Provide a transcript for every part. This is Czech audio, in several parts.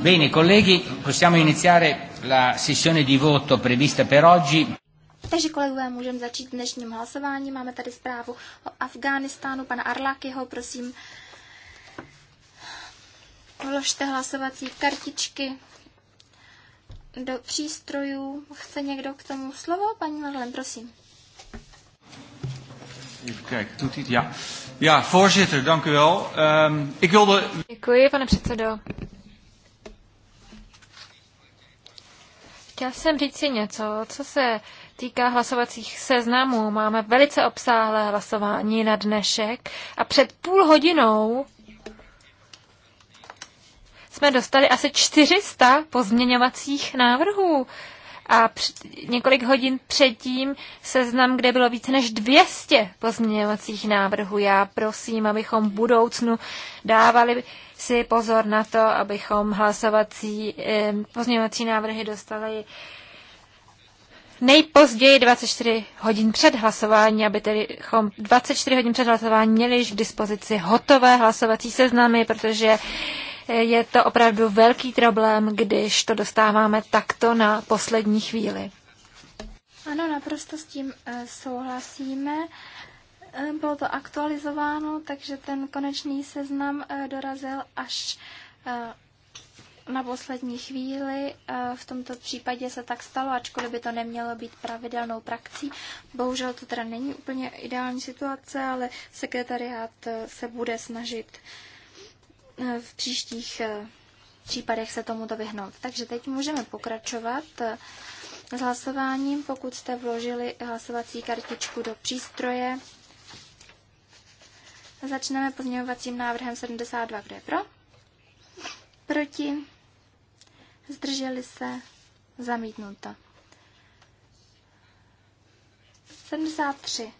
Bene, colleghi, possiamo iniziare la sessione di voto prevista per oggi. Takže kolegové, můžeme začít dnešním hlasováním. Máme tady zprávu o Afganistánu. pana Arlakyho, prosím. Vložte hlasovací kartičky do přístrojů. Chce někdo k tomu slovo? Paní Marlen, prosím. Even kijken, doet hij het? Ja. Ja, voorzitter, dank u wel. Um, ik wilde... Děkuji, pane předsedo. Chtěl jsem říct si něco, co se týká hlasovacích seznamů. Máme velice obsáhlé hlasování na dnešek a před půl hodinou jsme dostali asi 400 pozměňovacích návrhů a před, několik hodin předtím seznam, kde bylo více než 200 pozměňovacích návrhů. Já prosím, abychom v budoucnu dávali si pozor na to, abychom hlasovací eh, pozměňovací návrhy dostali nejpozději 24 hodin před hlasování, aby tedy 24 hodin před hlasování měli již k dispozici hotové hlasovací seznamy, protože eh, je to opravdu velký problém, když to dostáváme takto na poslední chvíli. Ano, naprosto s tím eh, souhlasíme. Eh, bylo to aktualizováno, takže ten konečný seznam eh, dorazil až na poslední chvíli. V tomto případě se tak stalo, ačkoliv by to nemělo být pravidelnou praxí. Bohužel to teda není úplně ideální situace, ale sekretariát se bude snažit Eh, v příštích eh, případech se tomuto vyhnout. Takže teď můžeme pokračovat eh, s hlasováním, pokud jste vložili hlasovací kartičku do přístroje. Začneme pozměňovacím návrhem 72. Kdo je pro? Proti? Zdrželi se? Zamítnuto. 73.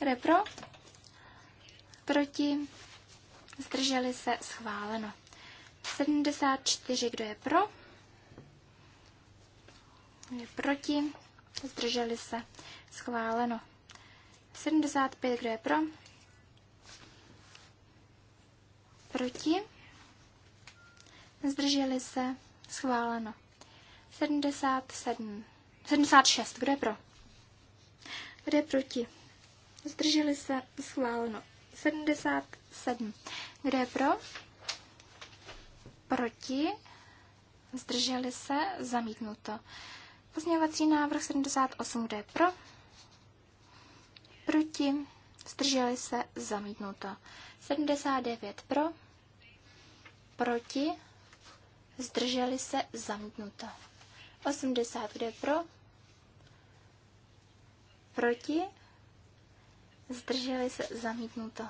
Repro. je pro? Proti? Zdrželi se? Schváleno. 74, kdo je pro? Kdo je proti? Zdrželi se? Schváleno. 75, kdo je pro? Proti? Zdrželi se? Schváleno. 77. 76. Kdo je pro? Kdo je proti? Zdrželi se? Schváleno. 77. Kdo je pro? Proti? Zdrželi se? Zamítnuto. Pozměňovací návrh 78. Kdo je pro? Proti? Zdrželi se? Zamítnuto. 79 pro? Proti? Zdrželi se? Zamítnuto. 80. Kdo je pro? Proti? zdrželi se zamítnuto.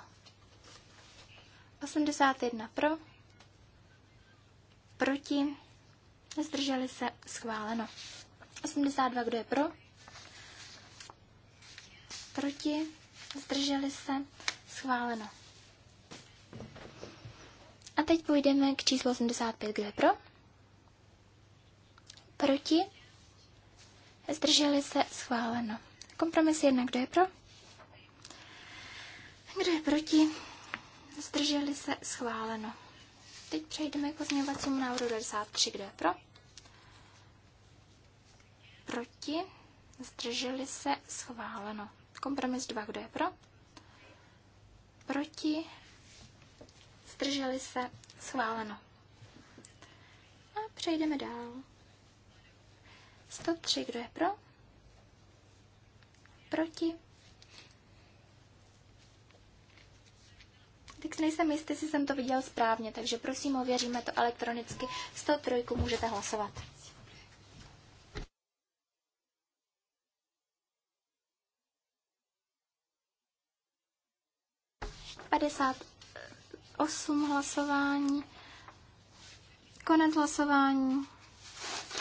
81 pro, proti, zdrželi se schváleno. 82, kdo je pro, proti, zdrželi se schváleno. A teď půjdeme k číslu 85, kdo je pro, proti, zdrželi se schváleno. Kompromis 1, kdo je pro, kdo je proti? Zdrželi se schváleno. Teď přejdeme k pozměňovacímu návrhu 93. Kdo je pro? Proti? Zdrželi se schváleno. Kompromis 2. Kdo je pro? Proti? Zdrželi se schváleno. A přejdeme dál. 103. Kdo je pro? Proti? si nejsem jistý, jestli jsem to viděl správně, takže prosím, ověříme to elektronicky. 103 můžete hlasovat. osm hlasování, konec hlasování,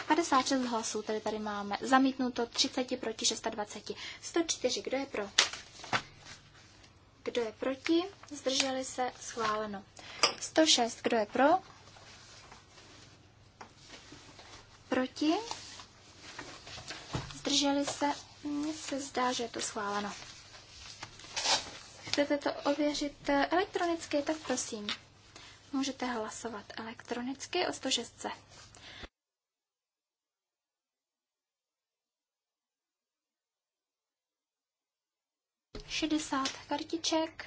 56 hlasů tady tady máme, zamítnuto 30 proti 26, 104, kdo je pro? Kdo je proti? Zdrželi se? Schváleno. 106. Kdo je pro? Proti? Zdrželi se? Mně se zdá, že je to schváleno. Chcete to ověřit eh, elektronicky? Tak prosím. Můžete hlasovat elektronicky o 106. 60 kartiček,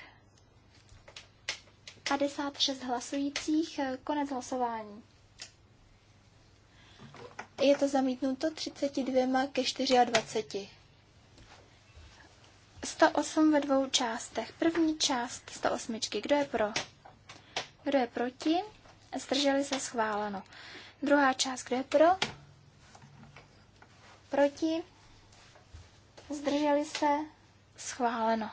56 hlasujících, konec hlasování. Je to zamítnuto 32 ke 24. 108 ve dvou částech. První část 108. Kdo je pro? Kdo je proti? Zdrželi se schváleno. Druhá část, kdo je pro? Proti? Zdrželi se Schváleno.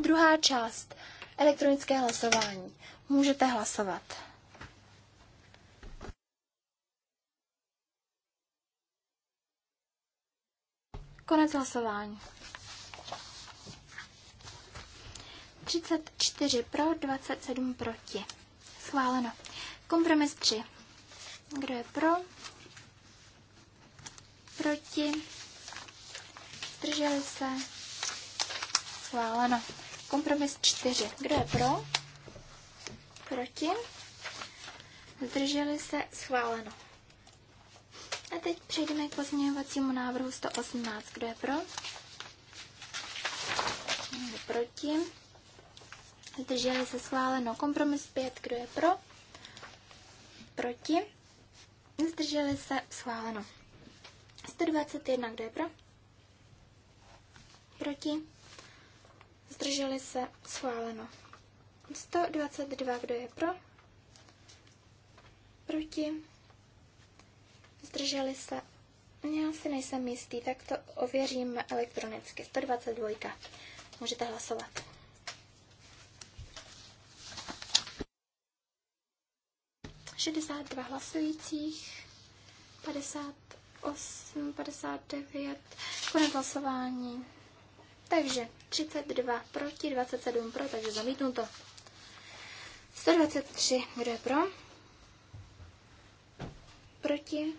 Druhá část. Elektronické hlasování. Můžete hlasovat. Konec hlasování. 34 pro, 27 proti. Schváleno. Kompromis 3. Kdo je pro? proti, zdrželi se, schváleno. Kompromis 4. Kdo je pro? Proti? Zdrželi se? Schváleno. A teď přejdeme k pozměňovacímu návrhu 118. Kdo je pro? Kdo je proti? Zdrželi se? Schváleno. Kompromis 5. Kdo je pro? Proti? Zdrželi se? Schváleno. 121, kdo je pro? Proti? Zdrželi se? Schváleno. 122, kdo je pro? Proti? Zdrželi se? Já si nejsem jistý, tak to ověřím elektronicky. 122. Můžete hlasovat. Šedesát dva hlasujících, padesát 58, 59, konec hlasování. Takže 32 proti, 27 pro, takže to. 123, kdo je pro? Proti,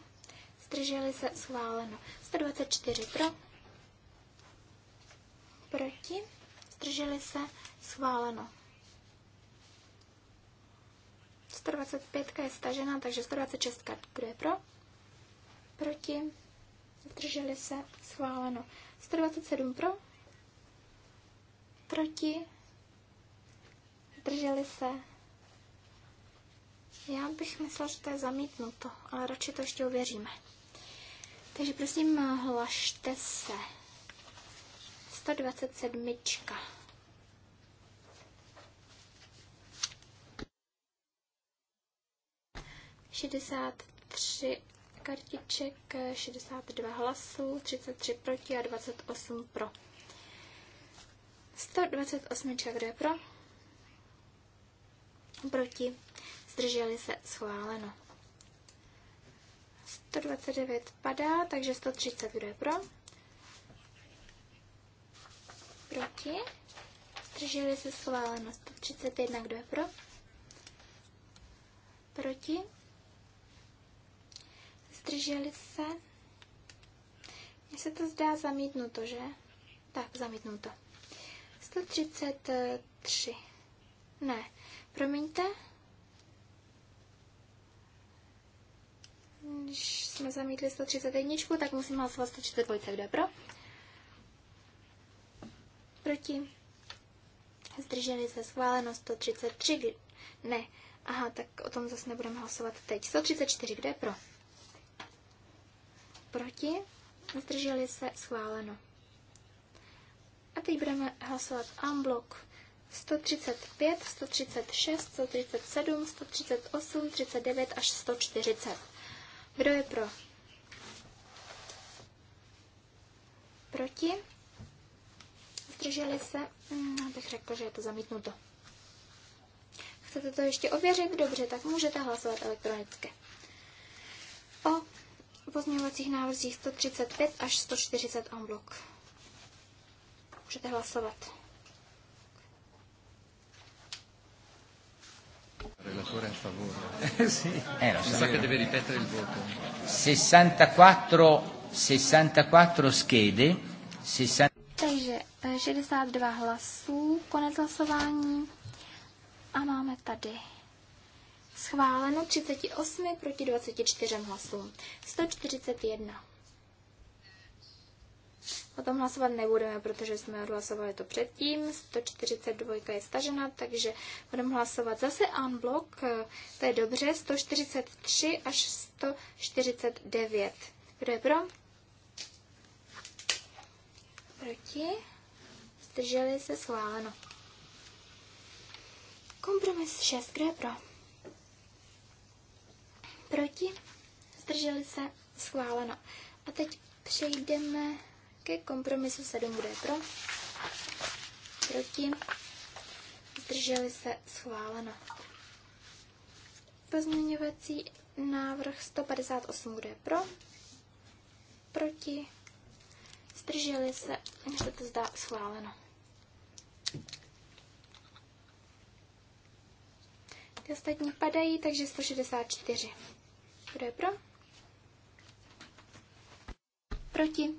zdrželi se, schváleno. 124 pro, proti, zdrželi se, schváleno. 125 je stažena, takže 126, kdo je pro? proti, zdrželi se, schváleno. 127 pro, proti, zdrželi se. Já bych myslela, že to je zamítnuto, ale radši to ještě uvěříme. Takže prosím, hlašte se. 127. Šedesát tři kartiček, 62 eh, hlasů, 33 proti a 28 pro. 128 kde pro? Proti. Zdrželi se schváleno. 129 padá, takže 130 kdo je pro? Proti. Zdrželi se schváleno. 131 kdo je pro? Proti Zdrželi se? Mně se to zdá zamítnuto, že? Tak, zamítnuto. 133. Ne, promiňte. Když jsme zamítli 131, tak musím hlasovat 132, Kdo je pro? Proti? Zdrželi se schváleno 133. Ne, aha, tak o tom zase nebudeme hlasovat teď. 134, kde je pro? proti, zdrželi se, schváleno. A teď budeme hlasovat unblock 135, 136, 137, 138, 39 až 140. Kdo je pro? Proti? Zdrželi se? Hmm, bych řekl, že je to zamítnuto. Chcete to ještě ověřit? Dobře, tak můžete hlasovat elektronicky. O o pozměňovacích návrzích 135 až 140 en blok. Můžete hlasovat. Relatore a favore. sì. Eh, lo so che deve ripetere il voto. 64, 64 schede. 60... Takže 62 eh, hlasů, konec hlasování. A máme tady Schváleno 38 proti 24 hlasům. 141. O tom hlasovat nebudeme, protože jsme odhlasovali to předtím. 142 je stažena, takže budeme hlasovat zase unblock. To je dobře. 143 až 149. Kdo je pro? Proti? Zdrželi se schváleno. Kompromis 6. Kdo je pro? proti, zdrželi se, schváleno. A teď přejdeme ke kompromisu 7, bude pro, proti, zdrželi se, schváleno. Pozměňovací návrh 158, bude pro, proti, zdrželi se, než se to zdá schváleno. Ty ostatní padají, takže 164. Kdo je pro? Proti?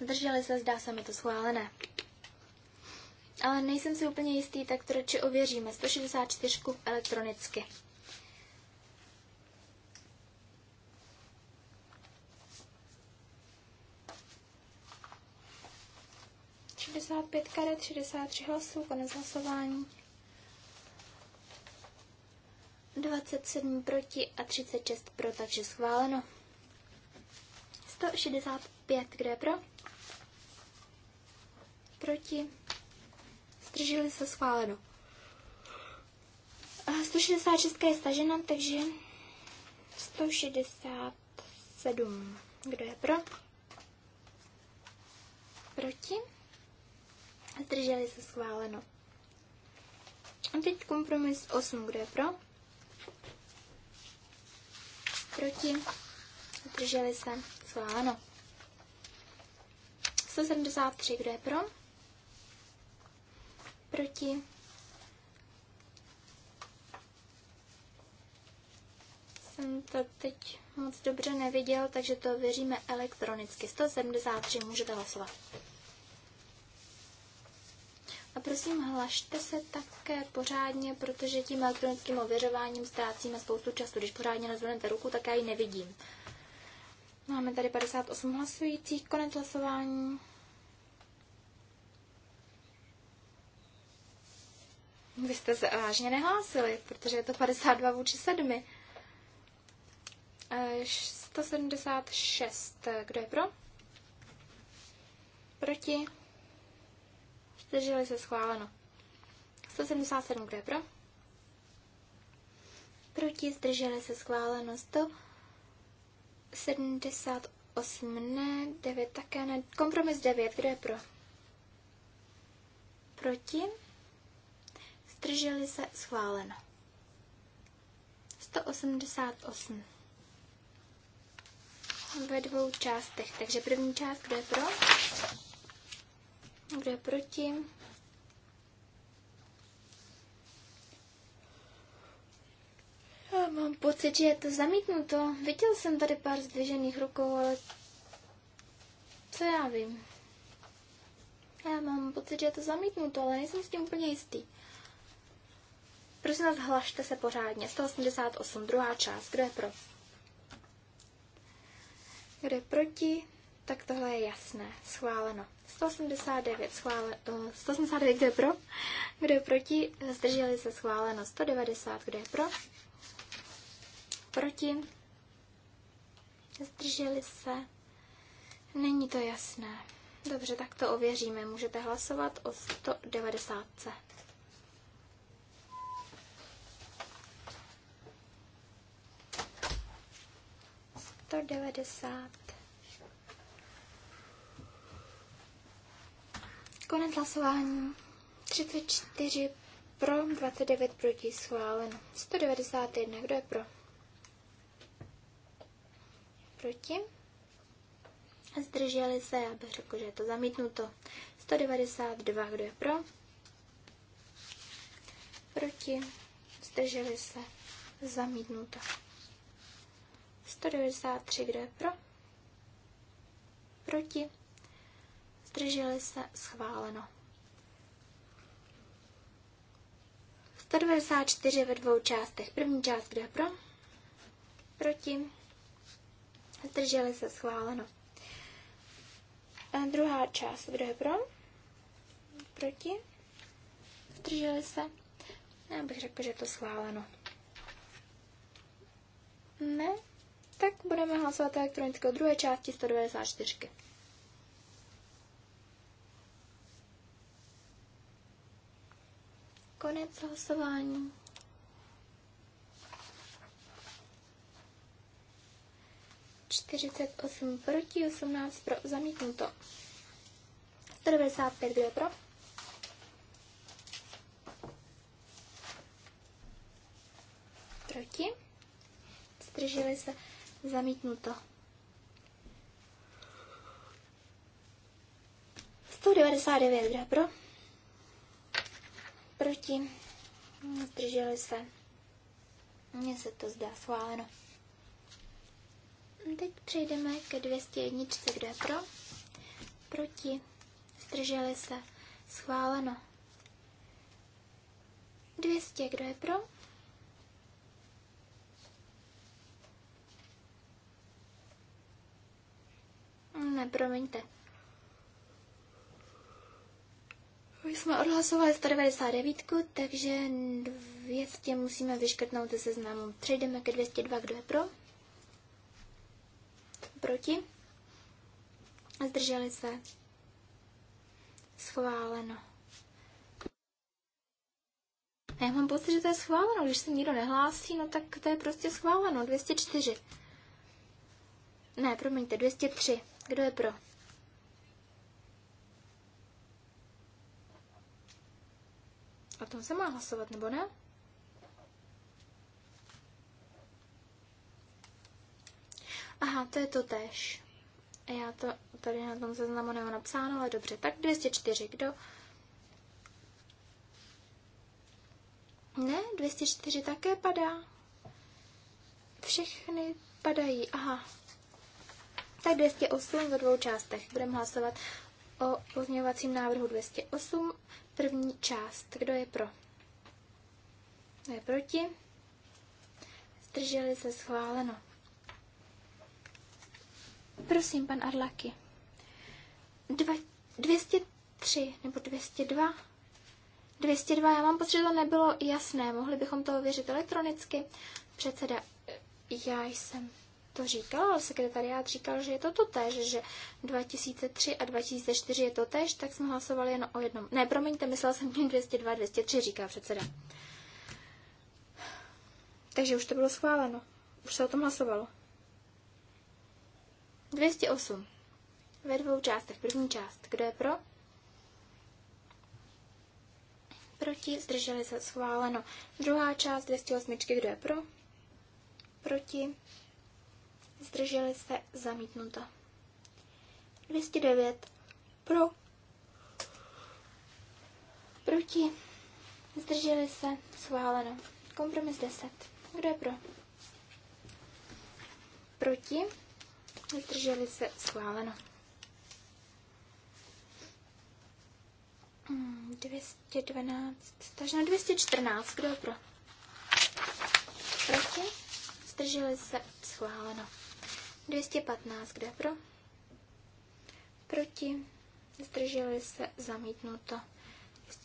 Zdrželi se, zdá se mi to schválené. Ale nejsem si úplně jistý, tak to radši ověříme. 164 elektronicky. pětka 63 hlasů, konec hlasování. 27 proti a 36 pro, takže schváleno. 165, kde je pro? Proti. Zdrželi se schváleno. A 166 je stažena, takže 167. Kdo je pro? Proti? Zdrželi se schváleno. A teď kompromis 8. Kdo je pro? Proti. Drželi se. Schváleno. 173. Kdo je pro? Proti. Jsem to teď moc dobře neviděl, takže to věříme elektronicky. 173 můžete hlasovat. A prosím, hlašte se také pořádně, protože tím elektronickým ověřováním ztrácíme spoustu času. Když pořádně nezvednete ruku, tak já ji nevidím. Máme tady 58 hlasujících, konec hlasování. Vy jste se vážně nehlásili, protože je to 52 vůči 7. 176. Eh, Kdo je pro? Proti? zdrželi se schváleno. 177, kdo je pro? Proti, zdrželi se schváleno. 178, ne, 9 také ne. Kompromis 9, kdo je pro? Proti, zdrželi se schváleno. 188 ve dvou částech. Takže první část, kdo je pro? Kdo je proti? Já mám pocit, že je to zamítnuto. Viděl jsem tady pár zdvižených rukou, ale co já vím? Já mám pocit, že je to zamítnuto, ale nejsem s tím úplně jistý. Prosím vás, hlašte se pořádně. 188, druhá část. Kdo je pro? Kdo je proti? tak tohle je jasné. Schváleno. 189, schvále, 189 eh, kdo je pro, kdo je proti, zdrželi se schváleno. 190, kdo je pro, proti, zdrželi se. Není to jasné. Dobře, tak to ověříme. Můžete hlasovat o 190. To 90. Konec hlasování. 34 pro, 29 proti, schváleno. 191, kdo je pro? Proti? Zdrželi se, já bych řekl, že je to zamítnuto. 192, kdo je pro? Proti? Zdrželi se, zamítnuto. 193, kdo je pro? Proti? zdrželi se, schváleno. 194 ve dvou částech. První část, kdo je pro? Proti. Zdrželi se, schváleno. A druhá část, kdo je pro? Proti. Zdrželi se. Já bych řekl, že je to schváleno. Ne? Tak budeme hlasovat elektronicky o druhé části 194. Konec hlasování. Čtyřicet osm proti, osmnáct pro, zamítnuto. 195 bylo pro. Proti. Zdrželi se zamítnuto. 199 bylo pro proti, zdrželi se. Mně se to zdá schváleno. Teď přejdeme ke 201, kde je pro, proti, zdrželi se, schváleno. 200, kdo je pro? Ne, promiňte. Už jsme odhlasovali 199, takže 200 musíme vyškrtnout ze seznamu. Přejdeme ke 202, kdo je pro? Proti? Zdrželi se. Schváleno. A já mám pocit, že to je schváleno. Když se nikdo nehlásí, no tak to je prostě schváleno. 204. Ne, promiňte, 203. Kdo je pro? O tom se má hlasovat, nebo ne? Aha, to je to tež. Já to tady na tom seznamu nemám napsáno, ale dobře. Tak 204, kdo? Ne, 204 také padá. Všechny padají, aha. Tak 208 ve dvou částech. Budeme hlasovat o pozměňovacím návrhu 208, první část. Kdo je pro? Kdo je proti? Zdrželi se schváleno. Prosím, pan Arlaky. Dva, 203 nebo 202? 202, já mám pocit, že to nebylo jasné. Mohli bychom to ověřit elektronicky? Předseda, já jsem to říkal, ale sekretariát říkal, že je to to tež, že 2003 a 2004 je to tež, tak jsme hlasovali jen o jednom. Ne, promiňte, myslel jsem tím 202, 203, říká předseda. Takže už to bylo schváleno. Už se o tom hlasovalo. 208. Ve dvou částech. První část. Kdo je pro? Proti. Zdrželi se schváleno. Druhá část 208. Kdo je pro? Proti zdrželi se, zamítnuto. 209 pro, proti, zdrželi se, schváleno. Kompromis 10. Kdo je pro? Proti, zdrželi se, schváleno. 212, hmm, na 214, kdo je pro? Proti, zdrželi se, schváleno. 215, kde pro? Proti. Zdrželi se zamítnuto.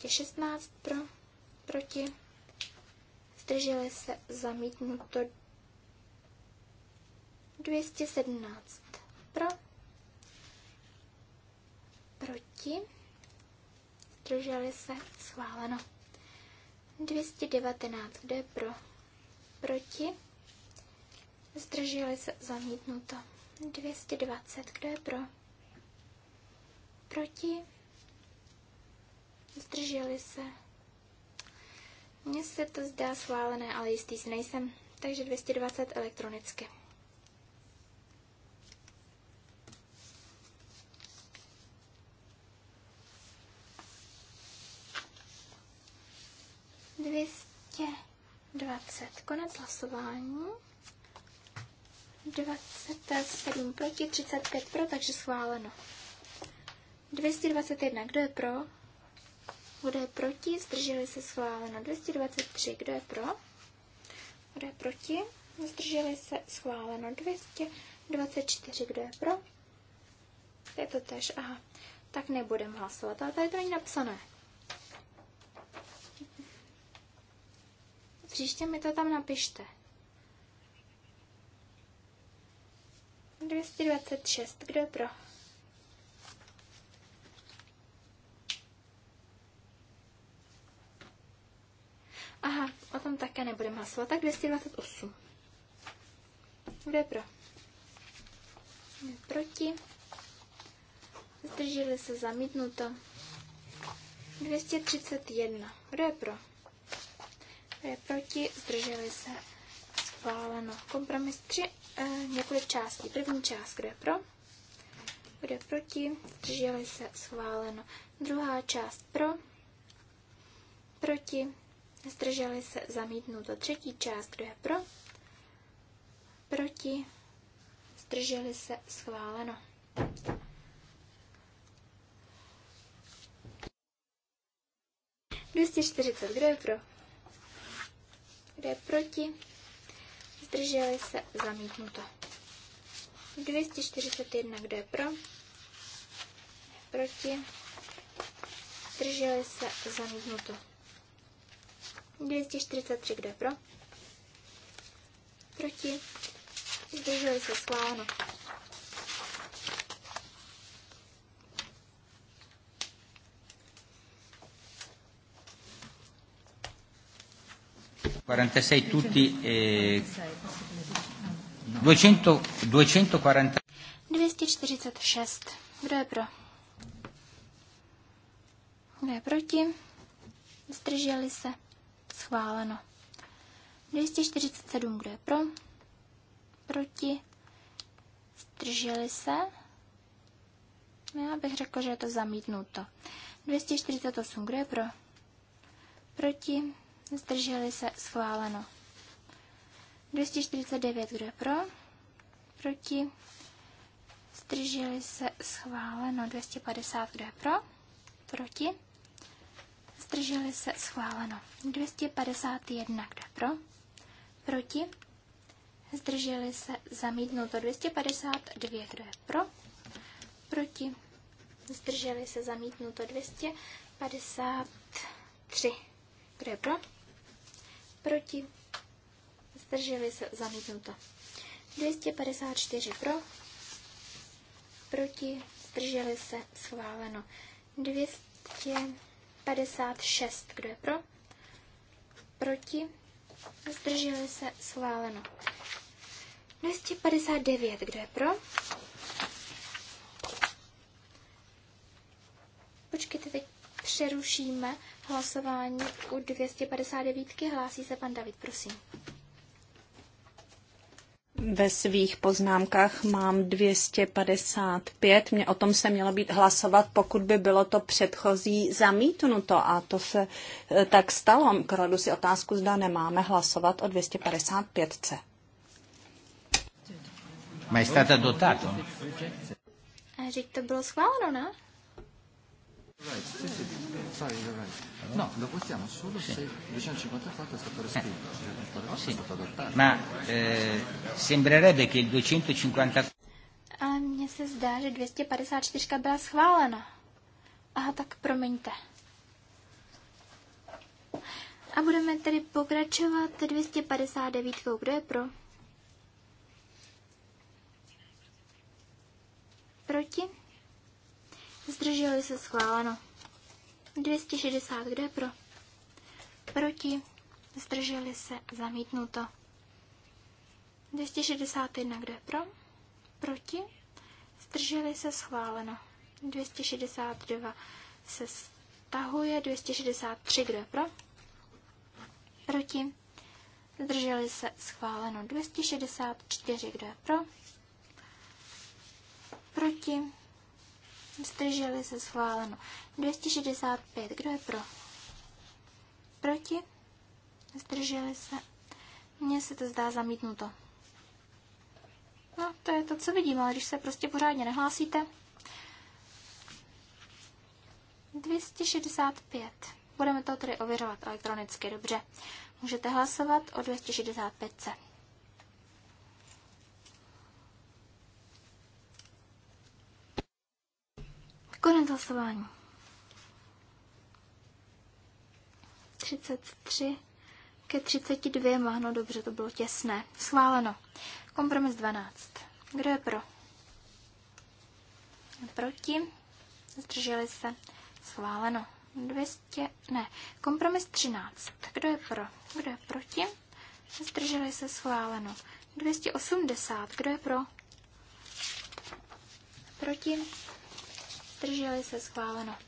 216 pro. Proti. Zdrželi se zamítnuto. 217 pro. Proti. Zdrželi se schváleno. 219, kde pro? Proti Zdrželi se zamítnuto. 220. Kdo je pro? Proti? Zdrželi se. Mně se to zdá schválené, ale jistý si nejsem. Takže 220 elektronicky. Dvěstě dvacet. Konec hlasování. 27 proti, 35 pro, takže schváleno. 221, kdo je pro? Kdo je proti? Zdrželi se schváleno. 223, kdo je pro? Kdo je proti? Zdrželi se schváleno. 224, kdo je pro? Je to tež, aha. Tak nebudem hlasovat, ale tady to není napsané. Příště mi to tam napište. 226. Kdo je pro? Aha, o tom také nebudeme hlasovat. Tak 228. Kdo je pro? Proti. Zdrželi se zamítnuto. 231. Kdo je pro? Kdo je proti? Zdrželi se. Schváleno. Kompromis 3. Eh, několik částí. První část, kdo je pro, kdo je proti, drželi se, schváleno. Druhá část pro, proti, zdrželi se, zamítnuto. Třetí část, kdo je pro, proti, zdrželi se, schváleno. Dvěstě čtyřicet, kdo je pro? Kdo je proti? zdrželi se, zamítnuto. 241, kdo je pro, proti, zdrželi se, zamítnuto. 243, kdo je pro, proti, zdrželi se, schváleno. 46 tutti e 200, 240. 246. Kdo je pro? Kdo je proti? Zdrželi se. Schváleno. 247. Kdo je pro? Proti? Zdrželi se. Já bych řekl, že je to zamítnuto. 248. Kdo je pro? Proti? zdrželi se, schváleno. 249, kdo je pro, proti, zdrželi se, schváleno. 250, kdo je pro, proti, zdrželi se, schváleno. 251, kdo je pro, proti, zdrželi se, zamítnuto. 252, kdo je pro, proti, zdrželi se, zamítnuto. 253, kdo je pro, proti, zdrželi se zamítnuto. 254 pro, proti, zdrželi se schváleno. 256, kdo je pro, proti, zdrželi se schváleno. 259, kdo je pro? Počkejte, teď přerušíme hlasování u 259. Hlásí se pan David, prosím. Ve svých poznámkách mám 255. Mě o tom se mělo být hlasovat, pokud by bylo to předchozí zamítnuto. A to se eh, tak stalo. Kladu si otázku, zda nemáme hlasovat o 255C. Ma è Řík, to bylo schváleno, ne? No, sì. se 254 eh, Ma eh, sembrerebbe che il 254... A mně se zdá, že 254 byla schválena. Aha, tak promiňte. A budeme tedy pokračovat 259. Kdo je pro? Proti? Zdrželi se schváleno. 260, kde pro? Proti. Zdrželi se zamítnuto. 261, kde pro? Proti. Zdrželi se schváleno. 262 se stahuje. 263, kde pro? Proti. Zdrželi se schváleno. 264, kde pro? Proti Zdrželi se schváleno. 265. Kdo je pro? Proti? Zdrželi se. Mně se to zdá zamítnuto. No, to je to, co vidím, ale když se prostě pořádně nehlásíte. 265. Budeme to tedy ověřovat elektronicky, dobře. Můžete hlasovat o 265. Konec hlasování. 33 ke 32, no dobře, to bylo těsné. Schváleno. Kompromis 12. Kdo je pro? Proti? Zdrželi se. Schváleno. 200, ne, kompromis 13. Kdo je pro? Kdo je proti? Zdrželi se. Schváleno. 280. Kdo je pro? Proti? zdrželi se, schváleno.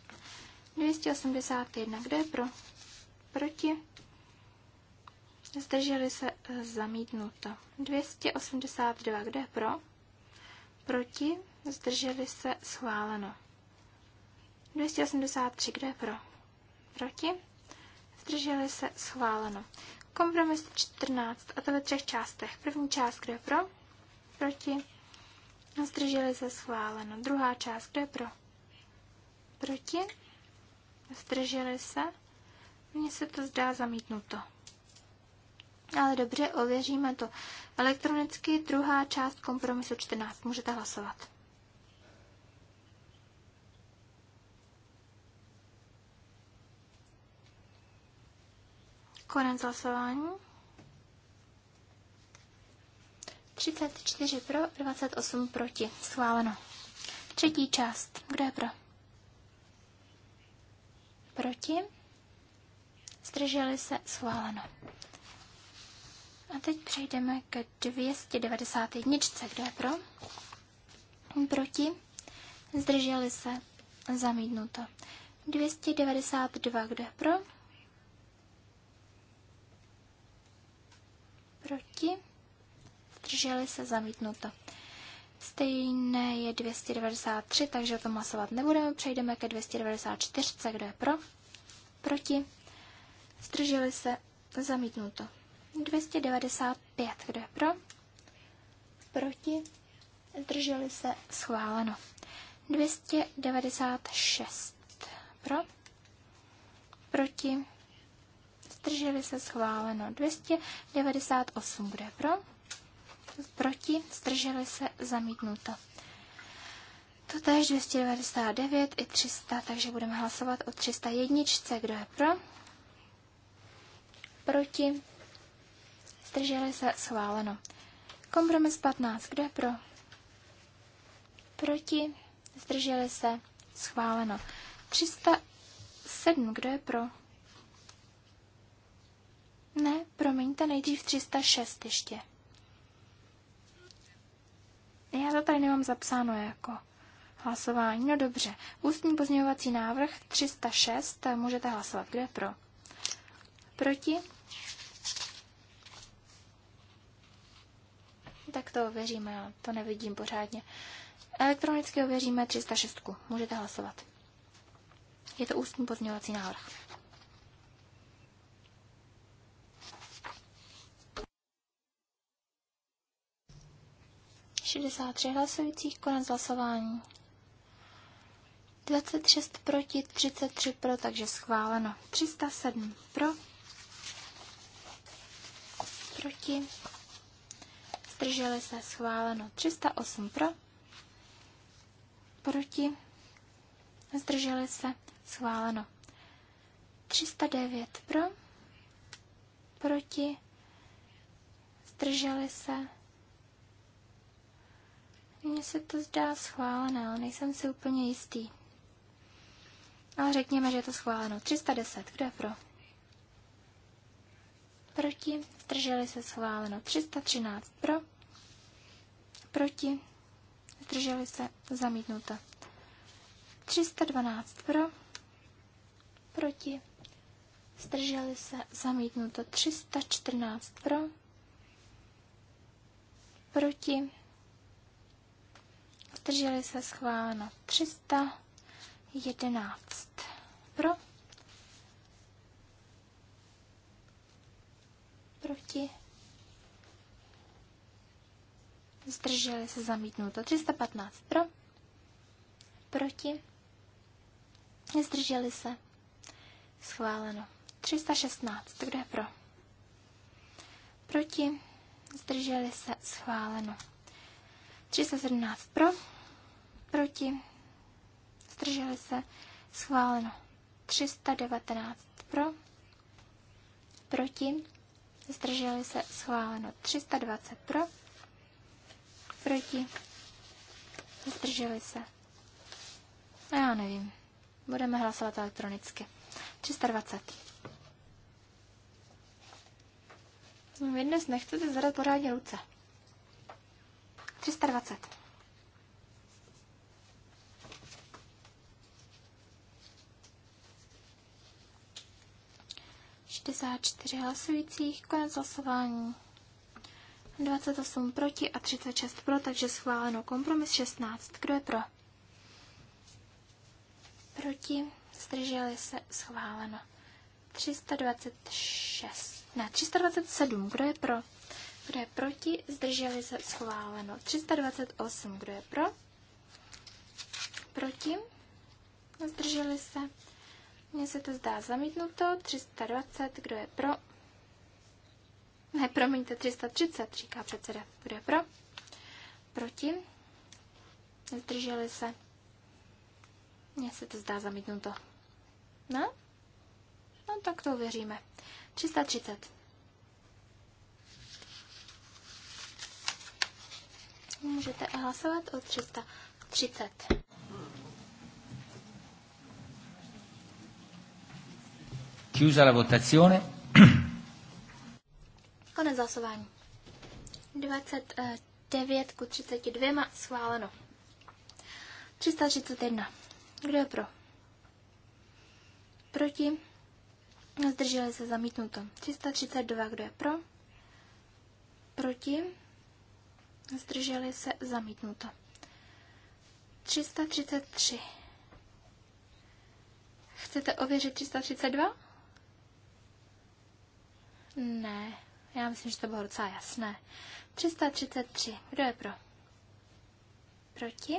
281, kdo je pro? Proti? Zdrželi se, eh, zamítnuto. 282, kdo je pro? Proti? Zdrželi se, schváleno. 283, kdo je pro? Proti? Zdrželi se, schváleno. Kompromis 14, a to ve třech částech. První část, kdo je pro? Proti? Zdrželi se, schváleno. Druhá část, kdo je pro? Proti? Zdrželi se? Mně se to zdá zamítnuto. Ale dobře, ověříme to. Elektronicky druhá část kompromisu 14. Můžete hlasovat. Konec hlasování. 34 pro, 28 proti. Schváleno. Třetí část. Kdo je pro? Proti? Zdrželi se schváleno. A teď přejdeme k 291. Kdo je pro? Proti? Zdrželi se zamítnuto. 292. Kdo je pro? Proti? Zdrželi se zamítnuto. Stejné je 293, takže o tom hlasovat nebudeme. Přejdeme ke 294. Kdo je pro? Proti? Zdrželi se? Zamítnuto. 295. Kdo je pro? Proti? Zdrželi se? Schváleno. 296. Pro? Proti? Zdrželi se? Schváleno. 298. Kdo je pro? proti, zdrželi se, zamítnuto. To tež 299 i 300, takže budeme hlasovat o 301. Kdo je pro? Proti? Zdrželi se? Schváleno. Kompromis 15. Kdo je pro? Proti? Zdrželi se? Schváleno. 307. Kdo je pro? Ne, promiňte, nejdřív 306 ještě. Já to tady nemám zapsáno jako hlasování. No dobře. Ústní pozměňovací návrh 306. Můžete hlasovat. Kdo je pro? Proti? Tak to ověříme, já to nevidím pořádně. Elektronicky ověříme 306. Můžete hlasovat. Je to ústní pozměňovací návrh. 63 hlasujících, konec hlasování. 26 proti, 33 pro, takže schváleno. 307 pro, proti, zdrželi se, schváleno. 308 pro, proti, zdrželi se, schváleno. 309 pro, proti, zdrželi se, mně se to zdá schválené, nejsem si úplně jistý. Ale řekněme, že je to schváleno. 310, kdo je pro? Proti, zdrželi se schváleno. 313 pro, proti, zdrželi se zamítnuto. 312 pro, proti, zdrželi se zamítnuto. 314 pro, proti, zdrželi se schváleno 311 pro, proti, zdrželi se zamítnuto 315 pro, proti, zdrželi se schváleno 316, kdo je pro, proti, zdrželi se schváleno 317 pro, Proti? Zdrželi se? Schváleno. 319 pro. Proti? Zdrželi se? Schváleno. 320 pro. Proti? Zdrželi se? No, já nevím. Budeme hlasovat elektronicky. 320. No, vy dnes nechcete zadat pořádně ruce. 320. 64 hlasujících, konec hlasování. 28 proti a 36 pro, takže schváleno kompromis 16. Kdo je pro? Proti, zdrželi se, schváleno. 326, ne, 327, kdo je pro? Kdo je proti, zdrželi se, schváleno. 328, kdo je pro? Proti, zdrželi se, mně se to zdá zamítnuto. 320, kdo je pro? Ne, promiňte, 330, říká předseda. Kdo je pro? Proti? Zdrželi se. Mně se to zdá zamítnuto. No? No tak to uvěříme. 330. Můžete hlasovat o 330. Chiusa la votazione. Konec hlasování. 29 ku 32 schváleno. 331. Kdo je pro? Proti? Zdrželi se zamítnuto. 332. Kdo je pro? Proti? Zdrželi se zamítnuto. 333. Chcete ověřit 332? Ne, já myslím, že to bylo docela jasné. 333. Kdo je pro? Proti?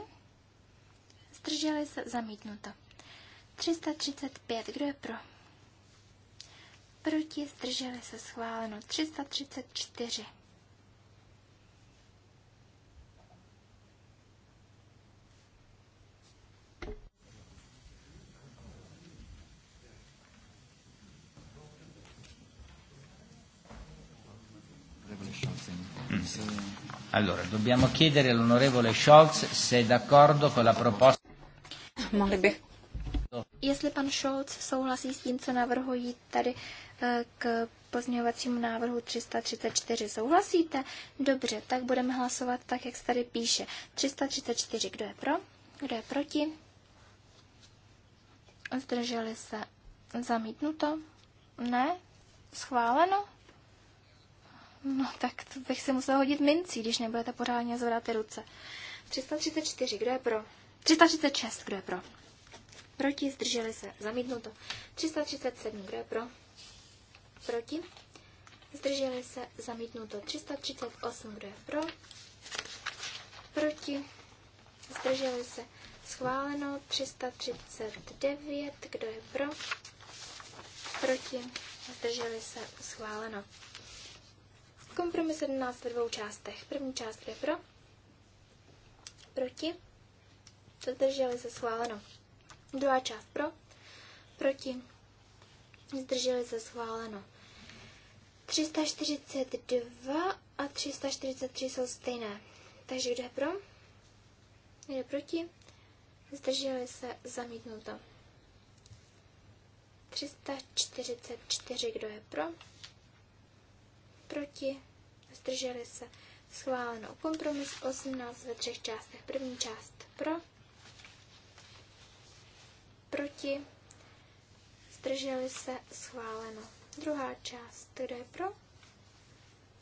Zdrželi se zamítnuto. 335. Kdo je pro? Proti? Zdrželi se schváleno. 334. Allora, dobbiamo chiedere all'onorevole Scholz se è d'accordo con la proposta. Mohli bych. Jestli pan Scholz souhlasí s tím, co navrhují tady eh, k pozměňovacímu návrhu 334. Souhlasíte? Dobře, tak budeme hlasovat tak, jak se tady píše. 334. Kdo je pro? Kdo je proti? Zdrželi se. Zamítnuto? Ne? Schváleno? No tak to bych si musela hodit mincí, když nebudete pořádně zvedat ty ruce. 334, kdo je pro? 336, kdo je pro? Proti, zdrželi se, zamítnuto. 337, kdo je pro? Proti, zdrželi se, zamítnuto. 338, kdo je pro? Proti, zdrželi se, schváleno. 339, kdo je pro? Proti, zdrželi se, schváleno. Kompromis 11 ve dvou částech. První část je pro, proti, zdrželi se schváleno. Druhá část pro, proti, zdrželi se schváleno. 342 a 343 jsou stejné. Takže kdo je pro? Kdo je proti? Zdrželi se zamítnuto. 344, kdo je pro? Proti? zdrželi se, schváleno. Kompromis 18 ve třech částech. První část pro, proti, zdrželi se, schváleno. Druhá část, kde je pro,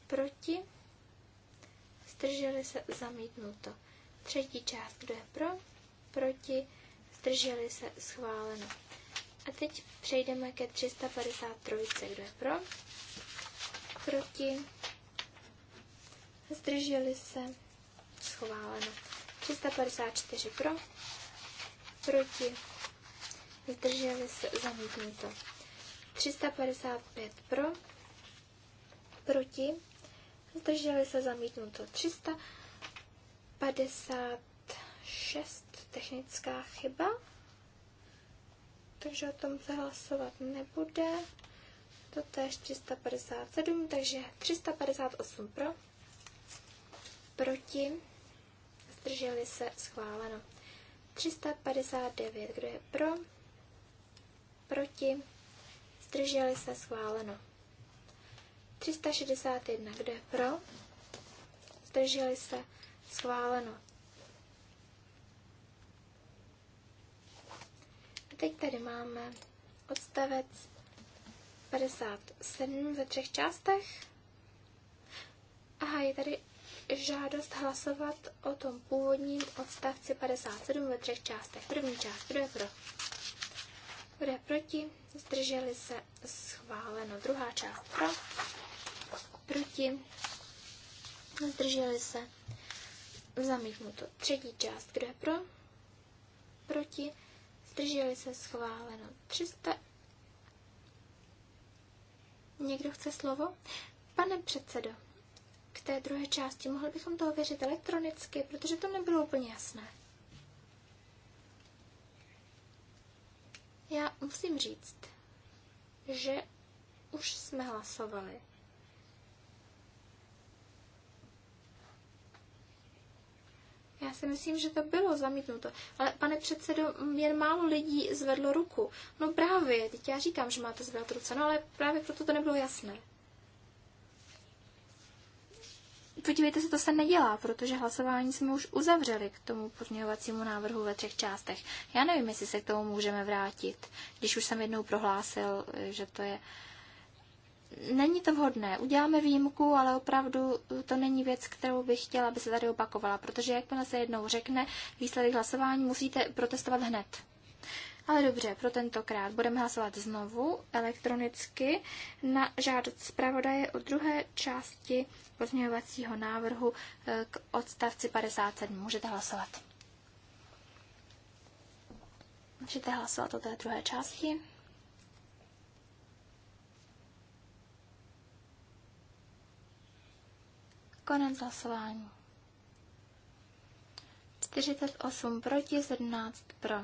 proti, zdrželi se, zamítnuto. Třetí část, kde je pro, proti, zdrželi se, schváleno. A teď přejdeme ke 353, kdo je pro, proti, zdrželi se, schováleno. 354 pro, proti, zdrželi se, zamítnuto. 355 pro, proti, zdrželi se, zamítnuto. 356 technická chyba, takže o tom se hlasovat nebude. To je 357, takže 358 pro, Proti? Zdrželi se schváleno. 359. Kdo je pro? Proti? Zdrželi se schváleno. 361. Kdo je pro? Zdrželi se schváleno. A teď tady máme odstavec 57 ve třech částech. Aha, je tady žádost hlasovat o tom původním odstavci 57 ve třech částech. První část, kdo je pro? Kdo je proti? Zdrželi se schváleno. Druhá část pro, proti, zdrželi se zamítnuto. Třetí část, kdo je pro? Proti, zdrželi se schváleno. 300. Někdo chce slovo? Pane předsedo, k té druhé části. Mohli bychom to ověřit elektronicky, protože to nebylo úplně jasné. Já musím říct, že už jsme hlasovali. Já si myslím, že to bylo zamítnuto. Ale pane předsedo, jen málo lidí zvedlo ruku. No právě, teď já říkám, že máte zvedat ruce, no ale právě proto to nebylo jasné. podívejte se, to se nedělá, protože hlasování jsme už uzavřeli k tomu pozměňovacímu návrhu ve třech částech. Já nevím, jestli se k tomu můžeme vrátit, když už jsem jednou prohlásil, že to je není to vhodné. Uděláme výjimku, ale opravdu to není věc, kterou bych chtěla, aby se tady opakovala, protože jakmile se jednou řekne výsledek hlasování, musíte protestovat hned. Ale dobře, pro tentokrát budeme hlasovat znovu elektronicky na žádost zpravodaje o druhé části pozměňovacího návrhu eh, k odstavci 57. Můžete hlasovat. Můžete hlasovat o té druhé části. Konec hlasování. 48 proti, 17 pro.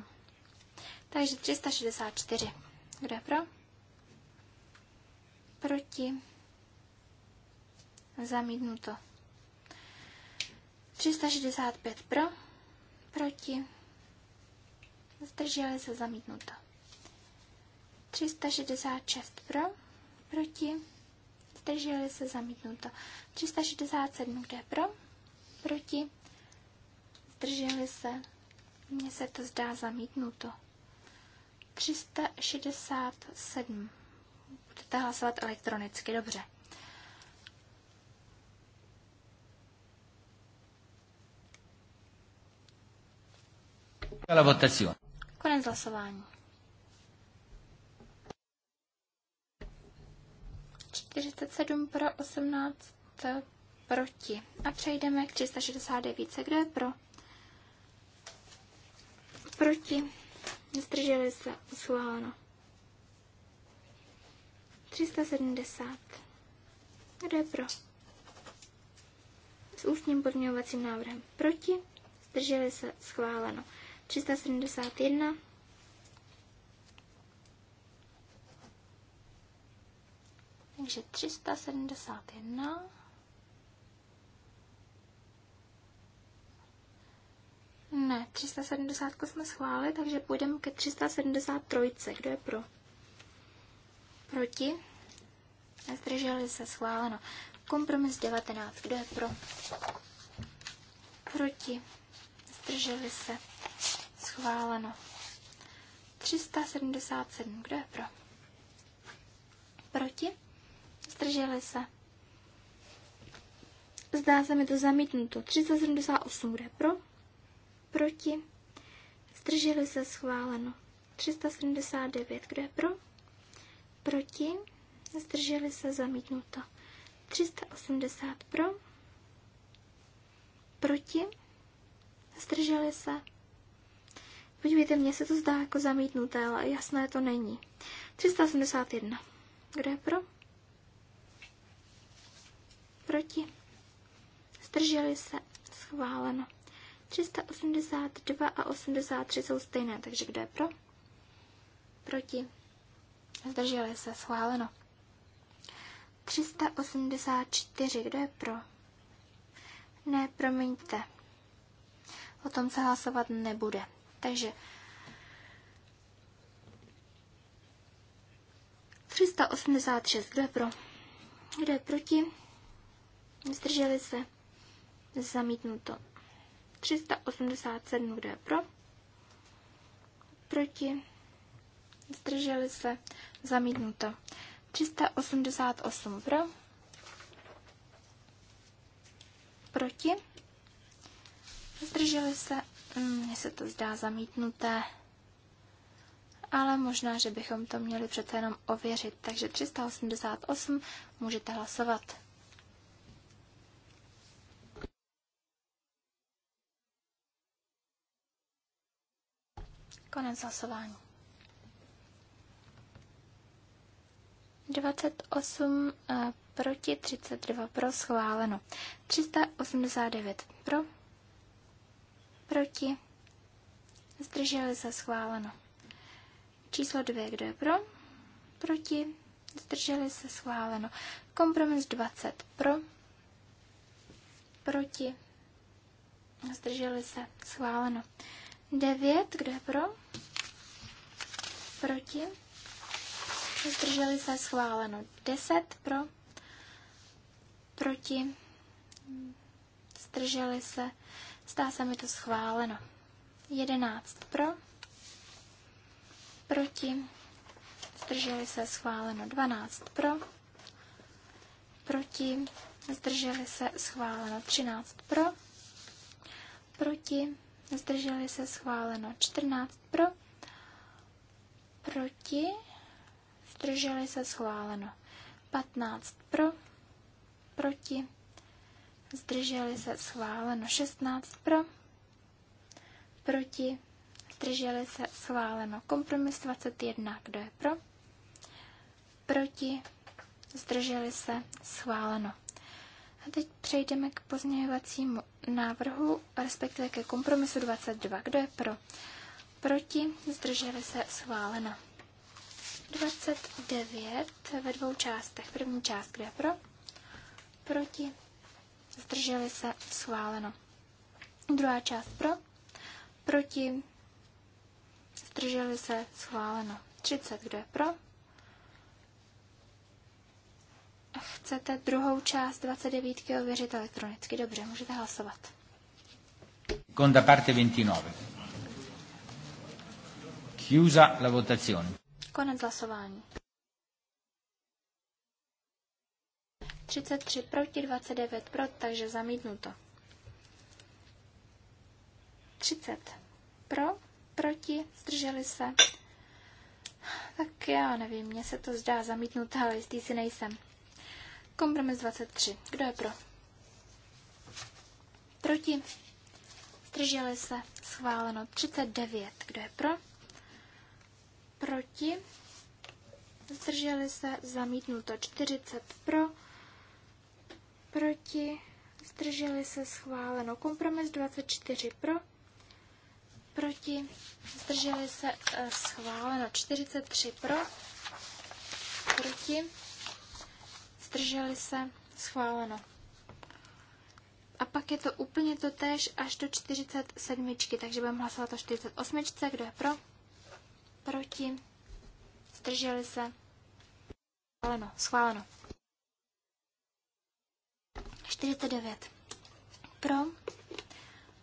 Takže 364. Kdo je pro? Proti. Zamítnuto. 365 pro. Proti. Zdrželi se zamítnuto. 366 pro. Proti. Zdrželi se zamítnuto. 367 kde pro. Proti. Zdrželi se. Mně se to zdá zamítnuto. 367. Budete hlasovat elektronicky, dobře. Konec hlasování. 47 pro 18 proti. A přejdeme k 369. Kdo je pro? Proti Zdrželi se. Schváleno. 370. Kdo je pro? S ústním podměňovacím návrhem proti. Zdrželi se. Schváleno. 371. Takže 371. Ne, 370 jsme schválili, takže půjdeme ke 373. Kdo je pro? Proti? Zdrželi se, schváleno. Kompromis 19. Kdo je pro? Proti? Zdrželi se, schváleno. 377. Kdo je pro? Proti? Zdrželi se. Zdá se mi to zamítnuto. 378. Kdo je pro? Proti? Zdrželi se schváleno. 379. Kdo je pro? Proti? Zdrželi se zamítnuto. 380 pro. Proti? Zdrželi se. Podívejte, mně se to zdá jako zamítnuté, ale jasné to není. 381. Kdo je pro? Proti? Zdrželi se. Schváleno. 382 a 83 jsou stejné, takže kdo je pro? Proti. Zdrželi se, schváleno. 384, kdo je pro? Ne, promiňte. O tom se hlasovat nebude. Takže 386, kdo je pro? Kdo je proti? Zdrželi se. Zamítnuto. 387, kdo pro? Proti? Zdrželi se? Zamítnuto. 388 pro? Proti? Zdrželi se? Mm, mně se to zdá zamítnuté. Ale možná, že bychom to měli přece jenom ověřit. Takže 388 můžete hlasovat. Konec hlasování. 28 eh, proti 32 pro schváleno. 389 pro, proti, zdrželi se schváleno. Číslo 2, kdo je pro, proti, zdrželi se schváleno. Kompromis 20 pro, proti, zdrželi se schváleno. 9, kdo je pro? Proti? Zdrželi se schváleno 10 pro, proti, zdrželi se, stá se mi to schváleno. 11 pro, proti, zdrželi se, schváleno 12 pro, proti, zdrželi se, schváleno 13 pro, proti, zdrželi se schváleno 14 pro, proti, zdrželi se schváleno 15 pro, proti, zdrželi se schváleno 16 pro, proti, zdrželi se schváleno kompromis 21, kdo je pro, proti, zdrželi se schváleno a teď přejdeme k pozměňovacímu návrhu, respektive ke kompromisu 22. Kdo je pro? Proti? Zdrželi se? Schváleno. 29 ve dvou částech. První část, kde je pro? Proti? Zdrželi se? Schváleno. Druhá část pro? Proti? Zdrželi se? Schváleno. 30, kdo je pro? Chcete druhou část 29 ověřit elektronicky? Dobře, můžete hlasovat. Conda parte 29. Chiusa la votazione. Konec hlasování. 33 proti, 29 pro, takže zamítnuto. 30 pro, proti, zdrželi se. Tak já nevím, mně se to zdá zamítnuté, ale jistý si nejsem. Kompromis 23. Kdo je pro? Proti? Zdrželi se. Schváleno 39. Kdo je pro? Proti? Zdrželi se. Zamítnuto 40. Pro? Proti? Zdrželi se. Schváleno. Kompromis 24. Pro? Proti? Zdrželi se. Eh, schváleno 43. Pro? Proti? zdrželi se, schváleno. A pak je to úplně to tež až do 47, takže budeme hlasovat o 48, kdo je pro, proti, zdrželi se, schváleno, schváleno. 49. Pro,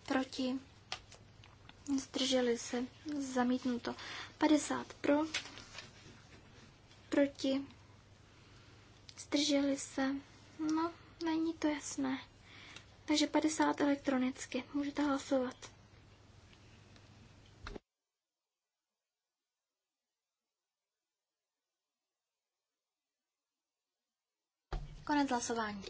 proti, zdrželi se, zamítnuto. 50 pro, proti, Zdrželi se. No, není to jasné. Takže 50 elektronicky. Můžete hlasovat. Konec hlasování.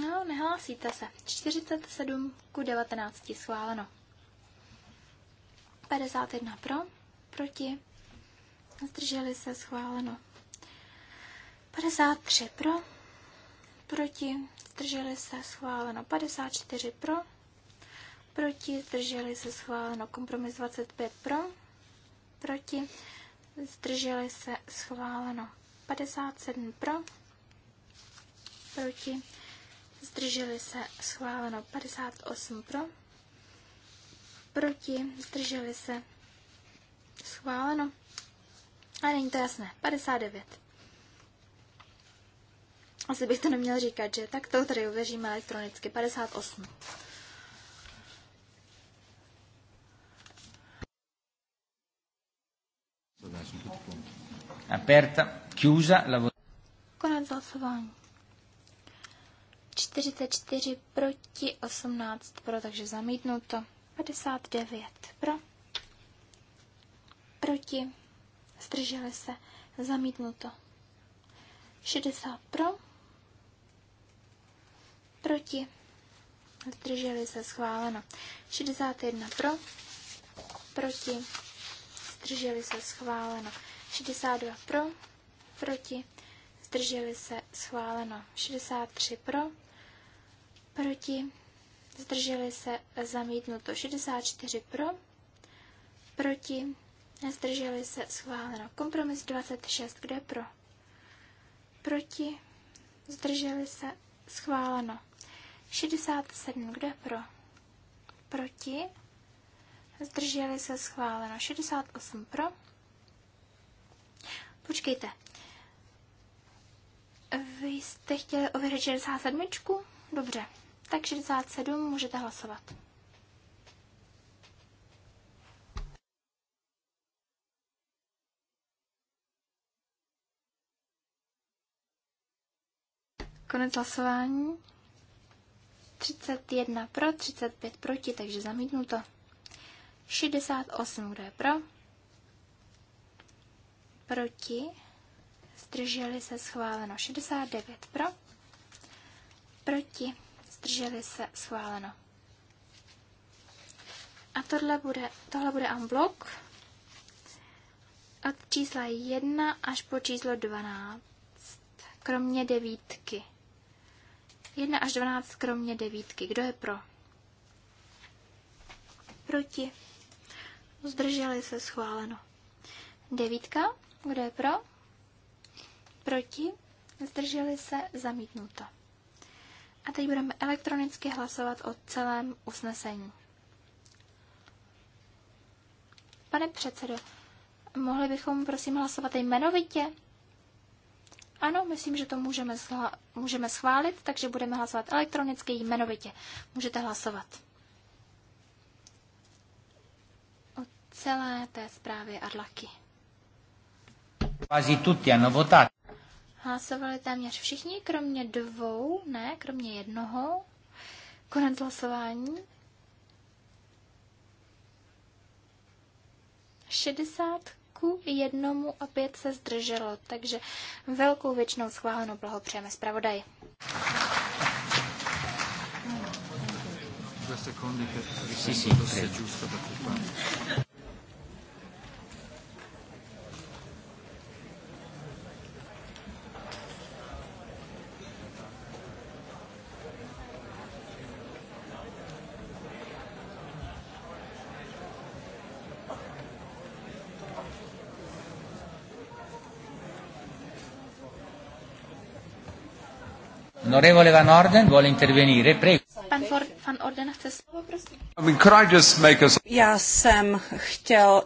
No, nehlásíte se. 47 ku 19 schváleno. 51 pro, proti, zdrželi se schváleno. 53 pro, proti, zdrželi se, schváleno. 54 pro, proti, zdrželi se, schváleno. Kompromis 25 pro, proti, zdrželi se, schváleno. 57 pro, proti, zdrželi se, schváleno. 58 pro, proti, zdrželi se, schváleno. A není to jasné. 59 asi bych to neměl říkat, že? Tak to tady uvěříme elektronicky. 58. Aperta, chiusa, la Konec hlasování. 44 proti, 18 pro, takže zamítnuto. 59 pro, proti, zdrželi se, zamítnuto. 60 pro, Proti. Zdrželi se schváleno. 61 pro. Proti. Zdrželi se schváleno. 62 pro. Proti. Zdrželi se schváleno. 63 pro. Proti. Zdrželi se zamítnuto. 64 pro. Proti. Zdrželi se schváleno. Kompromis 26. Kde pro? Proti. Zdrželi se schváleno. 67. Kdo je pro? Proti? Zdrželi se schváleno. 68 pro. Počkejte. Vy jste chtěli ověřit 67? Dobře. Tak 67 můžete hlasovat. Konec hlasování. 31 pro, 35 proti, takže zamítnu to. 68, kdo je pro? Proti. Zdrželi se schváleno. 69 pro. Proti. Zdrželi se schváleno. A tohle bude, tohle bude unblock od čísla 1 až po číslo 12, kromě devítky. 1 až 12 kromě devítky. Kdo je pro? Proti. Zdrželi se schváleno. Devítka. Kdo je pro? Proti. Zdrželi se zamítnuto. A teď budeme elektronicky hlasovat o celém usnesení. Pane předsedo, mohli bychom prosím hlasovat i jmenovitě? Ano, myslím, že to můžeme, schla- můžeme schválit, takže budeme hlasovat elektronicky jmenovitě. Můžete hlasovat. O celé té zprávě Arlaky. Quasi tutti hanno votato. Hlasovali téměř všichni, kromě dvou, ne, kromě jednoho. Konec hlasování. 60 ku jednomu a pět se zdrželo, takže velkou většinou schváleno blahopřejeme zpravodaji. Due sì, sì, L'onorevole Van Orden vuole intervenire, prego chce slovo, prosím. Já jsem chtěl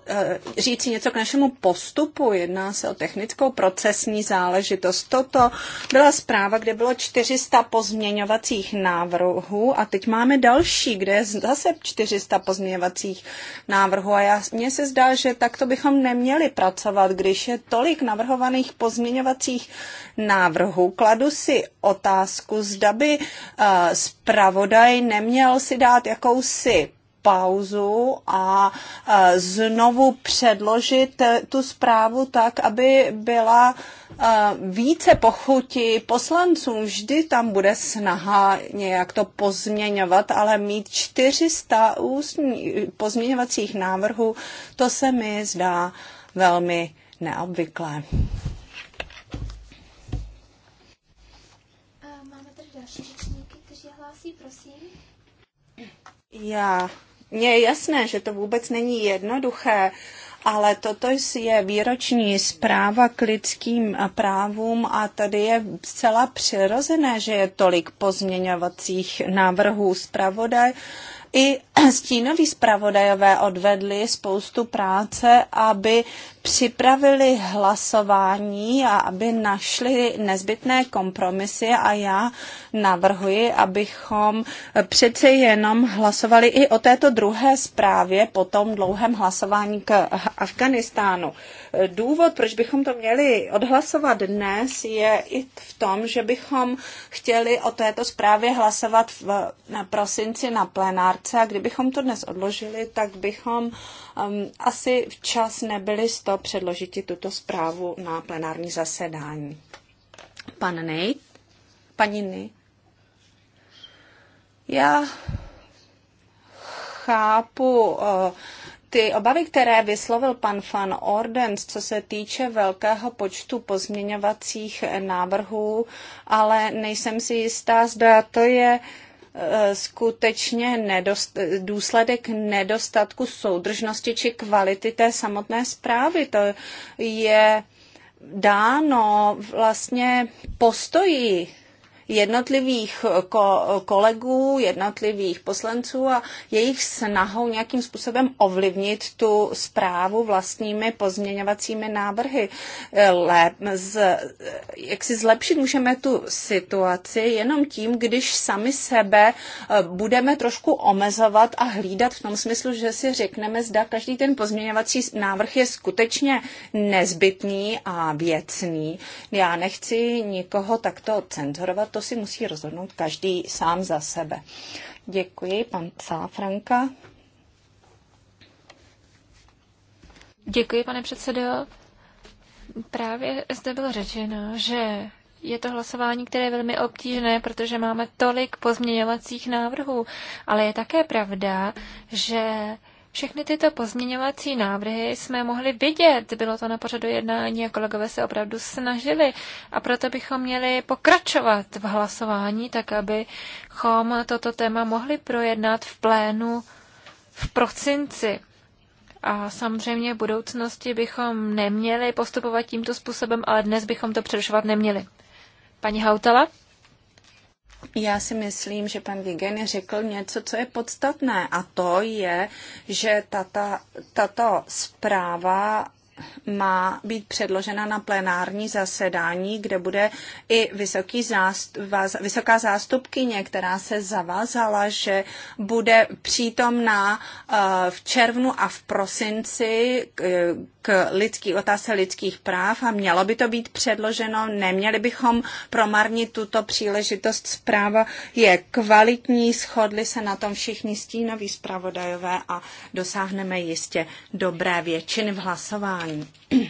uh, říct něco k našemu postupu. Jedná se o technickou procesní záležitost. Toto byla zpráva, kde bylo 400 pozměňovacích návrhů a teď máme další, kde je zase 400 pozměňovacích návrhů. A já, mně se zdá, že takto bychom neměli pracovat, když je tolik navrhovaných pozměňovacích návrhů. Kladu si otázku, zda by uh, zpravodaj neměl si dát jakousi pauzu a znovu předložit eh, tu zprávu tak, aby byla eh, více pochuti poslanců. Vždy tam bude snaha nějak to pozměňovat, ale mít 400 pozměňovacích návrhů, to se mi zdá velmi neobvyklé. Já, mně je jasné, že to vůbec není jednoduché, ale toto je výroční zpráva k lidským právům a tady je zcela přirozené, že je tolik pozměňovacích návrhů zpravodaj i stínoví zpravodajové odvedli spoustu práce, aby připravili hlasování a aby našli nezbytné kompromisy a já navrhuji, abychom přece jenom hlasovali i o této druhé zprávě po tom dlouhém hlasování k Afganistánu. Důvod, proč bychom to měli odhlasovat dnes, je i v tom, že bychom chtěli o této zprávě hlasovat v, na prosinci na plenár marce a kdybychom to dnes odložili, tak bychom um, asi včas nebyli z toho předložiti tuto zprávu na plenární zasedání. Pan paní paniny, já chápu uh, ty obavy, které vyslovil pan Van Ordens, co se týče velkého počtu pozměňovacích návrhů, ale nejsem si jistá, zda to je uh, Eh, skutečně nedost, důsledek nedostatku soudržnosti či kvality té samotné zprávy. To je dáno vlastně postoji jednotlivých eh, kolegů, jednotlivých poslanců a jejich snahou nějakým způsobem ovlivnit tu zprávu vlastními pozměňovacími návrhy. Eh, Le- z, eh, jak si zlepšit můžeme tu situaci jenom tím, když sami sebe budeme trošku omezovat a hlídat v tom smyslu, že si řekneme, zda každý ten pozměňovací návrh je skutečně nezbytný a věcný. Já nechci nikoho takto cenzurovat, to si musí rozhodnout každý sám za sebe. Děkuji, pan Sáfranka. Děkuji, pane předsedo. Právě zde bylo řečeno, že je to hlasování, které je velmi obtížné, protože máme tolik pozměňovacích návrhů. Ale je také pravda, že všechny tyto pozměňovací návrhy jsme mohli vidět, bylo to na pořadu jednání a kolegové se opravdu snažili a proto bychom měli pokračovat v hlasování, tak abychom toto téma mohli projednat v plénu v prosinci. A samozřejmě v budoucnosti bychom neměli postupovat tímto způsobem, ale dnes bychom to přerušovat neměli. Paní Hautala? já si myslím, že pan Vigen řekl něco, co je podstatné, a to je, že tata, tato zpráva má být předložena na plenární zasedání, kde bude i vysoký zástup, vysoká zástupkyně, která se zavázala, že bude přítomná eh, v červnu a v prosinci k lidský, otázce lidských práv a mělo by to být předloženo. Neměli bychom promarnit tuto příležitost. Zpráva je kvalitní, shodli se na tom všichni stínoví zpravodajové a dosáhneme jistě dobré většiny v hlasování.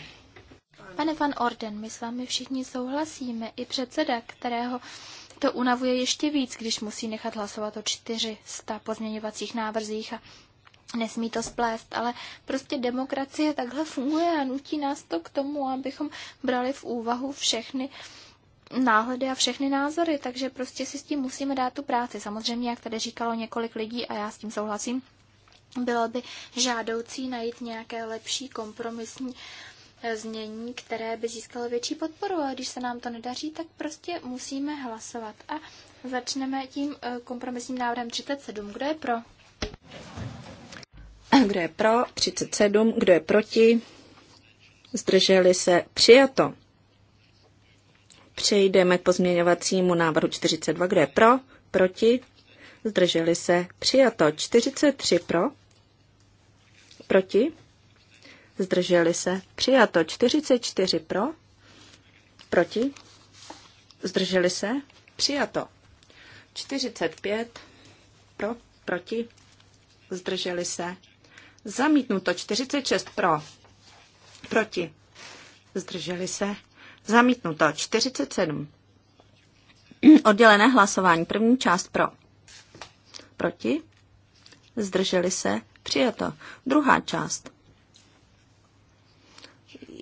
Pane van Orden, my s vámi všichni souhlasíme, i předseda, kterého to unavuje ještě víc, když musí nechat hlasovat o 400 pozměňovacích návrzích a nesmí to splést, ale prostě demokracie takhle funguje a nutí nás to k tomu, abychom brali v úvahu všechny náhledy a všechny názory, takže prostě si s tím musíme dát tu práci. Samozřejmě, jak tady říkalo několik lidí a já s tím souhlasím, bylo by žádoucí najít nějaké lepší kompromisní eh, znění, které by získalo větší podporu, ale když se nám to nedaří, tak prostě musíme hlasovat. A začneme tím eh, kompromisním návrhem 37. Kdo je pro? Kdo je pro? 37. Kdo je proti? Zdrželi se? Přijato. Přejdeme k pozměňovacímu návrhu 42. Kdo je pro? Proti? Zdrželi se? Přijato. 43 pro? Proti? Zdrželi se? Přijato. 44 pro? Proti? Zdrželi se? Přijato. 45 pro? Proti? Zdrželi se? Zamítnuto 46 pro. Proti. Zdrželi se. Zamítnuto 47. Oddělené hlasování. První část pro. Proti. Zdrželi se. Přijato. Druhá část.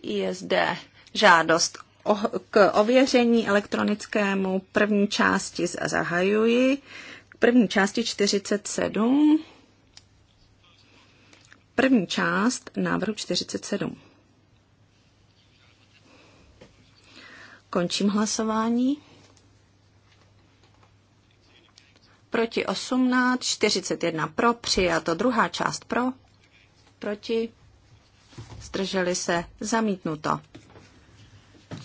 Je zde žádost o, k ověření elektronickému první části zahajuji. K první části 47. První část návrhu 47. Končím hlasování. Proti 18, 41 pro, přijato druhá část pro, proti, zdrželi se, zamítnuto.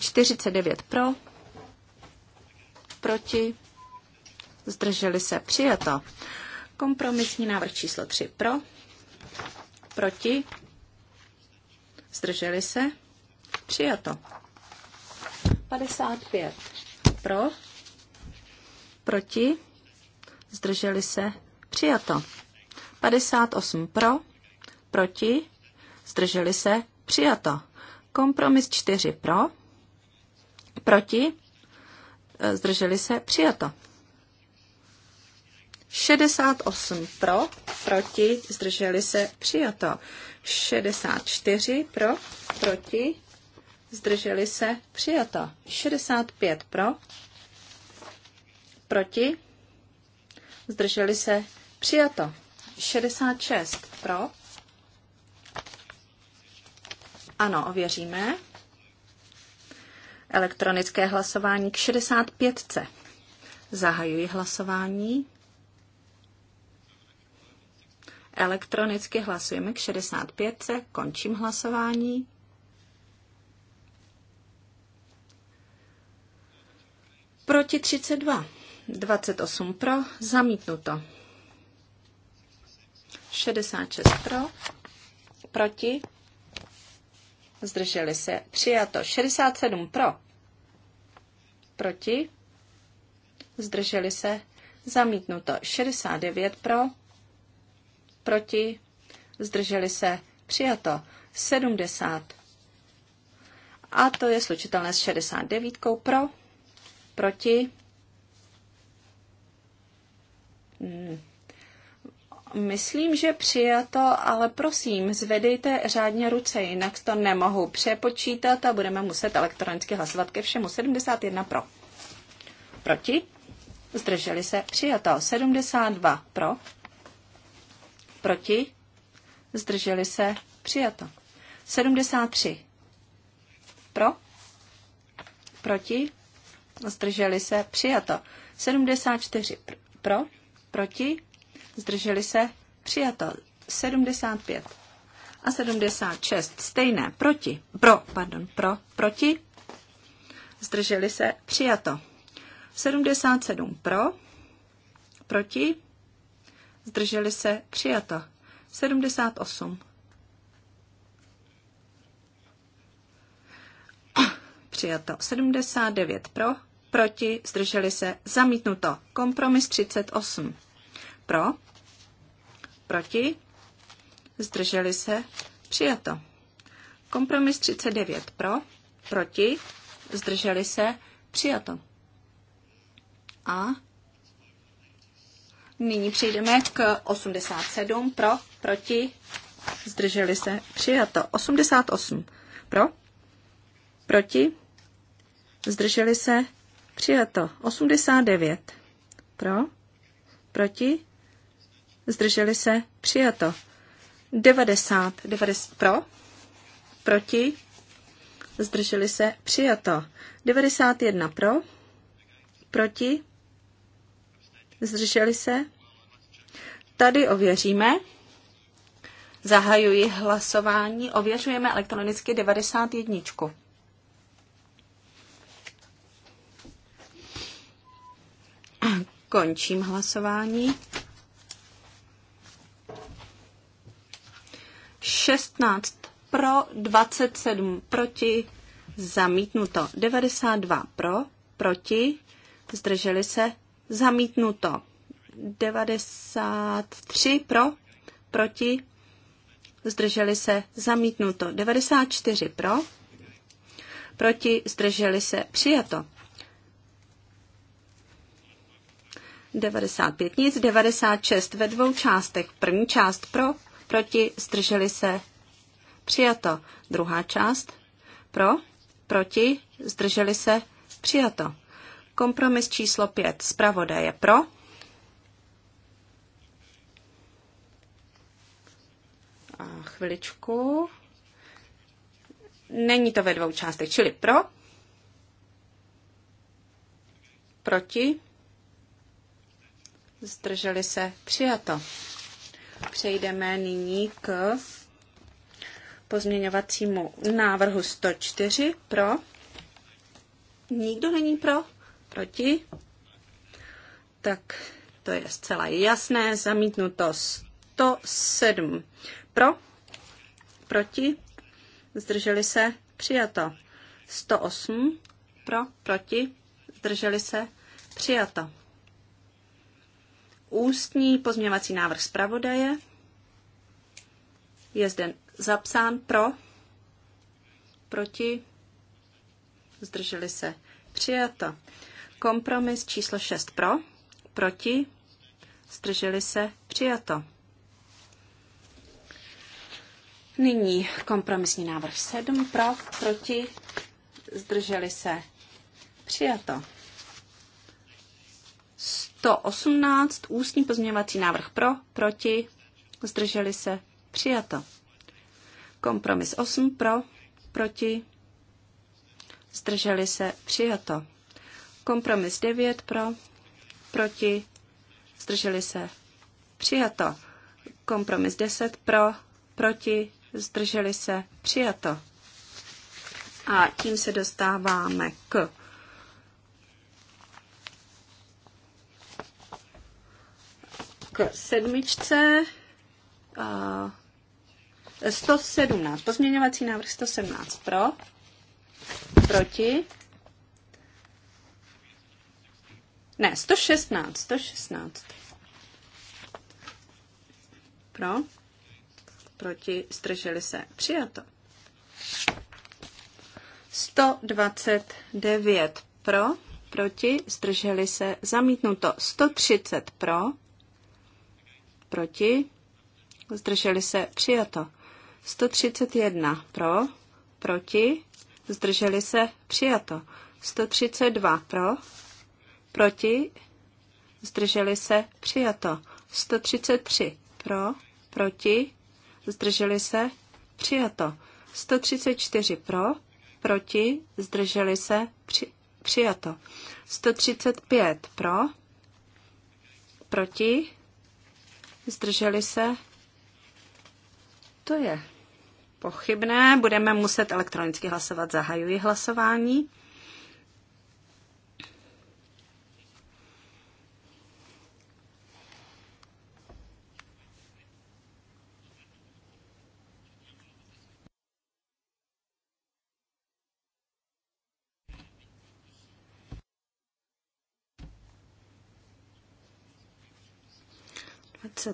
49 pro, proti, zdrželi se, přijato. Kompromisní návrh číslo 3 pro, Proti? Zdrželi se? Přijato. 55. Pro? Proti? Zdrželi se? Přijato. 58. Pro? Proti? Zdrželi se? Přijato. Kompromis 4. Pro? Proti? Zdrželi se? Přijato. 68 pro, proti, zdrželi se, přijato. 64 pro, proti, zdrželi se, přijato. 65 pro, proti, zdrželi se, přijato. 66 pro, ano, ověříme. Elektronické hlasování k 65. Zahajuji hlasování. Elektronicky hlasujeme k 65. Končím hlasování. Proti 32. 28 pro. Zamítnuto. 66 pro. Proti. Zdrželi se. Přijato. 67 pro. Proti. Zdrželi se. Zamítnuto. 69 pro proti, zdrželi se, přijato 70. A to je slučitelné s 69 pro, proti. Hmm. Myslím, že přijato, ale prosím, zvedejte řádně ruce, jinak to nemohu přepočítat a budeme muset elektronicky hlasovat ke všemu. 71 pro. Proti? Zdrželi se. Přijato. 72 pro. Proti? Zdrželi se? Přijato. 73. Pro? Proti? Zdrželi se? Přijato. 74. Pro? Proti? Zdrželi se? Přijato. 75. A 76. Stejné. Proti. Pro, pardon. Pro. Proti? Zdrželi se? Přijato. 77 pro, proti, zdrželi se, přijato. 78. Přijato. 79 pro, proti, zdrželi se, zamítnuto. Kompromis 38. Pro, proti, zdrželi se, přijato. Kompromis 39 pro, proti, zdrželi se, přijato. A Nyní přejdeme k 87 pro, proti, zdrželi se, přijato. 88 pro, proti, zdrželi se, přijato. 89 pro, proti, zdrželi se, přijato. 90, 90 pro, proti, zdrželi se, přijato. 91 pro, proti, Zdrželi se? Tady ověříme. Zahajuji hlasování. Ověřujeme elektronicky 91. Končím hlasování. 16 pro, 27 proti, zamítnuto. 92 pro, proti, zdrželi se Zamítnuto. 93 pro, proti, zdrželi se, zamítnuto. 94 pro, proti, zdrželi se, přijato. 95 nic, 96 ve dvou částech. První část pro, proti, zdrželi se, přijato. Druhá část pro, proti, zdrželi se, přijato. Kompromis číslo 5. Zpravodaj je pro. A chviličku. Není to ve dvou částech, čili pro, proti, zdrželi se, přijato. Přejdeme nyní k pozměňovacímu návrhu 104 pro. Nikdo není pro? proti, tak to je zcela jasné, zamítnuto 107 pro, proti, zdrželi se, přijato 108 pro, proti, zdrželi se, přijato. Ústní pozměňovací návrh zpravodaje je zde zapsán pro, proti, zdrželi se, přijato. Kompromis číslo 6 pro, proti, zdrželi se, přijato. Nyní kompromisní návrh 7 pro, proti, zdrželi se, přijato. 118 ústní pozměňovací návrh pro, proti, zdrželi se, přijato. Kompromis 8 pro, proti, zdrželi se, přijato. Kompromis 9 pro, proti, zdrželi se. Přijato. Kompromis 10 pro, proti, zdrželi se. Přijato. A tím se dostáváme k k sedmičce. Uh, 117. Pozměňovací návrh 117 pro, proti, Ne, 116, 116. Pro, proti, strželi se, přijato. 129 pro, proti, strželi se, zamítnuto. 130 pro, proti, zdrželi se, přijato. 131 pro, proti, zdrželi se, přijato. 132 pro, proti, zdrželi se, přijato. 133 pro, proti, zdrželi se, přijato. 134 pro, proti, zdrželi se, při, přijato. 135 pro, proti, zdrželi se. To je pochybné, budeme muset elektronicky hlasovat. Zahajuji hlasování.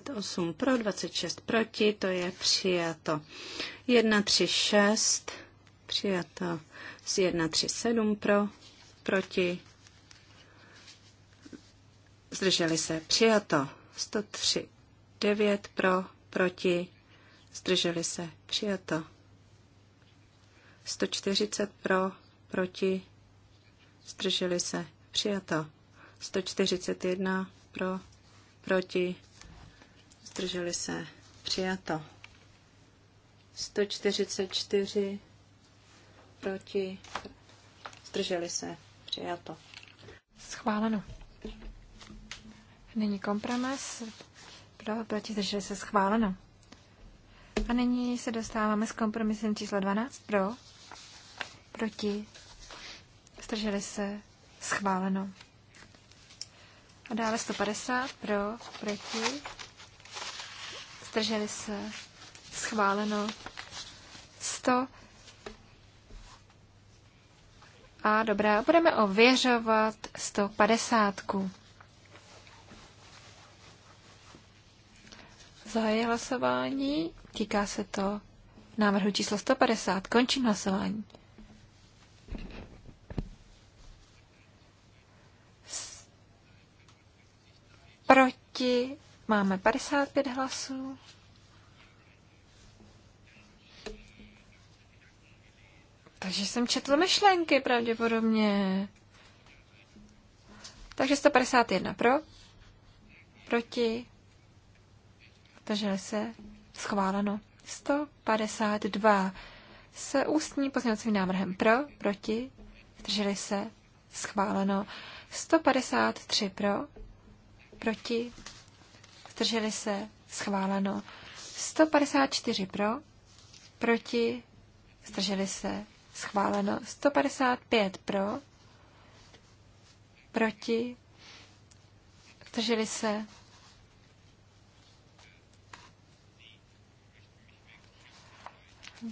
28 pro, 26 proti, to je přijato. 1, 3, 6, přijato. 1, 3, 7 pro, proti, zdrželi se, přijato. 103, 9 pro, proti, zdrželi se, přijato. 140 pro, proti, zdrželi se, přijato. 141 pro, proti, zdrželi se, přijato. 144 proti, zdrželi se, přijato. Schváleno. Není kompromis, pro, proti, zdrželi se, schváleno. A nyní se dostáváme s kompromisem číslo 12 pro, proti, zdrželi se, schváleno. A dále 150 pro, proti, zdrželi se, schváleno 100. A dobrá, budeme ověřovat 150. Zahají hlasování. Týká se to návrhu číslo 150. Končím hlasování. Proti Máme 55 hlasů. Takže jsem četl myšlenky pravděpodobně. Takže 151 pro, proti, Takže se, schváleno. 152 s ústním pozměňovacím návrhem pro, proti, drželi se, schváleno. 153 pro, proti, zdrželi se, schváleno. 154 pro, proti, zdrželi se, schváleno. 155 pro, proti, zdrželi se,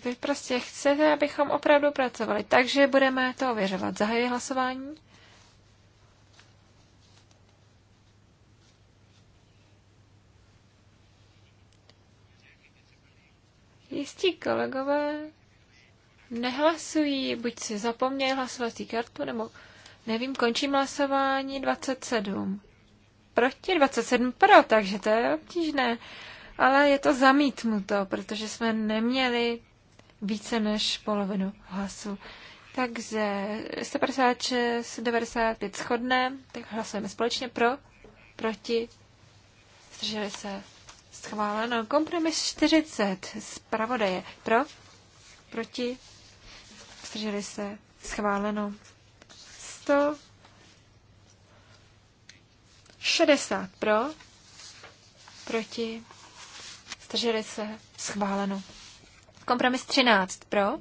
Vy prostě chcete, abychom opravdu pracovali, takže budeme to ověřovat. Zahajuji hlasování. Jistí kolegové nehlasují, buď si zapomněli hlasovací kartu, nebo nevím, končím hlasování 27. Proti 27 pro, takže to je obtížné. Ale je to zamítnuto, protože jsme neměli více než polovinu hlasu. Takže 156, 95 schodné, tak hlasujeme společně pro, proti, zdrželi se Schváleno. Kompromis 40. Zpravodaje. Pro? Proti? Zdrželi se. Schváleno. 100. 60 pro, proti, zdrželi se, schváleno. Kompromis 13 pro,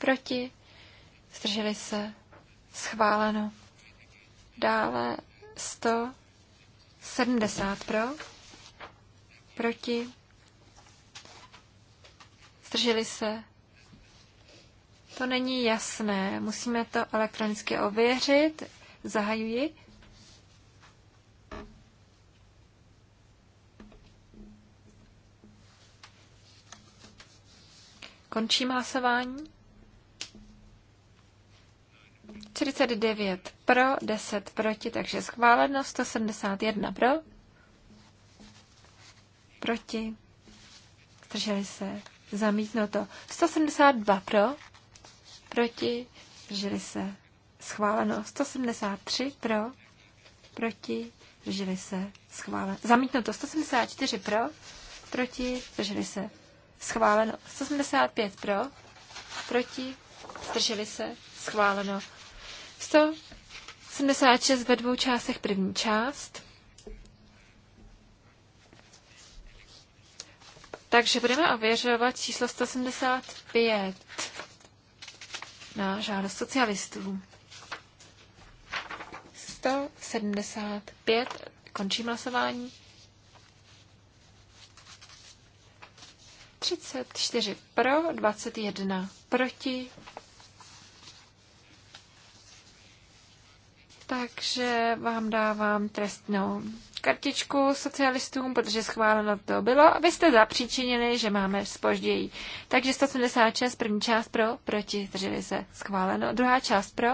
proti, zdrželi se, schváleno. Dále 170 pro, Proti? Zdrželi se? To není jasné. Musíme to elektronicky ověřit. Zahajuji. Končím hlasování. 49 pro, 10 proti, takže schváleno 171 pro proti, zdrželi se, zamítnuto. 172 pro, proti, zdrželi se, schváleno. 173 pro, proti, zdrželi se, schváleno. Zamítnuto. 174 pro, proti, zdrželi se, schváleno. 175 pro, proti, zdrželi se, schváleno. 176 ve dvou částech první část, Takže budeme ověřovat číslo 175 na žádost socialistů. 175. Končím hlasování. 34 pro, 21 proti. Takže vám dávám trestnou kartičku socialistům, protože schváleno to bylo. A vy jste zapříčinili, že máme spožději. Takže 176, první část pro, proti, drželi se, schváleno. Druhá část pro,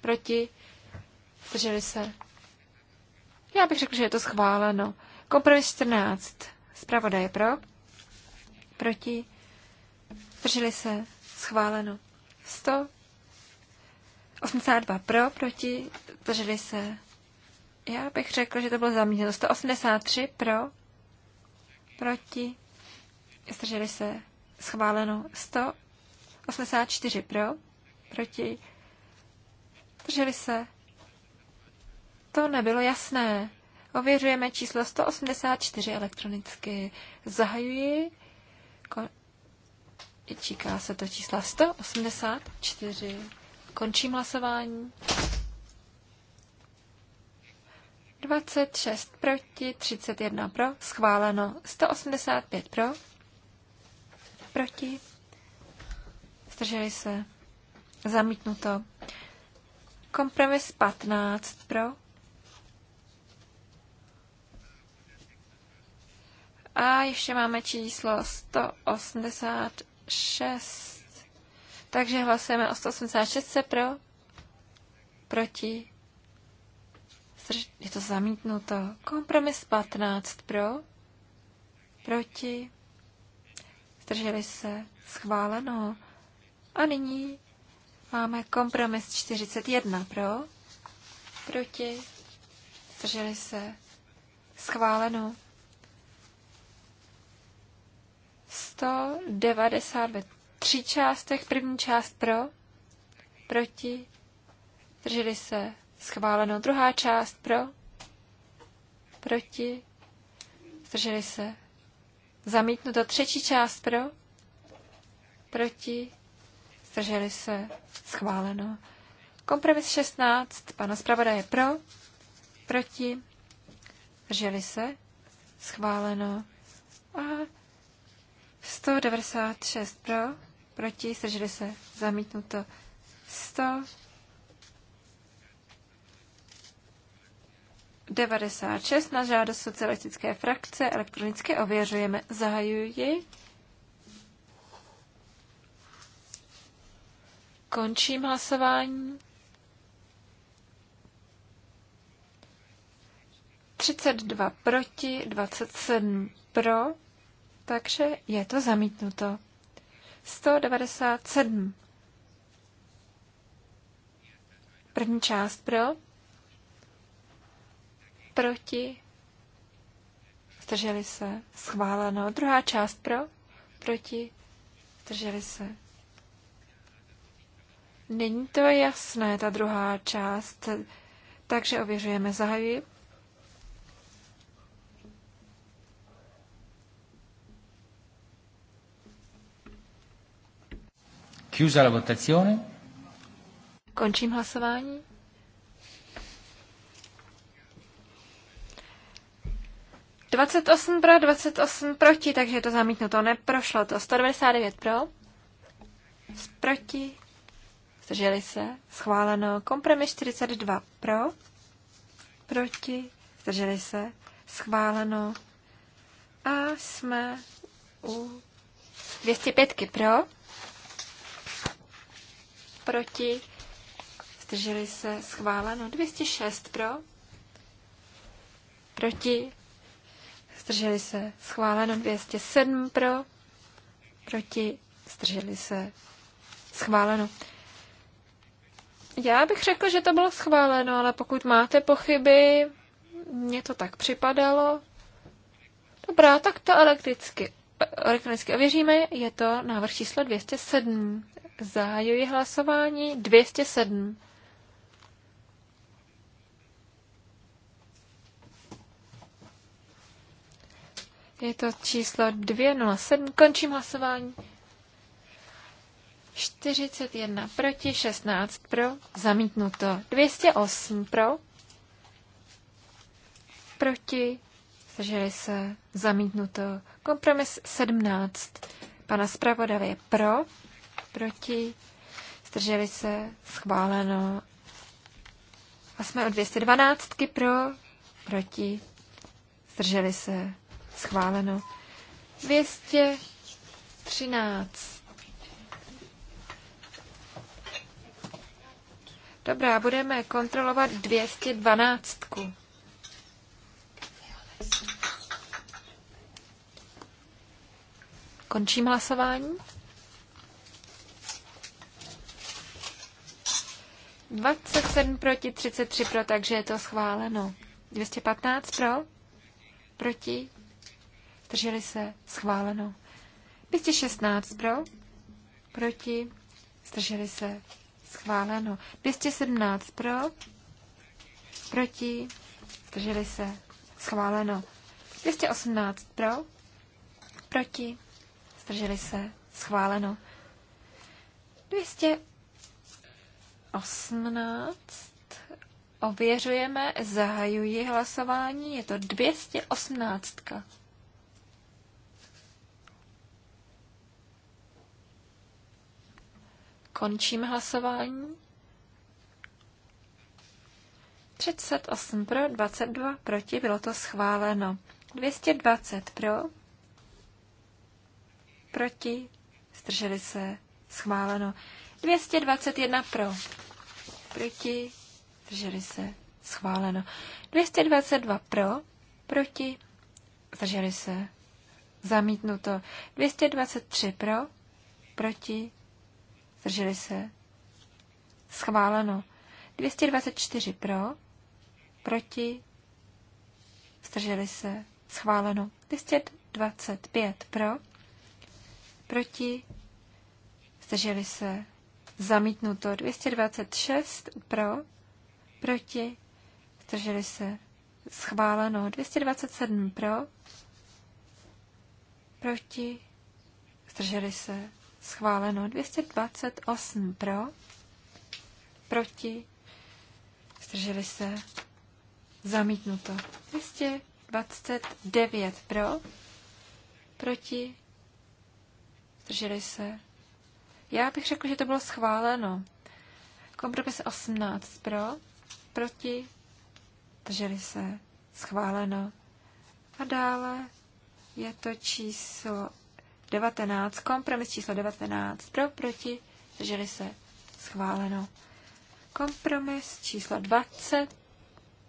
proti, drželi se. Já bych řekl, že je to schváleno. Kompromis 14, zpravodaj pro, proti, drželi se, schváleno. 100, 82 pro, proti, drželi se, já bych řekl, že to bylo zamítnuto. 183 pro, proti, zdrželi se, schváleno. 184 pro, proti, zdrželi se. To nebylo jasné. Ověřujeme číslo 184 elektronicky. Zahajuji. Čeká Číká se to čísla 184. Končím hlasování. 26 proti, 31 pro, schváleno 185 pro, proti, zdrželi se, zamítnuto. Kompromis 15 pro. A ještě máme číslo 186. Takže hlasujeme o 186 pro, proti, je to zamítnuto. Kompromis 15 pro, proti, zdrželi se, schváleno. A nyní máme kompromis 41 pro, proti, zdrželi se, schváleno. 190 ve tří částech, první část pro, proti, zdrželi se, Schváleno. Druhá část pro. Proti. Zdrželi se. Zamítnuto. Třetí část pro. Proti. Zdrželi se. Schváleno. Kompromis 16. Pana zpravodaje pro. Proti. Zdrželi se. Schváleno. A 196 pro. Proti. Zdrželi se. Zamítnuto. 100. 96 na žádost socialistické frakce elektronicky ověřujeme. Zahajuji. Končím hlasování. 32 proti, 27 pro, takže je to zamítnuto. 197. První část pro, Proti? Zdrželi se. Schváleno. Druhá část pro? Proti? Zdrželi se. Není to jasné, ta druhá část, takže ověřujeme zahají. Chiusa la votazione. Končím hlasování. 28 pro, 28 proti, takže to zamítnuto neprošlo. To 199 pro, proti, zdrželi se, schváleno. Kompromis 42 pro, proti, zdrželi se, schváleno. A jsme u 205 pro, proti, zdrželi se, schváleno. 206 pro, proti, zdrželi se, schváleno 207 pro, proti, zdrželi se, schváleno. Já bych řekl, že to bylo schváleno, ale pokud máte pochyby, mně to tak připadalo. Dobrá, tak to elektricky, elektronicky ověříme. Je to návrh číslo 207. Zahajuji hlasování 207. Je to číslo 207. Končím hlasování. 41 proti, 16 pro, zamítnuto. 208 pro, proti, zdrželi se, zamítnuto. Kompromis 17. Pana zpravodavě pro, proti, zdrželi se, schváleno. A jsme o 212 pro, proti, zdrželi se, Schváleno. 213. Dobrá, budeme kontrolovat 212. Končím hlasování. 27 proti, 33 pro, takže je to schváleno. 215 pro, proti, Drželi se? Schváleno. 216 pro? Proti? Zdrželi se? Schváleno. 217 pro? Proti? Zdrželi se? Schváleno. 218 pro? Proti? Zdrželi se? Schváleno. 218 ověřujeme, zahajuji hlasování, je to 218. Končím hlasování. 38 pro, 22 proti, bylo to schváleno. 220 pro, proti, zdrželi se, schváleno. 221 pro, proti, zdrželi se, schváleno. 222 pro, proti, zdrželi se, zamítnuto. 223 pro, proti, zdrželi se, schváleno. 224 pro, proti, zdrželi se, schváleno. 225 pro, proti, zdrželi se, zamítnuto. 226 pro, proti, zdrželi se, schváleno. 227 pro, proti, zdrželi se, Schváleno 228 pro, proti, zdrželi se, zamítnuto 229 pro, proti, zdrželi se. Já bych řekl, že to bylo schváleno. Kompromis 18 pro, proti, zdrželi se, schváleno. A dále je to číslo 19, kompromis číslo 19, pro, proti, zdrželi se, schváleno. Kompromis číslo 20,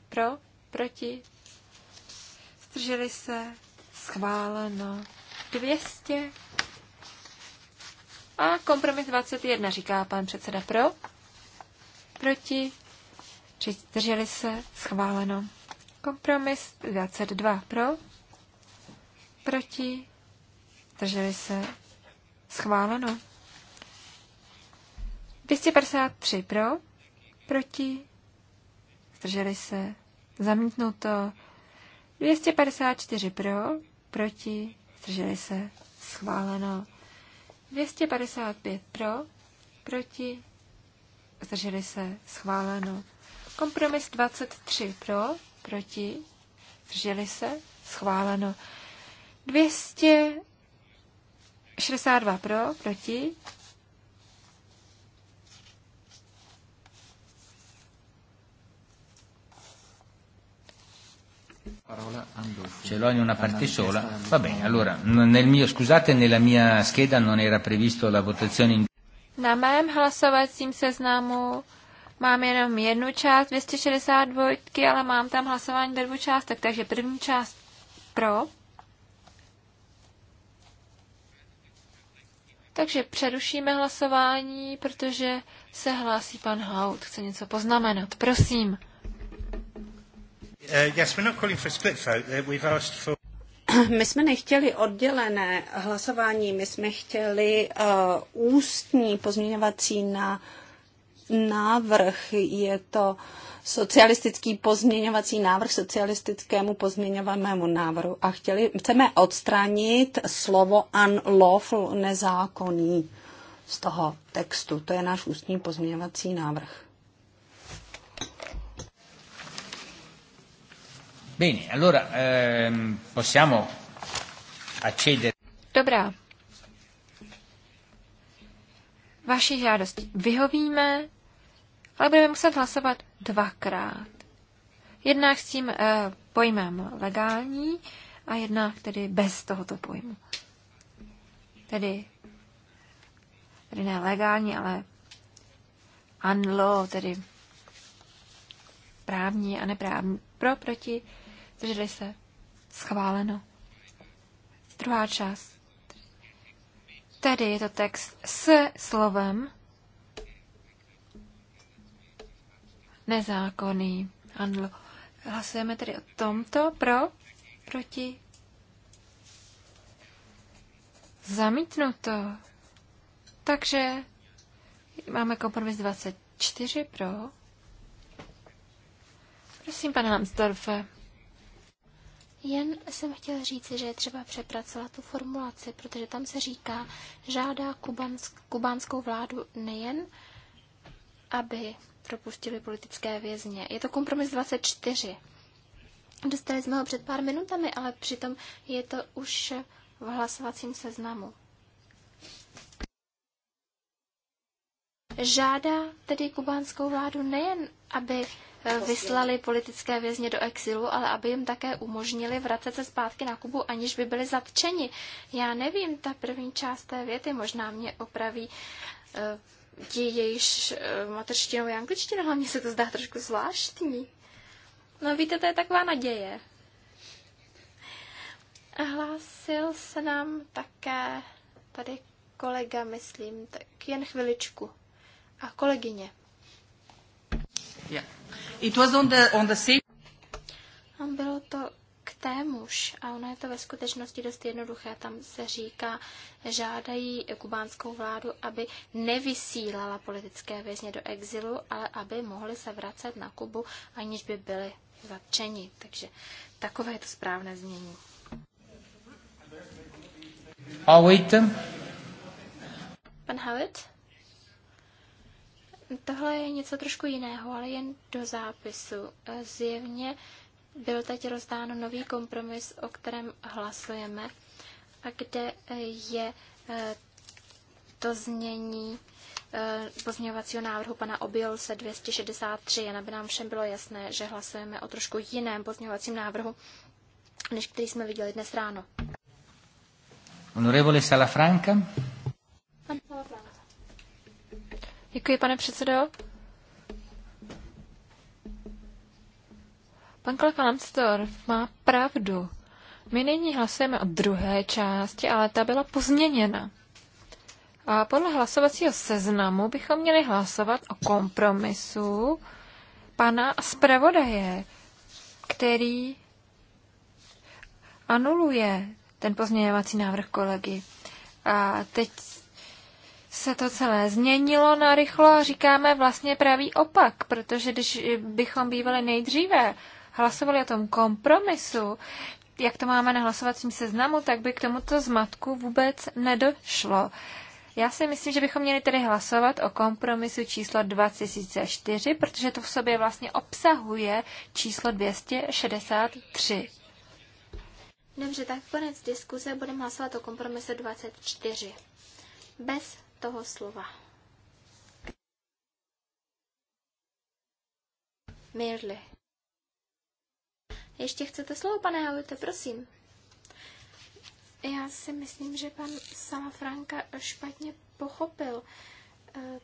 pro, proti, zdrželi se, schváleno. 200. A kompromis 21, říká pan předseda pro, proti, zdrželi se, schváleno. Kompromis 22 pro, proti, Zdrželi se? Schváleno. 253 pro, proti, zdrželi se, zamítnuto. 254 pro, proti, zdrželi se, schváleno. 255 pro, proti, zdrželi se, schváleno. Kompromis 23 pro, proti, zdrželi se, schváleno. 200 62 pro, proti. Ce l'ho in una parte sola. Va bene, allora, nel mio, scusate, nella mia scheda non era previsto la votazione in... Na mém hlasovacím seznamu mám jenom jednu část 262, ale mám tam hlasování ve dvou částech, takže první část pro, Takže přerušíme hlasování, protože se hlásí pan Haut. Chce něco poznamenat. Prosím. My jsme nechtěli oddělené hlasování, my jsme chtěli uh, ústní pozměňovací na návrh. Je to socialistický pozměňovací návrh socialistickému pozměňovanému návrhu a chtěli, chceme odstranit slovo unlawful, nezákonný z toho textu. To je náš ústní pozměňovací návrh. Bene, allora ehm, possiamo accedere. Dobrá. Vaši žádosti vyhovíme ale budeme muset hlasovat dvakrát. Jednak s tím e, pojmem legální a jednak tedy bez tohoto pojmu. Tedy, tedy ne legální, ale unlaw, tedy právní a neprávní. Pro, proti, zdrželi se. Schváleno. Druhá část. Tedy je to text s slovem nezákonný Andlo, Hlasujeme tedy o tomto pro, proti, zamítnuto. Takže máme kompromis 24 pro. Prosím, pane Hamsdorfe. Jen jsem chtěl říct, že je třeba přepracovat tu formulaci, protože tam se říká, žádá kubansk, kubánskou vládu nejen, aby propustili politické vězně. Je to kompromis 24. Dostali jsme ho před pár minutami, ale přitom je to už v hlasovacím seznamu. Žádá tedy kubánskou vládu nejen, aby vyslali politické vězně do exilu, ale aby jim také umožnili vracet se zpátky na Kubu, aniž by byli zatčeni. Já nevím, ta první část té věty možná mě opraví eh, děti, jejíž eh, mateřštinou je angličtina, hlavně se to zdá trošku zvláštní. No víte, to je taková naděje. A hlásil se nám také tady kolega, myslím, tak jen chviličku. A kolegyně. Yeah. It was on the, on the same... Bylo to témuž, a ono je to ve skutečnosti dost jednoduché, tam se říká, žádají kubánskou vládu, aby nevysílala politické vězně do exilu, ale aby mohli se vracet na Kubu, aniž by byli zatčeni. Takže takové je to správné znění. Howitt. Pan Howitt? Tohle je něco trošku jiného, ale jen do zápisu. Zjevně byl teď rozdán nový kompromis, o kterém hlasujeme a kde eh, je eh, to znění eh, pozměňovacího návrhu pana Obilse 263, jen aby nám všem bylo jasné, že hlasujeme o trošku jiném pozměňovacím návrhu, než který jsme viděli dnes ráno. Honorevole Salafranca. Salafranca. Děkuji, pane předsedo. Pan kolega Lamstor má pravdu. My nyní hlasujeme o druhé části, ale ta byla pozměněna. A podle hlasovacího seznamu bychom měli hlasovat o kompromisu pana zpravodaje, který anuluje ten pozměňovací návrh kolegy. A teď se to celé změnilo na rychlo a říkáme vlastně pravý opak, protože když bychom bývali nejdříve hlasovali o tom kompromisu, jak to máme na hlasovacím seznamu, tak by k tomuto zmatku vůbec nedošlo. Já si myslím, že bychom měli tedy hlasovat o kompromisu číslo 2004, protože to v sobě vlastně obsahuje číslo 263. Dobře, tak konec diskuze budeme hlasovat o kompromisu 24. Bez toho slova. Merely. Ještě chcete slovo, pane Havite, prosím. Já si myslím, že pan Salafranka špatně pochopil. Eh,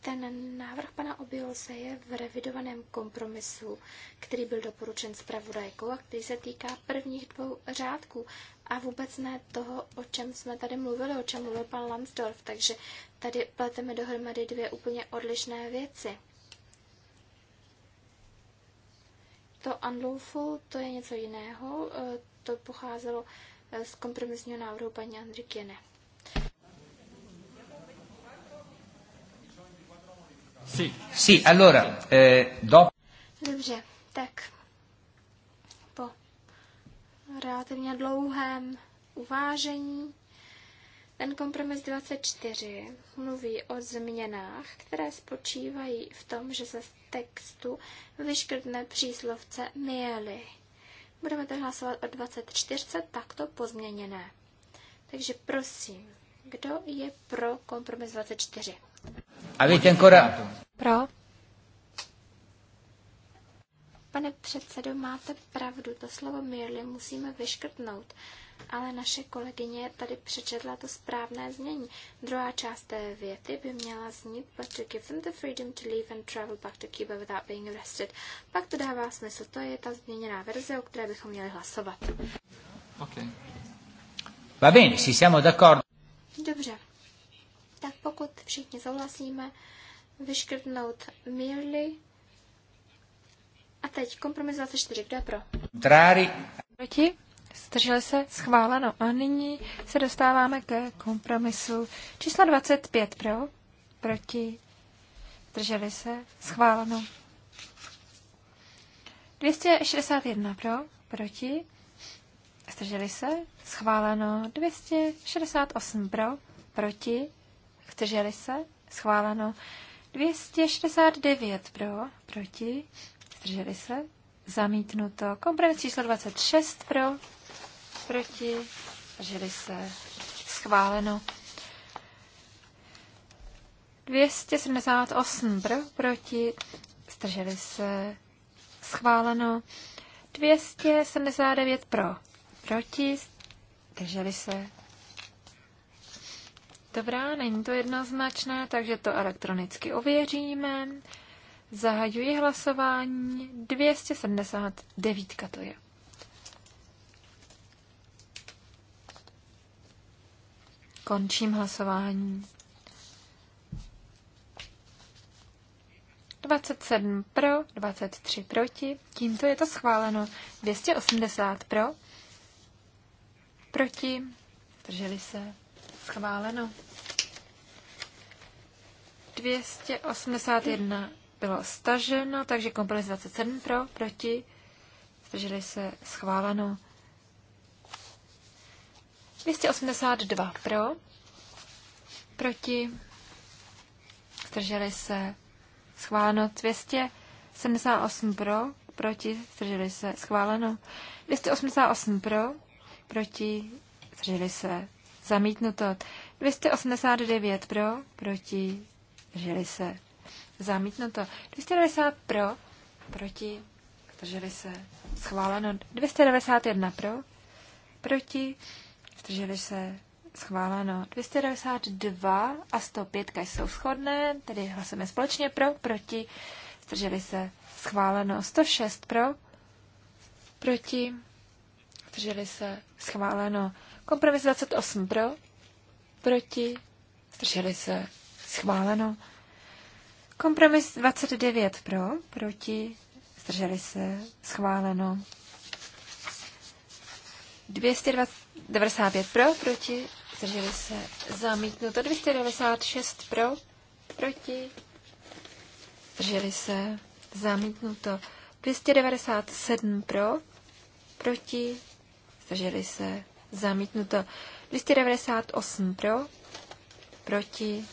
ten návrh pana Obilose je v revidovaném kompromisu, který byl doporučen zpravodajkou a který se týká prvních dvou řádků a vůbec ne toho, o čem jsme tady mluvili, o čem mluvil pan Lansdorf. takže tady pleteme dohromady dvě úplně odlišné věci. To unlawful, to je něco jiného, e, to pocházelo e, z kompromisního návrhu paní Andrikiene. Sí. Sí. allora, eh, dopo... Dobře, tak po relativně dlouhém uvážení ten kompromis 24 mluví o změnách, které spočívají v tom, že se z textu vyškrtne příslovce měli. Budeme to hlasovat o 24 takto pozměněné. Takže prosím, kdo je pro kompromis 24? A vy ten korá. Pro. Pane předsedo, máte pravdu, to slovo měli musíme vyškrtnout ale naše kolegyně tady přečetla to správné znění. Druhá část té věty by měla znít but to give them the freedom to leave and travel back to Cuba without being arrested. Pak to dává smysl. To je ta změněná verze, o které bychom měli hlasovat. Ok. Va bene, si siamo d'accordo. Dobře. Tak pokud všichni souhlasíme, vyškrtnout merely a teď kompromis 24, kdo je pro? Drari. Proti? Zdrželi se? Schváleno. A nyní se dostáváme ke kompromisu číslo 25 pro, proti, zdrželi se? Schváleno. 261 pro, proti, zdrželi se? Schváleno. 268 pro, proti, zdrželi se? Schváleno. 269 pro, proti, zdrželi se? Zamítnuto. Kompromis číslo 26 pro, proti, žili se schváleno. 278 pro, proti, zdrželi se schváleno. 279 pro, proti, zdrželi se. Dobrá, není to jednoznačné, takže to elektronicky ověříme. Zahajuji hlasování. 279 to je. Končím hlasování. 27 pro, 23 proti. Tímto je to schváleno. 280 pro, proti, drželi se, schváleno. 281 bylo staženo, takže kompromis 27 pro, proti, Drželi se, schváleno. 282 pro, proti, zdrželi se, schváleno 278 pro, proti, zdrželi se, schváleno 288 pro, proti, zdrželi se, zamítnuto 289 pro, proti, zdrželi se, zamítnuto 290 pro, proti, zdrželi se, schváleno 291 pro, proti, zdrželi se schváleno. 292 a 105 jsou shodné, tedy hlasujeme společně pro, proti, zdrželi se schváleno. 106 pro, proti, zdrželi se schváleno. Kompromis 28 pro, proti, zdrželi se schváleno. Kompromis 29 pro, proti, zdrželi se schváleno. 220 95 pro, proti, zdrželi se zamítnuto. 296 pro, proti, zdrželi se zamítnuto. 297 pro, proti, zdrželi se zamítnuto. 298 pro, proti,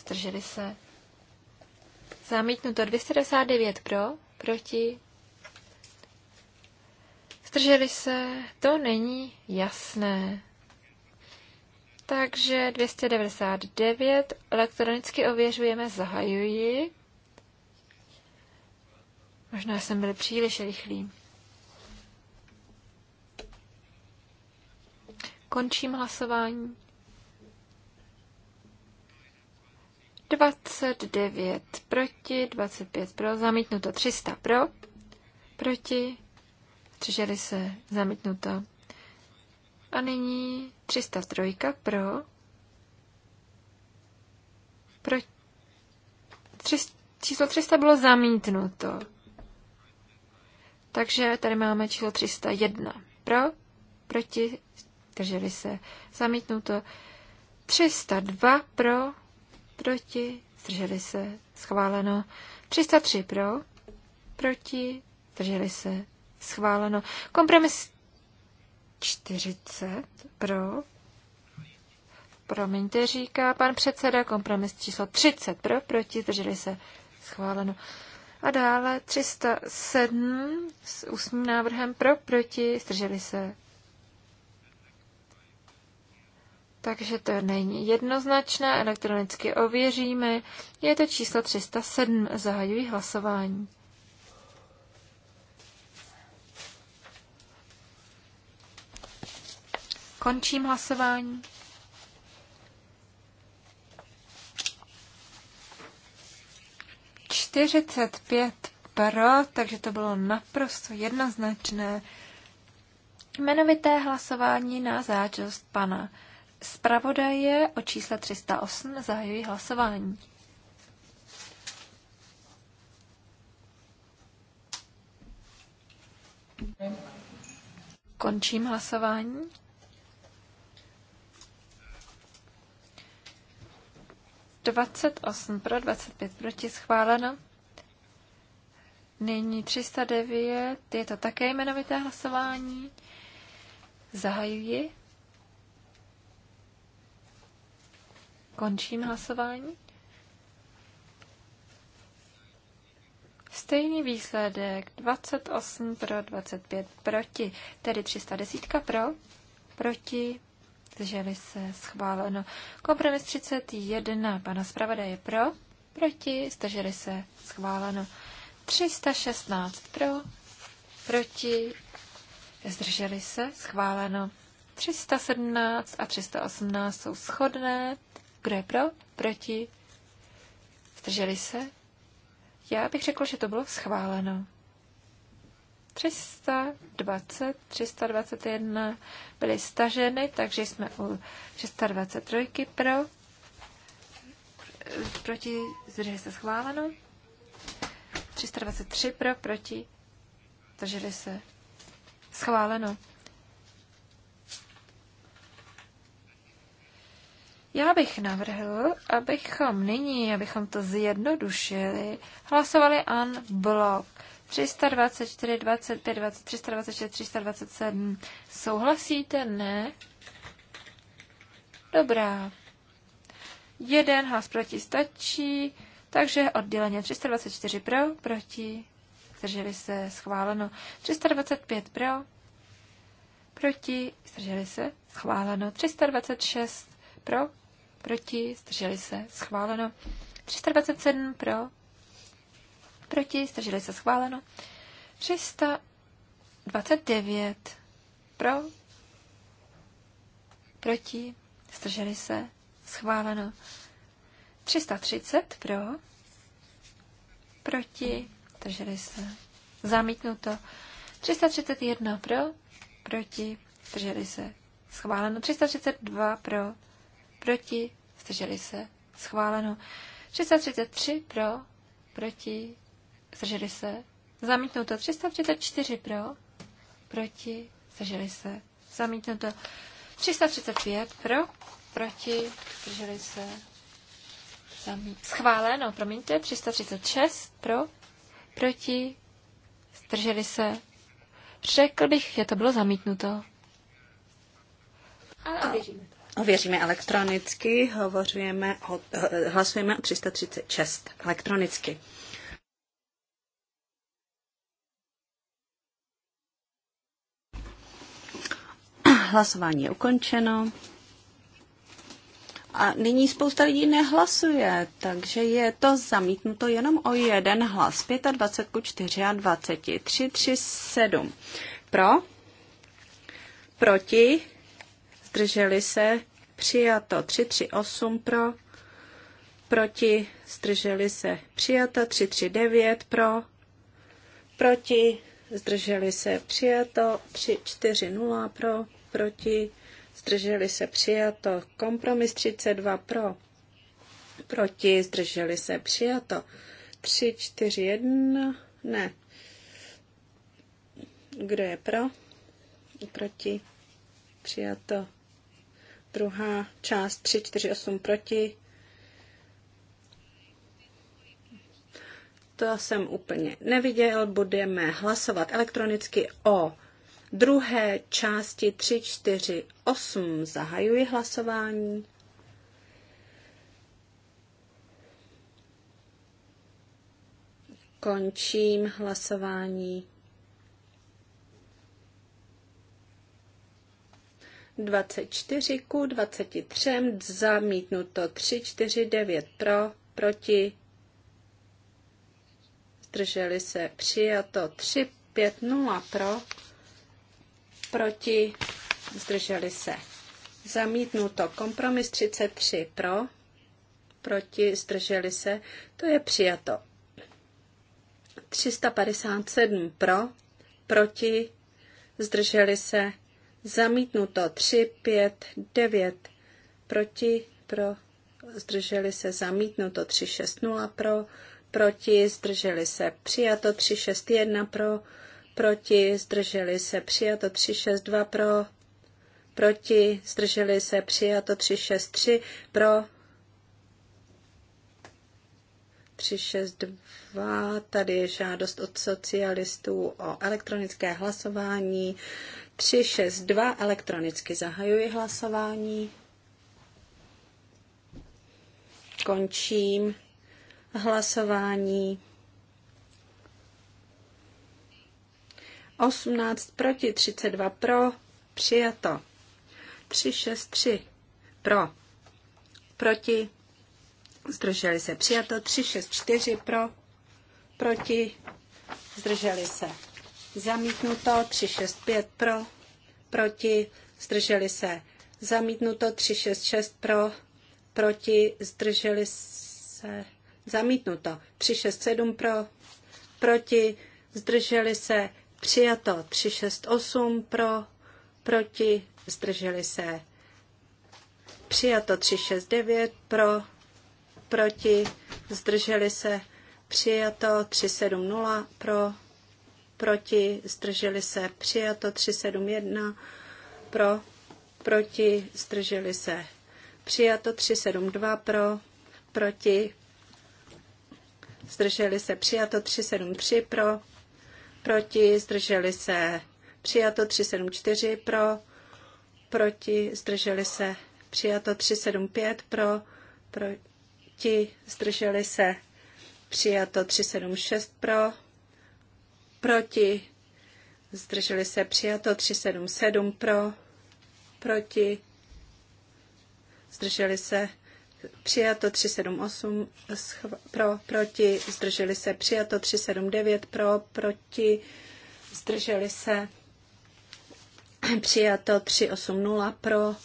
zdrželi se. Zamítnuto 299 pro, proti, Zdrželi se? To není jasné. Takže 299 elektronicky ověřujeme, zahajuji. Možná jsem byl příliš rychlý. Končím hlasování. 29 proti, 25 pro, zamítnuto 300 pro, proti, Zdrželi se. Zamítnuto. A nyní 303 pro. pro tři, číslo 300 bylo zamítnuto. Takže tady máme číslo 301 pro, proti, zdrželi se. Zamítnuto. 302 pro, proti, zdrželi se. Schváleno. 303 pro, proti, zdrželi se schváleno. Kompromis 40 pro. Promiňte, říká pan předseda, kompromis číslo 30 pro, proti, drželi se schváleno. A dále 307 s ústním návrhem pro, proti, zdrželi se. Takže to není jednoznačné, elektronicky ověříme. Je to číslo 307, zahajují hlasování. Končím hlasování. Čtyřicet pět pro, takže to bylo naprosto jednoznačné. Jmenovité hlasování na záčost pana zpravodaje o čísle 308 zahajuji hlasování. Končím hlasování. 28 pro, 25 proti, schváleno. Nyní 309, je to také jmenovité hlasování. Zahajuji. Končím hlasování. Stejný výsledek 28 pro 25 proti, tedy 310 pro, proti, zdrželi se, schváleno. Kompromis 31, pana zpravodaje pro, proti, zdrželi se, schváleno. 316 pro, proti, zdrželi se, schváleno. 317 a 318 jsou shodné. Kdo je pro? Proti? Zdrželi se? Já bych řekl, že to bylo schváleno. 320, 321 byly staženy, takže jsme u 323 pro, proti, zdrželi se schváleno, 323 pro, proti, zdrželi se schváleno. Já bych navrhl, abychom nyní, abychom to zjednodušili, hlasovali an blok. 324, 25, 20, 326, 327. Souhlasíte? Ne? Dobrá. Jeden hlas proti stačí, takže odděleně 324 pro, proti, zdrželi se, schváleno. 325 pro, proti, zdrželi se, schváleno. 326 pro, proti, zdrželi se, schváleno. 327 pro, Proti, zdrželi se schváleno. 329 pro, proti, zdrželi se schváleno. 330 pro, proti, zdrželi se zamítnuto. 331 pro, proti, zdrželi se schváleno. 332 pro, proti, zdrželi se schváleno. 333 pro, proti, zdrželi se, zamítnuto 334 pro, proti, zdrželi se, zamítnuto 335 pro, proti, zdrželi se, zamí... schváleno, promiňte, 336 pro, proti, zdrželi se, řekl bych, že to bylo zamítnuto. Ale ověříme Ověříme elektronicky, hovořujeme, hlasujeme o 336 elektronicky. Hlasování je ukončeno. A nyní spousta lidí nehlasuje, takže je to zamítnuto jenom o jeden hlas. 25 ku 24, 3, 3, 7. Pro, proti, zdrželi se, přijato 3, 3, 8 pro, proti, zdrželi se, přijato 3, 3, 9 pro, proti, zdrželi se, přijato 3, 4, 0 pro, proti, zdrželi se přijato. Kompromis 32 pro, proti, zdrželi se přijato. 3, 4, 1, ne. Kdo je pro? Proti, přijato. Druhá část 3, 4, 8 proti, to jsem úplně neviděl. Budeme hlasovat elektronicky o druhé části 3, 4, 8 zahajuji hlasování. Končím hlasování. 24 ku 23, zamítnuto 3, 4, 9 pro, proti, zdrželi se přijato 3, 5, 0 pro, proti, zdrželi se. Zamítnuto. Kompromis 33 pro, proti, zdrželi se. To je přijato. 357 pro, proti, zdrželi se. Zamítnuto 3, 5, 9 proti, pro, zdrželi se. Zamítnuto 3, 6, 0 pro, proti, zdrželi se. Přijato 3, 6, 1 pro, proti, zdrželi se přijato 362 pro, proti, zdrželi se přijato 363 pro, 362, tady je žádost od socialistů o elektronické hlasování. 362 elektronicky zahajuji hlasování. Končím hlasování. 18 proti, 32 pro, přijato. 3 pro, proti, zdrželi se přijato. 4 pro, proti, zdrželi se zamítnuto. 5 pro, proti, zdrželi se zamítnuto. 6 pro, proti, zdrželi se zamítnuto. 7 pro, proti, zdrželi se Přijato 368 pro, proti, zdrželi se. Přijato 369 pro, proti, zdrželi se. Přijato 370 pro, proti, zdrželi se. Přijato 371 pro, proti, zdrželi se. Přijato 372 pro, proti, zdrželi se. Přijato 373 pro, proti, zdrželi se přijato 374 pro, proti, zdrželi se přijato 375 pro, proti, zdrželi se přijato 376 pro, proti, zdrželi se přijato 377 pro, proti, zdrželi se přijato 378 pro, proti, zdrželi se, přijato 379 pro, proti, zdrželi se, přijato 380 pro,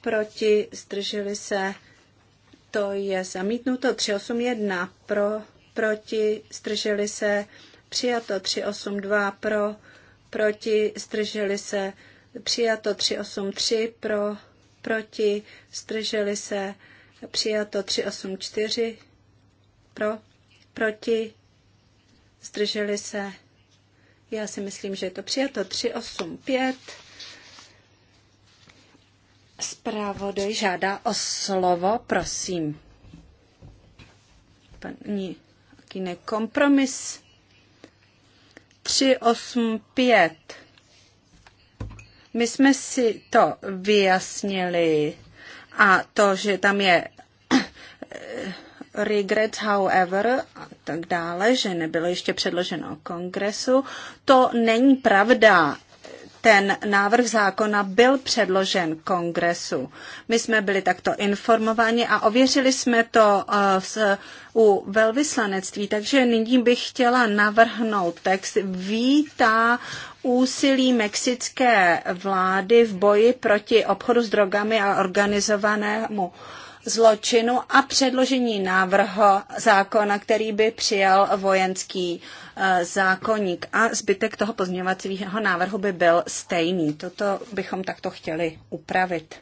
proti, zdrželi se, to je zamítnuto 381 pro, proti, zdrželi se, přijato 382 pro, proti, zdrželi se, přijato 383 pro, proti, zdrželi se, Přijato 384 pro, proti, zdrželi se. Já si myslím, že je to přijato 385. Zpravodaj žádá o slovo, prosím. Paní Kine, kompromis 385. My jsme si to vyjasnili a to, že tam je regret, however, a tak dále, že nebylo ještě předloženo kongresu, to není pravda ten návrh zákona byl předložen kongresu. My jsme byli takto informováni a ověřili jsme to eh, u velvyslanectví, takže nyní bych chtěla navrhnout text. Vítá úsilí mexické vlády v boji proti obchodu s drogami a organizovanému zločinu a předložení návrhu zákona, který by přijal vojenský eh, zákonník. A zbytek toho pozměňovacího návrhu by byl stejný. Toto bychom takto chtěli upravit.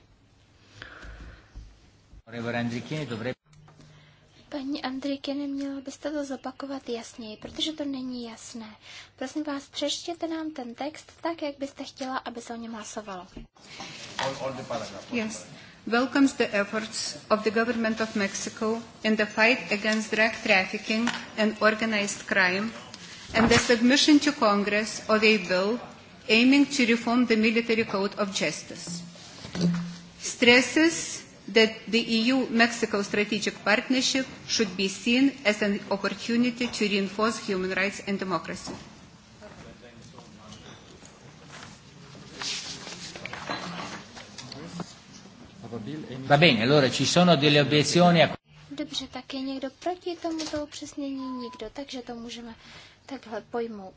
Paní Andrike, neměla byste to zopakovat jasněji, protože to není jasné. Prosím vás, přečtěte nám ten text tak, jak byste chtěla, aby se o něm hlasovalo. All, all the paragraph, all the paragraph. Yes welcomes the efforts of the government of Mexico in the fight against drug trafficking and organized crime and the submission to Congress of a bill aiming to reform the military code of justice. Stresses that the EU-Mexico strategic partnership should be seen as an opportunity to reinforce human rights and democracy. Va bene, allora ci sono delle obiezioni a... Dobře, tak je někdo proti tomuto upřesnění? Nikdo, takže to můžeme takhle pojmout.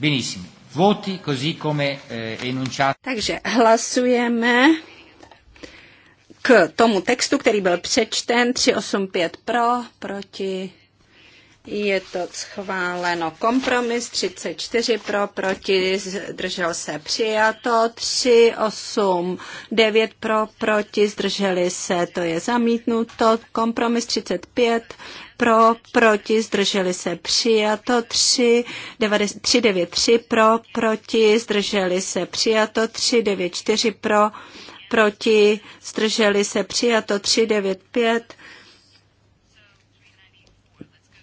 Benissimo. Voti così come eh, enunciato. Takže hlasujeme k tomu textu, který byl přečten, 385 pro, proti, je to schváleno. Kompromis 34 pro, proti, zdržel se přijato. 3, 8, 9 pro, proti, zdrželi se, to je zamítnuto. Kompromis 35 pro, proti, zdrželi se přijato 3, 3 pro, proti, zdrželi se přijato 4 pro, proti, zdrželi se přijato 395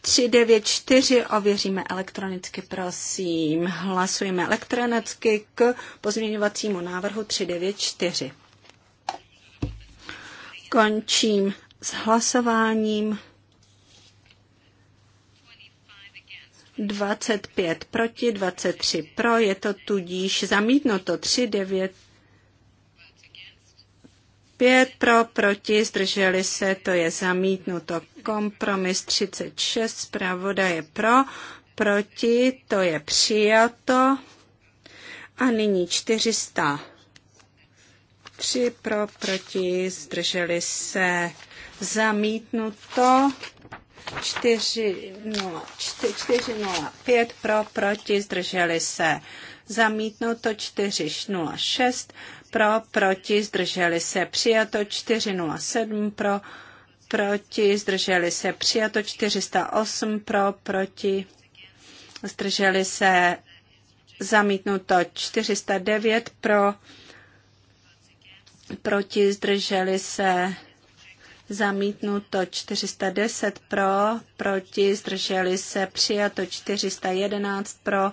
394 ověříme elektronicky, prosím. Hlasujeme elektronicky k pozměňovacímu návrhu 394. Končím s hlasováním. 25 proti, 23 pro, je to tudíž zamítnuto 3, 9, 5 pro, proti, zdrželi se, to je zamítnuto. Kompromis 36, zpravoda je pro, proti, to je přijato. A nyní 400. 3 pro, proti, zdrželi se, zamítnuto. 405 pro, proti, zdrželi se, zamítnuto 406 pro, proti, zdrželi se přijato 407 pro, proti, zdrželi se přijato 408 pro, proti, zdrželi se zamítnuto 409 pro, proti, zdrželi se zamítnuto 410 pro, proti, zdrželi se přijato 411 pro,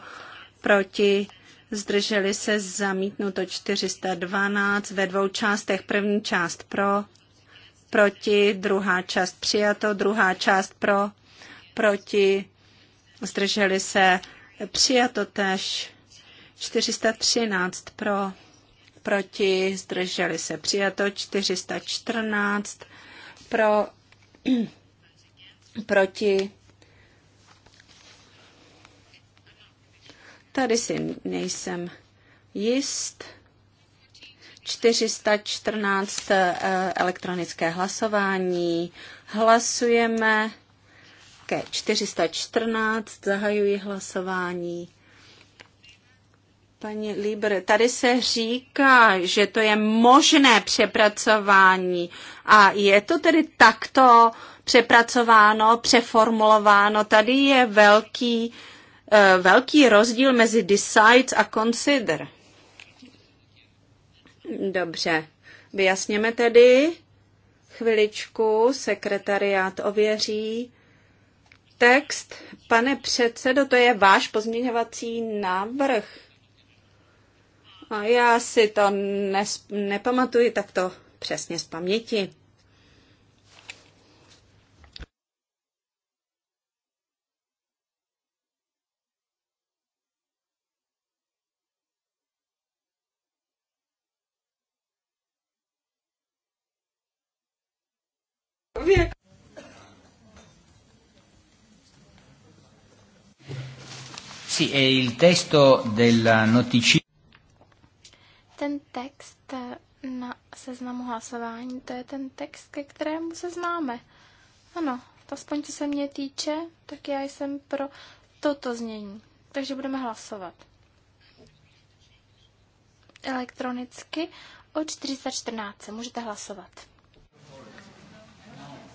proti, zdrželi se zamítnuto 412 ve dvou částech. První část pro, proti, druhá část přijato, druhá část pro, proti, zdrželi se přijato tež 413 pro, proti, zdrželi se přijato 414 pro, proti, Tady si nejsem jist. 414 eh, elektronické hlasování. Hlasujeme ke 414. Zahajuji hlasování. Paní Líber, tady se říká, že to je možné přepracování a je to tedy takto přepracováno, přeformulováno. Tady je velký uh, Eh, velký rozdíl mezi decide a consider. Dobře, vyjasněme tedy. Chviličku, sekretariát ověří. Text, pane předsedo, to je váš pozměňovací návrh. A já si to nes- nepamatuji takto přesně z paměti. Sì, è il testo della Ten text na seznamu hlasování, to je ten text, ke kterému se známe. Ano, aspoň co se mě týče, tak já jsem pro toto znění. Takže budeme hlasovat. Elektronicky o 414. Můžete hlasovat.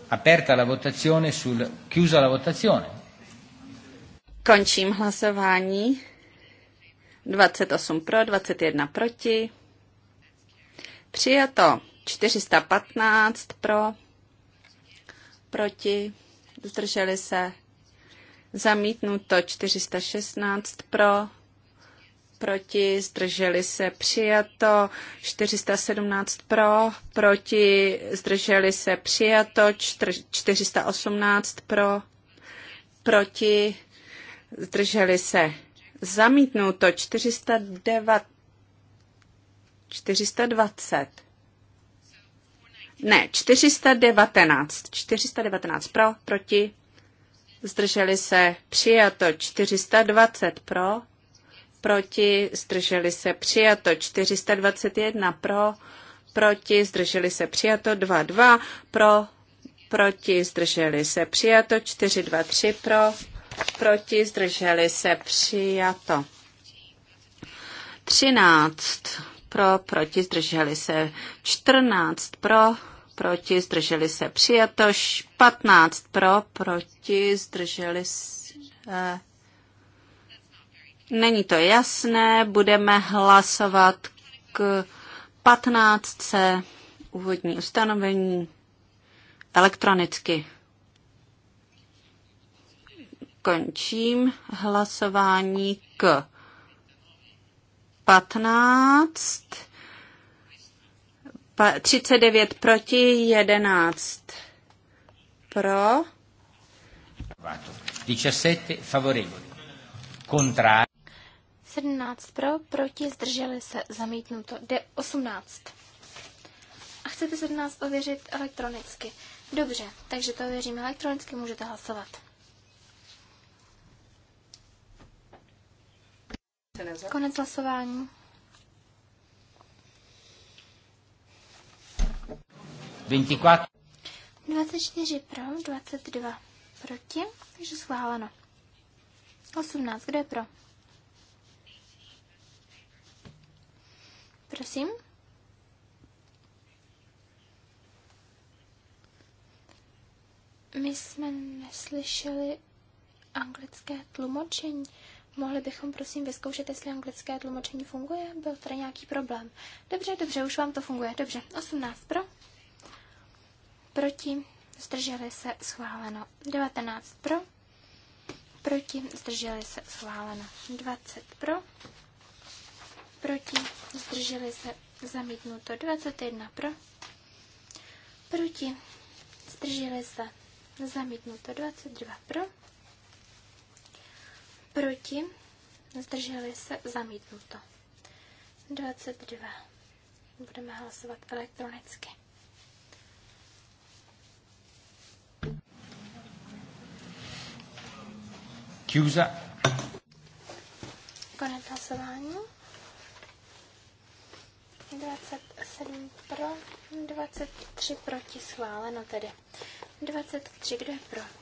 Aperta la votazione sul... chiusa la votazione. Končím hlasování. 28 pro, 21 proti. Přijato 415 pro, proti, zdrželi se. Zamítnuto 416 pro, proti, zdrželi se. Přijato 417 pro, proti, zdrželi se. Přijato 418 pro, proti, zdrželi se to 409, 420, ne, 419, 419 pro, proti, zdrželi se přijato 420 pro, proti, zdrželi se přijato 421 pro, proti, zdrželi se přijato 22 pro, proti, zdrželi se přijato 423 pro, proti, zdrželi se, přijato. 13 pro, proti, zdrželi se, 14 pro, proti, zdrželi se, přijato, 15 pro, proti, zdrželi se. Není to jasné, budeme hlasovat k 15. úvodní ustanovení elektronicky končím hlasování k 15. 39 proti, 11 pro. 17 favorevoli. Kontrá. 17 pro, proti, zdrželi se, zamítnuto. D 18. A chcete 17 ověřit elektronicky. Dobře, takže to ověříme elektronicky, můžete hlasovat. Konec hlasování. 24. pro, pro, 22 proti, takže schváleno. 18, kdo je pro? Prosím. My jsme neslyšeli anglické tlumočení. Mohli bychom prosím vyzkoušet, jestli anglické tlumočení funguje? Byl tady nějaký problém. Dobře, dobře, už vám to funguje. Dobře, 18 pro. Proti. Zdrželi se schváleno. 19 pro. Proti. Zdrželi se schváleno. 20 pro. Proti. Zdrželi se zamítnuto. 21 pro. Proti. Zdrželi se zamítnuto. 22 pro Proti? Zdrželi se zamítnuto. 22. Budeme hlasovat elektronicky. Chiusa. Konec hlasování. 27 pro, 23 proti schváleno tedy. 23, kdo je pro?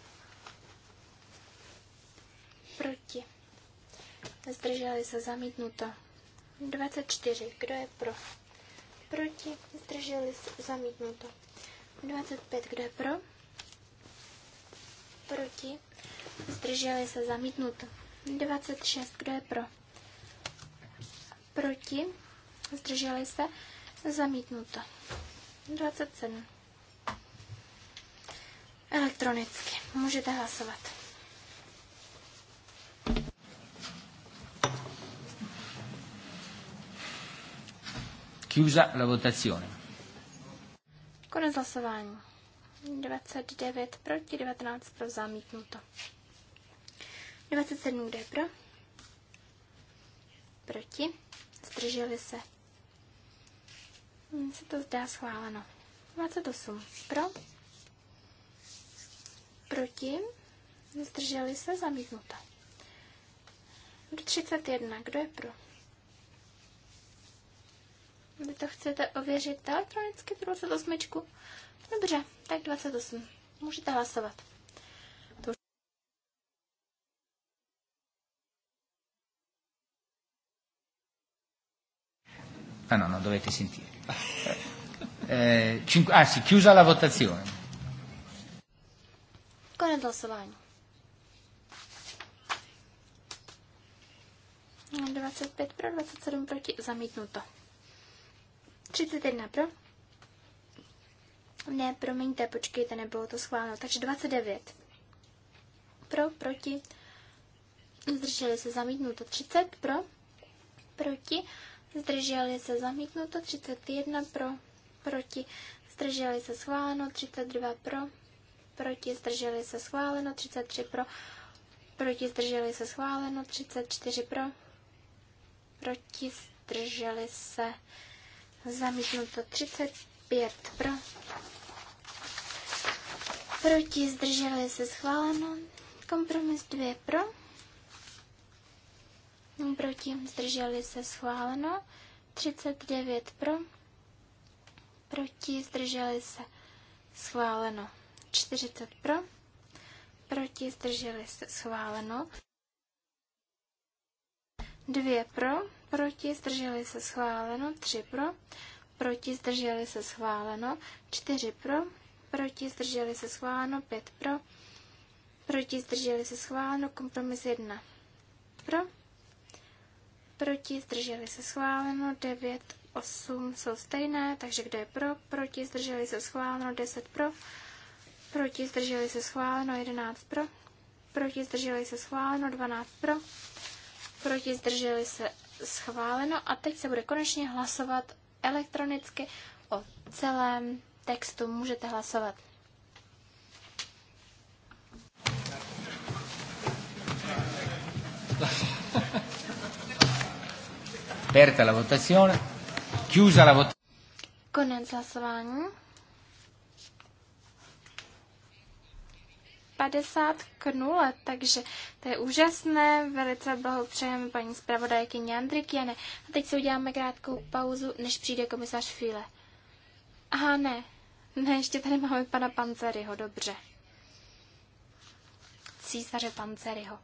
Proti. Zdrželi se zamítnuto. 24. Kdo je pro? Proti. Zdrželi se zamítnuto. 25. Kdo je pro? Proti. Zdrželi se zamítnuto. 26. Kdo je pro? Proti. Zdrželi se zamítnuto. 27. Elektronicky. Můžete hlasovat. Chiusa la votazione. Konec hlasování. 29 proti, 19 pro zamítnuto. 27 kde pro? Proti. Zdrželi se. se to zdá schváleno. 28 pro. Proti. Zdrželi se zamítnuto. 31. Kdo je pro? Vy to chcete ověřit elektronicky, tu 28? Dobře, tak 28. Můžete hlasovat. Ah no, no, dovete sentire. Eh, cinque, ah sì, chiusa la votazione. Konec hlasování. 25 pro, 27 proti, zamítnuto. 31 pro. Ne, promiňte, počkejte, nebylo to schváleno. Takže 29 pro, proti. Zdrželi se zamítnuto 30 pro, proti. Zdrželi se zamítnuto 31 pro, proti. Zdrželi se schváleno 32 pro, proti. Zdrželi se schváleno 33 pro, proti. Zdrželi se schváleno 34 pro, proti. Zdrželi se Zamítnuto 35 pro. Proti zdrželi se schváleno. Kompromis 2 pro. Proti zdrželi se schváleno. 39 pro. Proti zdrželi se schváleno. 40 pro. Proti zdrželi se schváleno. 2 pro, proti, zdrželi se schváleno, 3 pro, proti, zdrželi se schváleno, 4 pro, proti, zdrželi se schváleno, 5 pro, proti, zdrželi se schváleno, kompromis 1 pro, proti, zdrželi se schváleno, 9, 8 jsou stejné, takže kdo je pro, proti, zdrželi se schváleno, 10 pro, proti, zdrželi se schváleno, 11 pro, proti, zdrželi se schváleno, 12 pro, proti, zdrželi se, schváleno. A teď se bude konečně hlasovat elektronicky o celém textu. Můžete hlasovat. Aperta la votazione. Chiusa la votazione. Konec hlasování. 50 k 0, takže to je úžasné. Velice blahopřejeme paní zpravodajkyni Andrikiene. A teď si uděláme krátkou pauzu, než přijde komisař Fíle. Aha, ne. Ne, ještě tady máme pana Panceryho, dobře. Císaře Panceryho.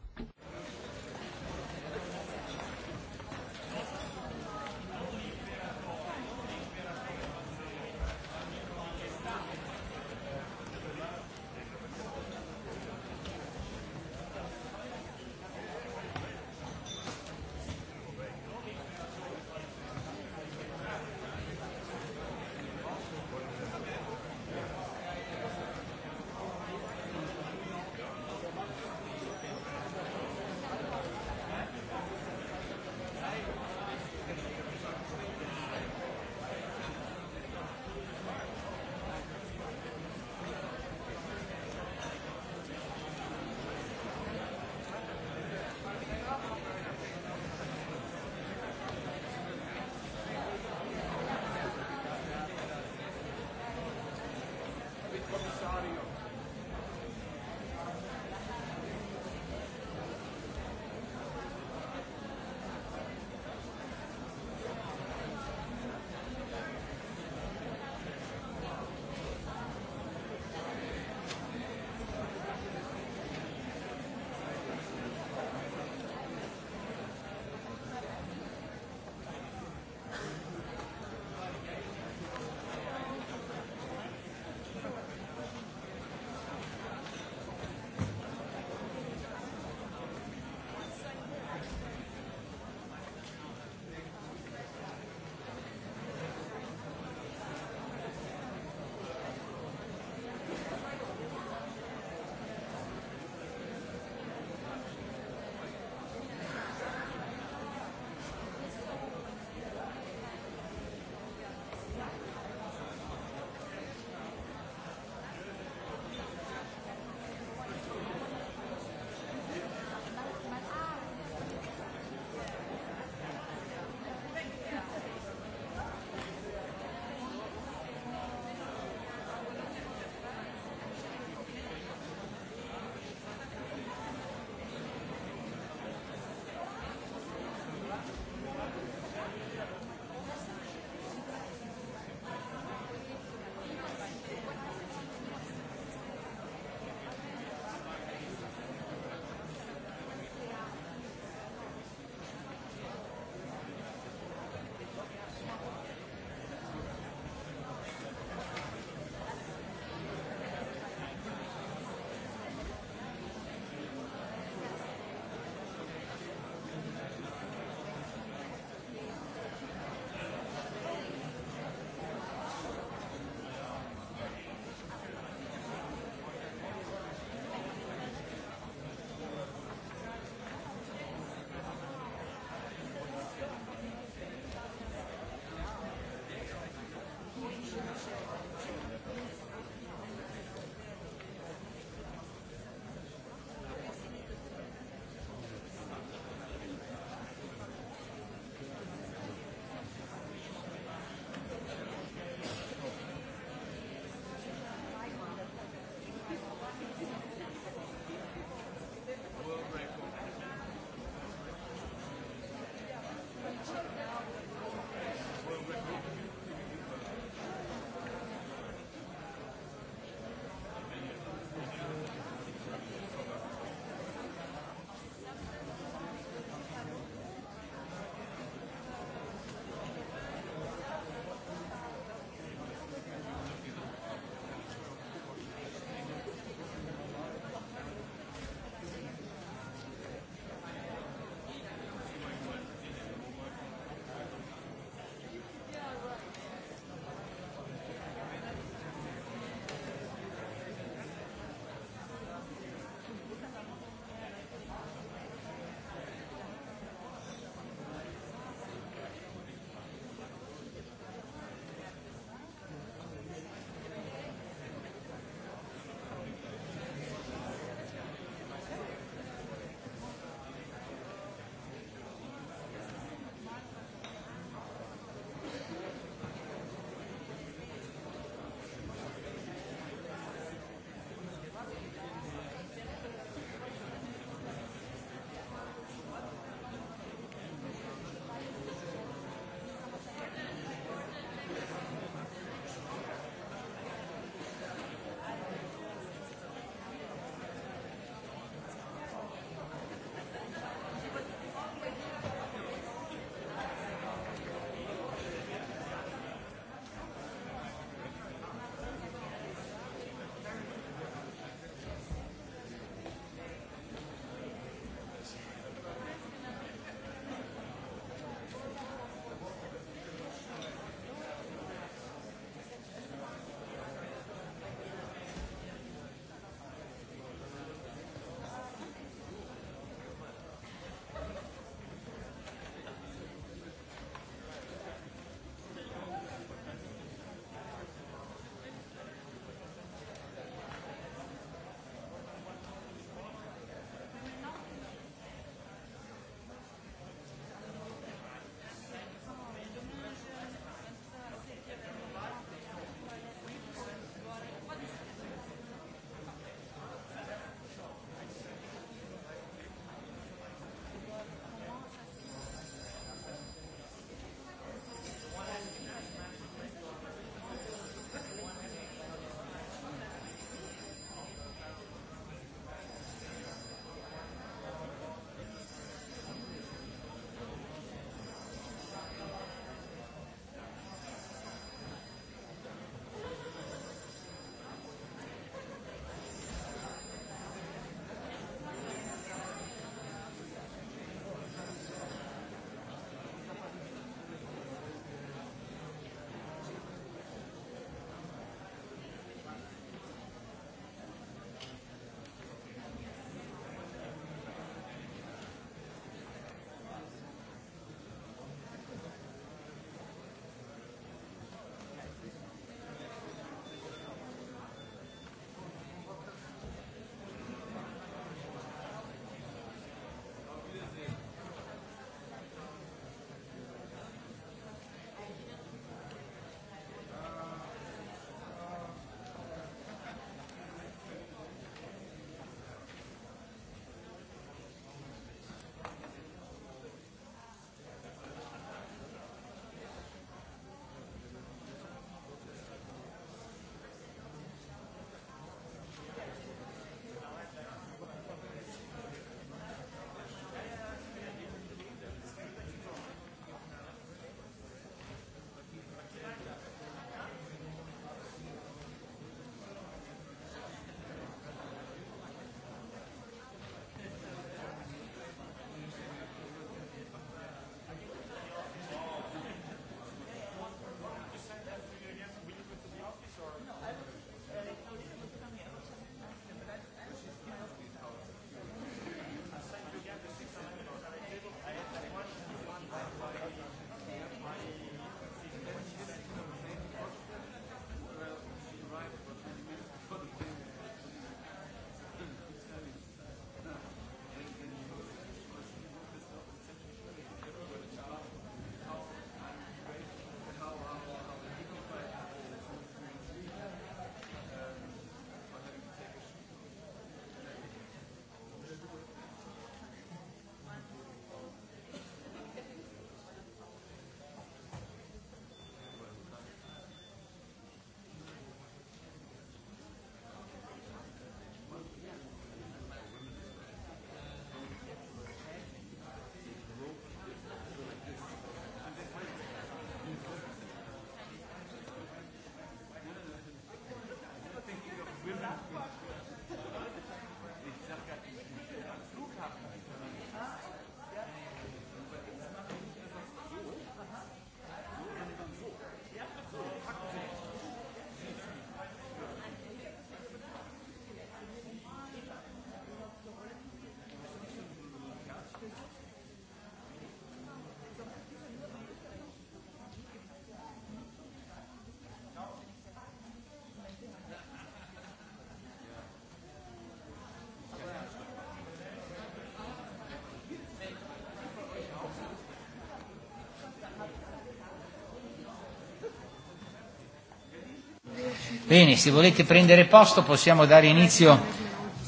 Bene, se volete prendere posto possiamo dare inizio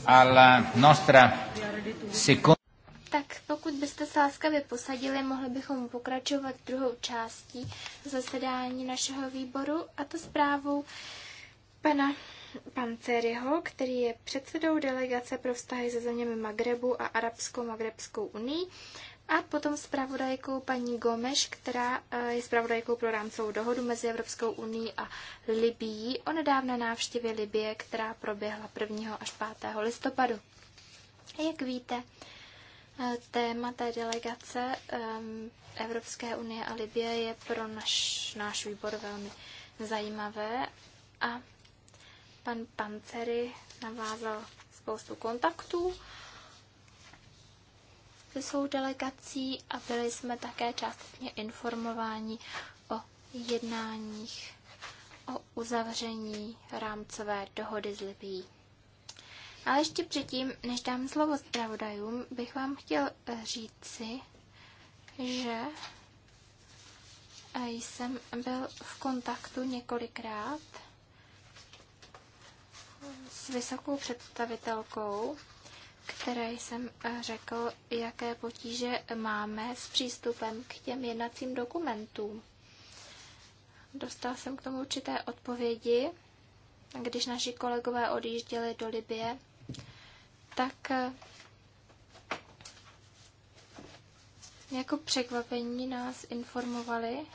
alla nostra seconda. Tak pokud byste se laskavě posadili, mohli bychom pokračovat druhou částí zasedání našeho výboru a to zprávou pana Panceryho, který je předsedou delegace pro vztahy se zeměmi Magrebu a Arabskou magrebskou unii a potom zpravodajkou paní Gomeš, která eh, je zpravodajkou pro rámcovou dohodu mezi Evropskou unii a Libií o nedávné návštěvě Libie, která proběhla 1. až 5. listopadu. Jak víte, eh, téma té delegace ehm, Evropské unie a Libie je pro naš, náš výbor velmi zajímavé a pan Panceri navázal spoustu kontaktů se svou delegací a byli jsme také částečně informováni o jednáních o uzavření rámcové dohody s Libií. Ale ještě předtím, než dám slovo zpravodajům, bych vám chtěl eh, říci, že eh, jsem byl v kontaktu několikrát s vysokou představitelkou které jsem eh, řekl, jaké potíže máme s přístupem k těm jednacím dokumentům. Dostal jsem k tomu určité odpovědi. Když naši kolegové odjížděli do Libie, tak eh, jako překvapení nás informovali,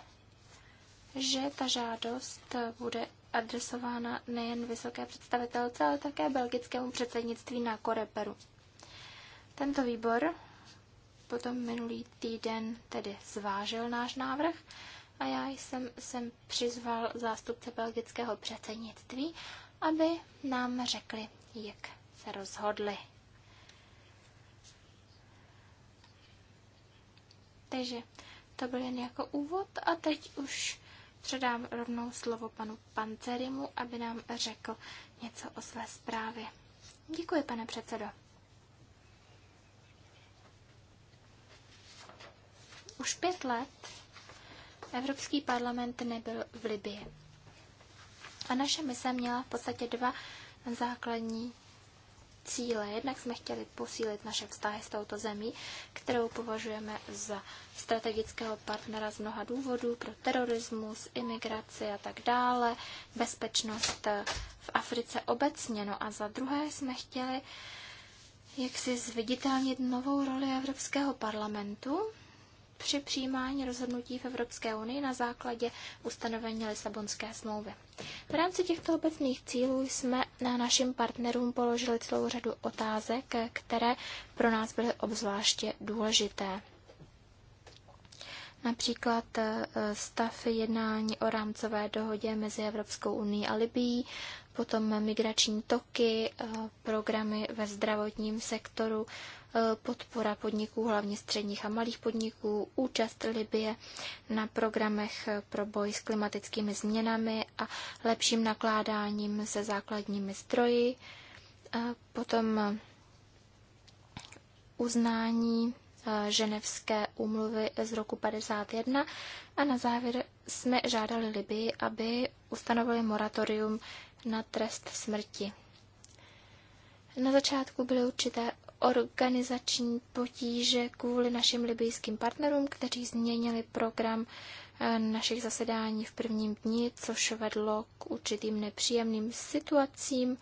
že ta žádost eh, bude adresována nejen vysoké představitelce, ale také belgickému předsednictví na Koreperu. Tento výbor potom minulý týden tedy zvážil náš návrh a já jsem sem přizval zástupce belgického předsednictví, aby nám řekli, jak se rozhodli. Takže to byl jen jako úvod a teď už předám rovnou slovo panu Pancerimu, aby nám řekl něco o své zprávě. Děkuji, pane předsedo. Už pět let Evropský parlament nebyl v Libii. A naše mise měla v podstatě dva základní cíle. Jednak jsme chtěli posílit naše vztahy s touto zemí, kterou považujeme za strategického partnera z mnoha důvodů pro terorismus, imigraci a tak dále, bezpečnost v Africe obecně. No a za druhé jsme chtěli jak si zviditelnit novou roli Evropského parlamentu při přijímání rozhodnutí v Evropské unii na základě ustanovení Lisabonské smlouvy. V rámci těchto obecných cílů jsme na našim partnerům položili celou řadu otázek, které pro nás byly obzvláště důležité. Například eh, stav jednání o rámcové dohodě mezi Evropskou unii a Libií, potom migrační toky, eh, programy ve zdravotním sektoru, podpora podniků, hlavně středních a malých podniků, účast Libie na programech pro boj s klimatickými změnami a lepším nakládáním se základními stroji. a potom uznání e, ženevské úmluvy z roku 51 a na závěr jsme žádali Libii, aby ustanovili moratorium na trest smrti. Na začátku byly určité organizační potíže kvůli našim libijským partnerům, kteří změnili program eh, našich zasedání v prvním dni, což vedlo k určitým nepříjemným situacím.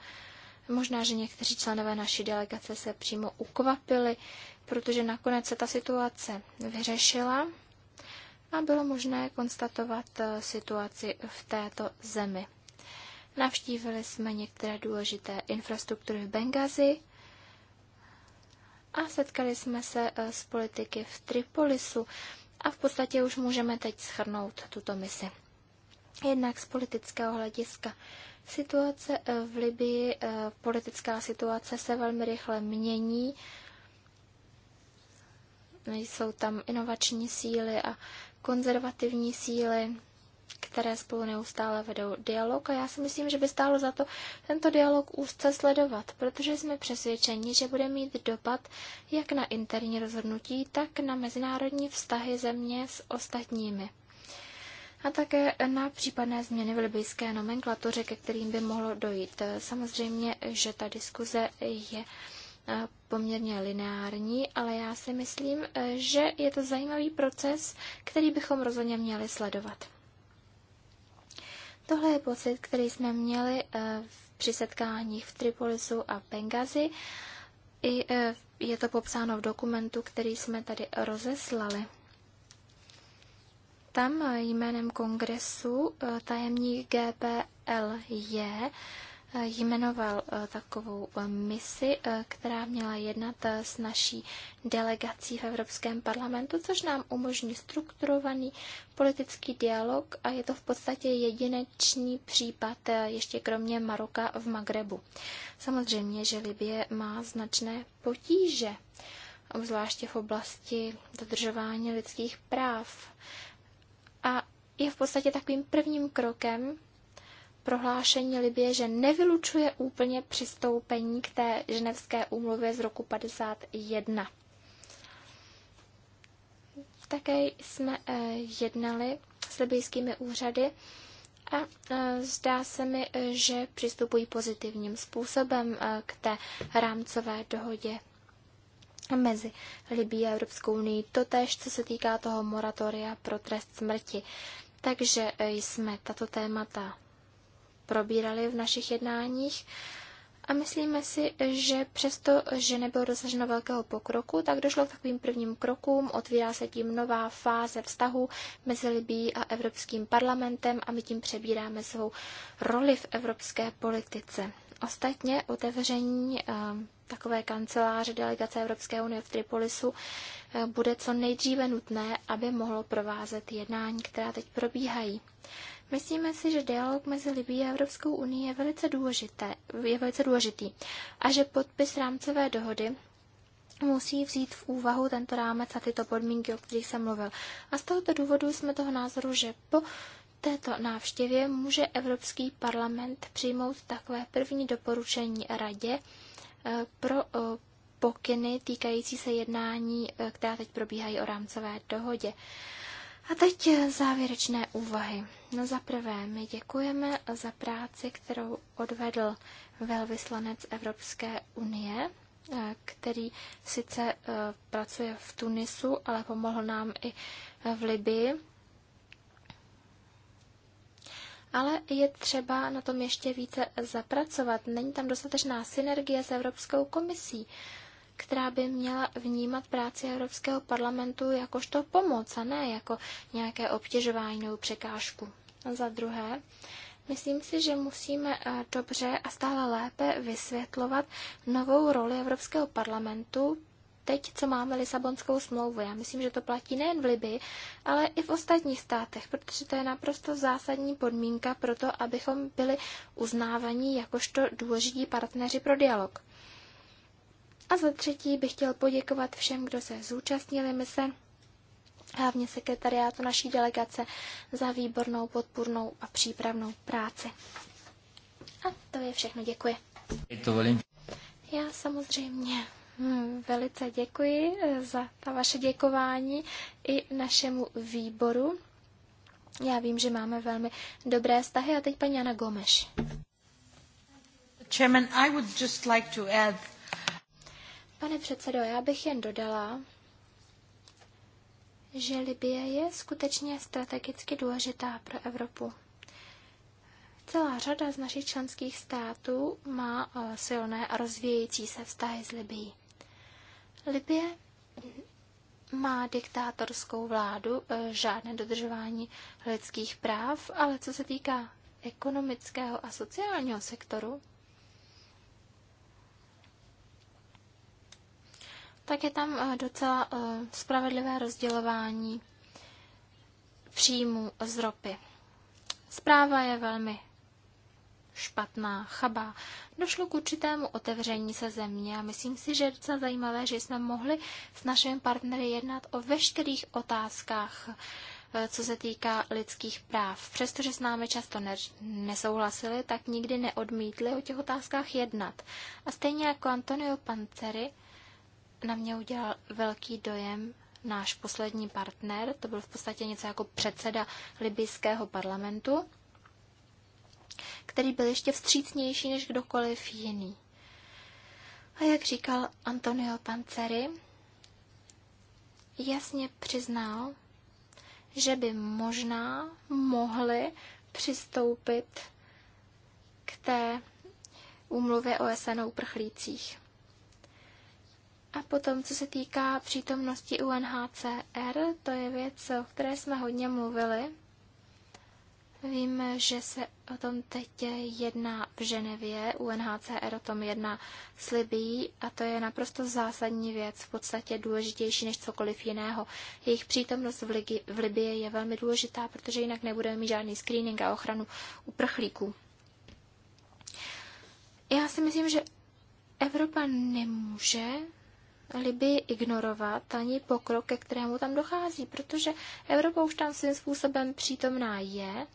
Možná, že někteří členové naší delegace se přímo ukvapili, protože nakonec se ta situace vyřešila a bylo možné konstatovat eh, situaci v této zemi. Navštívili jsme některé důležité infrastruktury v Bengazi, a setkali jsme se eh, s politiky v Tripolisu a v podstatě už můžeme teď schrnout tuto misi. Jednak z politického hlediska. Situace eh, v Libii, eh, politická situace se velmi rychle mění. Jsou tam inovační síly a konzervativní síly které spolu neustále vedou dialog a já si myslím, že by stálo za to tento dialog úzce sledovat, protože jsme přesvědčeni, že bude mít dopad jak na interní rozhodnutí, tak na mezinárodní vztahy země s ostatními. A také na případné změny v libijské nomenklatuře, ke kterým by mohlo dojít. Samozřejmě, že ta diskuze je eh, poměrně lineární, ale já si myslím, eh, že je to zajímavý proces, který bychom rozhodně měli sledovat. Tohle je pocit, který jsme měli eh, při setkáních v Tripolisu a Bengazi. I eh, je to popsáno v dokumentu, který jsme tady rozeslali. Tam jménem kongresu eh, tajemník GPLJ jmenoval eh, takovou eh, misi, eh, která měla jednat s naší delegací v Evropském parlamentu, což nám umožní strukturovaný politický dialog a je to v podstatě jedinečný případ ještě kromě Maroka v Magrebu. Samozřejmě, že Libie má značné potíže, obzvláště v oblasti dodržování lidských práv. A je v podstatě takovým prvním krokem prohlášení Libie, že nevylučuje úplně přistoupení k té ženevské úmluvě z roku 51. Také jsme eh, jednali s libijskými úřady a eh, zdá se mi, eh, že přistupují pozitivním způsobem k té rámcové dohodě mezi Libí a Evropskou unii. Totež, co se týká toho moratoria pro trest smrti. Takže jsme tato témata probírali v našich jednáních. A myslíme si, že přesto, že nebylo dosaženo velkého pokroku, tak došlo k takovým prvním krokům. Otvírá se tím nová fáze vztahu mezi Libí a Evropským parlamentem a my tím přebíráme svou roli v evropské politice. Ostatně otevření eh, takové kanceláře delegace Evropské unie v Tripolisu eh, bude co nejdříve nutné, aby mohlo provázet jednání, která teď probíhají. Myslíme si, že dialog mezi Libí a Evropskou unii je velice, důležité, je velice důležitý a že podpis rámcové dohody musí vzít v úvahu tento rámec a tyto podmínky, o kterých jsem mluvil. A z tohoto důvodu jsme toho názoru, že po této návštěvě může Evropský parlament přijmout takové první doporučení radě eh, pro eh, pokyny týkající se jednání, eh, která teď probíhají o rámcové dohodě. A teď závěrečné úvahy. No za prvé, my děkujeme za práci, kterou odvedl velvyslanec Evropské unie, eh, který sice eh, pracuje v Tunisu, ale pomohl nám i eh, v Libii. Ale je třeba na tom ještě více zapracovat. Není tam dostatečná synergie s Evropskou komisí která by měla vnímat práci Evropského parlamentu jakožto pomoc a ne jako nějaké obtěžování nebo překážku. A za druhé, Myslím si, že musíme eh, dobře a stále lépe vysvětlovat novou roli Evropského parlamentu teď, co máme Lisabonskou smlouvu. Já myslím, že to platí nejen v Libii, ale i v ostatních státech, protože to je naprosto zásadní podmínka pro to, abychom byli uznávaní jakožto důležití partneři pro dialog. A za třetí bych chtěl poděkovat všem, kdo se zúčastnili mise, hlavně sekretariátu naší delegace, za výbornou, podpůrnou a přípravnou práci. A to je všechno, děkuji. Já samozřejmě hm, velice děkuji eh, za ta vaše děkování i našemu výboru. Já vím, že máme velmi dobré vztahy. A teď paní Jana Gomeš. Chairman, I would just like to add Pane předsedo, já bych jen dodala, že Libie je skutečně strategicky důležitá pro Evropu. Celá řada z našich členských států má eh, silné a rozvíjející se vztahy s Libií. Libie má diktátorskou vládu, eh, žádné dodržování lidských práv, ale co se týká ekonomického a sociálního sektoru, tak je tam eh, docela eh, spravedlivé rozdělování příjmu z ropy. Zpráva je velmi špatná, chabá. Došlo k určitému otevření se země a myslím si, že je docela zajímavé, že jsme mohli s našimi partnery jednat o veškerých otázkách, eh, co se týká lidských práv. Přestože s námi často ne- nesouhlasili, tak nikdy neodmítli o těch otázkách jednat. A stejně jako Antonio Panceri, na mě udělal velký dojem náš poslední partner, to byl v podstatě něco jako předseda libyského parlamentu, který byl ještě vstřícnější než kdokoliv jiný. A jak říkal Antonio Panceri, jasně přiznal, že by možná mohli přistoupit k té úmluvě OSN o uprchlících. A potom, co se týká přítomnosti UNHCR, to je věc, o které jsme hodně mluvili. Vím, že se o tom teď jedná v Ženevě, UNHCR o tom jedná s a to je naprosto zásadní věc, v podstatě důležitější než cokoliv jiného. Jejich přítomnost v, Ligi, v Libii je velmi důležitá, protože jinak nebudeme mít žádný screening a ochranu uprchlíků. Já si myslím, že Evropa nemůže Libii ignorovat ani pokrok, ke kterému tam dochází, protože Evropa už tam svým způsobem přítomná je,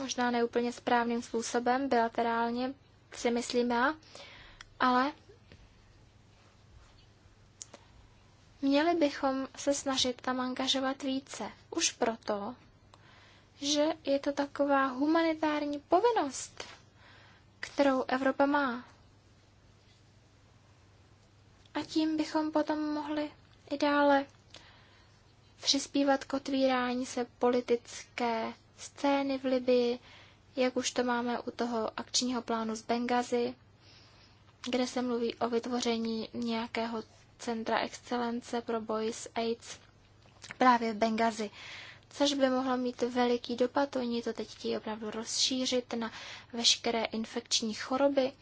možná neúplně správným způsobem, bilaterálně si myslím já, ale měli bychom se snažit tam angažovat více. Už proto, že je to taková humanitární povinnost, kterou Evropa má. A tím bychom potom mohli i dále přispívat k otvírání se politické scény v Libii, jak už to máme u toho akčního plánu z Bengazi, kde se mluví o vytvoření nějakého centra excelence pro boj s AIDS právě v Bengazi, což by mohlo mít veliký dopad. Oni to teď chtějí opravdu rozšířit na veškeré infekční choroby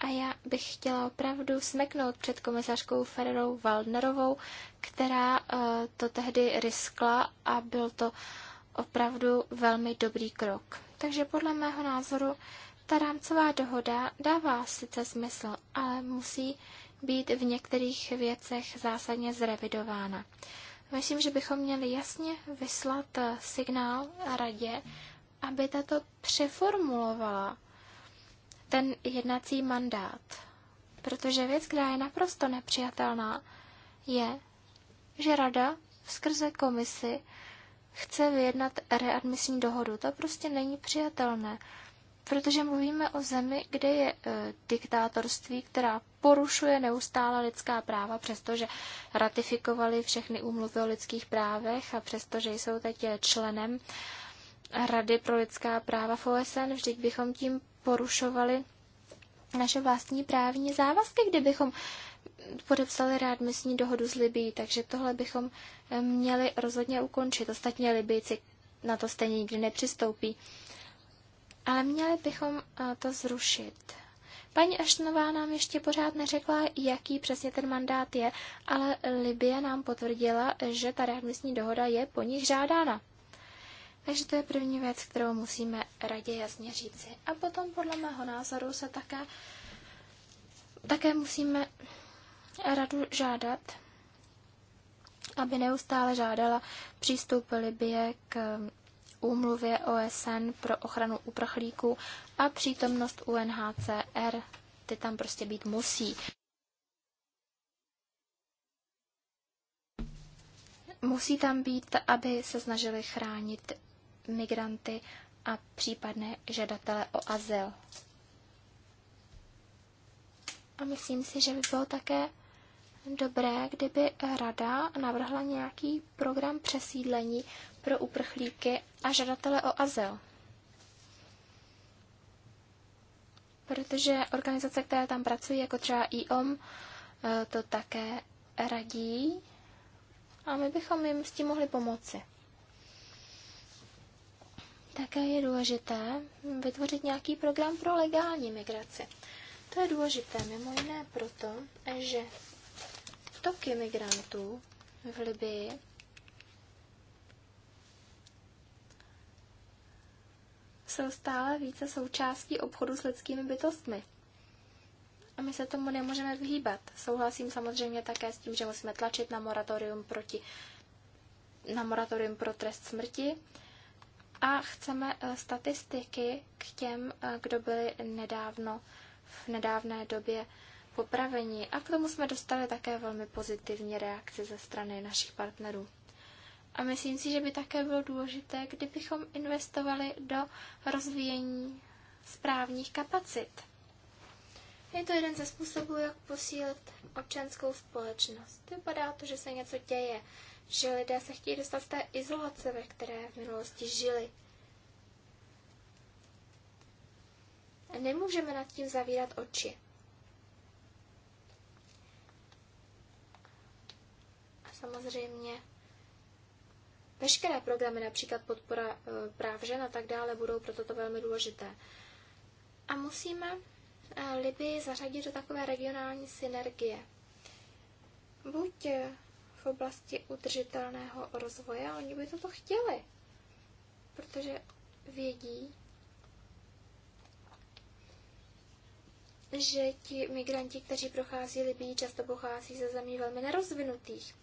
a já bych chtěla opravdu smeknout před komisařkou Ferrerou Waldnerovou, která eh, to tehdy riskla a byl to opravdu velmi dobrý krok. Takže podle mého názoru ta rámcová dohoda dává sice smysl, ale musí být v některých věcech zásadně zrevidována. Myslím, že bychom měli jasně vyslat eh, signál radě, aby tato přeformulovala ten jednací mandát. Protože věc, která je naprosto nepřijatelná, je, že rada skrze komisi chce vyjednat readmisní dohodu. To prostě není přijatelné, protože mluvíme o zemi, kde je e, diktátorství, která porušuje neustále lidská práva, přestože ratifikovali všechny úmluvy o lidských právech a přestože jsou teď členem Rady pro lidská práva v OSN, vždyť bychom tím porušovali naše vlastní právní závazky, kdybychom podepsali rád místní dohodu s Libií, takže tohle bychom eh, měli rozhodně ukončit. Ostatně Libijci na to stejně nikdy nepřistoupí. Ale měli bychom eh, to zrušit. Paní Aštnová nám ještě pořád neřekla, jaký přesně ten mandát je, ale Libie nám potvrdila, že ta readmisní dohoda je po nich žádána. Takže to je první věc, kterou musíme radě jasně říci. A potom podle mého názoru se také, také musíme radu žádat, aby neustále žádala přístup Libie k úmluvě OSN pro ochranu uprchlíků a přítomnost UNHCR, ty tam prostě být musí. Musí tam být, aby se snažili chránit migranty a případné žadatele o azyl. A myslím si, že by bylo také dobré, kdyby rada navrhla nějaký program přesídlení pro uprchlíky a žadatele o azyl. Protože organizace, které tam pracují, jako třeba IOM, eh, to také radí a my bychom jim s tím mohli pomoci. Také je důležité vytvořit nějaký program pro legální migraci. To je důležité mimo jiné proto, že toky migrantů v Libii jsou stále více součástí obchodu s lidskými bytostmi. A my se tomu nemůžeme vyhýbat. Souhlasím samozřejmě také s tím, že musíme tlačit na moratorium proti na moratorium pro trest smrti a chceme eh, statistiky k těm, eh, kdo byli nedávno, v nedávné době popraveni. A k tomu jsme dostali také velmi pozitivní reakce ze strany našich partnerů. A myslím si, že by také bylo důležité, kdybychom investovali do rozvíjení správních kapacit. Je to jeden ze způsobů, jak posílit občanskou společnost. Vypadá to, že se něco děje, že lidé se chtějí dostat z té izolace, ve které v minulosti žili. A nemůžeme nad tím zavírat oči. A samozřejmě veškeré programy, například podpora e, práv žen a tak dále, budou proto to velmi důležité. A musíme e, Libii zařadit do takové regionální synergie. Buď e, v oblasti udržitelného rozvoje a oni by to chtěli, protože vědí, že ti migranti, kteří prochází Libii, často pochází ze zemí velmi nerozvinutých.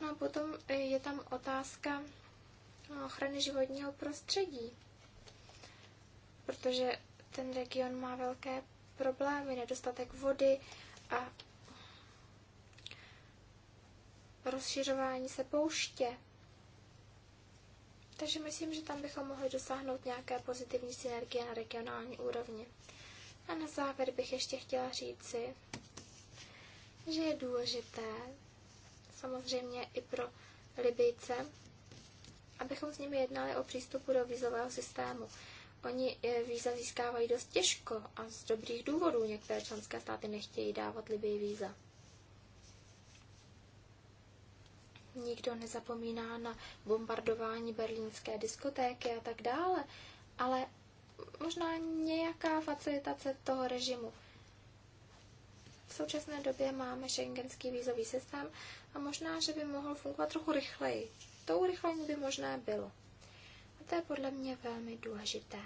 No a potom je tam otázka ochrany životního prostředí, protože ten region má velké problémy, nedostatek vody a rozšiřování se pouště. Takže myslím, že tam bychom mohli dosáhnout nějaké pozitivní synergie na regionální úrovni. A na závěr bych ještě chtěla říci, že je důležité, samozřejmě i pro Libyjce, abychom s nimi jednali o přístupu do vízového systému. Oni eh, víza získávají dost těžko a z dobrých důvodů některé členské státy nechtějí dávat Libii víza. Nikdo nezapomíná na bombardování berlínské diskotéky a tak dále, ale možná nějaká facilitace toho režimu. V současné době máme šengenský vízový systém a možná, že by mohl fungovat trochu rychleji. To urychlení by možné bylo. A to je podle mě velmi důležité.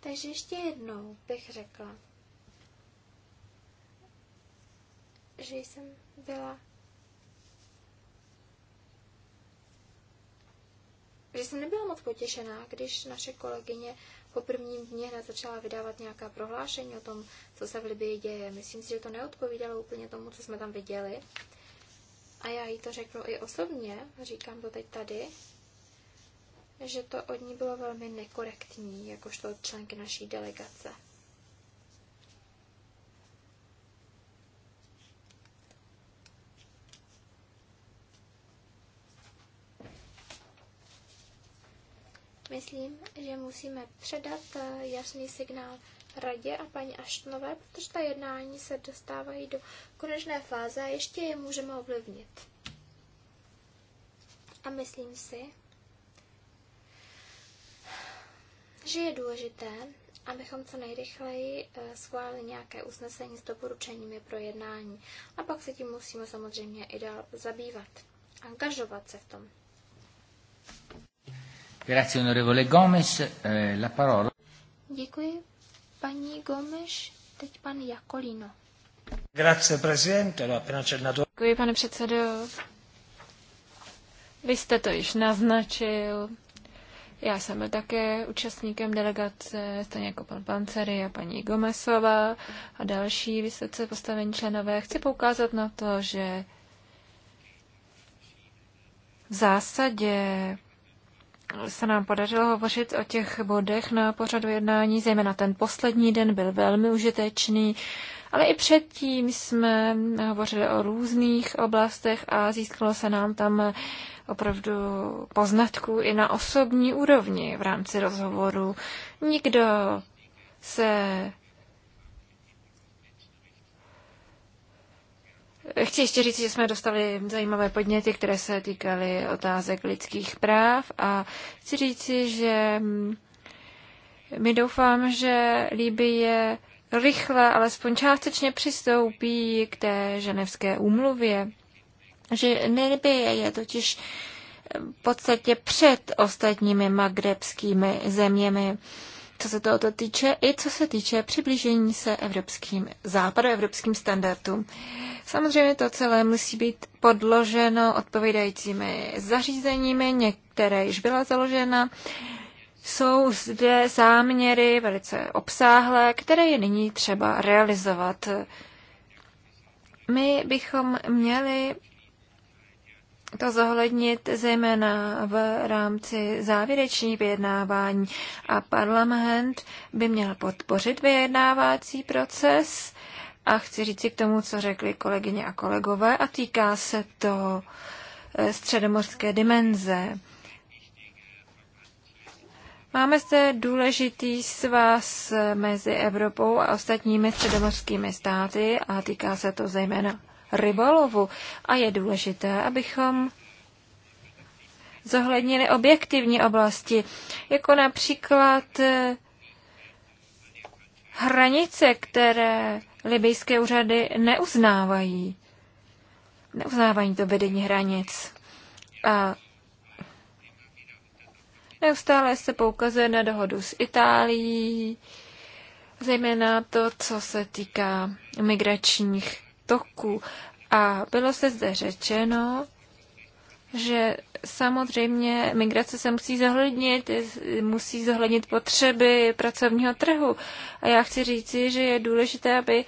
Takže ještě jednou bych řekla, že jsem byla že jsem nebyla moc potěšená, když naše kolegyně po prvním dně hned začala vydávat nějaká prohlášení o tom, co se v Libii děje. Myslím si, že to neodpovídalo úplně tomu, co jsme tam viděli. A já jí to řeknu i osobně, říkám to teď tady, že to od ní bylo velmi nekorektní, jakožto od členky naší delegace. Myslím, že musíme předat eh, jasný signál radě a paní Aštnové, protože ta jednání se dostávají do konečné fáze a ještě je můžeme ovlivnit. A myslím si, že je důležité, abychom co nejrychleji eh, schválili nějaké usnesení s doporučeními pro jednání. A pak se tím musíme samozřejmě i dál zabývat, angažovat se v tom. Grazie, onorevole Gomes. Eh, la parola. Děkuji, paní Gomes. Teď pan Jakolino. Grazie, presidente. Děkuji, pane předsedo. Vy jste to již naznačil. Já jsem byl také účastníkem delegace, stejně jako pan Pancery a paní Gomesová a další vysoce postavení členové. Chci poukázat na to, že v zásadě se nám podařilo hovořit o těch bodech na pořadu jednání, zejména ten poslední den byl velmi užitečný. Ale i předtím jsme hovořili o různých oblastech a získalo se nám tam opravdu poznatku i na osobní úrovni v rámci rozhovoru. Nikdo se Chci ještě říct, že jsme dostali zajímavé podněty, které se týkaly otázek lidských práv a chci říci, že mm, my doufám, že je rychle, alespoň částečně přistoupí k té ženevské úmluvě. Že neby je totiž v podstatě před ostatními magrebskými zeměmi, co se tohoto týče, i co se týče přiblížení se evropským, západu, evropským standardům. Samozřejmě to celé musí být podloženo odpovídajícími zařízeními, některé již byla založena, jsou zde záměry velice obsáhlé, které je nyní třeba realizovat. My bychom měli to zohlednit zejména v rámci závěrečných vyjednávání a parlament by měl podpořit vyjednávací proces a chci říci k tomu, co řekli kolegyně a kolegové a týká se to eh, středomorské dimenze. Máme zde důležitý svaz mezi Evropou a ostatními středomorskými státy a týká se to zejména rybolovu. A je důležité, abychom zohlednili objektivní oblasti, jako například eh, hranice, které libijské úřady neuznávají. Neuznávají to vedení hranic. A Neustále se poukazuje na dohodu s Itálií, zejména to, co se týká migračních toků. A bylo se zde řečeno, že samozřejmě migrace se musí zohlednit, musí zohlednit potřeby pracovního trhu. A já chci říci, že je důležité, aby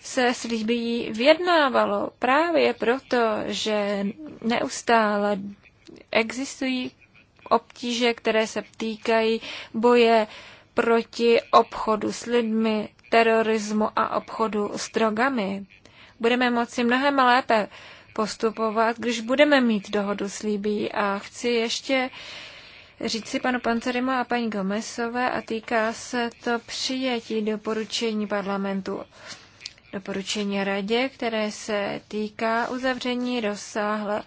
se s Líbí vyjednávalo právě proto, že neustále existují obtíže, které se týkají boje proti obchodu s lidmi, terorismu a obchodu s drogami. Budeme moci mnohem lépe postupovat, když budeme mít dohodu s Líbí. A chci ještě říct si panu Pancerimu a paní Gomesové a týká se to přijetí doporučení parlamentu. Doporučení radě, které se týká uzavření rozsáhlé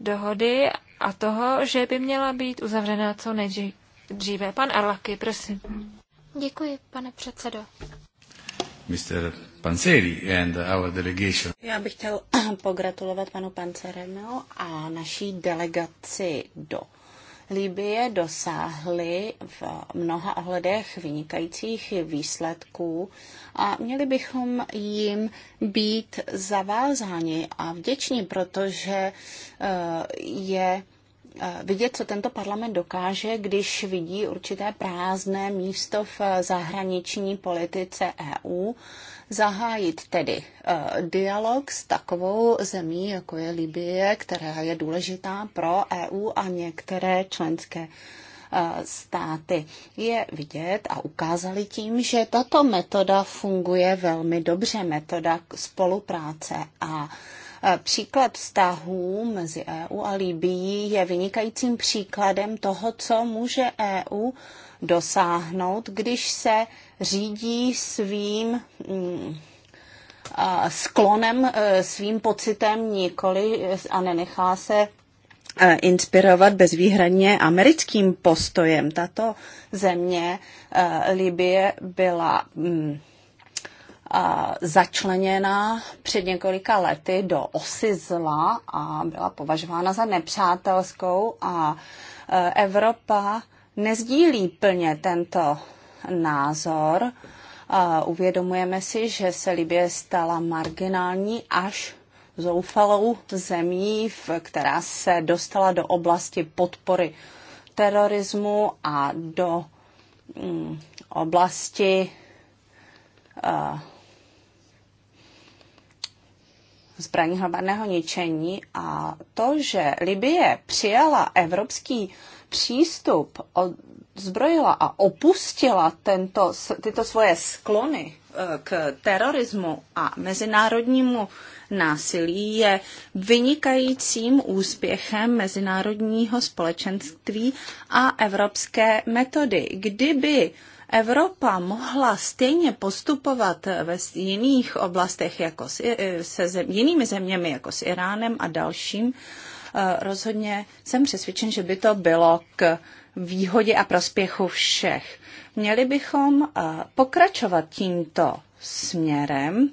dohody a toho, že by měla být uzavřena co nejdříve. Pan Arlaky, prosím. Děkuji, pane předsedo. Mr. Panceri and our delegation. Já bych chtěl pogratulovat panu Panceremu a naší delegaci do Líbie dosáhly v mnoha ohledech vynikajících výsledků a měli bychom jim být zavázáni a vděční, protože eh, je eh, vidět, co tento parlament dokáže, když vidí určité prázdné místo v zahraniční politice EU zahájit tedy eh, dialog s takovou zemí, jako je Libie, která je důležitá pro EU a některé členské eh, státy. Je vidět a ukázali tím, že tato metoda funguje velmi dobře, metoda spolupráce a eh, Příklad vztahů mezi EU a Libií je vynikajícím příkladem toho, co může EU dosáhnout, když se řídí svým mm, sklonem, e, svým pocitem nikoli e, a nenechá se e, inspirovat bezvýhradně americkým postojem. Tato země Libie byla mm, začleněna před několika lety do osy zla a byla považována za nepřátelskou a Evropa nezdílí plně tento názor. Uvědomujeme si, že se Libie stala marginální až zoufalou zemí, která se dostala do oblasti podpory terorismu a do mm, oblasti zbraní hromadného ničení a to, že Libie přijala evropský přístup odzbrojila a opustila tento, tyto svoje sklony eh, k terorismu a mezinárodnímu násilí je vynikajícím úspěchem mezinárodního společenství a evropské metody. Kdyby Evropa mohla stejně postupovat ve jiných oblastech jako s, eh, se zem, jinými zeměmi, jako s Iránem a dalším, Eh, rozhodně jsem přesvědčen, že by to bylo k výhodě a prospěchu všech. Měli bychom eh, pokračovat tímto směrem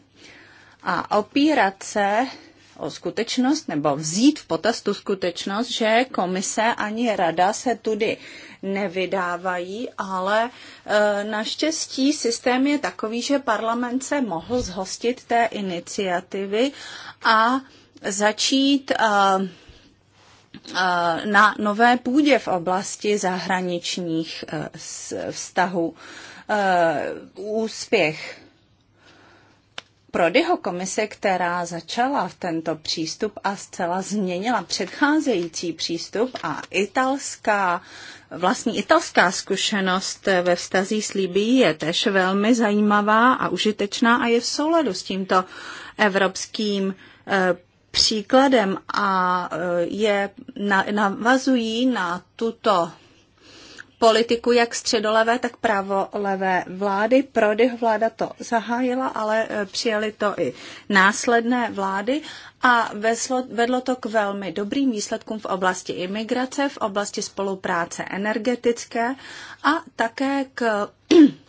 a opírat se o skutečnost nebo vzít v potaz tu skutečnost, že komise ani rada se tudy nevydávají, ale e, naštěstí systém je takový, že parlament se mohl zhostit té iniciativy a začít e, Eh, na nové půdě v oblasti zahraničních eh, vztahů. Eh, úspěch Prodyho komise, která začala tento přístup a zcela změnila předcházející přístup a italská, vlastní italská zkušenost ve vztazí s Libií je tež velmi zajímavá a užitečná a je v souladu s tímto evropským příkladem a e, je, navazují na tuto politiku jak středolevé, tak pravolevé vlády. Prodych vláda to zahájila, ale e, přijali to i následné vlády a veslo, vedlo to k velmi dobrým výsledkům v oblasti imigrace, v oblasti spolupráce energetické a také k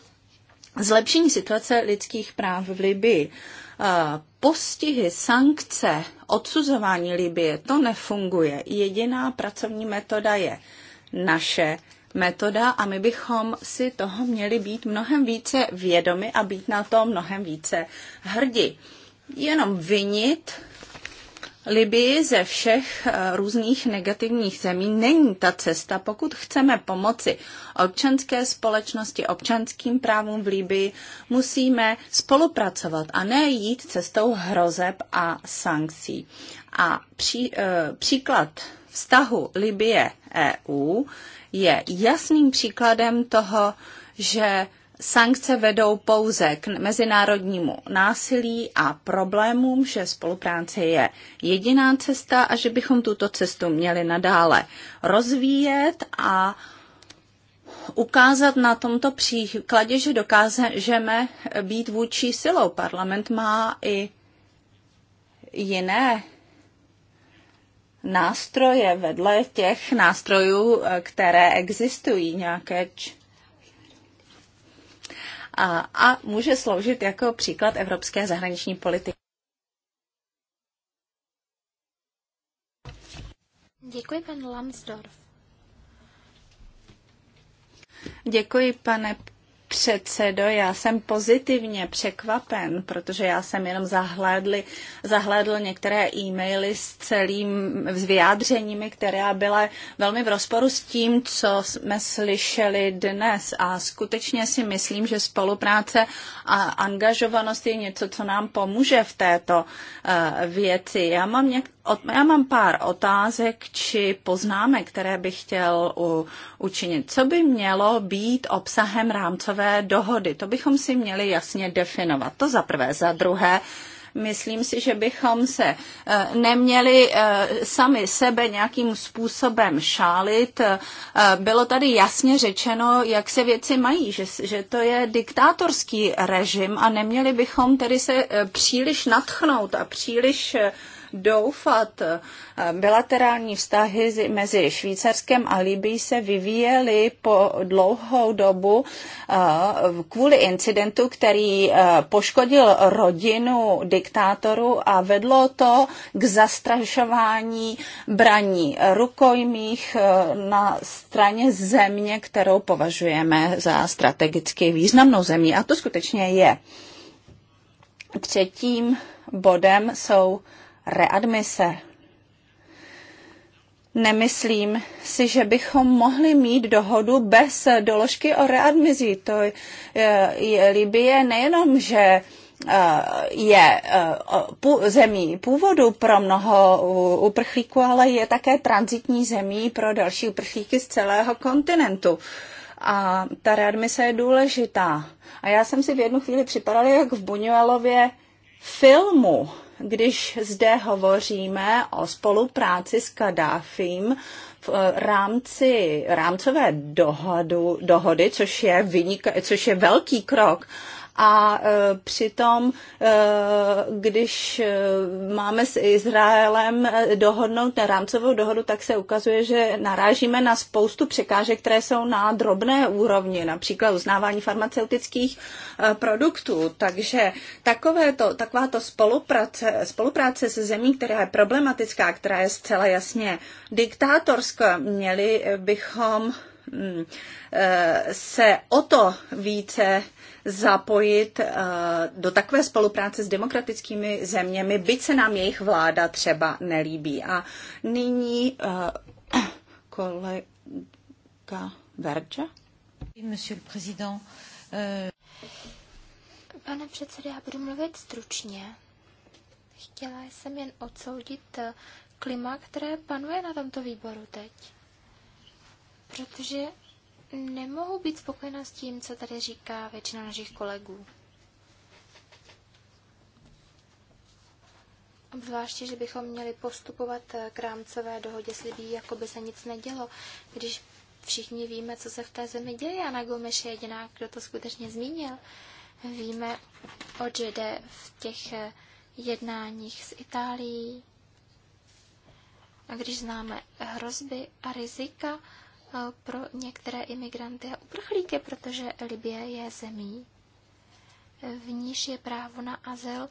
zlepšení situace lidských práv v Libii e, postihy, sankce, odsuzování Libie, to nefunguje. Jediná pracovní metoda je naše metoda a my bychom si toho měli být mnohem více vědomi a být na to mnohem více hrdí. Jenom vinit Libii ze všech eh, různých negativních zemí není ta cesta. Pokud chceme pomoci občanské společnosti, občanským právům v Libii, musíme spolupracovat a ne jít cestou hrozeb a sankcí. A pří, eh, příklad vztahu Libie EU je jasným příkladem toho, že Sankce vedou pouze k mezinárodnímu násilí a problémům, že spolupráce je jediná cesta a že bychom tuto cestu měli nadále rozvíjet a ukázat na tomto příkladě, že dokážeme být vůči silou. Parlament má i jiné nástroje vedle těch nástrojů, které existují, nějaké č- a, a může sloužit jako příklad evropské zahraniční politiky. Děkuji, pan Lambsdorff. Děkuji, pane předsedo, já jsem pozitivně překvapen, protože já jsem jenom zahlédli, zahlédl některé e-maily s celým s vyjádřeními, která byla velmi v rozporu s tím, co jsme slyšeli dnes. A skutečně si myslím, že spolupráce a angažovanost je něco, co nám pomůže v této uh, věci. Já mám něk- já mám pár otázek či poznámek, které bych chtěl u, učinit. Co by mělo být obsahem rámcové dohody? To bychom si měli jasně definovat. To za prvé. Za druhé, myslím si, že bychom se eh, neměli eh, sami sebe nějakým způsobem šálit. Eh, bylo tady jasně řečeno, jak se věci mají, že, že to je diktátorský režim a neměli bychom tedy se příliš natchnout a příliš doufat. Bilaterální vztahy mezi Švýcarskem a Libií se vyvíjely po dlouhou dobu kvůli incidentu, který poškodil rodinu diktátoru a vedlo to k zastrašování braní rukojmích na straně země, kterou považujeme za strategicky významnou zemí. A to skutečně je. Třetím bodem jsou readmise. Nemyslím si, že bychom mohli mít dohodu bez doložky o readmizí. To je, je Libie nejenom, že eh, je eh, zemí původu pro mnoho uprchlíků, ale je také transitní zemí pro další uprchlíky z celého kontinentu. A ta readmise je důležitá. A já jsem si v jednu chvíli připadala jak v Buñuelově filmu když zde hovoříme o spolupráci s Kadáfím v eh, rámci rámcové dohodu, dohody, což je, vynik, což je velký krok, a e, přitom, e, když e, máme s Izraelem dohodnout rámcovou dohodu, tak se ukazuje, že narážíme na spoustu překážek, které jsou na drobné úrovni, například uznávání farmaceutických produktů. Takže takovéto, takováto spolupráce, spolupráce se zemí, která je problematická, která je zcela jasně diktátorská, měli bychom mm, se o to více zapojit eh, do takové spolupráce s demokratickými zeměmi, byť se nám jejich vláda třeba nelíbí. A nyní eh, kolega Verča. Monsieur le Président. Eh, Pane předsedo, já budu mluvit stručně. Chtěla jsem jen odsoudit klima, které panuje na tomto výboru teď. Protože nemohu být spokojena s tím, co tady říká většina našich kolegů. Obzvláště, že bychom měli postupovat k rámcové dohodě s Libí, jako by se nic nedělo, když všichni víme, co se v té zemi děje. Ana Gomeš je jediná, kdo to skutečně zmínil. Víme, že jde v těch jednáních s Itálií. A když známe hrozby a rizika, pro některé imigranty a uprchlíky, protože Libie je zemí, v níž je právo na azyl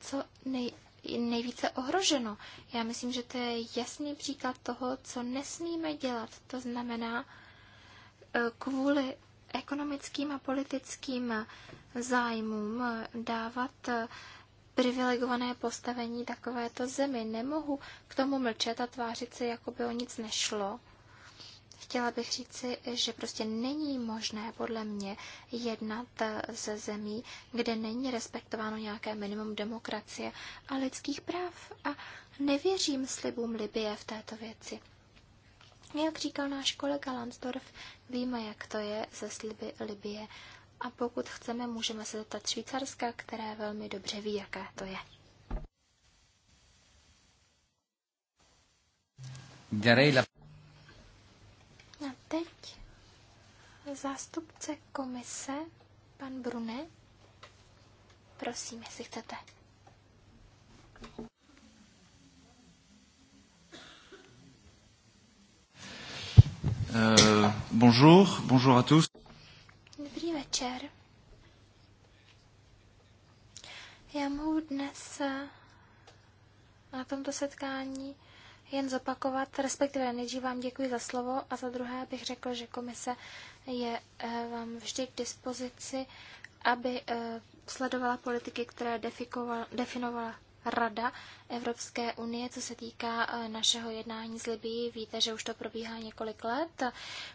co nej, nejvíce ohroženo. Já myslím, že to je jasný příklad toho, co nesmíme dělat. To znamená, e, kvůli ekonomickým a politickým zájmům dávat e, privilegované postavení takovéto zemi. Nemohu k tomu mlčet a tvářit se, jako by o nic nešlo. Chtěla bych říci, že prostě není možné podle mě jednat eh, ze zemí, kde není respektováno nějaké minimum demokracie a lidských práv a nevěřím slibům Libie v této věci. Jak říkal náš kolega Lansdorf, víme, jak to je ze sliby Libie a pokud chceme, můžeme se zeptat Švýcarska, které velmi dobře ví, jaké to je. Darei la a teď zástupce komise, pan Brune. Prosím, jestli chcete. Uh, bonjour, bonjour à tous. Dobrý večer. Já mohu dnes eh, na tomto setkání jen zopakovat, respektive nejdřív vám děkuji za slovo a za druhé bych řekl, že komise je eh, vám vždy k dispozici, aby eh, sledovala politiky, které definovala Rada Evropské unie, co se týká eh, našeho jednání s Libií. Víte, že už to probíhá několik let.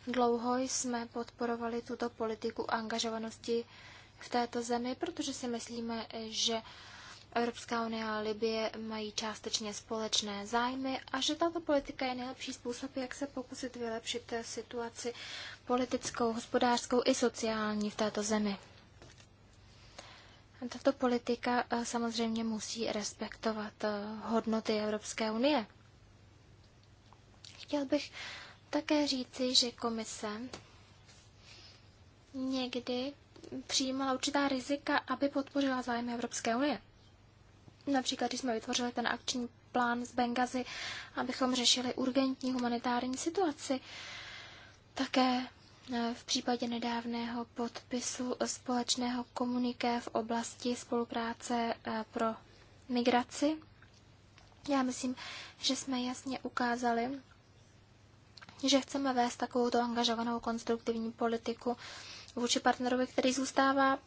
Dlouho jsme podporovali tuto politiku angažovanosti v této zemi, protože si myslíme, že Evropská unie a Libie mají částečně společné zájmy a že tato politika je nejlepší způsob, jak se pokusit vylepšit situaci politickou, hospodářskou i sociální v této zemi. Tato politika eh, samozřejmě musí respektovat eh, hodnoty Evropské unie. Chtěl bych také říci, že komise někdy přijímala určitá rizika, aby podpořila zájmy Evropské unie. Například, když jsme vytvořili ten akční plán z Bengazy, abychom řešili urgentní humanitární situaci, také e, v případě nedávného podpisu společného komuniké v oblasti spolupráce e, pro migraci. Já myslím, že jsme jasně ukázali, že chceme vést takovou angažovanou konstruktivní politiku vůči partnerovi, který zůstává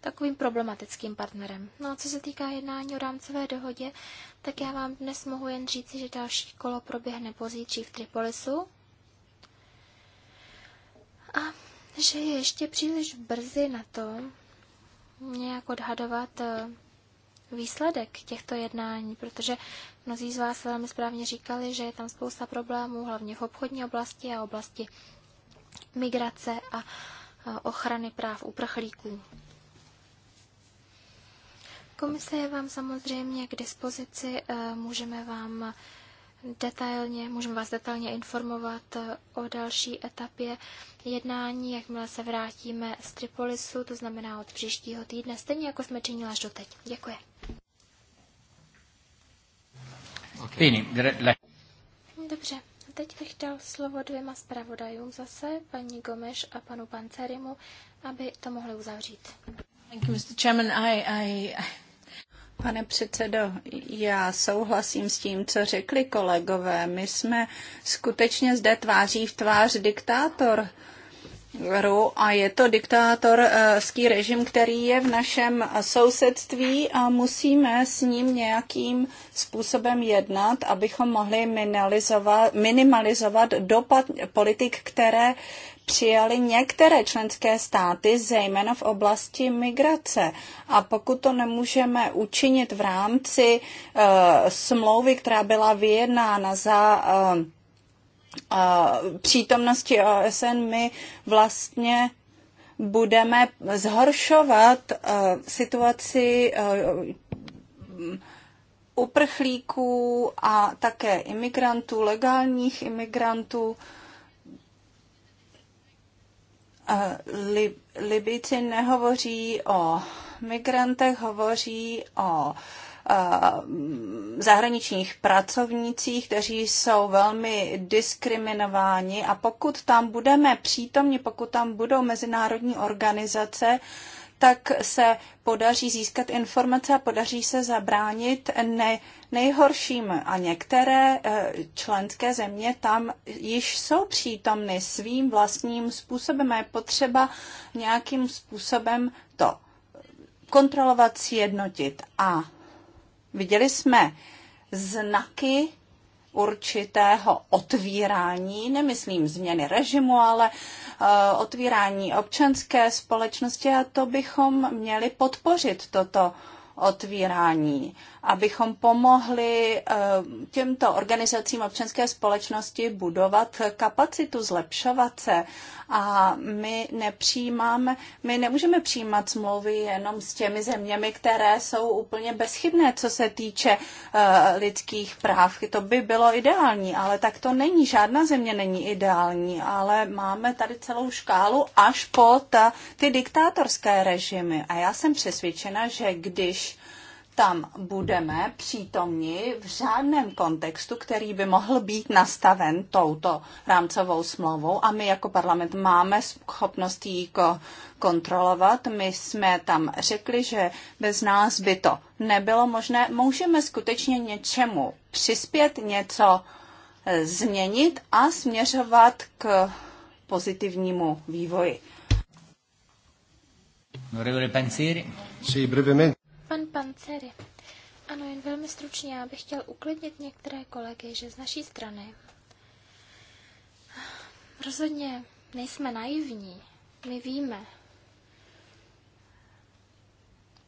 takovým problematickým partnerem. No a co se týká jednání o rámcové dohodě, tak já vám dnes mohu jen říci, že další kolo proběhne pozítří v Tripolisu. A že je ještě příliš brzy na to nějak odhadovat eh, výsledek těchto jednání, protože mnozí z vás velmi správně říkali, že je tam spousta problémů, hlavně v obchodní oblasti a oblasti migrace a eh, ochrany práv uprchlíků. Komise je vám samozřejmě k dispozici, eh, můžeme vám detailně, můžeme vás detailně informovat eh, o další etapě jednání, jakmile se vrátíme z Tripolisu, to znamená od příštího týdne, stejně jako jsme činili až doteď. Děkuji. Dobře, teď bych dal slovo dvěma zpravodajům zase, paní Gomeš a panu Pancerimu, aby to mohli uzavřít. Thank you, Mr. Chairman. I, I, Pane předsedo, já souhlasím s tím, co řekli kolegové. My jsme skutečně zde tváří v tvář diktátor a je to diktátorský režim, který je v našem sousedství a musíme s ním nějakým způsobem jednat, abychom mohli minimalizovat, minimalizovat dopad politik, které přijali některé členské státy, zejména v oblasti migrace. A pokud to nemůžeme učinit v rámci uh, smlouvy, která byla vyjednána za uh, uh, přítomnosti OSN, my vlastně budeme zhoršovat uh, situaci uh, uprchlíků a také imigrantů, legálních imigrantů. Uh, li, Libici nehovoří o migrantech, hovoří o zahraničních pracovnících, kteří jsou velmi diskriminováni a pokud tam budeme přítomni, pokud tam budou mezinárodní organizace, tak se podaří získat informace a podaří se zabránit ne, nejhorším. A některé eh, členské země tam již jsou přítomny svým vlastním způsobem a je potřeba nějakým způsobem to kontrolovat, sjednotit. A viděli jsme znaky určitého otvírání, nemyslím změny režimu, ale eh, otvírání občanské společnosti a to bychom měli podpořit toto otvírání abychom pomohli eh, těmto organizacím občanské společnosti budovat kapacitu, zlepšovat se. A my nepřijímáme, my nemůžeme přijímat smlouvy jenom s těmi zeměmi, které jsou úplně bezchybné, co se týče eh, lidských práv. To by bylo ideální, ale tak to není. Žádná země není ideální, ale máme tady celou škálu až po eh, ty diktátorské režimy. A já jsem přesvědčena, že když tam budeme přítomni v žádném kontextu, který by mohl být nastaven touto rámcovou smlouvou a my jako parlament máme schopnost ji kontrolovat. My jsme tam řekli, že bez nás by to nebylo možné. Můžeme skutečně něčemu přispět, něco e, změnit a směřovat k pozitivnímu vývoji. Sí, brevemente. Pan Pancery. Ano, jen velmi stručně, já bych chtěl uklidnit některé kolegy, že z naší strany rozhodně nejsme naivní. My víme,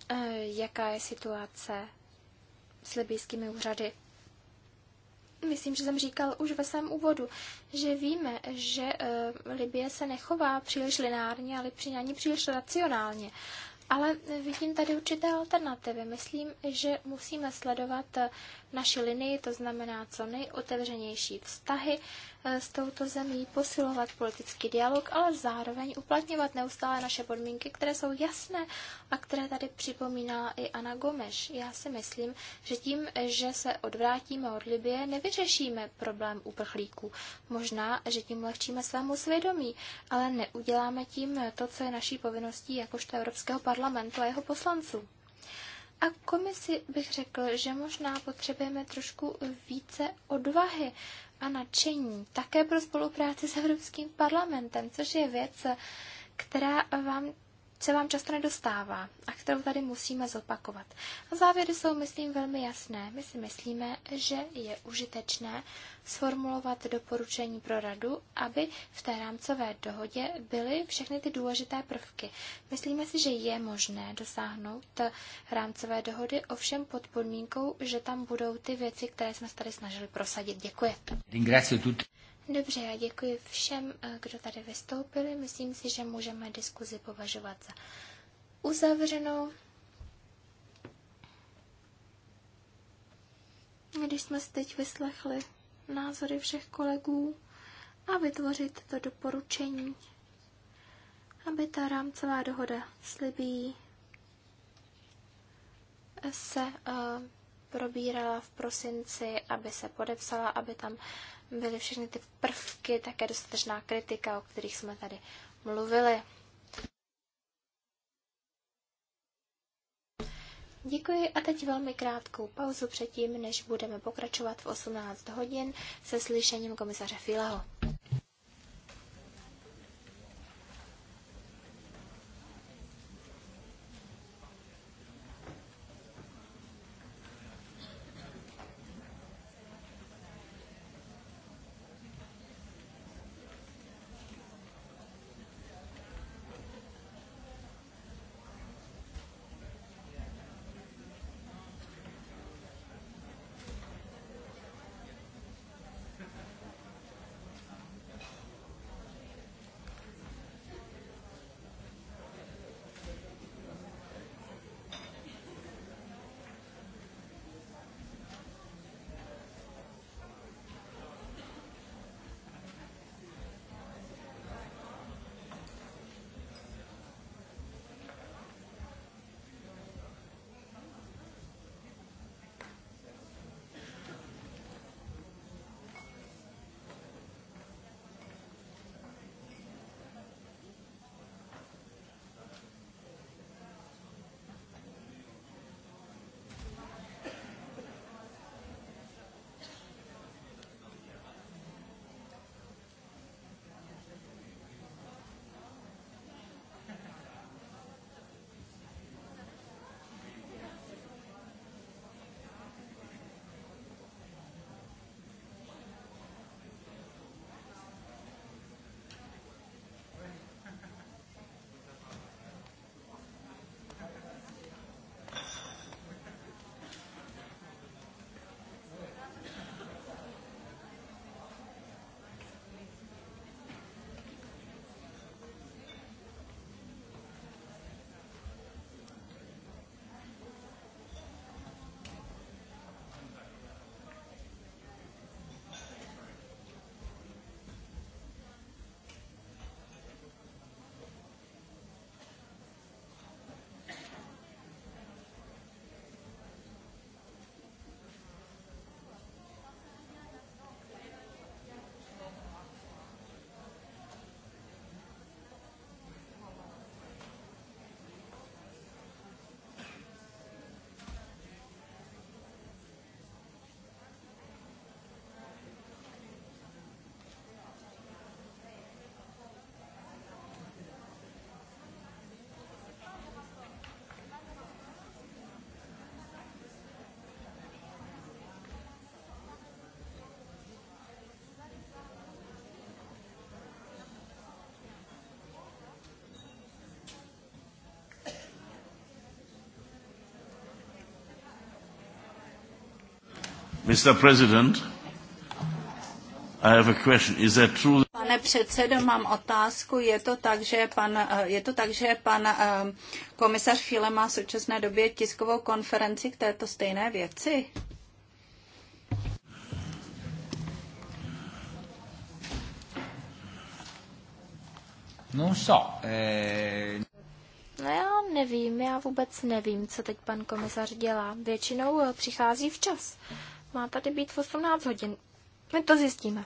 eh, jaká je situace s libijskými úřady. Myslím, že jsem říkal už ve svém úvodu, že víme, že eh, Libie se nechová příliš linárně, ale ani příliš racionálně. Ale vidím tady určité alternativy. Myslím, že musíme sledovat naši linii, to znamená co nejotevřenější vztahy eh, s touto zemí, posilovat politický dialog, ale zároveň uplatňovat neustále naše podmínky, které jsou jasné a které tady připomíná i Ana Gomeš. Já si myslím, že tím, že se odvrátíme od Libie, nevyřešíme problém uprchlíků. Možná, že tím lehčíme svému svědomí, ale neuděláme tím to, co je naší povinností jakožto Evropského parlamentu a jeho poslanců. A komisi bych řekl, že možná potřebujeme trošku více odvahy a nadšení také pro spolupráci s Evropským parlamentem, což je věc, která vám se vám často nedostává a kterou tady musíme zopakovat. A závěry jsou, myslím, velmi jasné. My si myslíme, že je užitečné sformulovat doporučení pro radu, aby v té rámcové dohodě byly všechny ty důležité prvky. Myslíme si, že je možné dosáhnout rámcové dohody, ovšem pod podmínkou, že tam budou ty věci, které jsme se tady snažili prosadit. Děkuji. Dobře, já děkuji všem, eh, kdo tady vystoupili. Myslím si, že můžeme diskuzi považovat za uzavřenou. Když jsme si teď vyslechli názory všech kolegů a vytvořit to doporučení, aby ta rámcová dohoda s se uh, probírala v prosinci, aby se podepsala, aby tam byly všechny ty prvky, také dostatečná kritika, o kterých jsme tady mluvili. Děkuji a teď velmi krátkou pauzu předtím, než budeme pokračovat v 18 hodin se slyšením komisaře Filaho. Pane předsedo, mám otázku. Je to tak, že pan, eh, je to tak, že pan eh, komisař Chile má v současné době tiskovou konferenci k této stejné věci? No, so, eh... No já nevím, já vůbec nevím, co teď pan komisař dělá. Většinou eh, přichází včas. Eh, má tady být v 18 hodin. My to zjistíme.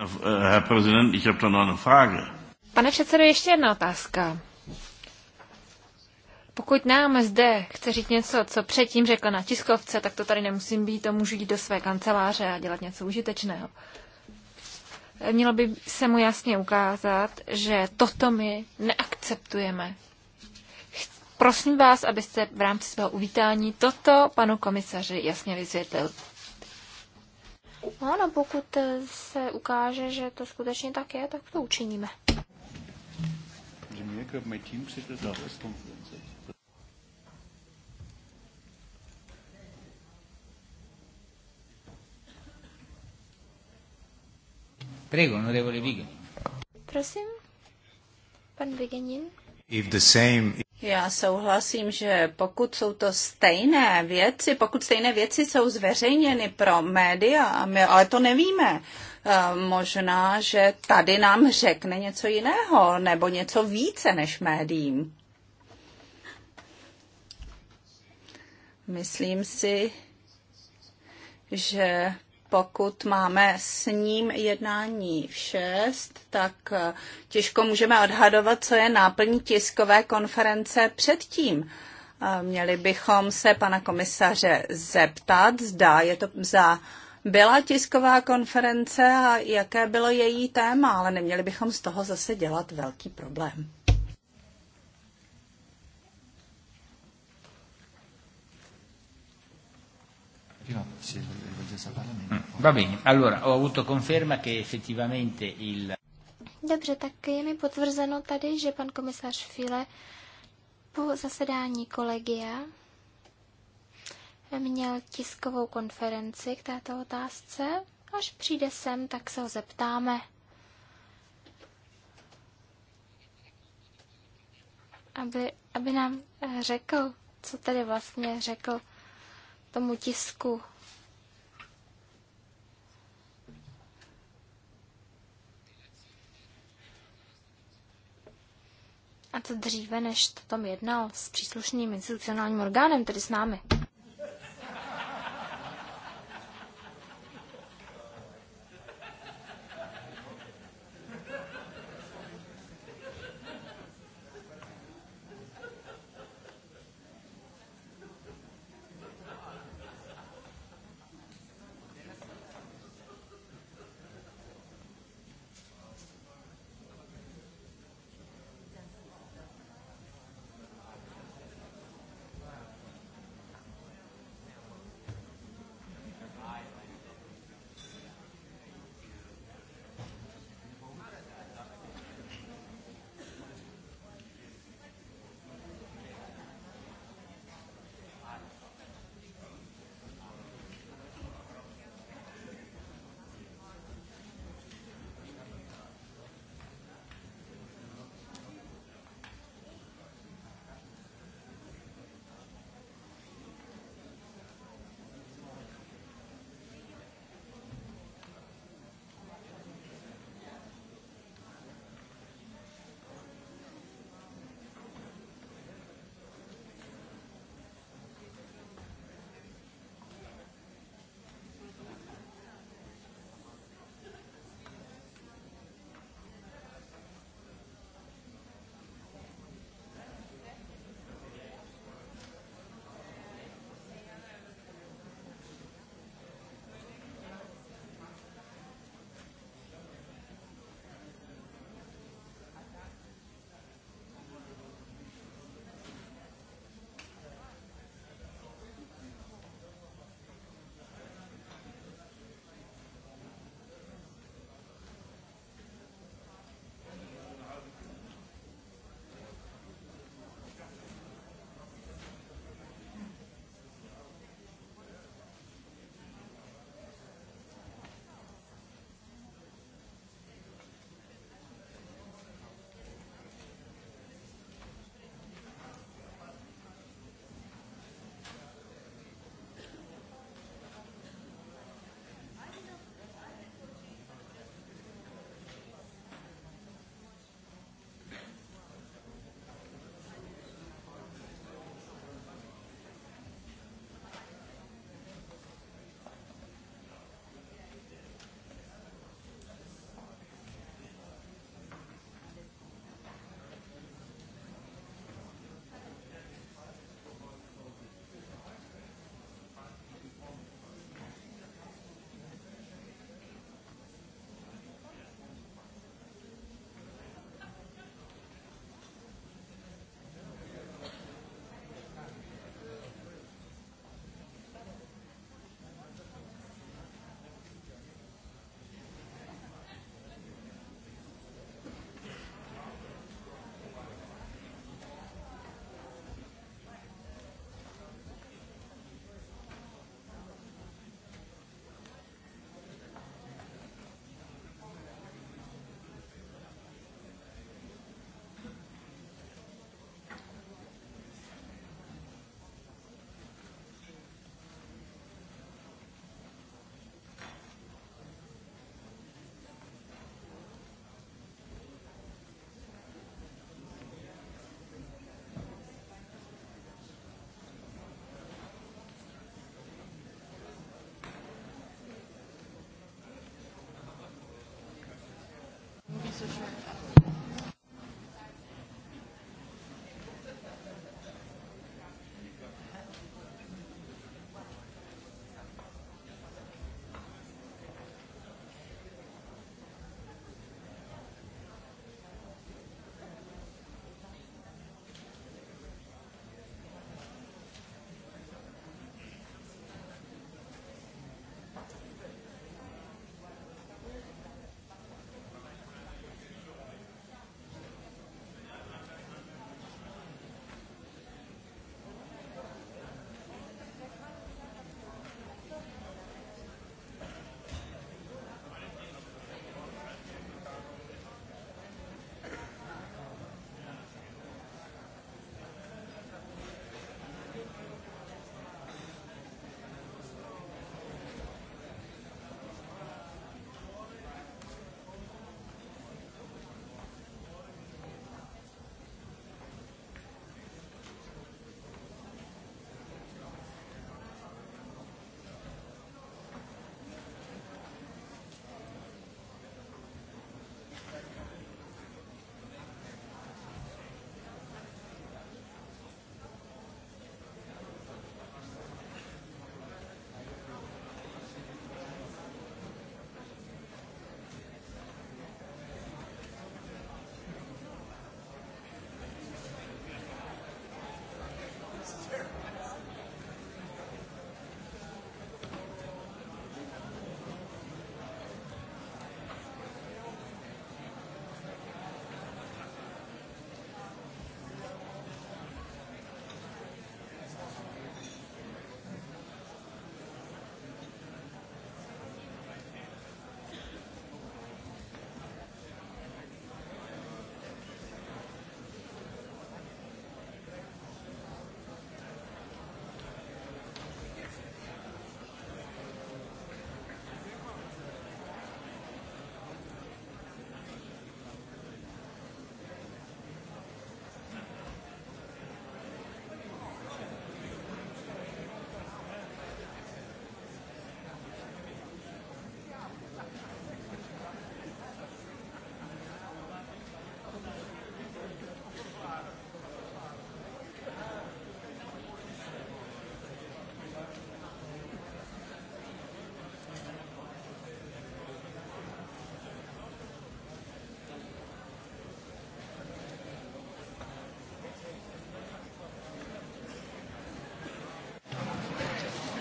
Äh, Herr Präsident, ich habe da noch eine Frage. Pane předsedo, ještě jedna otázka. Pokud nám zde chce říct něco, co předtím řekl na tiskovce, tak to tady nemusím být, to můžu jít do své kanceláře a dělat něco užitečného. Mělo by se mu jasně ukázat, že toto my neakceptujeme. Prosím vás, abyste v rámci svého uvítání toto panu komisaři jasně vysvětlil. Ano, pokud se ukáže, že to skutečně tak je, tak to učiníme. Jako Prego, onorevole Prosím, pan Vigenin. If the same... Já souhlasím, že pokud jsou to stejné věci, pokud stejné věci jsou zveřejněny pro média, my, ale to nevíme, eh, možná, že tady nám řekne něco jiného nebo něco více než médiím. Myslím si, že pokud máme s ním jednání v šest, tak eh, těžko můžeme odhadovat, co je náplní tiskové konference předtím. Eh, měli bychom se pana komisaře zeptat, zda je to za byla tisková konference a jaké bylo její téma, ale neměli bychom z toho zase dělat velký problém. Mm-hmm. Va bene, allora ho avuto conferma che effettivamente il... Dobře, tak je mi potvrzeno tady, že pan komisař File po zasedání kolegia měl tiskovou konferenci k této otázce. Až přijde sem, tak se ho zeptáme. Aby, aby nám řekl, co tady vlastně řekl tomu tisku a to dříve, než o tom jednal s příslušným institucionálním orgánem, tedy s námi.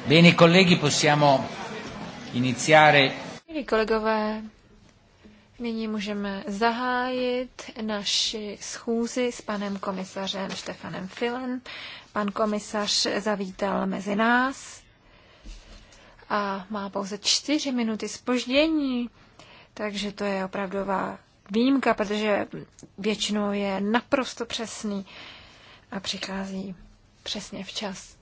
Bene, colleghi, possiamo iniziare. Milí kolegové, nyní můžeme zahájit naši schůzi s panem komisařem Štefanem Filen. Pan komisař zavítal mezi nás a má pouze čtyři minuty spoždění, takže to je opravdová výjimka, protože většinou je naprosto přesný a přichází přesně včas.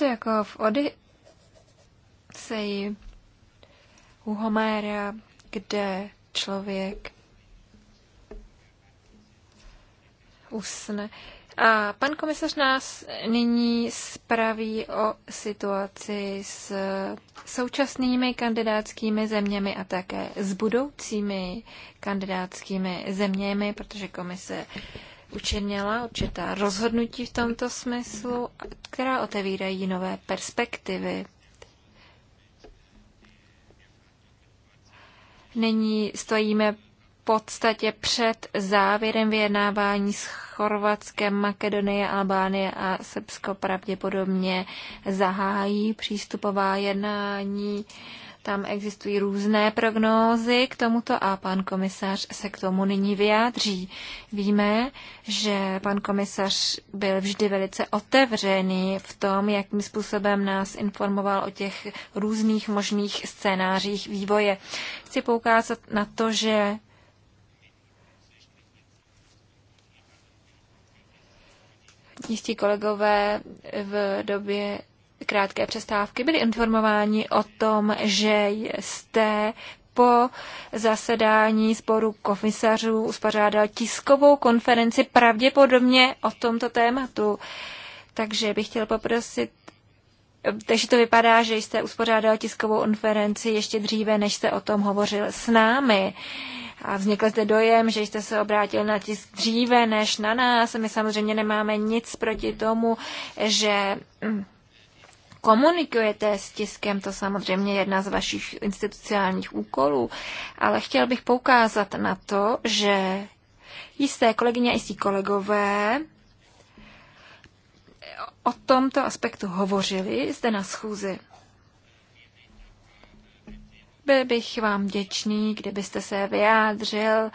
to jako v Odiseji u Homéra, kde člověk usne. A pan komisař nás nyní spraví o situaci s současnými kandidátskými zeměmi a také s budoucími kandidátskými zeměmi, protože komise učinila určitá rozhodnutí v tomto smyslu, která otevírají nové perspektivy. Nyní stojíme podstatě před závěrem vyjednávání s Chorvatskem, Makedonie, Albánie a Srbsko pravděpodobně zahájí přístupová jednání. Uh, tam existují různé prognózy k tomuto a pan komisař se k tomu nyní vyjádří. Víme, že pan komisař byl vždy velice otevřený v tom, jakým způsobem nás informoval o těch různých možných scénářích vývoje. Chci poukázat na to, že jistí kolegové v době krátké přestávky byli informováni o tom, že jste po zasedání sboru komisařů uspořádal tiskovou konferenci pravděpodobně o tomto tématu. Takže bych chtěl poprosit takže to vypadá, že jste uspořádal tiskovou konferenci ještě dříve, než jste o tom hovořil s námi. A vznikl zde dojem, že jste se obrátil na tisk dříve než na nás. My samozřejmě nemáme nic proti tomu, že hm, komunikujete s tiskem, to samozřejmě jedna z vašich institucionálních úkolů, ale chtěl bych poukázat na to, že jisté kolegyně a jistí kolegové o tomto aspektu hovořili zde na schůzi. Byl bych vám děčný, kdybyste se vyjádřil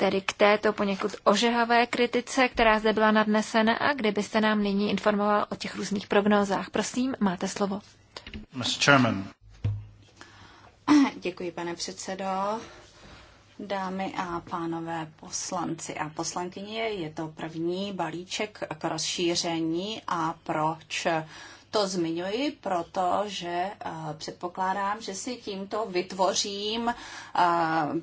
tedy k této poněkud ožehavé kritice, která zde byla nadnesena a kdybyste nám nyní informoval o těch různých prognózách. Prosím, máte slovo. Chairman. Děkuji, pane předsedo. Dámy a pánové poslanci a poslankyně, je to první balíček k rozšíření a proč to zmiňuji, protože předpokládám, že si tímto vytvořím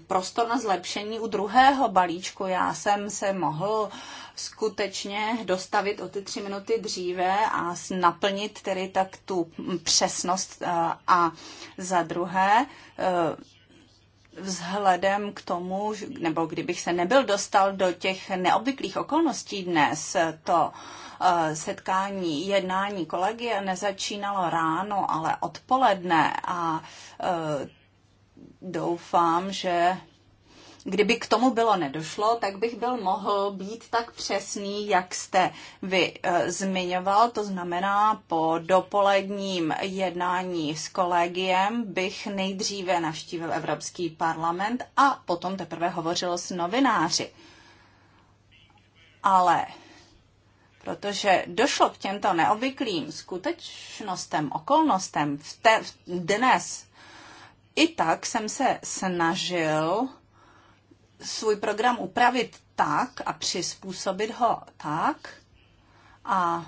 prostor na zlepšení u druhého balíčku. Já jsem se mohl skutečně dostavit o ty tři minuty dříve a naplnit tedy tak tu přesnost a za druhé e, vzhledem k tomu, nebo kdybych se nebyl dostal do těch neobvyklých okolností dnes, to uh, Eh, setkání, jednání kolegie nezačínalo ráno, ale odpoledne a eh, doufám, že kdyby k tomu bylo nedošlo, tak bych byl mohl být tak přesný, jak jste vy eh, zmiňoval. To znamená, po dopoledním jednání s kolegiem bych nejdříve navštívil Evropský parlament a potom teprve hovořil s novináři. Ale protože došlo k těmto neobvyklým skutečnostem, okolnostem v te, dnes. I tak jsem se snažil svůj program upravit tak a přizpůsobit ho tak a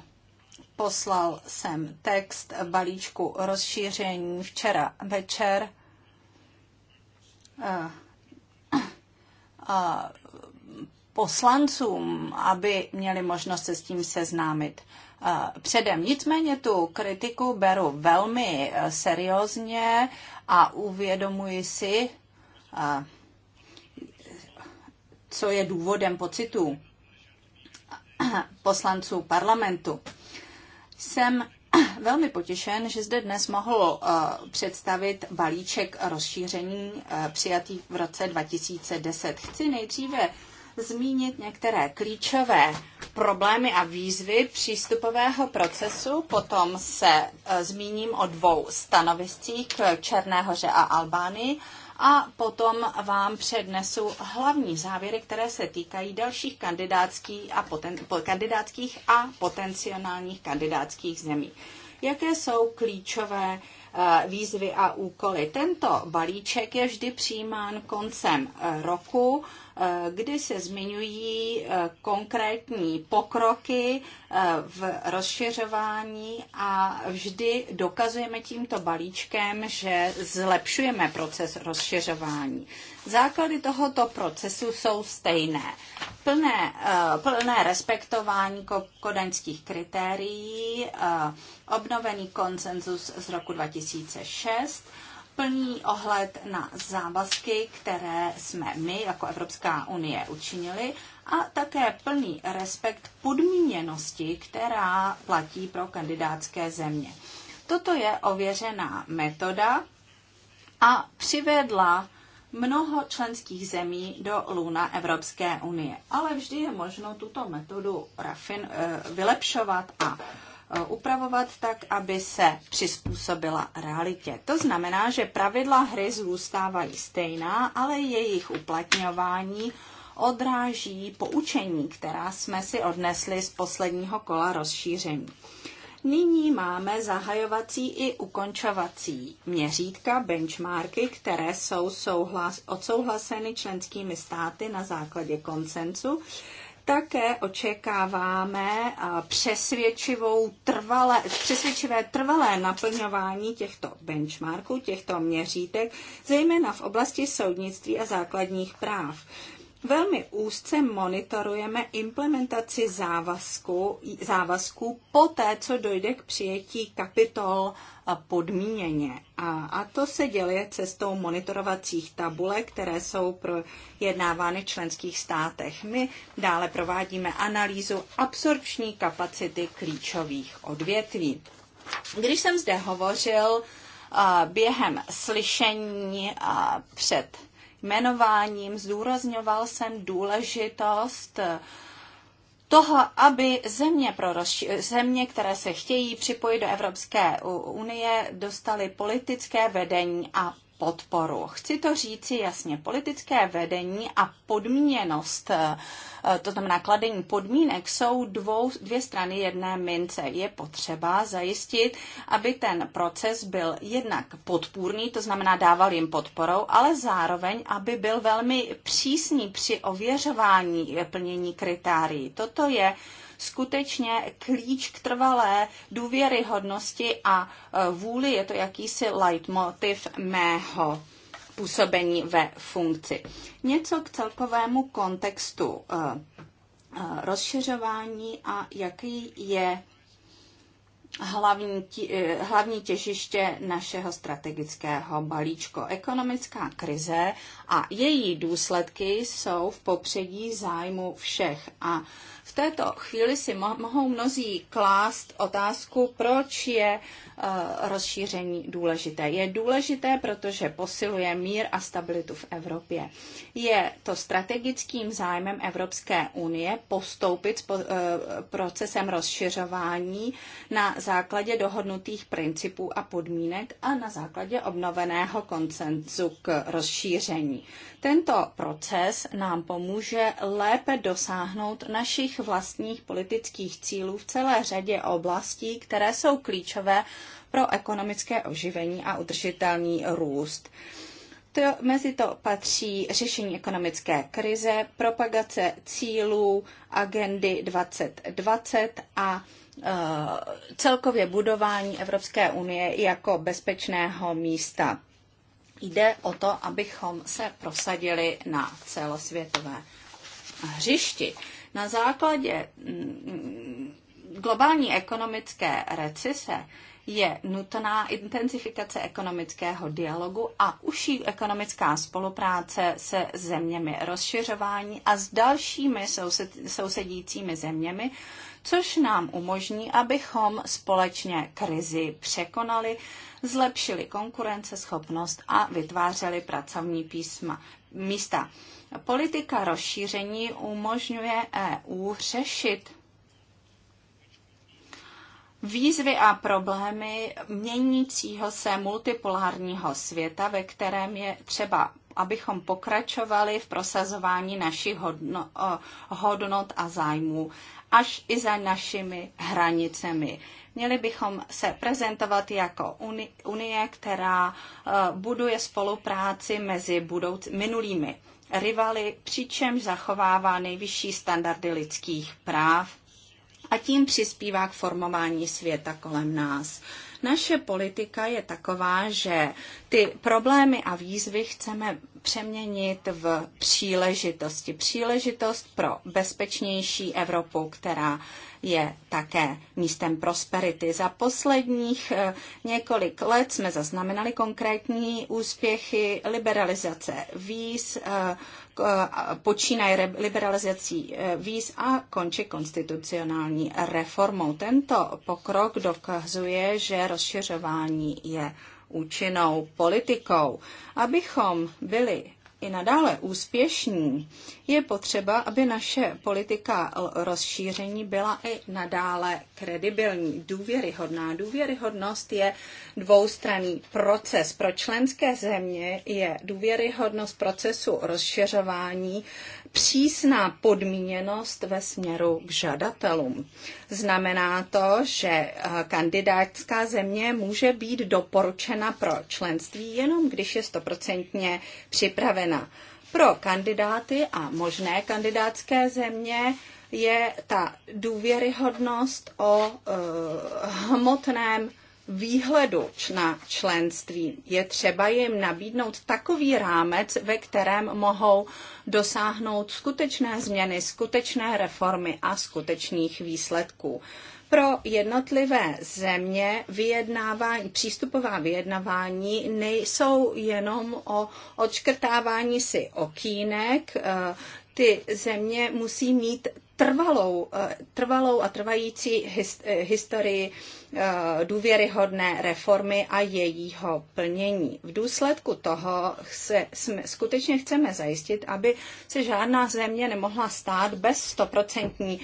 poslal jsem text balíčku rozšíření včera večer. Uh, uh, poslancům, aby měli možnost se s tím seznámit eh, předem. Nicméně tu kritiku beru velmi eh, seriózně a uvědomuji si, eh, co je důvodem pocitů poslanců parlamentu. Jsem velmi potěšen, že zde dnes mohl představit balíček rozšíření přijatý v roce 2010. Chci nejdříve zmínit některé klíčové problémy a výzvy přístupového procesu, potom se e, zmíním o dvou stanoviscích k e, Černéhoře a Albánii a potom vám přednesu hlavní závěry, které se týkají dalších kandidátských a, poten, kandidátských a potenciálních kandidátských zemí. Jaké jsou klíčové e, výzvy a úkoly? Tento balíček je vždy přijímán koncem roku kdy se zmiňují eh, konkrétní pokroky eh, v rozšiřování a vždy dokazujeme tímto balíčkem, že zlepšujeme proces rozšiřování. Základy tohoto procesu jsou stejné. Plné, eh, plné respektování kodaňských kritérií, obnovený konsenzus z roku 2006, plný ohled na závazky, které jsme my jako Evropská unie učinili a také plný respekt podmíněnosti, která platí pro kandidátské země. Toto je ověřená metoda a přivedla mnoho členských zemí do lůna Evropské unie. Ale vždy je možno tuto metodu rafin, eh, vylepšovat a Eh, upravovat tak, aby se přizpůsobila realitě. To znamená, že pravidla hry zůstávají stejná, ale jejich uplatňování odráží poučení, která jsme si odnesli z posledního kola rozšíření. Nyní máme zahajovací i ukončovací měřítka, benchmarky, které jsou souhlas, odsouhlaseny členskými státy na základě konsensu také očekáváme eh, přesvědčivou, trvalé, přesvědčivé trvalé naplňování těchto benchmarků, těchto měřítek, zejména v oblasti soudnictví a základních práv velmi úzce monitorujeme implementaci závazku, závazku po té, co dojde k přijetí kapitol eh, podmíněně. A, a to se děje cestou monitorovacích tabulek, které jsou projednávány v členských státech. My dále provádíme analýzu absorpční kapacity klíčových odvětví. Když jsem zde hovořil eh, během slyšení eh, před jmenováním zdůrazňoval jsem důležitost toho, aby země, pro rozši- země, které se chtějí připojit do Evropské unie, dostaly politické vedení a podporu. Chci to říci jasně, politické vedení a podmíněnost, eh, to znamená kladení podmínek, jsou dvou, dvě strany jedné mince. Je potřeba zajistit, aby ten proces byl jednak podpůrný, to znamená dával jim podporou, ale zároveň, aby byl velmi přísný při ověřování plnění kritérií. Toto je skutečně klíč k trvalé důvěryhodnosti a e, vůli. Je to jakýsi leitmotiv mého působení ve funkci. Něco k celkovému kontextu e, e, rozšiřování a jaký je hlavní, hlavní těžiště našeho strategického balíčku. Ekonomická krize a její důsledky jsou v popředí zájmu všech a v této chvíli si mohou mnozí klást otázku, proč je eh, rozšíření důležité. Je důležité, protože posiluje mír a stabilitu v Evropě. Je to strategickým zájmem Evropské unie postoupit s eh, procesem rozšiřování na základě dohodnutých principů a podmínek a na základě obnoveného koncenzu k rozšíření. Tento proces nám pomůže lépe dosáhnout našich vlastních politických cílů v celé řadě oblastí, které jsou klíčové pro ekonomické oživení a udržitelný růst. To, mezi to patří řešení ekonomické krize, propagace cílů agendy 2020 a e, celkově budování Evropské unie jako bezpečného místa. Jde o to, abychom se prosadili na celosvětové hřišti. Na základě mm, globální ekonomické recese je nutná intenzifikace ekonomického dialogu a užší ekonomická spolupráce se zeměmi rozšiřování a s dalšími soused, sousedícími zeměmi, což nám umožní, abychom společně krizi překonali, zlepšili konkurenceschopnost a vytvářeli pracovní písma, místa. Politika rozšíření umožňuje EU řešit výzvy a problémy měnícího se multipolárního světa, ve kterém je třeba abychom pokračovali v prosazování našich hodno, hodnot a zájmů až i za našimi hranicemi. Měli bychom se prezentovat jako Unie, která buduje spolupráci mezi budouc- minulými rivaly, přičemž zachovává nejvyšší standardy lidských práv a tím přispívá k formování světa kolem nás. Naše politika je taková, že ty problémy a výzvy chceme přeměnit v příležitosti. Příležitost pro bezpečnější Evropu, která je také místem prosperity. Za posledních eh, několik let jsme zaznamenali konkrétní úspěchy liberalizace víz, eh, eh, počínaje liberalizací víz a končí konstitucionální reformou. Tento pokrok dokazuje, že rozšiřování je účinnou politikou. Abychom byli i nadále úspěšní, je potřeba, aby naše politika rozšíření byla i nadále kredibilní, důvěryhodná. Důvěryhodnost je dvoustranný proces. Pro členské země je důvěryhodnost procesu rozšiřování přísná podmíněnost ve směru k žadatelům. Znamená to, že eh, kandidátská země může být doporučena pro členství jenom, když je stoprocentně připravena zejména pro kandidáty a možné kandidátské země je ta důvěryhodnost o e, hmotném výhledu na členství. Je třeba jim nabídnout takový rámec, ve kterém mohou dosáhnout skutečné změny, skutečné reformy a skutečných výsledků. Pro jednotlivé země vyjednávání, přístupová vyjednávání nejsou jenom o odškrtávání si okýnek, eh, ty země musí mít trvalou, eh, trvalou a trvající eh, historii eh, důvěryhodné reformy a jejího plnění. V důsledku toho se, jsme, skutečně chceme zajistit, aby se žádná země nemohla stát bez stoprocentní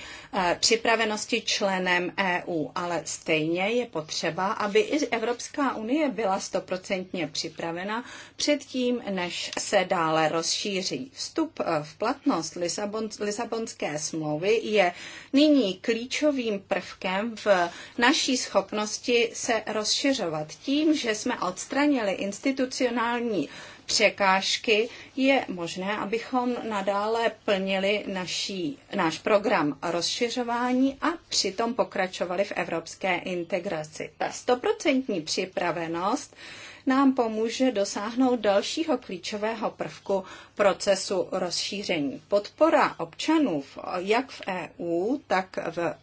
připravenosti členem EU, ale stejně je potřeba, aby i Evropská unie byla stoprocentně připravena předtím, než se dále rozšíří. Vstup v platnost Lisabon, Lisabonské smlouvy smlouvy je nyní klíčovým prvkem v naší schopnosti se rozšiřovat. Tím, že jsme odstranili institucionální překážky, je možné, abychom nadále plnili naší, náš program rozšiřování a přitom pokračovali v evropské integraci. Ta stoprocentní připravenost nám pomůže dosáhnout dalšího klíčového prvku procesu rozšíření. Podpora občanů v, jak v EU, tak v e,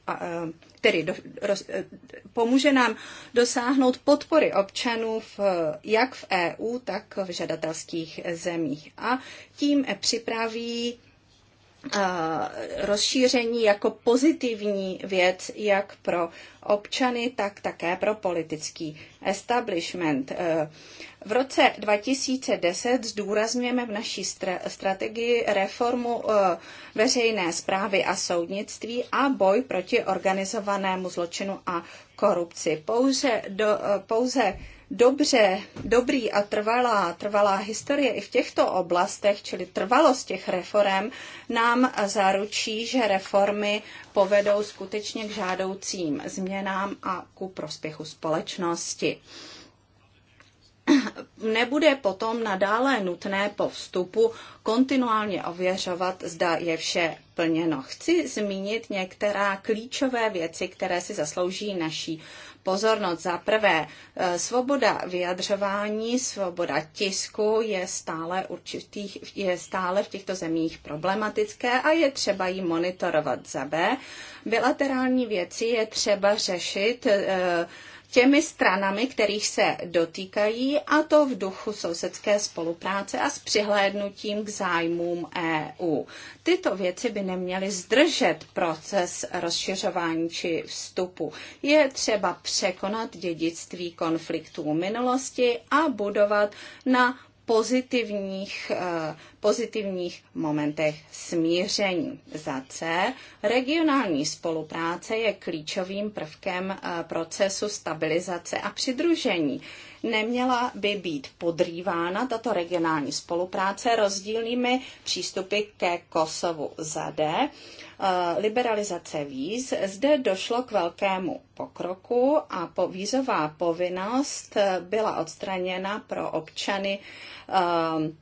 tedy do, roz, e, pomůže nám dosáhnout podpory občanů v, jak v EU, tak v žadatelských zemích. A tím připraví rozšíření jako pozitivní věc jak pro občany, tak také pro politický establishment. E, v roce 2010 zdůrazňujeme v naší strategii reformu e, veřejné zprávy a soudnictví a boj proti organizovanému zločinu a korupci. Pouze, do, e, pouze dobře, dobrý a trvalá, trvalá historie i v těchto oblastech, čili trvalost těch reform, nám zaručí, že reformy povedou skutečně k žádoucím změnám a ku prospěchu společnosti nebude potom nadále nutné po vstupu kontinuálně ověřovat, zda je vše plněno. Chci zmínit některá klíčové věci, které si zaslouží naší pozornost. Za prvé, e, svoboda vyjadřování, svoboda tisku je stále, určitých, je stále v těchto zemích problematické a je třeba ji monitorovat. Za B, bilaterální věci je třeba řešit e, těmi stranami, kterých se dotýkají, a to v duchu sousedské spolupráce a s přihlédnutím k zájmům EU. Tyto věci by neměly zdržet proces rozšiřování či vstupu. Je třeba překonat dědictví konfliktů minulosti a budovat na pozitivních, eh, pozitivních momentech smíření. Za C. Regionální spolupráce je klíčovým prvkem eh, procesu stabilizace a přidružení. Neměla by být podrývána tato regionální spolupráce rozdílnými přístupy ke Kosovu. Za D eh, liberalizace víz. Zde došlo k velkému pokroku a po vízová povinnost eh, byla odstraněna pro občany um,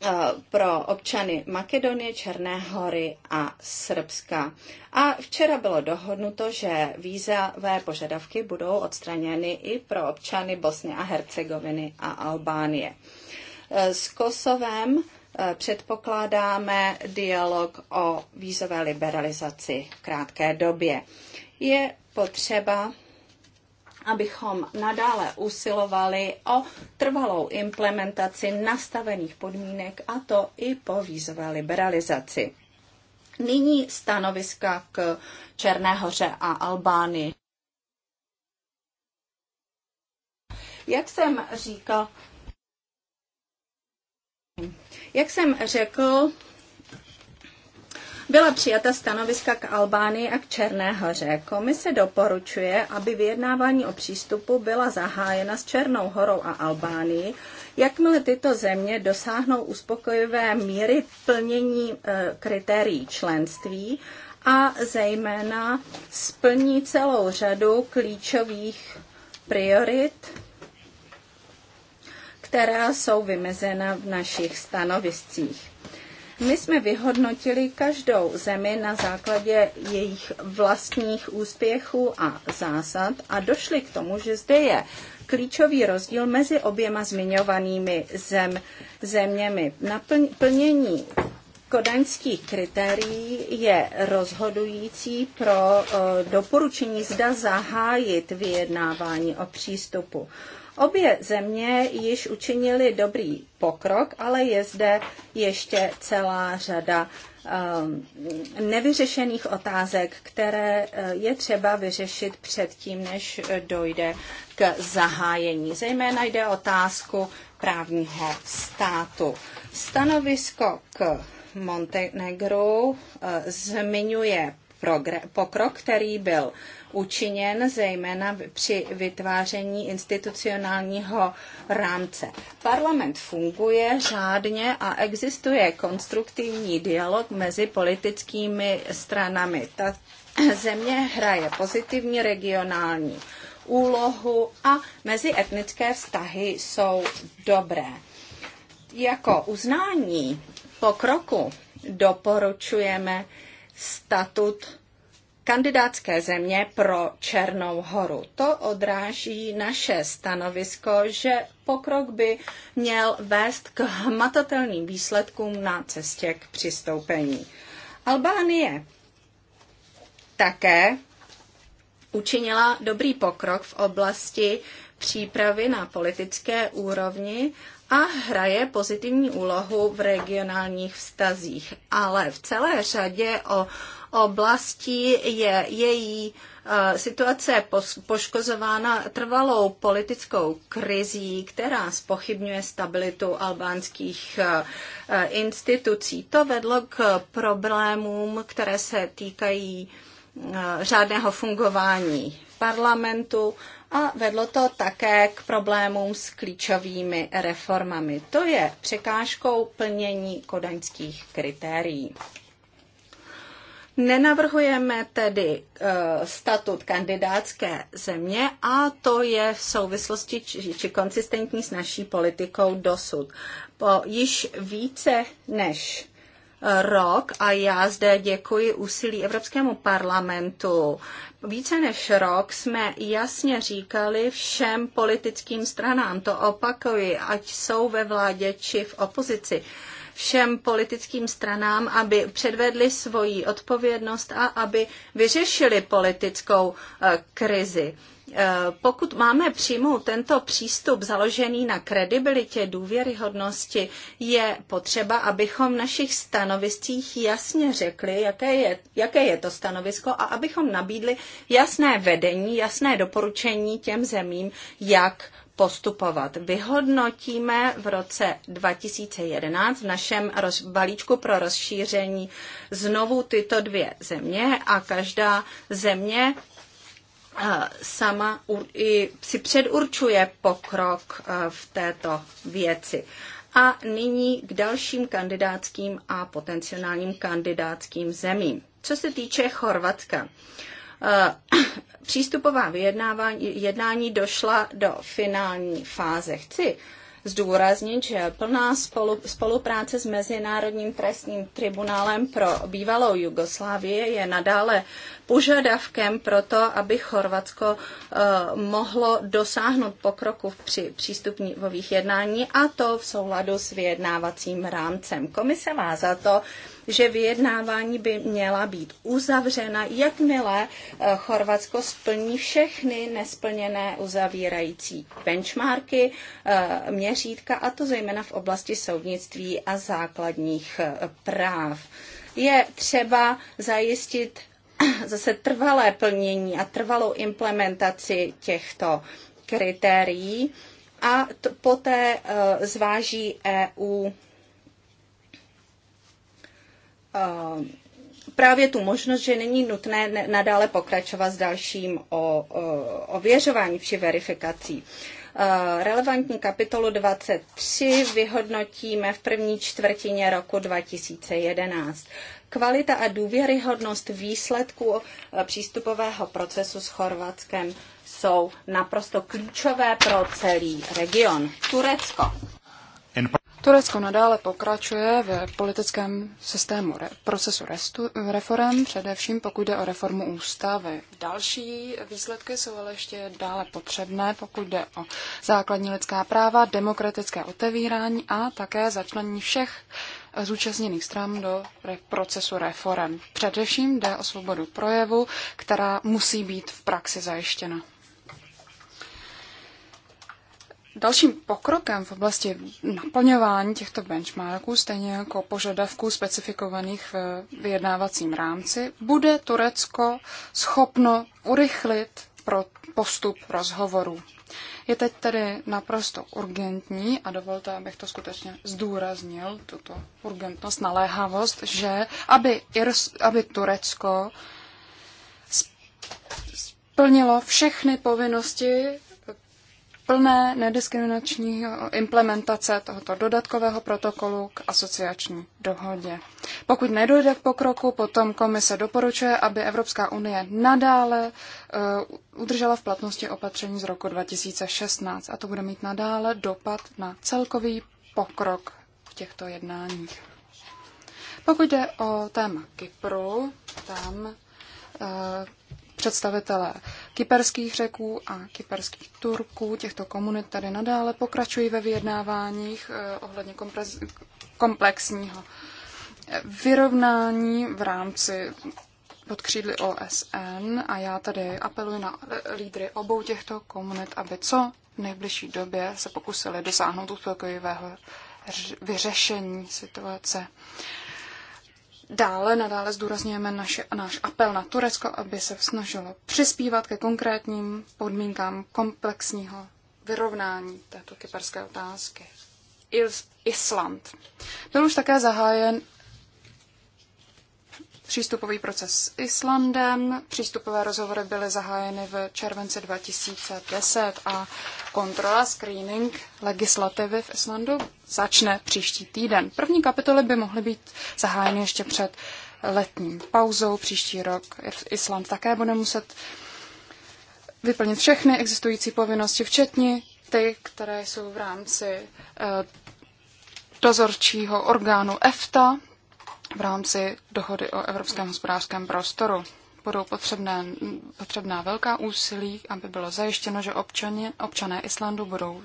Eh, pro občany Makedonie, Černé hory a Srbska. A včera bylo dohodnuto, že vízové požadavky budou odstraněny i pro občany Bosny a Hercegoviny a Albánie. Eh, s Kosovem eh, předpokládáme dialog o vízové liberalizaci v krátké době. Je potřeba abychom nadále usilovali o trvalou implementaci nastavených podmínek a to i po vízové liberalizaci. Nyní stanoviska k Černé hoře a Albánii. Jak jsem říkal, jak jsem řekl, byla přijata stanoviska k Albánii a k Černé hoře. Komise doporučuje, aby vyjednávání o přístupu byla zahájena s Černou horou a Albánií, jakmile tyto země dosáhnou uspokojivé míry plnění e, kritérií členství a zejména splní celou řadu klíčových priorit, která jsou vymezena v našich stanoviscích. My jsme vyhodnotili každou zemi na základě jejich vlastních úspěchů a zásad a došli k tomu, že zde je klíčový rozdíl mezi oběma zmiňovanými zem, zeměmi. Na plnění kodaňských kritérií je rozhodující pro eh, doporučení zda zahájit vyjednávání o přístupu. Obě země již učinili dobrý pokrok, ale je zde ještě celá řada ehm, nevyřešených otázek, které eh, je třeba vyřešit předtím, než dojde k zahájení. Zejména jde o otázku právního státu. Stanovisko k Montenegru eh, zmiňuje pokrok, který byl učiněn, zejména při vytváření institucionálního rámce. Parlament funguje řádně a existuje konstruktivní dialog mezi politickými stranami. Ta země hraje pozitivní regionální úlohu a mezietnické vztahy jsou dobré. Jako uznání pokroku doporučujeme statut kandidátské země pro Černou horu. To odráží naše stanovisko, že pokrok by měl vést k hmatatelným výsledkům na cestě k přistoupení. Albánie také učinila dobrý pokrok v oblasti přípravy na politické úrovni a hraje pozitivní úlohu v regionálních vztazích. Ale v celé řadě o oblasti je její eh, situace poškozována trvalou politickou krizí, která spochybňuje stabilitu albánských eh, institucí. To vedlo k problémům, které se týkají eh, řádného fungování parlamentu a vedlo to také k problémům s klíčovými reformami. To je překážkou plnění kodaňských kritérií. Nenavrhujeme tedy e, statut kandidátské země a to je v souvislosti či, či konsistentní s naší politikou dosud. Po již více než e, rok a já zde děkuji úsilí Evropskému parlamentu. Více než rok jsme jasně říkali všem politickým stranám, to opakuji, ať jsou ve vládě či v opozici, všem politickým stranám, aby předvedli svoji odpovědnost a aby vyřešili politickou eh, krizi eh, pokud máme přijmout tento přístup založený na kredibilitě, důvěryhodnosti, je potřeba, abychom v našich stanoviscích jasně řekli, jaké je, jaké je to stanovisko a abychom nabídli jasné vedení, jasné doporučení těm zemím, jak postupovat. Vyhodnotíme v roce 2011 v našem roz, balíčku pro rozšíření znovu tyto dvě země a každá země eh, sama i si předurčuje pokrok eh, v této věci. A nyní k dalším kandidátským a potenciálním kandidátským zemím. Co se týče Chorvatska, Eh, přístupová vyjednávání, jednání došla do finální fáze. Chci zdůraznit, že plná spolu, spolupráce s Mezinárodním trestním tribunálem pro bývalou Jugoslávii je nadále požadavkem pro to, aby Chorvatsko uh, mohlo dosáhnout pokroku při přístupních jednání a to v souladu s vyjednávacím rámcem. Komise má za to, že vyjednávání by měla být uzavřena, jakmile eh, Chorvatsko splní všechny nesplněné uzavírající benchmarky, eh, měřítka, a to zejména v oblasti soudnictví a základních eh, práv. Je třeba zajistit zase trvalé plnění a trvalou implementaci těchto kritérií a poté zváží EU Eh, právě tu možnost, že není nutné nadále pokračovat s dalším o, ověřování či verifikací. Eh, relevantní kapitolu 23 vyhodnotíme v první čtvrtině roku 2011. Kvalita a důvěryhodnost výsledků eh, přístupového procesu s Chorvatskem jsou naprosto klíčové pro celý region. Turecko. Turecko nadále pokračuje v politickém systému re, procesu restu, reform, především pokud jde o reformu ústavy. Další výsledky jsou ale ještě dále potřebné, pokud jde o základní lidská práva, demokratické otevírání a také začlenění všech zúčastněných stran do re, procesu reform. Především jde o svobodu projevu, která musí být v praxi zajištěna. Dalším pokrokem v oblasti naplňování těchto benchmarků, stejně jako požadavků specifikovaných v vyjednávacím rámci, bude Turecko schopno urychlit pro postup rozhovorů. Je teď tedy naprosto urgentní a dovolte, abych to skutečně zdůraznil, tuto urgentnost, naléhavost, že aby, Irs, aby Turecko splnilo všechny povinnosti plné nediskriminační implementace tohoto dodatkového protokolu k asociační dohodě. Pokud nedojde k pokroku, potom komise doporučuje, aby Evropská unie nadále eh, udržela v platnosti opatření z roku 2016 a to bude mít nadále dopad na celkový pokrok v těchto jednáních. Pokud jde o téma Kypru, tam eh, představitelé kyperských řeků a kyperských Turků. Těchto komunit tady nadále pokračují ve vyjednáváních eh, ohledně komplexního eh, vyrovnání v rámci pod křídly OSN a já tady apeluji na eh, lídry obou těchto komunit, aby co v nejbližší době se pokusili dosáhnout uspokojivého vyřešení situace. Dále nadále zdůrazňujeme naše, náš apel na Turecko, aby se snažilo přispívat ke konkrétním podmínkám komplexního vyrovnání této kyperské otázky. Island. Byl už také zahájen přístupový proces s Islandem. Přístupové rozhovory byly zahájeny v červenci 2010 a kontrola, screening legislativy v Islandu začne příští týden. První kapitoly by mohly být zahájeny ještě před letním pauzou. Příští rok Island také bude muset vyplnit všechny existující povinnosti, včetně ty, které jsou v rámci eh, dozorčího orgánu EFTA, v rámci dohody o Evropském hospodářském prostoru. Budou potřebné, potřebná velká úsilí, aby bylo zajištěno, že občaně, občané Islandu budou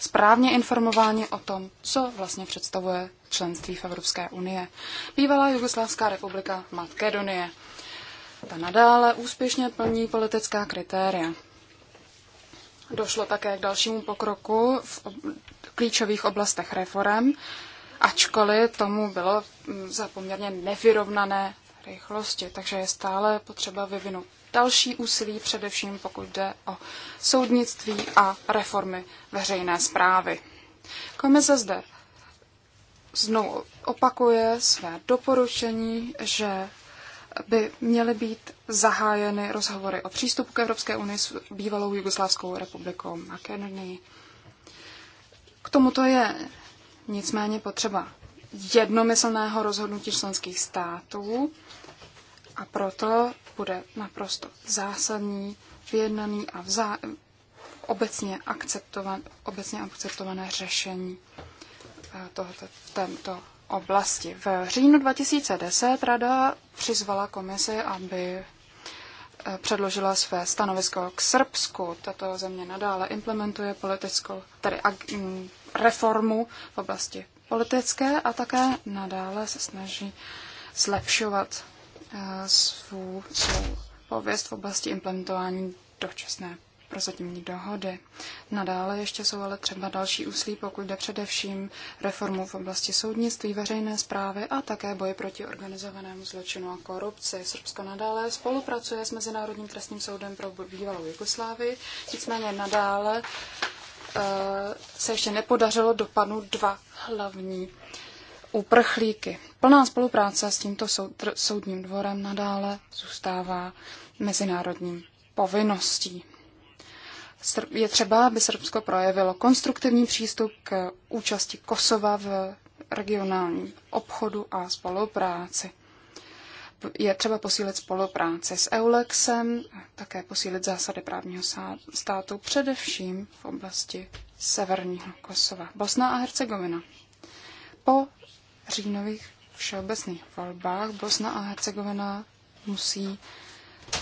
správně informováni o tom, co vlastně představuje členství v Evropské unie. Bývalá Jugoslávská republika Makedonie. Ta nadále úspěšně plní politická kritéria. Došlo také k dalšímu pokroku v klíčových oblastech reform, ačkoliv tomu bylo mm, za poměrně nevyrovnané rychlosti, takže je stále potřeba vyvinout další úsilí, především pokud jde o soudnictví a reformy veřejné zprávy. Komise zde znovu opakuje své doporučení, že by měly být zahájeny rozhovory o přístupu k Evropské unii s bývalou Jugoslávskou republikou Makedonii. K tomuto je nicméně potřeba jednomyslného rozhodnutí členských států a proto bude naprosto zásadní, vyjednaný a vzá, obecně, akceptovan, obecně akceptované řešení eh, tohoto, této oblasti. V říjnu 2010 Rada přizvala komisi, aby eh, předložila své stanovisko k Srbsku. Tato země nadále implementuje politickou, tedy ag, mm, reformu v oblasti politické a také nadále se snaží zlepšovat eh, svou, svou pověst v oblasti implementování dočasné prozatímní dohody. Nadále ještě jsou ale třeba další úsilí, pokud jde především reformu v oblasti soudnictví, veřejné zprávy a také boje proti organizovanému zločinu a korupci. Srbsko nadále spolupracuje s Mezinárodním trestním soudem pro bývalou Jugoslávii, nicméně nadále Eh, se ještě nepodařilo dopadnout dva hlavní uprchlíky. Plná spolupráce s tímto soudním dvorem nadále zůstává mezinárodním povinností. Je třeba, aby Srbsko projevilo konstruktivní přístup k účasti Kosova v regionálním obchodu a spolupráci je třeba posílit spolupráci s EULEXem, také posílit zásady právního státu, především v oblasti severního Kosova. Bosna a Hercegovina. Po říjnových všeobecných volbách Bosna a Hercegovina musí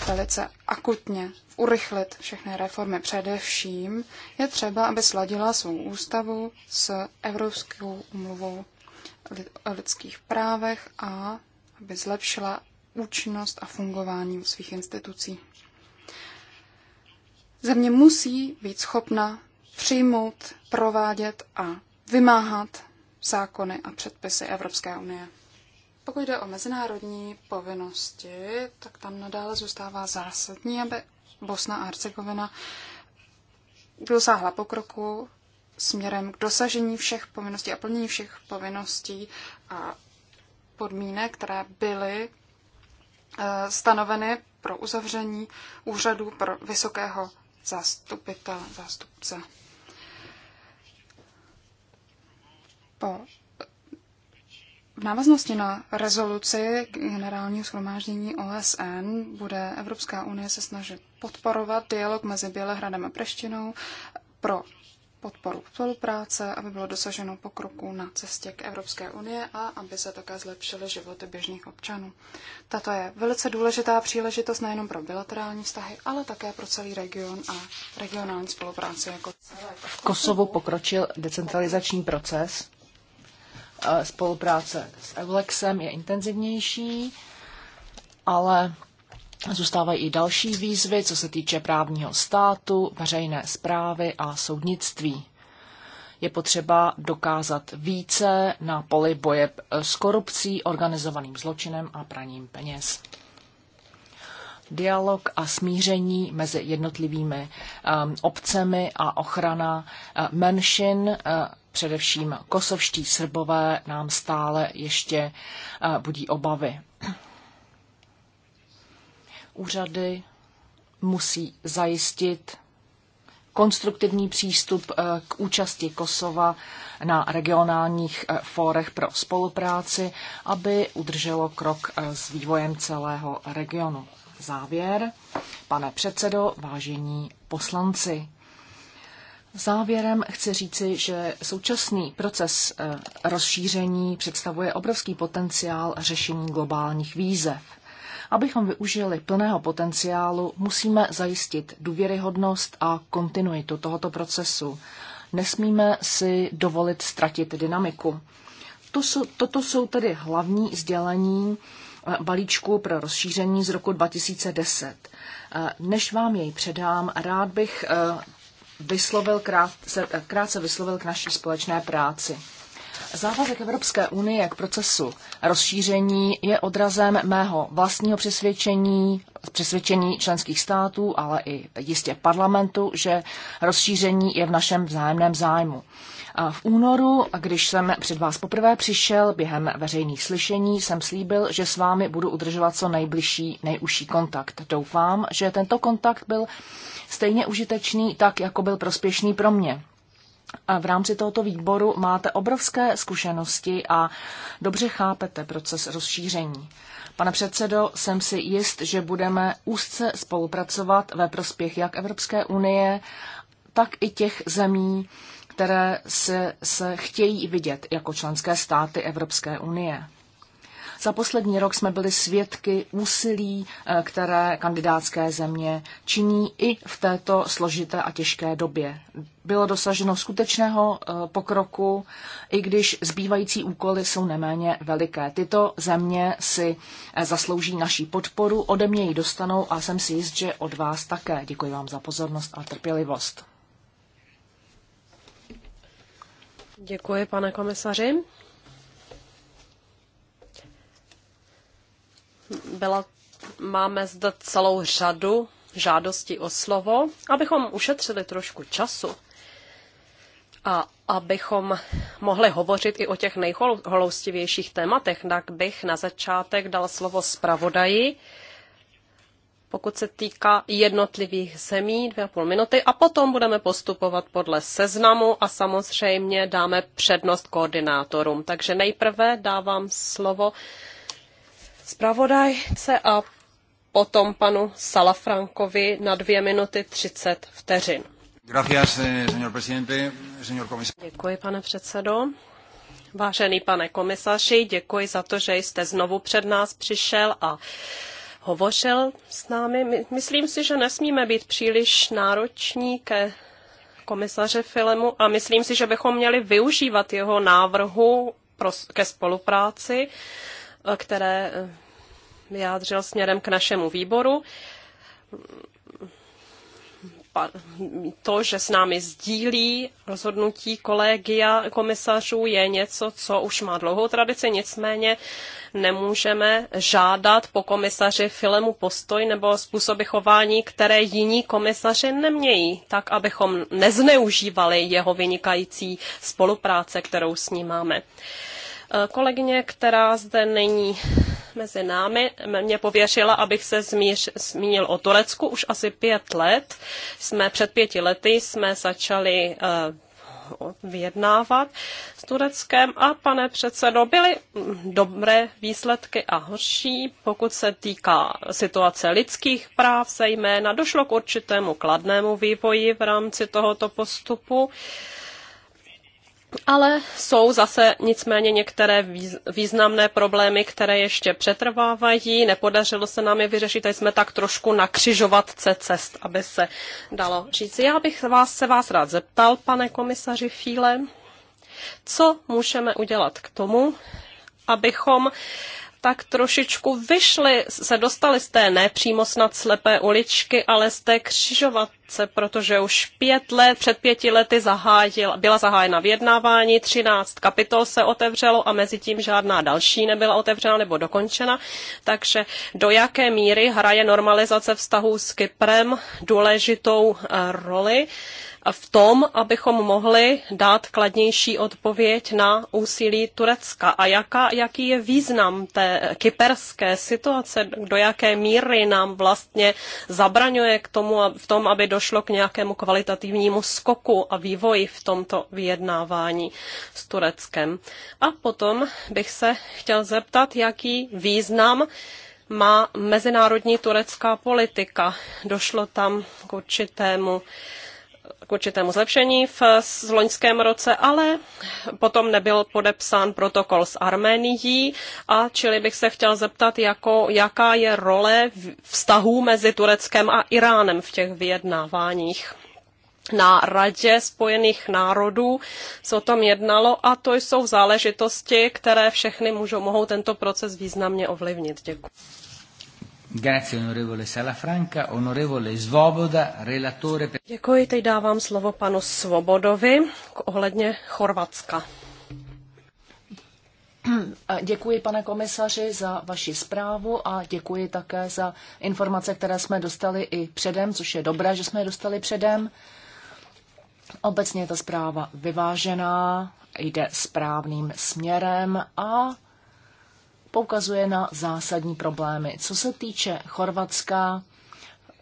velice akutně urychlit všechny reformy. Především je třeba, aby sladila svou ústavu s Evropskou umluvou o lidských právech a aby zlepšila účinnost a fungování svých institucí. Země musí být schopna přijmout, provádět a vymáhat zákony a předpisy Evropské unie. Pokud jde o mezinárodní povinnosti, tak tam nadále zůstává zásadní, aby Bosna a Hercegovina dosáhla pokroku směrem k dosažení všech povinností a plnění všech povinností a podmínek, které byly Eh, stanoveny pro uzavření úřadu pro vysokého zastupitele, zástupce. Po eh, v návaznosti na rezoluci generálního shromáždění OSN bude Evropská unie se snažit podporovat dialog mezi Bělehradem a Preštinou pro podporu spolupráce, aby bylo dosaženo pokroku na cestě k Evropské unie a aby se také zlepšily životy běžných občanů. Tato je velice důležitá příležitost nejenom pro bilaterální vztahy, ale také pro celý region a regionální spolupráci jako V Kosovu pokročil decentralizační proces. E, spolupráce s Eulexem je intenzivnější, ale Zůstávají i další výzvy, co se týče právního státu, veřejné zprávy a soudnictví. Je potřeba dokázat více na poli boje s korupcí, organizovaným zločinem a praním peněz. Dialog a smíření mezi jednotlivými um, obcemi a ochrana uh, menšin uh, především kosovští srbové nám stále ještě uh, budí obavy. Úřady musí zajistit konstruktivní přístup eh, k účasti Kosova na regionálních eh, fórech pro spolupráci, aby udrželo krok eh, s vývojem celého regionu. Závěr, pane předsedo, vážení poslanci. Závěrem chci říci, že současný proces rozšíření představuje obrovský potenciál řešení globálních výzev. Abychom využili plného potenciálu, musíme zajistit důvěryhodnost a kontinuitu tohoto procesu. Nesmíme si dovolit ztratit dynamiku. To jsou, toto jsou tedy hlavní sdělení eh, balíčku pro rozšíření z roku 2010. Eh, než vám jej předám, rád bych eh, vyslovil krát, krátce vyslovil k naší společné práci. Závazek Evropské unie k procesu rozšíření je odrazem mého vlastního přesvědčení, přesvědčení členských států, ale i jistě parlamentu, že rozšíření je v našem vzájemném zájmu. A v únoru, když jsem před vás poprvé přišel během veřejných slyšení, jsem slíbil, že s vámi budu udržovat co nejbližší, nejužší kontakt. Doufám, že tento kontakt byl stejně užitečný, tak jako byl prospěšný pro mě v rámci tohoto výboru máte obrovské zkušenosti a dobře chápete proces rozšíření. Pane předsedo, jsem si jist, že budeme úzce spolupracovat ve prospěch jak Evropské unie, tak i těch zemí, které se, se chtějí vidět jako členské státy Evropské unie. Za poslední rok jsme byli svědky úsilí, eh, které kandidátské země činí i v této složité a těžké době. Bylo dosaženo skutečného eh, pokroku, i když zbývající úkoly jsou neméně veliké. Tyto země si eh, zaslouží naší podporu, ode mě ji dostanou a jsem si jist, že od vás také. Děkuji vám za pozornost a trpělivost. Děkuji, pane komisaři. Byla, máme zde celou řadu žádostí o slovo. Abychom ušetřili trošku času a abychom mohli hovořit i o těch nejholoustivějších tématech, tak bych na začátek dal slovo zpravodaji, pokud se týká jednotlivých zemí, dvě a půl minuty, a potom budeme postupovat podle seznamu a samozřejmě dáme přednost koordinátorům. Takže nejprve dávám slovo zpravodajce a potom panu Salafrankovi na dvě minuty třicet vteřin. Eh, děkuji, pane předsedo. Vážený pane komisaři, děkuji za to, že jste znovu před nás přišel a hovořil s námi. Myslím si, že nesmíme být příliš nároční ke komisaře Filemu a myslím si, že bychom měli využívat jeho návrhu pro, ke spolupráci které eh, vyjádřil směrem k našemu výboru. To, že s námi sdílí rozhodnutí kolegia komisařů, je něco, co už má dlouhou tradici, nicméně nemůžeme žádat po komisaři filemu postoj nebo způsoby chování, které jiní komisaři nemějí, tak abychom nezneužívali jeho vynikající spolupráce, kterou s ním máme. Uh, Kolegyně, která zde není mezi námi, mě pověřila, abych se zmíř, zmínil o Turecku. Už asi pět let jsme před pěti lety jsme začali eh, vyjednávat s Tureckem a pane předsedo, byly hm, dobré výsledky a horší, pokud se týká situace lidských práv zejména. Došlo k určitému kladnému vývoji v rámci tohoto postupu. Uh, ale jsou zase nicméně některé významné problémy, které ještě přetrvávají. Nepodařilo se nám je vyřešit, tady jsme tak trošku na křižovatce cest, aby se dalo říct. Já bych vás, se vás rád zeptal, pane komisaři Fíle, co můžeme udělat k tomu, abychom tak trošičku vyšli, se dostali z té nepřímo snad slepé uličky, ale z té křižovatky krátce, protože už pět let, před pěti lety zahájil, byla zahájena vyjednávání, 13 kapitol se otevřelo a mezi tím žádná další nebyla otevřena nebo dokončena. Takže do jaké míry hraje normalizace vztahů s Kyprem důležitou eh, roli? v tom, abychom mohli dát kladnější odpověď na úsilí Turecka a jaká, jaký je význam té kyperské situace, do jaké míry nám vlastně zabraňuje k tomu, v tom, aby došlo došlo k nějakému kvalitativnímu skoku a vývoji v tomto vyjednávání s Tureckem. A potom bych se chtěl zeptat, jaký význam má mezinárodní turecká politika. Došlo tam k určitému k určitému zlepšení v, v loňském roce, ale potom nebyl podepsán protokol s Arménií a čili bych se chtěl zeptat, jako, jaká je role vztahů mezi Tureckem a Iránem v těch vyjednáváních. Na Radě spojených národů se o tom jednalo a to jsou záležitosti, které všechny můžou, mohou tento proces významně ovlivnit. Děkuji. Grazie, onorevole Salafranca. Onorevole Svoboda, relatore... Děkuji, teď dávám slovo panu Svobodovi ohledně Chorvatska. Děkuji, pane komisaři, za vaši zprávu a děkuji také za informace, které jsme dostali i předem, což je dobré, že jsme je dostali předem. Obecně je ta zpráva vyvážená, jde správným směrem a poukazuje na zásadní problémy. Co se týče Chorvatska,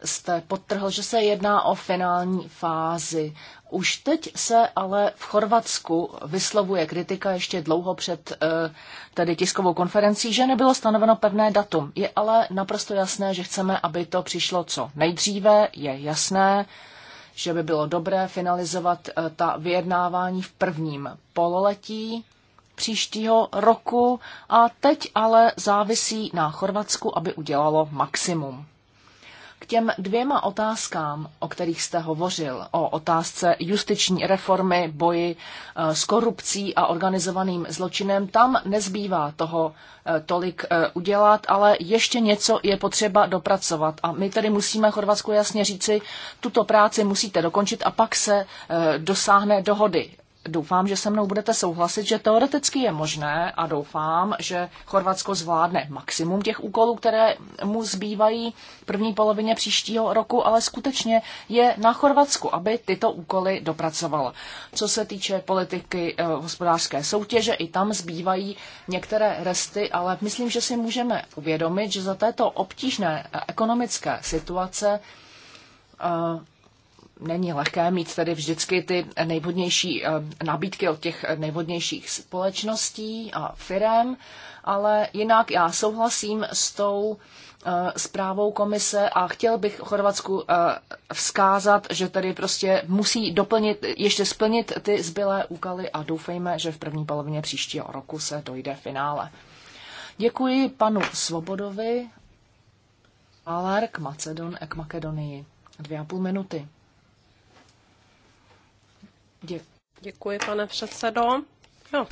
jste podtrhl, že se jedná o finální fázi. Už teď se ale v Chorvatsku vyslovuje kritika ještě dlouho před eh, tedy tiskovou konferencí, že nebylo stanoveno pevné datum. Je ale naprosto jasné, že chceme, aby to přišlo co nejdříve. Je jasné, že by bylo dobré finalizovat eh, ta vyjednávání v prvním pololetí příštího roku a teď ale závisí na Chorvatsku, aby udělalo maximum. K těm dvěma otázkám, o kterých jste hovořil, o otázce justiční reformy, boji eh, s korupcí a organizovaným zločinem, tam nezbývá toho eh, tolik eh, udělat, ale ještě něco je potřeba dopracovat. A my tedy musíme Chorvatsku jasně říci, tuto práci musíte dokončit a pak se dosáhne dohody doufám, že se mnou budete souhlasit, že teoreticky je možné a doufám, že Chorvatsko zvládne maximum těch úkolů, které mu zbývají první polovině příštího roku, ale skutečně je na Chorvatsku, aby tyto úkoly dopracovalo. Co se týče politiky e, hospodářské soutěže, i tam zbývají některé resty, ale myslím, že si můžeme uvědomit, že za této obtížné eh, ekonomické situace eh, není lehké mít tedy vždycky ty nejvhodnější eh, nabídky od těch nejvhodnějších společností a firem, ale jinak já souhlasím s tou eh, zprávou komise a chtěl bych Chorvatsku eh, vzkázat, že tady prostě musí doplnit, ještě splnit ty zbylé úkaly a doufejme, že v první polovině příštího roku se dojde finále. Děkuji panu Svobodovi Alark Macedon, ek Makedonii. Dvě a půl minuty. Děkuji, Děkuji pane předsedo. Jo.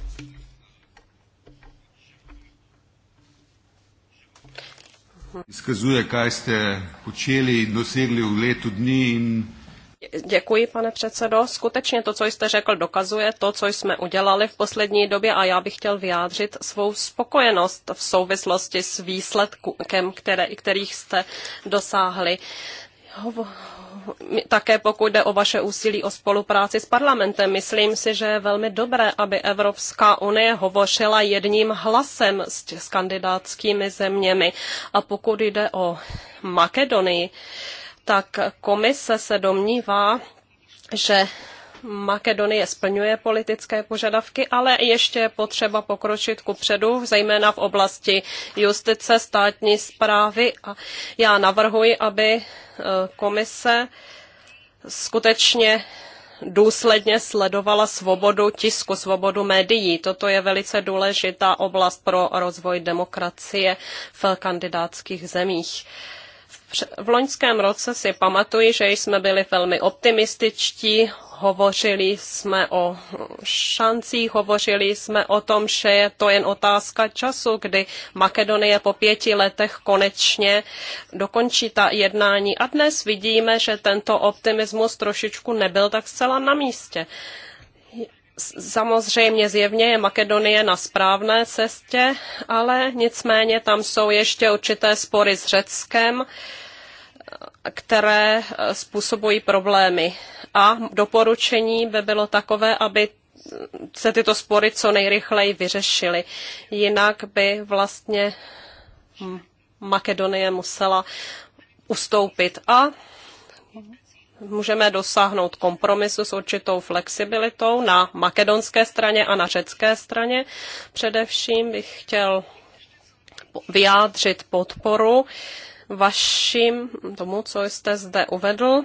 Izkazuje, kaj jste počeli in v letu dní Děkuji, pane předsedo. Skutečně to, co jste řekl, dokazuje to, co jsme udělali v poslední době a já bych chtěl vyjádřit svou spokojenost v souvislosti s výsledkem, kterých jste dosáhli také pokud jde o vaše úsilí o spolupráci s parlamentem. Myslím si, že je velmi dobré, aby Evropská unie hovořila jedním hlasem s, s kandidátskými zeměmi. A pokud jde o Makedonii, tak komise se domnívá, že Makedonie splňuje politické požadavky, ale ještě je potřeba pokročit ku předu, zejména v oblasti justice, státní zprávy. A já navrhuji, aby e, komise skutečně důsledně sledovala svobodu tisku, svobodu médií. Toto je velice důležitá oblast pro rozvoj demokracie v kandidátských zemích. V loňském roce si pamatuji, že jsme byli velmi optimističtí, hovořili jsme o šancích, hovořili jsme o tom, že je to jen otázka času, kdy Makedonie po pěti letech konečně dokončí ta jednání. A dnes vidíme, že tento optimismus trošičku nebyl tak zcela na místě. Samozřejmě zjevně je Makedonie na správné cestě, ale nicméně tam jsou ještě určité spory s Řeckem, které eh, způsobují problémy. A doporučení by bylo takové, aby se tyto spory co nejrychleji vyřešily. Jinak by vlastně hm, Makedonie musela ustoupit. A můžeme dosáhnout kompromisu s určitou flexibilitou na makedonské straně a na řecké straně. Především bych chtěl vyjádřit podporu vašim tomu, co jste zde uvedl.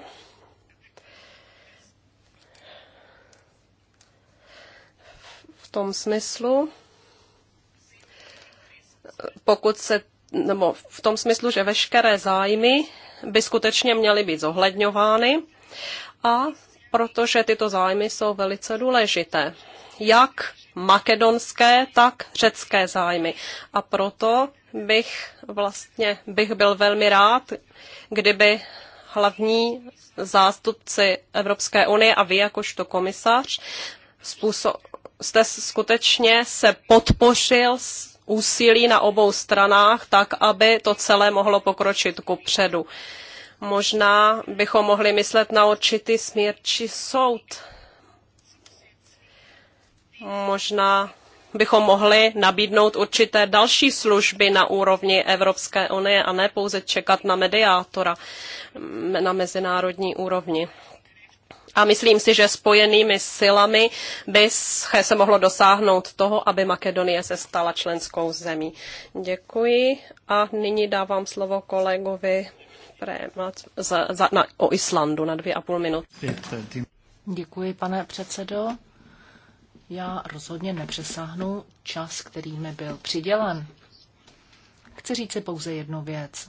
V tom smyslu, pokud se, nebo v tom smyslu, že veškeré zájmy by skutečně měly být zohledňovány a protože tyto zájmy jsou velice důležité. Jak makedonské, tak řecké zájmy. A proto bych vlastně bych byl velmi rád, kdyby hlavní zástupci Evropské unie a vy jakožto komisař způsob, jste skutečně se podpořil s úsilí na obou stranách, tak aby to celé mohlo pokročit ku předu. Možná bychom mohli myslet na určitý smírčí soud. Možná bychom mohli nabídnout určité další služby na úrovni Evropské unie a ne pouze čekat na mediátora na mezinárodní úrovni. A myslím si, že spojenými silami by se mohlo dosáhnout toho, aby Makedonie se stala členskou zemí. Děkuji a nyní dávám slovo kolegovi Prémat za, za, na, o Islandu na dvě a půl minut. Děkuji, pane předsedo. Já rozhodně nepřesáhnu čas, který mi byl přidělen. Chci říct si pouze jednu věc.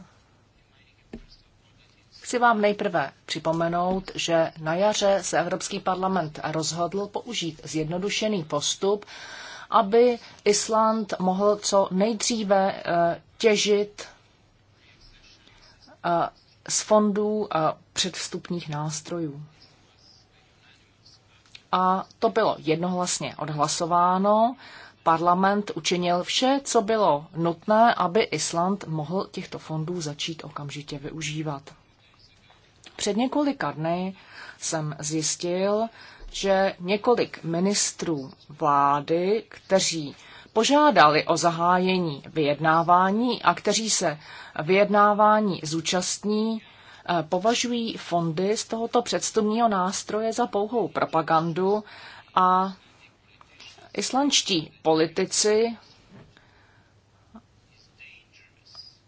Chci vám nejprve připomenout, že na jaře se Evropský parlament rozhodl použít zjednodušený postup, aby Island mohl co nejdříve eh, těžit eh, z fondů a předvstupních nástrojů. A to bylo jednohlasně odhlasováno. Parlament učinil vše, co bylo nutné, aby Island mohl těchto fondů začít okamžitě využívat. Před několika dny jsem zjistil, že několik ministrů vlády, kteří požádali o zahájení vyjednávání a kteří se vyjednávání zúčastní, eh, považují fondy z tohoto předstupního nástroje za pouhou propagandu a islandští politici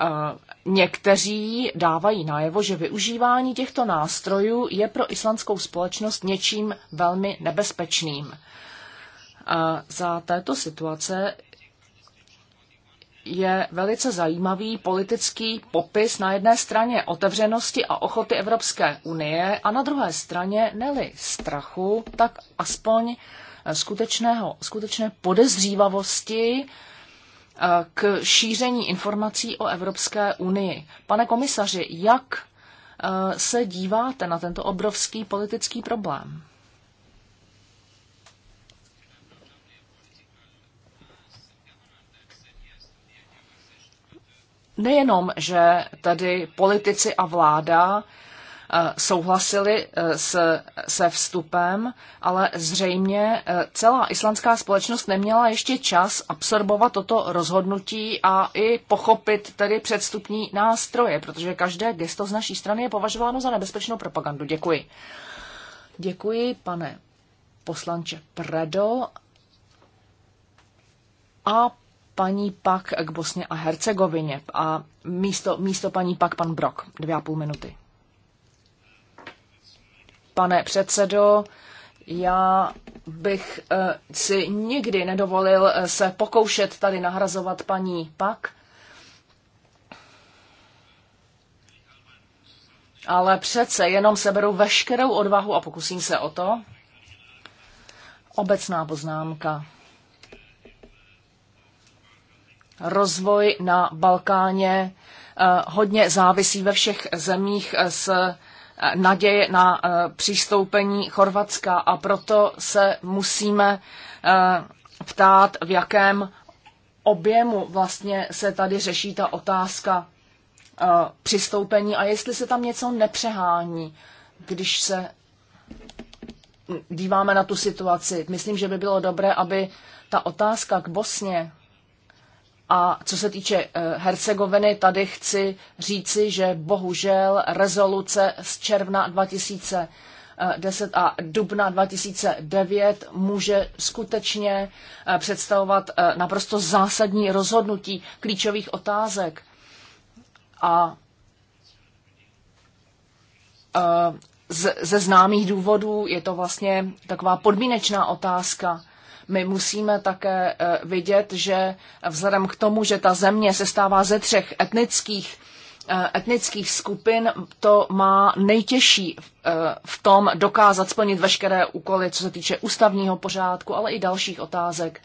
eh, Někteří dávají najevo, že využívání těchto nástrojů je pro islandskou společnost něčím velmi nebezpečným. A za této situace je velice zajímavý politický popis na jedné straně otevřenosti a ochoty Evropské unie a na druhé straně neli strachu, tak aspoň skutečného, skutečné podezřívavosti k šíření informací o Evropské unii. Pane komisaři, jak eh, se díváte na tento obrovský politický problém? Nejenom, že tady politici a vláda Eh, souhlasili eh, s, se vstupem, ale zřejmě eh, celá islandská společnost neměla ještě čas absorbovat toto rozhodnutí a i pochopit tedy předstupní nástroje, protože každé gesto z naší strany je považováno za nebezpečnou propagandu. Děkuji. Děkuji, pane poslanče Predo. A paní Pak k Bosně a Hercegovině a místo, místo paní Pak pan Brok. Dvě a půl minuty pane předsedo. Já bych eh, si nikdy nedovolil eh, se pokoušet tady nahrazovat paní Pak, ale přece jenom seberu veškerou odvahu a pokusím se o to. Obecná poznámka. Rozvoj na Balkáně eh, hodně závisí ve všech zemích s naděje na eh, přístoupení Chorvatska a proto se musíme eh, ptát, v jakém objemu vlastně se tady řeší ta otázka eh, přistoupení a jestli se tam něco nepřehání, když se díváme na tu situaci. Myslím, že by bylo dobré, aby ta otázka k Bosně a co se týče eh, Hercegoviny, tady chci říci, že bohužel rezoluce z června 2010 a dubna 2009 může skutečně eh, představovat eh, naprosto zásadní rozhodnutí klíčových otázek. A ze známých důvodů je to vlastně taková podmínečná otázka my musíme také eh, vidět, že vzhledem k tomu, že ta země se stává ze třech etnických eh, etnických skupin to má nejtěžší eh, v tom dokázat splnit veškeré úkoly, co se týče ústavního pořádku, ale i dalších otázek.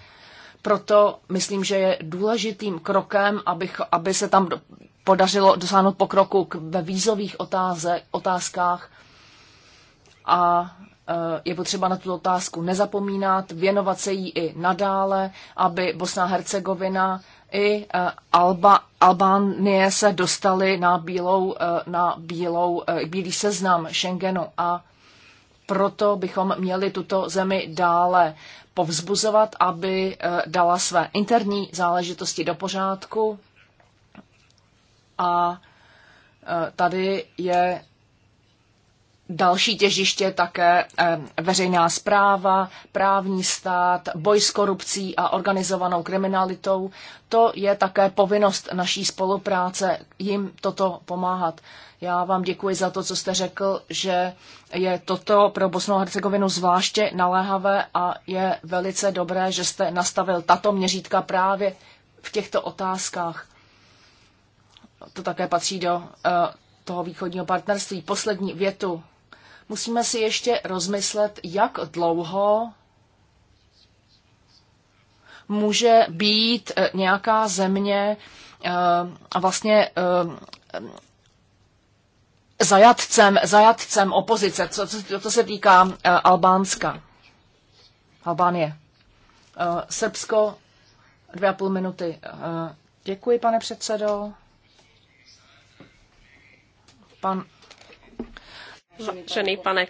Proto myslím, že je důležitým krokem, abych, aby se tam podařilo dosáhnout pokroku ve vízových otázek, otázkách a Eh, je potřeba na tuto otázku nezapomínat, věnovat se jí i nadále, aby Bosna Hercegovina i eh, Alba, Albánie se dostali na, bílou, eh, na bílou, bílý seznam Schengenu a proto bychom měli tuto zemi dále povzbuzovat, aby dala své interní záležitosti do pořádku. A tady je Další těžiště také veřejná zpráva, právní stát, boj s korupcí a organizovanou kriminalitou. To je také povinnost naší spolupráce jim toto pomáhat. Já vám děkuji za to, co jste řekl, že je toto pro Bosnu a Hercegovinu zvláště naléhavé a je velice dobré, že jste nastavil tato měřítka právě v těchto otázkách. To také patří do eh, toho východního partnerství. Poslední větu Musíme si ještě rozmyslet, jak dlouho může být eh, nějaká země eh, vlastně eh, zajatcem, zajatcem opozice, co, co, co se týká Albánska. Albánie. Srbsko, dvě a půl minuty. Děkuji, pane předsedo. Pan Vážený pane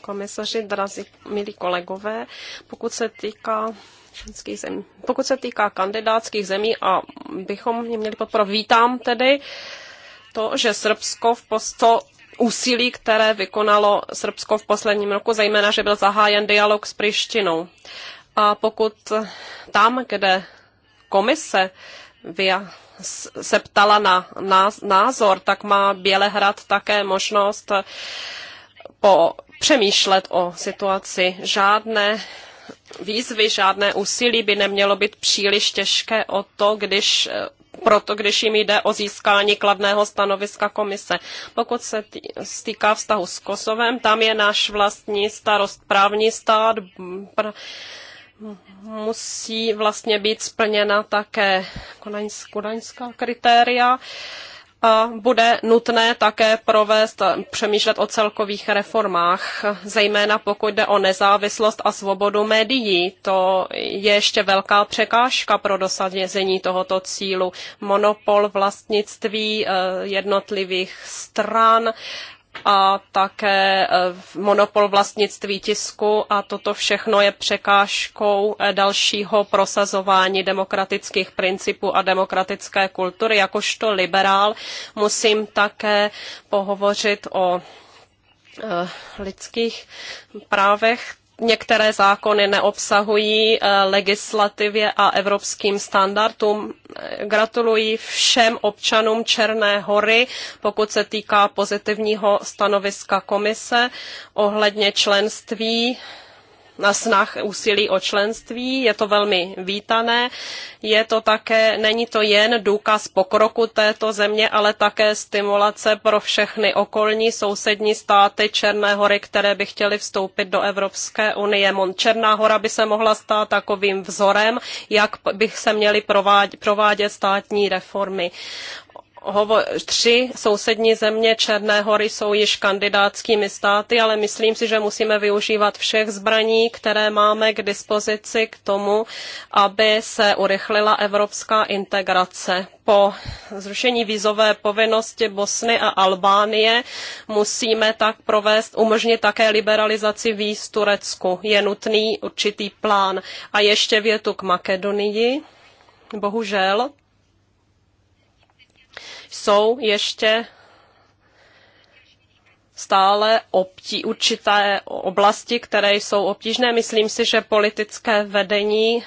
komisaři, drazí milí kolegové, pokud se týká členských zemí. Pokud se týká kandidátských zemí a bychom mě měli podporovat, vítám tedy to, že Srbsko v posto úsilí, které vykonalo Srbsko v posledním roku, zejména, že byl zahájen dialog s Prištinou. A pokud tam, kde komise via se ptala na názor, tak má Bělehrad také možnost eh, po přemýšlet o situaci. Žádné výzvy, žádné úsilí by nemělo být příliš těžké o to, když eh, proto, když jim jde o získání kladného stanoviska komise. Pokud se týká vztahu s Kosovem, tam je náš vlastní starost právní stát, musí vlastně být splněna také kodaňská kritéria a bude nutné také provést přemýšlet o celkových reformách, zejména pokud jde o nezávislost a svobodu médií. To je ještě velká překážka pro dosažení tohoto cílu. Monopol vlastnictví eh, jednotlivých stran a také e, monopol vlastnictví tisku a toto všechno je překážkou e, dalšího prosazování demokratických principů a demokratické kultury. Jakožto liberál musím také pohovořit o e, lidských právech některé zákony neobsahují eh, legislativě a evropským standardům. Gratuluji všem občanům Černé hory, pokud se týká pozitivního stanoviska komise ohledně členství na snah úsilí o členství. Je to velmi vítané. Je to také, není to jen důkaz pokroku této země, ale také stimulace pro všechny okolní sousední státy Černé hory, které by chtěly vstoupit do Evropské unie. Černá hora by se mohla stát takovým vzorem, jak by se měly provádět státní reformy tři sousední země Černé hory jsou již kandidátskými státy, ale myslím si, že musíme využívat všech zbraní, které máme k dispozici k tomu, aby se urychlila evropská integrace. Po zrušení vízové povinnosti Bosny a Albánie musíme tak provést, umožnit také liberalizaci víz Turecku. Je nutný určitý plán. A ještě větu k Makedonii. Bohužel, jsou ještě stále obtí, určité oblasti, které jsou obtížné. Myslím si, že politické vedení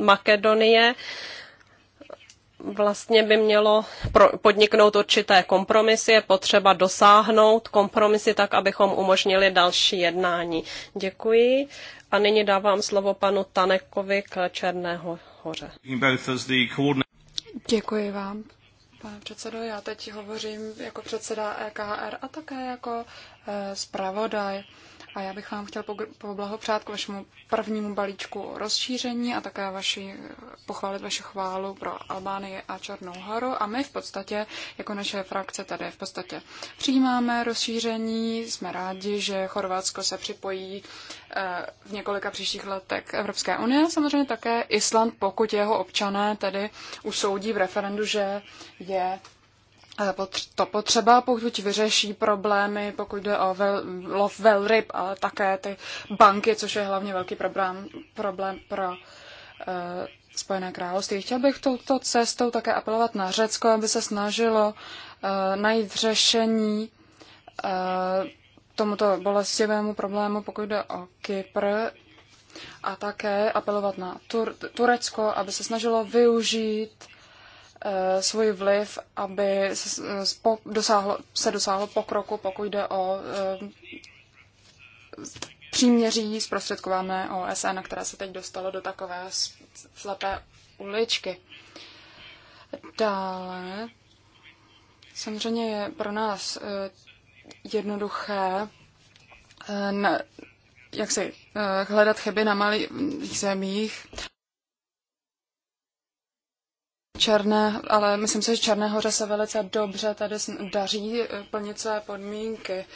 Makedonie vlastně by mělo podniknout určité kompromisy, je potřeba dosáhnout kompromisy tak, abychom umožnili další jednání. Děkuji a nyní dávám slovo panu Tanekovi k Černého hoře. Děkuji vám, Pane předsedo, já teď hovořím jako předseda EKR a také jako eh, zpravodaj. Eh, a já bych vám chtěl poblahopřát k vašemu prvnímu balíčku rozšíření a také vaši, pochválit vaši chválu pro Albánii a Černou horu. A my v podstatě, jako naše frakce tady v podstatě přijímáme rozšíření. Jsme rádi, že Chorvatsko se připojí eh, v několika příštích letech Evropské unie. samozřejmě také Island, pokud jeho občané tedy usoudí v referendu, že je Eh, to potřeba, pokud vyřeší problémy, pokud jde o vel, lov velryb, ale také ty banky, což je hlavně velký problém, problém pro uh, Spojené království. Chtěl bych touto cestou také apelovat na Řecko, aby se snažilo uh, najít řešení uh, tomuto bolestivému problému, pokud jde o Kypr, a také apelovat na Tur- Turecko, aby se snažilo využít Eh, svůj vliv, aby eh, se dosáhlo pokroku, pokud jde o eh, příměří zprostředkované OSN, na které se teď dostalo do takové slepé uličky. Dále, samozřejmě je pro nás jednoduché jak si hledat chyby na malých zemích Černé, ale myslím si, že Černé hoře se velice dobře tady daří eh, plnit své podmínky.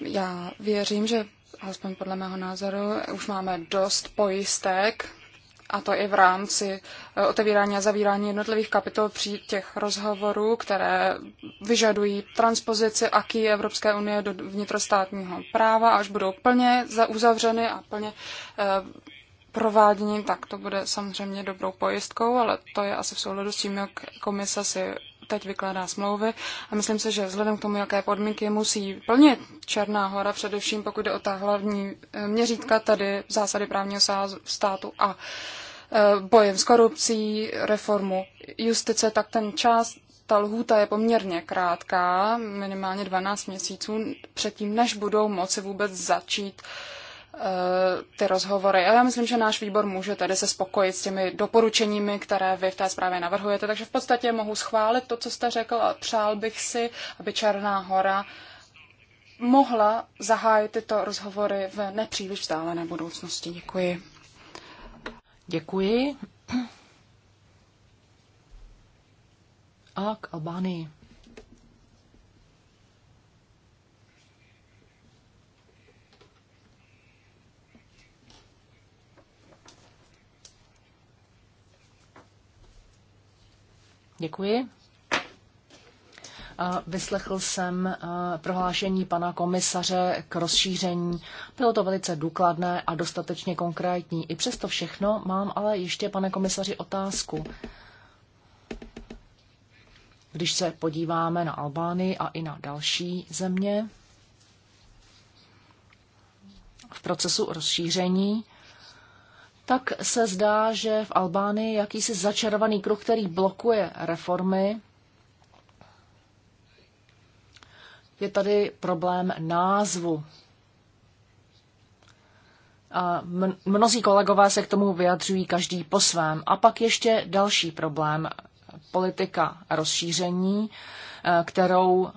Já věřím, že alespoň podle mého názoru eh, už máme dost pojistek, a to i v rámci eh, otevírání a zavírání jednotlivých kapitol při těch rozhovorů, které vyžadují transpozici aký Evropské unie do vnitrostátního práva, až budou plně uzavřeny a plně provádění, tak to bude samozřejmě dobrou pojistkou, ale to je asi v souladu s tím, jak komise si teď vykládá smlouvy a myslím si, že vzhledem k tomu, jaké podmínky musí plnit Černá hora, především pokud jde o ta hlavní eh, měřítka, tedy zásady právního státu a eh, bojem s korupcí, reformu justice, tak ten čas, ta lhůta je poměrně krátká, minimálně 12 měsíců, předtím, než budou moci vůbec začít uh, Eh, ty rozhovory. A já myslím, že náš výbor může tady se spokojit s těmi doporučeními, které vy v té zprávě navrhujete. Takže v podstatě mohu schválit to, co jste řekl a přál bych si, aby Černá hora mohla zahájit tyto rozhovory v nepříliš vzdálené budoucnosti. Děkuji. Děkuji. A k Albánii. Děkuji. Vyslechl jsem prohlášení pana komisaře k rozšíření. Bylo to velice důkladné a dostatečně konkrétní. I přesto všechno mám ale ještě, pane komisaři, otázku. Když se podíváme na Albánii a i na další země, v procesu rozšíření tak se zdá, že v Albánii jakýsi začarovaný kruh, který blokuje reformy. Je tady problém názvu. A mnozí kolegové se k tomu vyjadřují každý po svém. A pak ještě další problém politika rozšíření, eh, kterou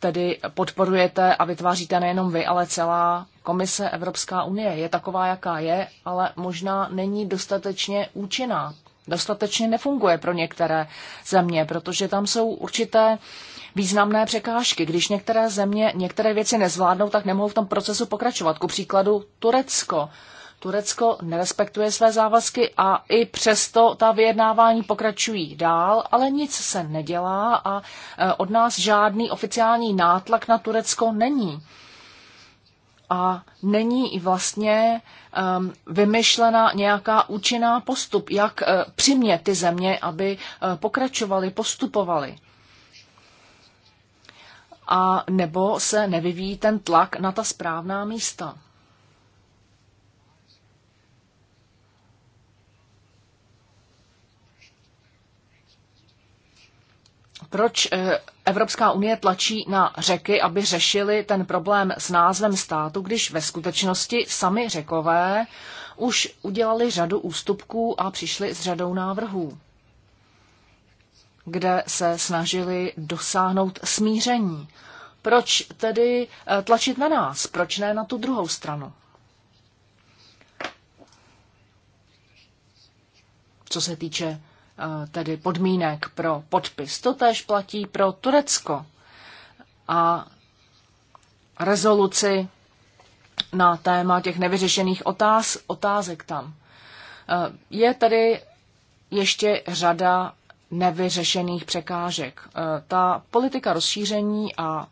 tedy podporujete a vytváříte nejenom vy, ale celá komise Evropská unie. Je taková, jaká je, ale možná není dostatečně účinná. Dostatečně nefunguje pro některé země, protože tam jsou určité významné překážky. Když některé země některé věci nezvládnou, tak nemohou v tom procesu pokračovat. Ku příkladu Turecko Turecko nerespektuje své závazky a i přesto ta vyjednávání pokračují dál, ale nic se nedělá a e, od nás žádný oficiální nátlak na Turecko není. A není i vlastně um, vymyšlena nějaká účinná postup, jak uh, přimět ty země, aby uh, e, pokračovali, postupovali a nebo se nevyvíjí ten tlak na ta správná místa. proč eh, Evropská unie tlačí na řeky, aby řešili ten problém s názvem státu, když ve skutečnosti sami řekové už udělali řadu ústupků a přišli s řadou návrhů, kde se snažili dosáhnout smíření. Proč tedy eh, tlačit na nás? Proč ne na tu druhou stranu? Co se týče tedy podmínek pro podpis. To též platí pro Turecko a rezoluci na téma těch nevyřešených otáz, otázek tam. Je tedy ještě řada nevyřešených překážek. Ta politika rozšíření a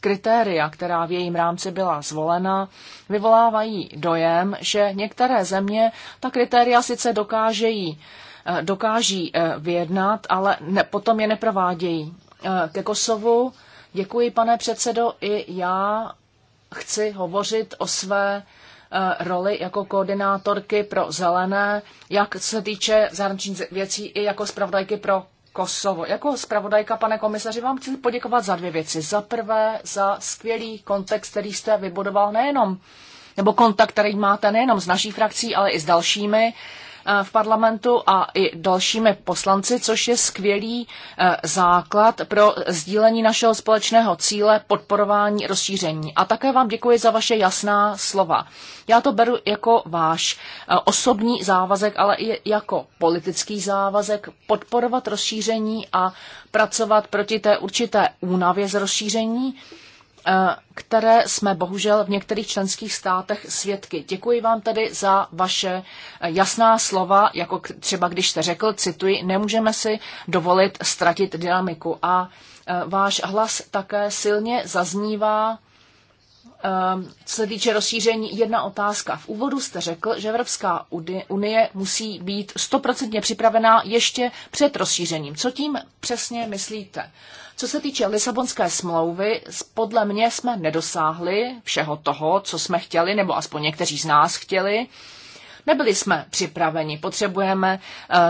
kritéria, která v jejím rámci byla zvolena, vyvolávají dojem, že některé země ta kritéria sice dokážejí, eh, dokáží eh, vyjednat, ale ne, potom je neprovádějí. Eh, ke Kosovu děkuji, pane předsedo, i já chci hovořit o své roli jako koordinátorky pro zelené, jak se týče zahraničních věcí i jako zpravodajky pro Kosovo. Jako zpravodajka, pane komisaři, vám chci poděkovat za dvě věci. Za prvé, za skvělý kontext, který jste vybudoval nejenom, nebo kontakt, který máte nejenom s naší frakcí, ale i s dalšími. Eh, v parlamentu a i dalšími poslanci, což je skvělý eh, základ pro sdílení našeho společného cíle podporování rozšíření. A také vám děkuji za vaše jasná slova. Já to beru jako váš eh, osobní závazek, ale i jako politický závazek podporovat rozšíření a pracovat proti té určité únavě z rozšíření Eh, které jsme bohužel v některých členských státech svědky. Děkuji vám tedy za vaše eh, jasná slova, jako třeba když jste řekl, cituji, nemůžeme si dovolit ztratit dynamiku. A eh, váš hlas také silně zaznívá co se týče rozšíření, jedna otázka. V úvodu jste řekl, že Evropská unie musí být stoprocentně připravená ještě před rozšířením. Co tím přesně myslíte? Co se týče Lisabonské smlouvy, podle mě jsme nedosáhli všeho toho, co jsme chtěli, nebo aspoň někteří z nás chtěli. Nebyli jsme připraveni, potřebujeme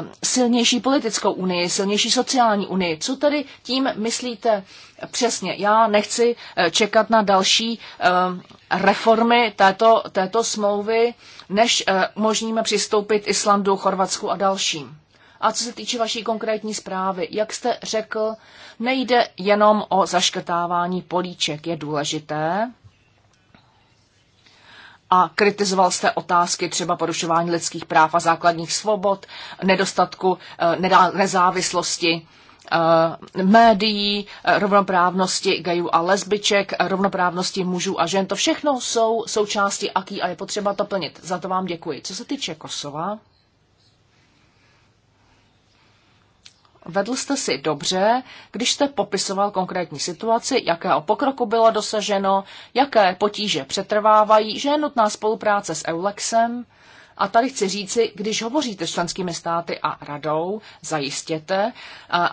uh, silnější politickou unii, silnější sociální unii. Co tedy tím myslíte přesně? Já nechci uh, čekat na další uh, reformy této, této smlouvy, než uh, možníme přistoupit Islandu, Chorvatsku a dalším. A co se týče vaší konkrétní zprávy, jak jste řekl, Nejde jenom o zaškrtávání políček, je důležité. A kritizoval jste otázky třeba porušování lidských práv a základních svobod, nedostatku eh, nezávislosti eh, médií, eh, rovnoprávnosti gayů a lesbiček, rovnoprávnosti mužů a žen. To všechno jsou součásti aký a je potřeba to plnit. Za to vám děkuji. Co se týče Kosova, Vedl jste si dobře, když jste popisoval konkrétní situaci, jakého pokroku bylo dosaženo, jaké potíže přetrvávají, že je nutná spolupráce s Eulexem. A tady chci říci, když hovoříte s členskými státy a radou, zajistěte,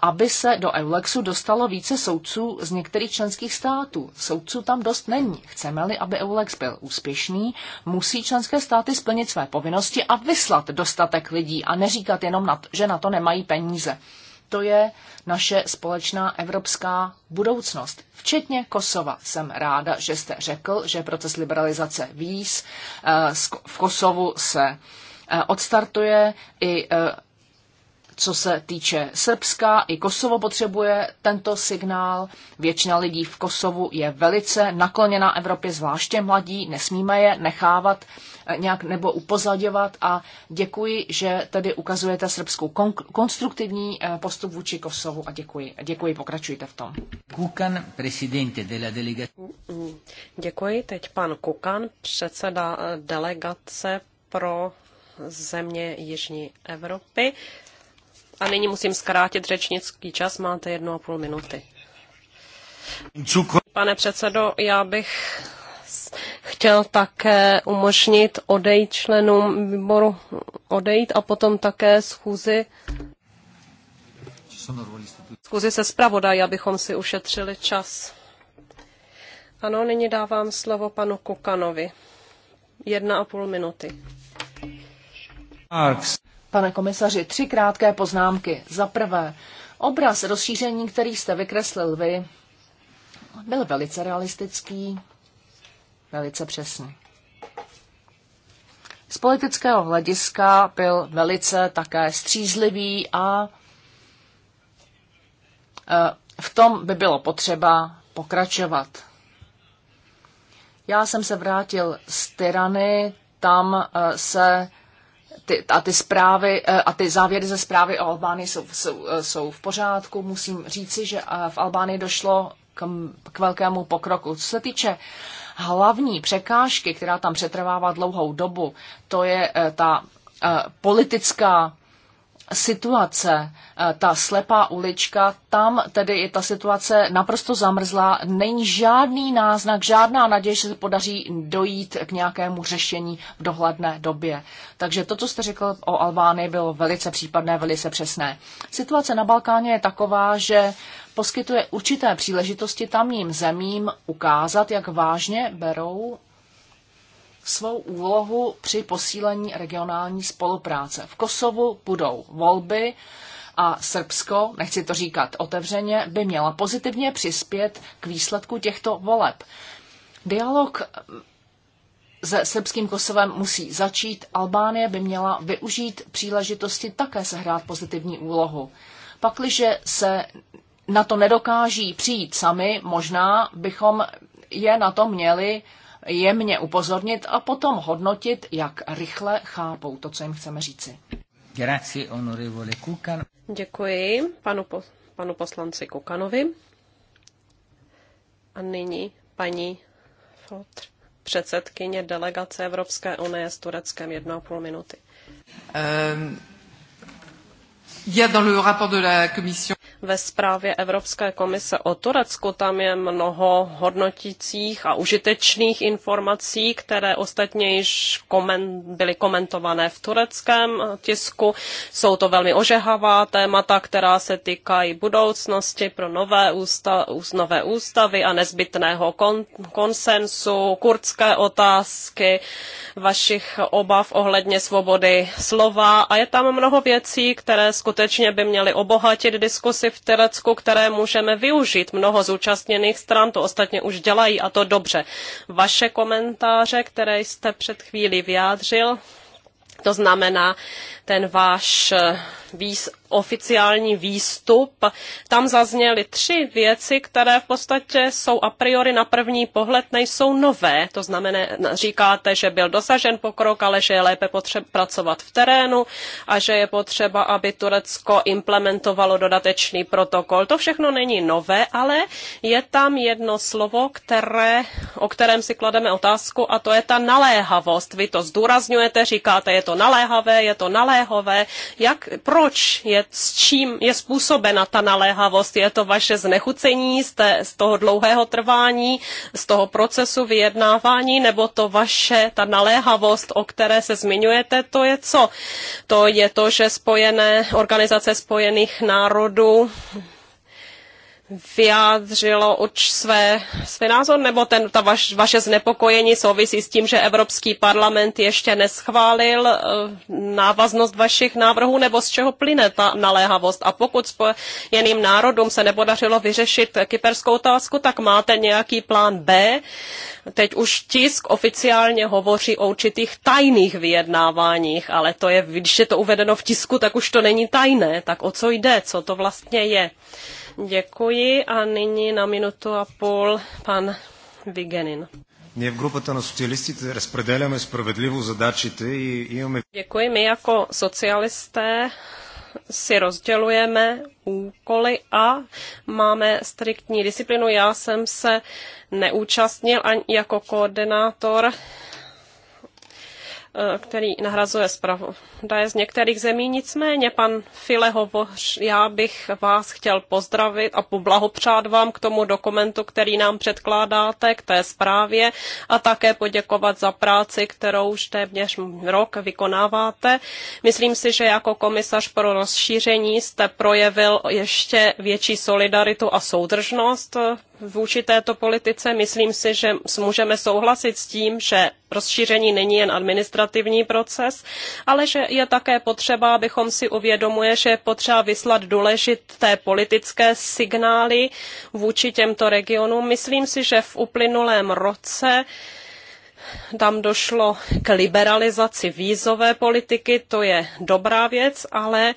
aby se do Eulexu dostalo více soudců z některých členských států. Soudců tam dost není. Chceme-li, aby Eulex byl úspěšný, musí členské státy splnit své povinnosti a vyslat dostatek lidí a neříkat jenom, že na to nemají peníze. To je naše společná evropská budoucnost. Včetně Kosova. Jsem ráda, že jste řekl, že proces liberalizace víz eh, v Kosovu se eh, odstartuje i eh, co se týče Srbska, i Kosovo potřebuje tento signál. Většina lidí v Kosovu je velice nakloněna Evropě, zvláště mladí. Nesmíme je nechávat nějak nebo upozadovat a děkuji, že tedy ukazujete srbskou konstruktivní eh, postup vůči Kosovu a děkuji. Děkuji, pokračujte v tom. Kukan, presidente de la delegace. Děkuji, teď pan Kukan, předseda eh, delegace pro země Jižní Evropy. A nyní musím zkrátit řečnický čas, máte jednu a půl minuty. Pane předsedo, já bych chtěl také umožnit odejít členům výboru, odejít a potom také schůzi schůzi se zpravodají, abychom si ušetřili čas. Ano, nyní dávám slovo panu Kukanovi. Jedna a půl minuty. Pane komisaři, tři krátké poznámky. Za prvé, obraz rozšíření, který jste vykreslil vy, byl velice realistický velice přesný. Z politického hlediska byl velice také střízlivý a e, v tom by bylo potřeba pokračovat. Já jsem se vrátil z Tyrany, tam e, se ty, a ty zprávy e, a ty závěry ze zprávy o Albánii jsou, jsou, jsou v pořádku. Musím říci, že v Albánii došlo k, k velkému pokroku. Co se týče uh, hlavní překážky, která tam přetrvává dlouhou dobu, to je eh, ta eh, politická situace, eh, ta slepá ulička, tam tedy je ta situace naprosto zamrzlá, není žádný náznak, žádná naděje, že se podaří dojít k nějakému řešení v dohledné době. Takže to, co jste řekl o Albánii, bylo velice případné, velice přesné. Situace na Balkáně je taková, že poskytuje určité příležitosti tamním zemím ukázat, jak vážně berou svou úlohu při posílení regionální spolupráce. V Kosovu budou volby a Srbsko, nechci to říkat otevřeně, by měla pozitivně přispět k výsledku těchto voleb. Dialog se srbským Kosovem musí začít. Albánie by měla využít příležitosti také sehrát pozitivní úlohu. Pakliže se na to nedokáží přijít sami, možná bychom je na to měli jemně upozornit a potom hodnotit, jak rychle chápou to, co jim chceme říci. Děkuji panu, po, panu poslanci Kukanovi. A nyní paní Fotr, předsedkyně delegace Evropské unie s Tureckem, jedno a půl minuty. Um, euh, je y a dans le rapport de la commission ve zprávě Evropské komise o Turecku. Tam je mnoho hodnotících a užitečných informací, které ostatně již byly komentované v tureckém tisku. Jsou to velmi ožehavá témata, která se týkají budoucnosti pro nové, ústa, nové ústavy a nezbytného kon, konsensu, kurdské otázky, vašich obav ohledně svobody slova. A je tam mnoho věcí, které skutečně by měly obohatit diskusi v Turecku, které můžeme využít. Mnoho zúčastněných stran to ostatně už dělají a to dobře. Vaše komentáře, které jste před chvílí vyjádřil, to znamená, ten váš eh, oficiální výstup, tam zazněly tři věci, které v podstatě jsou a priori na první pohled nejsou nové. To znamená, říkáte, že byl dosažen pokrok, ale že je lépe potřeba pracovat v terénu a že je potřeba, aby Turecko implementovalo dodatečný protokol. To všechno není nové, ale je tam jedno slovo, které, o kterém si klademe otázku a to je ta naléhavost. Vy to zdůrazňujete, říkáte, je to naléhavé, je to naléhavé naléhové, jak, proč je, s čím je způsobena ta naléhavost? Je to vaše znechucení z, té, z toho dlouhého trvání, z toho procesu vyjednávání, nebo to vaše, ta naléhavost, o které se zmiňujete, to je co? To je to, že spojené organizace spojených národů vyjádřilo už své, své názor, nebo ten, ta vaš, vaše znepokojení souvisí s tím, že Evropský parlament ještě neschválil eh, návaznost vašich návrhů, nebo z čeho plyne ta naléhavost? A pokud spojeným národům se nepodařilo vyřešit kyperskou otázku, tak máte nějaký plán B? Teď už tisk oficiálně hovoří o určitých tajných vyjednáváních, ale to je, když je to uvedeno v tisku, tak už to není tajné. Tak o co jde? Co to vlastně je? Děkuji a nyní na minutu a půl pan Vigenin. Ние в групата на социалистите разпределяме справедливо задачите и имаме... Děkuji, my jako socialisté si rozdělujeme úkoly a máme striktní disciplinu. Já jsem se neúčastnil ani jako koordinátor Eh, který nahrazuje zpravodaje z některých zemí. Nicméně, pan File Hovoř, já bych vás chtěl pozdravit a poblahopřát vám k tomu dokumentu, který nám předkládáte, k té zprávě a také poděkovat za práci, kterou už téměř rok vykonáváte. Myslím si, že jako komisař pro rozšíření jste projevil ještě větší solidaritu a soudržnost vůči této politice. Myslím si, že můžeme souhlasit s tím, že rozšíření není jen administrativní proces, ale že je také potřeba, abychom si uvědomuje, že je potřeba vyslat důležité politické signály vůči těmto regionům. Myslím si, že v uplynulém roce tam došlo k liberalizaci vízové politiky, to je dobrá věc, ale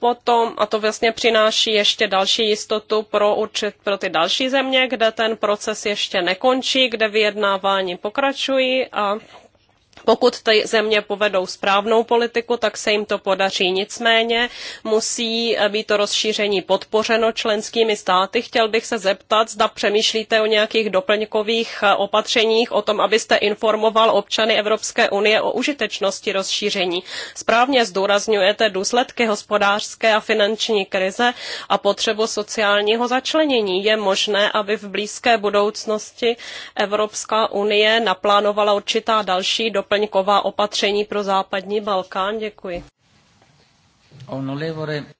potom, a to vlastně přináší ještě další jistotu pro, určit, pro ty další země, kde ten proces ještě nekončí, kde vyjednávání pokračují a pokud ty země povedou správnou politiku, tak se jim to podaří. Nicméně musí být to rozšíření podpořeno členskými státy. Chtěl bych se zeptat, zda přemýšlíte o nějakých doplňkových opatřeních, o tom, abyste informoval občany Evropské unie o užitečnosti rozšíření. Správně zdůrazňujete důsledky hospodářské a finanční krize a potřebu sociálního začlenění. Je možné, aby v blízké budoucnosti Evropská unie naplánovala určitá další doplňková doplňková opatření pro západní Balkán. Děkuji.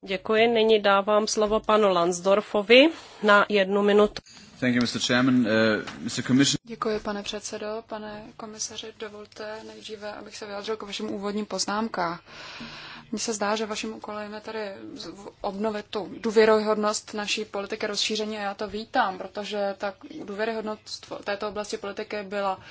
Děkuji. Nyní dávám slovo panu Lansdorfovi na jednu minutu. Uh, Děkuji, pane předsedo. Pane komisaři, dovolte nejdříve, abych se vyjádřil k vašim úvodním poznámkám. Mně se zdá, že vaším úkolem je tady obnovit tu důvěryhodnost naší politiky rozšíření a já to vítám, protože ta důvěryhodnost v této oblasti politiky byla uh,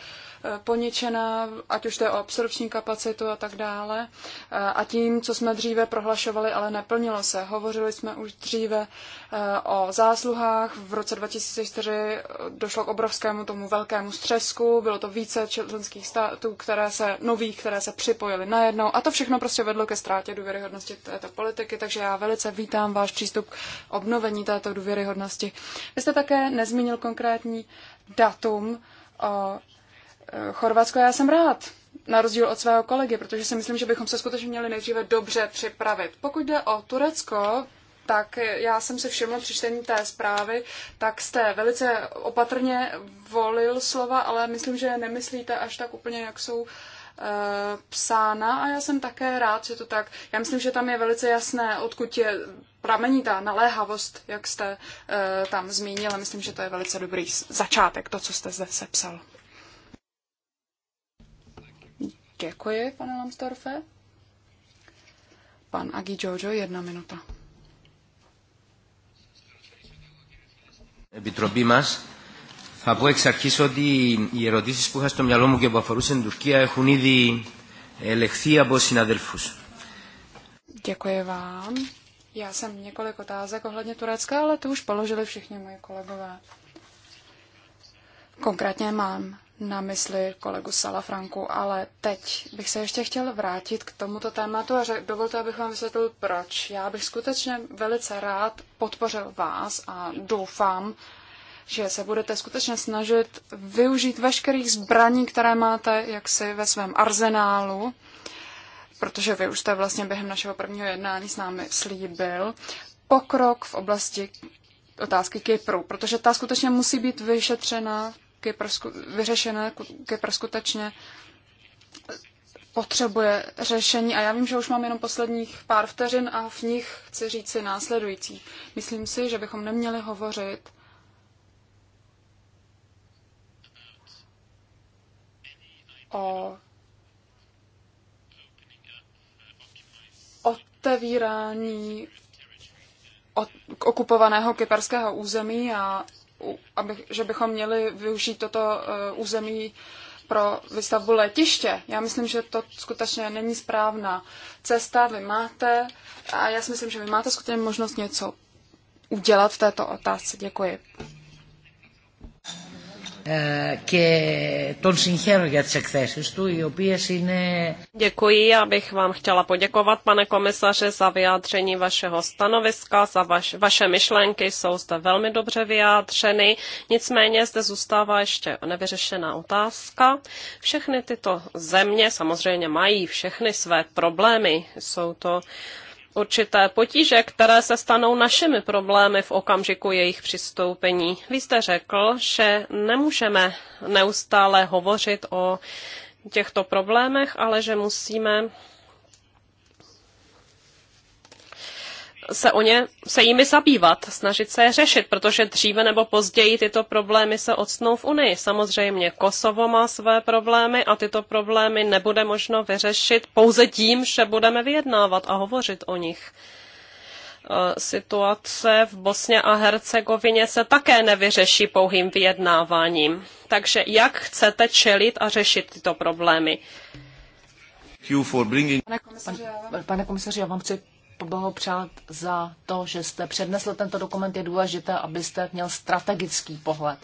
Eh, poničená, ať už je o absorpční kapacitu a tak dále. Eh, a tím, co jsme dříve prohlašovali, ale neplnilo se. Hovořili jsme už dříve eh, o zásluhách. V roce 2004 došlo k obrovskému tomu velkému střesku. Bylo to více členských států, které se, nových, které se připojily najednou. A to všechno prostě vedlo ke ztrátě důvěryhodnosti této politiky, takže já velice vítám váš přístup k obnovení této důvěryhodnosti. Vy jste také nezmínil konkrétní datum, o Chorvatsko já jsem rád, na rozdíl od svého kolegy, protože si myslím, že bychom se skutečně měli nejdříve dobře připravit. Pokud jde o Turecko, tak já jsem se všiml při čtení té zprávy, tak jste velice opatrně volil slova, ale myslím, že nemyslíte až tak úplně, jak jsou eh, psána a já jsem také rád, že to tak. Já myslím, že tam je velice jasné, odkud je pramení ta naléhavost, jak jste uh, tam zmínil. Myslím, že to je velice dobrý začátek, to, co jste zde sepsal. Děkuji, pane Lambsdorfe. Pan Agi Jojo, jedna minuta. Επιτροπή μας θα πω εξ αρχής ότι οι ερωτήσεις που είχα στο μυαλό μου και που αφορούσαν την Τουρκία έχουν ήδη ελεχθεί από συναδέλφους. Děkuji vám. Já jsem několik otázek ohledně Turecka, ale to už položili všichni moji kolegové. Konkrétně mám na mysli kolegu Salafranku, ale teď bych se ještě chtěl vrátit k tomuto tématu a řek, dovolte, abych vám vysvětlil, proč. Já bych skutečně velice rád podpořil vás a doufám, že se budete skutečně snažit využít veškerých zbraní, které máte jaksi ve svém arzenálu, protože vy už jste vlastně během našeho prvního jednání s námi slíbil, pokrok v oblasti otázky Kypru, protože ta skutečně musí být vyšetřena Kyprsku, vyřešené, Kypr skutečně potřebuje řešení a já vím, že už mám jenom posledních pár vteřin a v nich chci říct si následující. Myslím si, že bychom neměli hovořit o otevírání okupovaného kyperského území a aby, že bychom měli využít toto eh, území pro výstavbu letiště. Já myslím, že to skutečně není správná cesta. Vy máte, a já si myslím, že vy máte skutečně možnost něco udělat v této otázce. Děkuji και τον συγχαίρω για τις εκθέσεις του, οι οποίες είναι... Děkuji, já bych vám chtěla poděkovat, pane komisaře, za vyjádření vašeho stanoviska, za vaš, vaše myšlenky jsou zde velmi dobře vyjádřeny, nicméně zde zůstává ještě nevyřešená otázka. Všechny tyto země samozřejmě mají všechny své problémy, jsou to uh, určité potíže, které se stanou našimi problémy v okamžiku jejich přistoupení. Vy jste řekl, že nemůžeme neustále hovořit o těchto problémech, ale že musíme se o ně, se jimi zabývat, snažit se je řešit, protože dříve nebo později tyto problémy se odstnou v Unii. Samozřejmě Kosovo má své problémy a tyto problémy nebude možno vyřešit pouze tím, že budeme vyjednávat a hovořit o nich e, situace v Bosně a Hercegovině se také nevyřeší pouhým vyjednáváním. Takže jak chcete čelit a řešit tyto problémy? Pane komisaři, já vám chci poblahopřát za to, že jste přednesl tento dokument. Je důležité, abyste měl strategický pohled.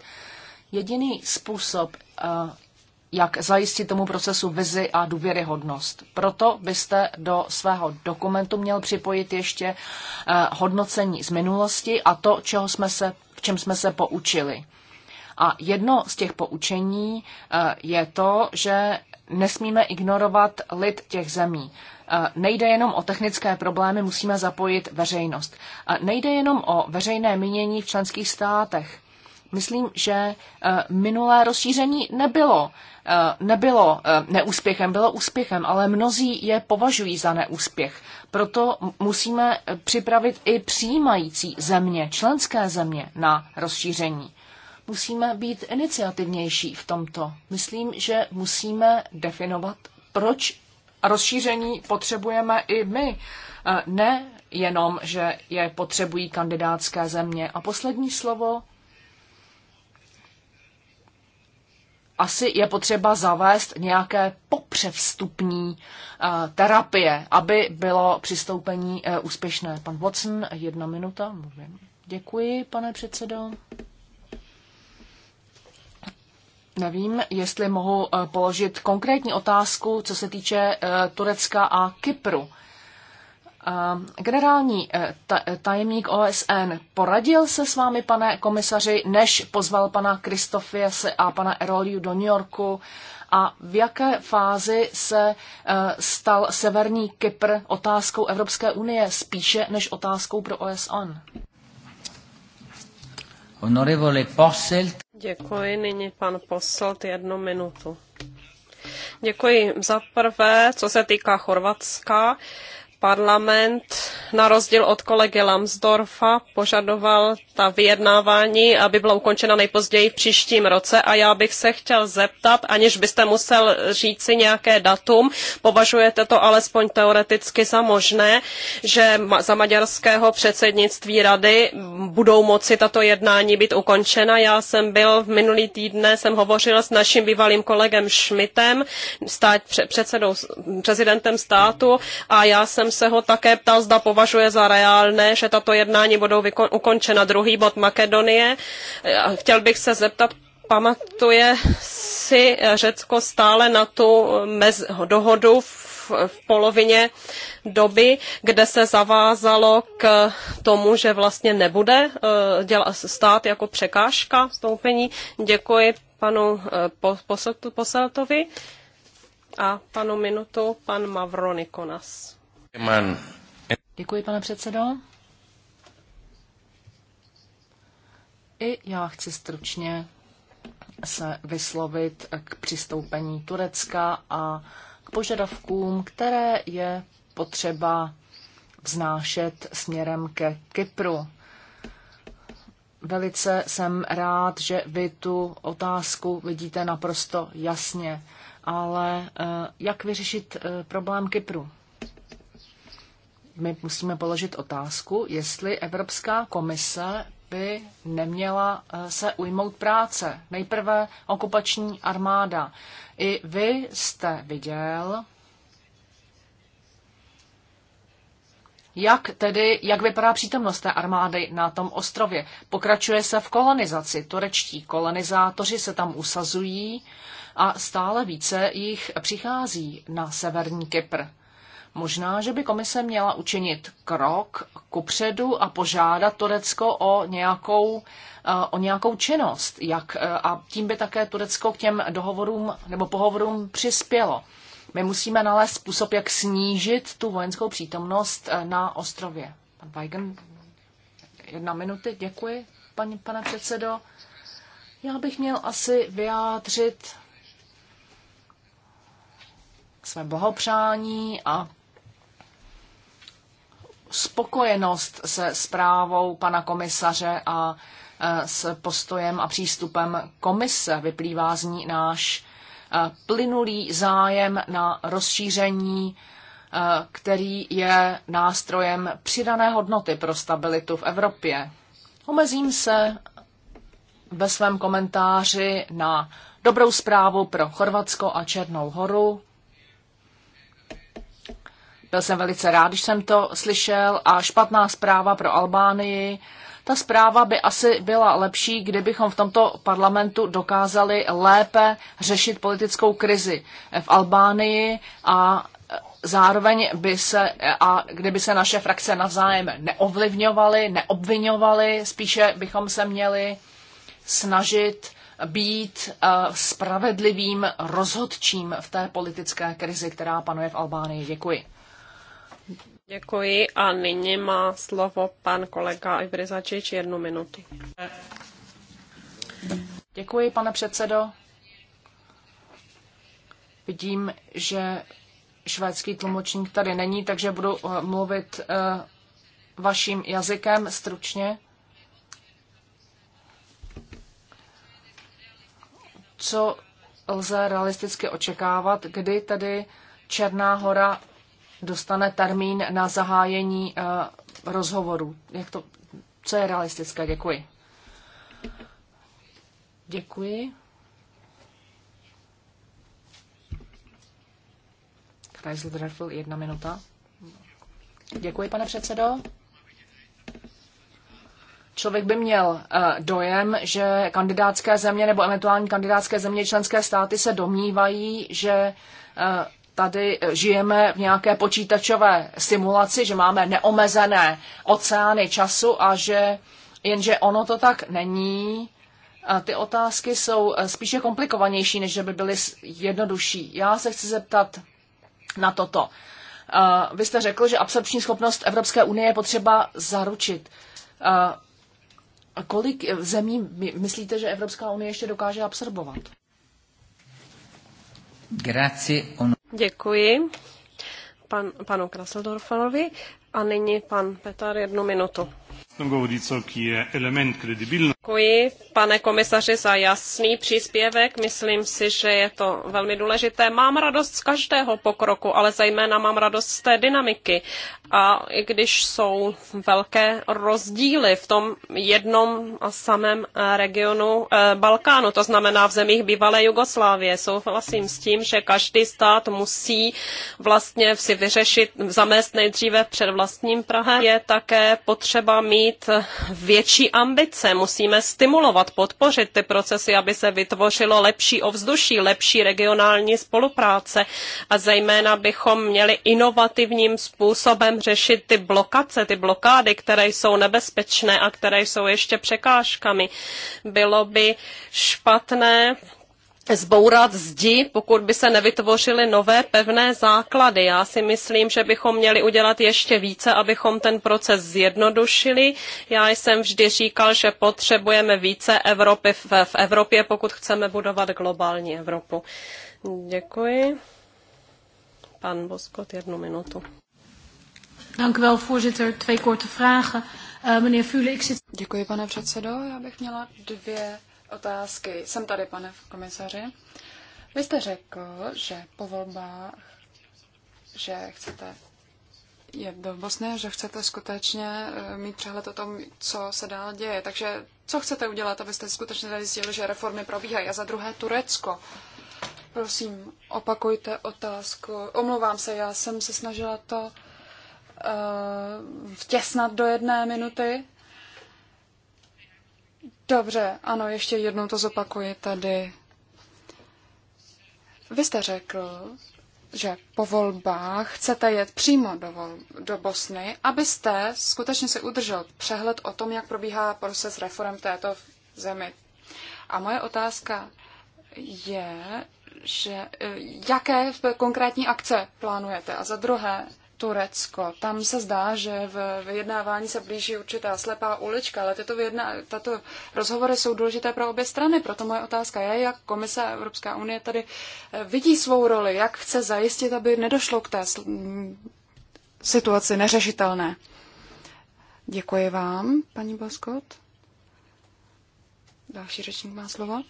Jediný způsob, eh, jak zajistit tomu procesu vizi a důvěryhodnost. Proto byste do svého dokumentu měl připojit ještě eh, hodnocení z minulosti a to, čeho jsme se, v čem jsme se poučili. A jedno z těch poučení eh, je to, že nesmíme ignorovat lid těch zemí nejde jenom o technické problémy, musíme zapojit veřejnost. Nejde jenom o veřejné mínění v členských státech. Myslím, že e, minulé rozšíření nebylo, e, nebylo e, neúspěchem, bylo úspěchem, ale mnozí je považují za neúspěch. Proto musíme připravit i přijímající země, členské země na rozšíření musíme být iniciativnější v tomto. Myslím, že musíme definovat, proč rozšíření potřebujeme i my. E, ne jenom, že je potřebují kandidátské země. A poslední slovo. Asi je potřeba zavést nějaké popřevstupní e, terapie, aby bylo přistoupení e, úspěšné. Pan Watson, jedna minuta. Děkuji, pane předsedo. Nevím, jestli mohu eh, položit konkrétní otázku, co se týče eh, Turecka a Kypru. Eh, generální tajemník OSN poradil se s vámi, pane komisaři, než pozval pana Kristofiase a pana Eroliu do New Yorku a v jaké fázi se stal severní Kypr otázkou Evropské unie spíše než otázkou pro OSN? Honorevole Posselt. Děkuji. Nyní pan Poslt jednu minutu. Děkuji. Za prvé, co se týká Chorvatska, Parlament na rozdíl od kolegy Lambsdorfa požadoval ta vyjednávání, aby byla ukončena nejpozději v příštím roce a já bych se chtěl zeptat, aniž byste musel říci nějaké datum, považujete to alespoň teoreticky za možné, že za maďarského předsednictví rady budou moci tato jednání být ukončena. Já jsem byl v minulý týdne, jsem hovořil s naším bývalým kolegem Schmidtem, stát, předsedou, prezidentem státu a já jsem se ho také ptal, zda považuje za reálné, že tato jednání budou ukončena. Druhý bod Makedonie. Chtěl bych se zeptat, pamatuje si Řecko stále na tu eh, mez, dohodu v, v polovině doby, kde se zavázalo k tomu, že vlastně nebude eh, děla, stát jako překážka vstoupení. Děkuji panu eh, Poseltovi a panu Minutu pan Mavronikonas. Nikonas. Děkuji, pane předsedo. I já chci stručně se vyslovit k přistoupení Turecka a k požadavkům, které je potřeba vznášet směrem ke Kypru. Velice jsem rád, že vy tu otázku vidíte naprosto jasně, ale eh, jak vyřešit eh, problém Kypru? my musíme položit otázku, jestli Evropská komise by neměla eh, se ujmout práce. Nejprve okupační armáda. I vy jste viděl, Jak tedy, jak vypadá přítomnost té armády na tom ostrově? Pokračuje se v kolonizaci. Turečtí kolonizátoři se tam usazují a stále více jich přichází na severní Kypr. Možná, že by komise měla učinit krok kupředu a požádat Turecko o nějakou, eh, o nějakou činnost, jak, eh, a tím by také Turecko k těm dohovorům nebo pohovorům přispělo. My musíme nalézt způsob, jak snížit tu vojenskou přítomnost eh, na ostrově. Pan Weigen, jedna minuty, děkuji, paní, pane předsedo. Já bych měl asi vyjádřit své blahopřání a spokojenost se zprávou pana komisaře a e, s postojem a přístupem komise. Vyplývá z ní náš e, plynulý zájem na rozšíření, e, který je nástrojem přidané hodnoty pro stabilitu v Evropě. Omezím se ve svém komentáři na dobrou zprávu pro Chorvatsko a Černou horu, byl jsem velice rád, když jsem to slyšel a špatná zpráva pro Albánii. Ta zpráva by asi byla lepší, kdybychom v tomto parlamentu dokázali lépe řešit politickou krizi v Albánii a zároveň by se, a kdyby se naše frakce navzájem neovlivňovaly, neobvinovaly, spíše bychom se měli snažit být eh, spravedlivým rozhodčím v té politické krizi, která panuje v Albánii. Děkuji. Děkuji a nyní má slovo pan kolega Ivrizačič jednu minutu. Děkuji, pane předsedo. Vidím, že švédský tlumočník tady není, takže budu eh, mluvit eh, vaším jazykem stručně. Co lze realisticky očekávat, kdy tedy Černá hora dostane termín na zahájení eh, rozhovoru. Jak to, co je realistické? Děkuji. Děkuji. Chrysler Dreffel, jedna minuta. Děkuji, pane předsedo. Člověk by měl eh, dojem, že kandidátské země nebo eventuální kandidátské země členské státy se domnívají, že eh, tady eh, žijeme v nějaké počítačové simulaci, že máme neomezené oceány času a že jenže ono to tak není. A ty otázky jsou eh, spíše komplikovanější, než že by byly jednodušší. Já se chci zeptat na toto. Eh, vy jste řekl, že absorpční schopnost Evropské unie je potřeba zaručit. Kolik zemí myslíte, že Evropská unie ještě dokáže absorbovat? Grazie. On... Děkuji pan, panu Kraseldorfanovi a nyní pan Petar jednu minutu. Děkuji, pane komisaři, za jasný příspěvek. Myslím si, že je to velmi důležité. Mám radost z každého pokroku, ale zejména mám radost z té dynamiky. A i když jsou velké rozdíly v tom jednom a samém eh, regionu eh, Balkánu, to znamená v zemích bývalé Jugoslávie, souhlasím s tím, že každý stát musí vlastně si vyřešit, zamést nejdříve před vlastním Prahem. Je také potřeba mít mít větší ambice, musíme stimulovat, podpořit ty procesy, aby se vytvořilo lepší ovzduší, lepší regionální spolupráce a zejména bychom měli inovativním způsobem řešit ty blokace, ty blokády, které jsou nebezpečné a které jsou ještě překážkami. Bylo by špatné zbourat zdi, pokud by se nevytvořily nové pevné základy. Já si myslím, že bychom měli udělat ještě více, abychom ten proces zjednodušili. Já jsem vždy říkal, že potřebujeme více Evropy v, v Evropě, pokud chceme budovat globální Evropu. Děkuji. Pan Boskot, jednu minutu. Dank wel, voorzitter. Twee korte vragen. Uh, meneer Fule, ik zit... Děkuji, pane předsedo. Já bych měla dvě otázky. Jsem tady, pane komisaři. Vy jste řekl, že po volbách, že chcete je do Bosny, že chcete skutečně eh, mít přehled o tom, co se dál děje. Takže co chcete udělat, abyste skutečně zjistili, že reformy probíhají? A za druhé Turecko. Prosím, opakujte otázku. Omlouvám se, já jsem se snažila to uh, vtěsnat do jedné minuty. Dobře, ano, ještě jednou to zopakuji tady. Vy jste řekl, že po volbách chcete jet přímo do, vol, do Bosny, abyste skutečně si udržel přehled o tom, jak probíhá proces reform této zemi. A moje otázka je, že eh, jaké konkrétní akce plánujete? A za druhé, Turecko. Tam se zdá, že v vyjednávání se blíží určitá slepá ulička, ale tyto, vyjedna, tato rozhovory jsou důležité pro obě strany. Proto moje otázka je, jak Komise Evropská unie tady eh, vidí svou roli, jak chce zajistit, aby nedošlo k té situaci neřešitelné. Děkuji vám, paní Boskot. Další řečník má slovo.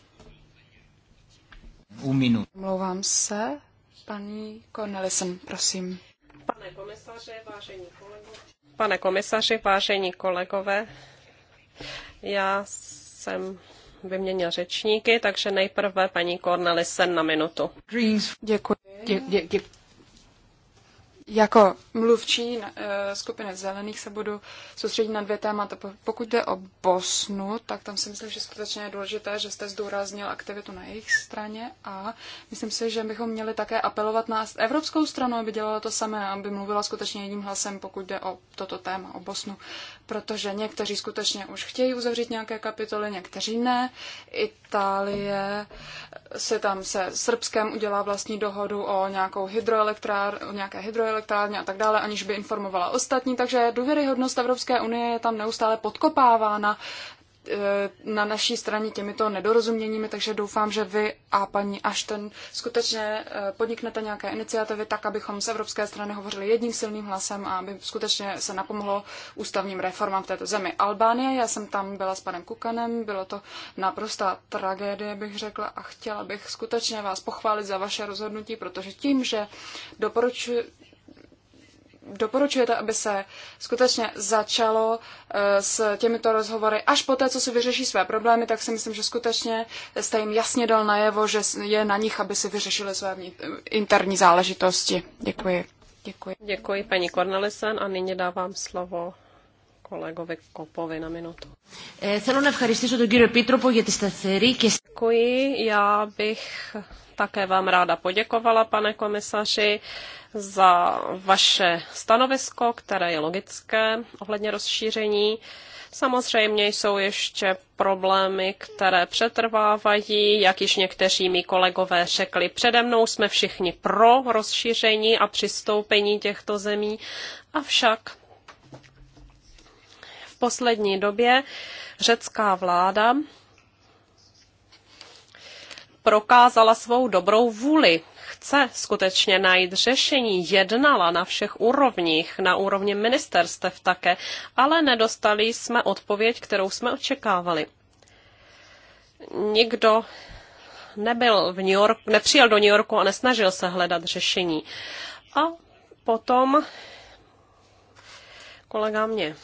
Uminu. Mluvám se. Paní Cornelison, prosím. Pane komisaři, vážení kolegové, pane komisaři, vážení kolegové, já jsem vyměnil řečníky, takže nejprve paní Cornelisen na minutu. Děkuji. Dě, dě, dě, jako mluvčí eh, skupiny zelených se budu soustředit na dvě témata. Pokud jde o Bosnu, tak tam si myslím, že skutečně je důležité, že jste zdůraznil aktivitu na jejich straně a myslím si, že bychom měli také apelovat na evropskou stranu, aby dělala to samé, aby mluvila skutečně jedním hlasem, pokud jde o toto téma, o Bosnu protože někteří skutečně už chtějí uzavřít nějaké kapitoly, někteří ne. Itálie se tam se Srbskem udělá vlastní dohodu o, nějakou hydroelektrár, o nějaké hydroelektrárně a tak dále, aniž by informovala ostatní, takže důvěryhodnost Evropské unie je tam neustále podkopávána Eh, na naší straně těmito nedorozuměními, takže doufám, že vy a paní Ashton skutečně eh, podniknete nějaké iniciativy tak, abychom z evropské strany hovořili jedním silným hlasem a aby skutečně se napomohlo ústavním reformám v této zemi. Albánie, já jsem tam byla s panem Kukanem, bylo to naprostá tragédie, bych řekla, a chtěla bych skutečně vás pochválit za vaše rozhodnutí, protože tím, že doporučuji, doporučujete, aby se skutečně začalo eh, s těmito rozhovory až po té, co si vyřeší své problémy, tak si myslím, že skutečně jste jim jasně dal najevo, že je na nich, aby si vyřešili své interní záležitosti. Děkuji. Děkuji. Děkuji paní Kornelisen a nyní dávám slovo kolegovi Kopovi na minutu. Eh, θέλω ευχαριστήσω τον κύριο Επίτροπο για τη σταθερή και... Děkuji, já bych také vám ráda poděkovala, pane komisaři, za vaše stanovisko, které je logické ohledně rozšíření. Samozřejmě jsou ještě problémy, které přetrvávají. Jak již někteří mý kolegové řekli přede mnou, jsme všichni pro rozšíření a přistoupení těchto zemí. Avšak v poslední době řecká vláda prokázala svou dobrou vůli, chce skutečně najít řešení, jednala na všech úrovních, na úrovni ministerstev také, ale nedostali jsme odpověď, kterou jsme očekávali. Nikdo nebyl v New York, nepřijel do New Yorku a nesnažil se hledat řešení. A potom kolega mě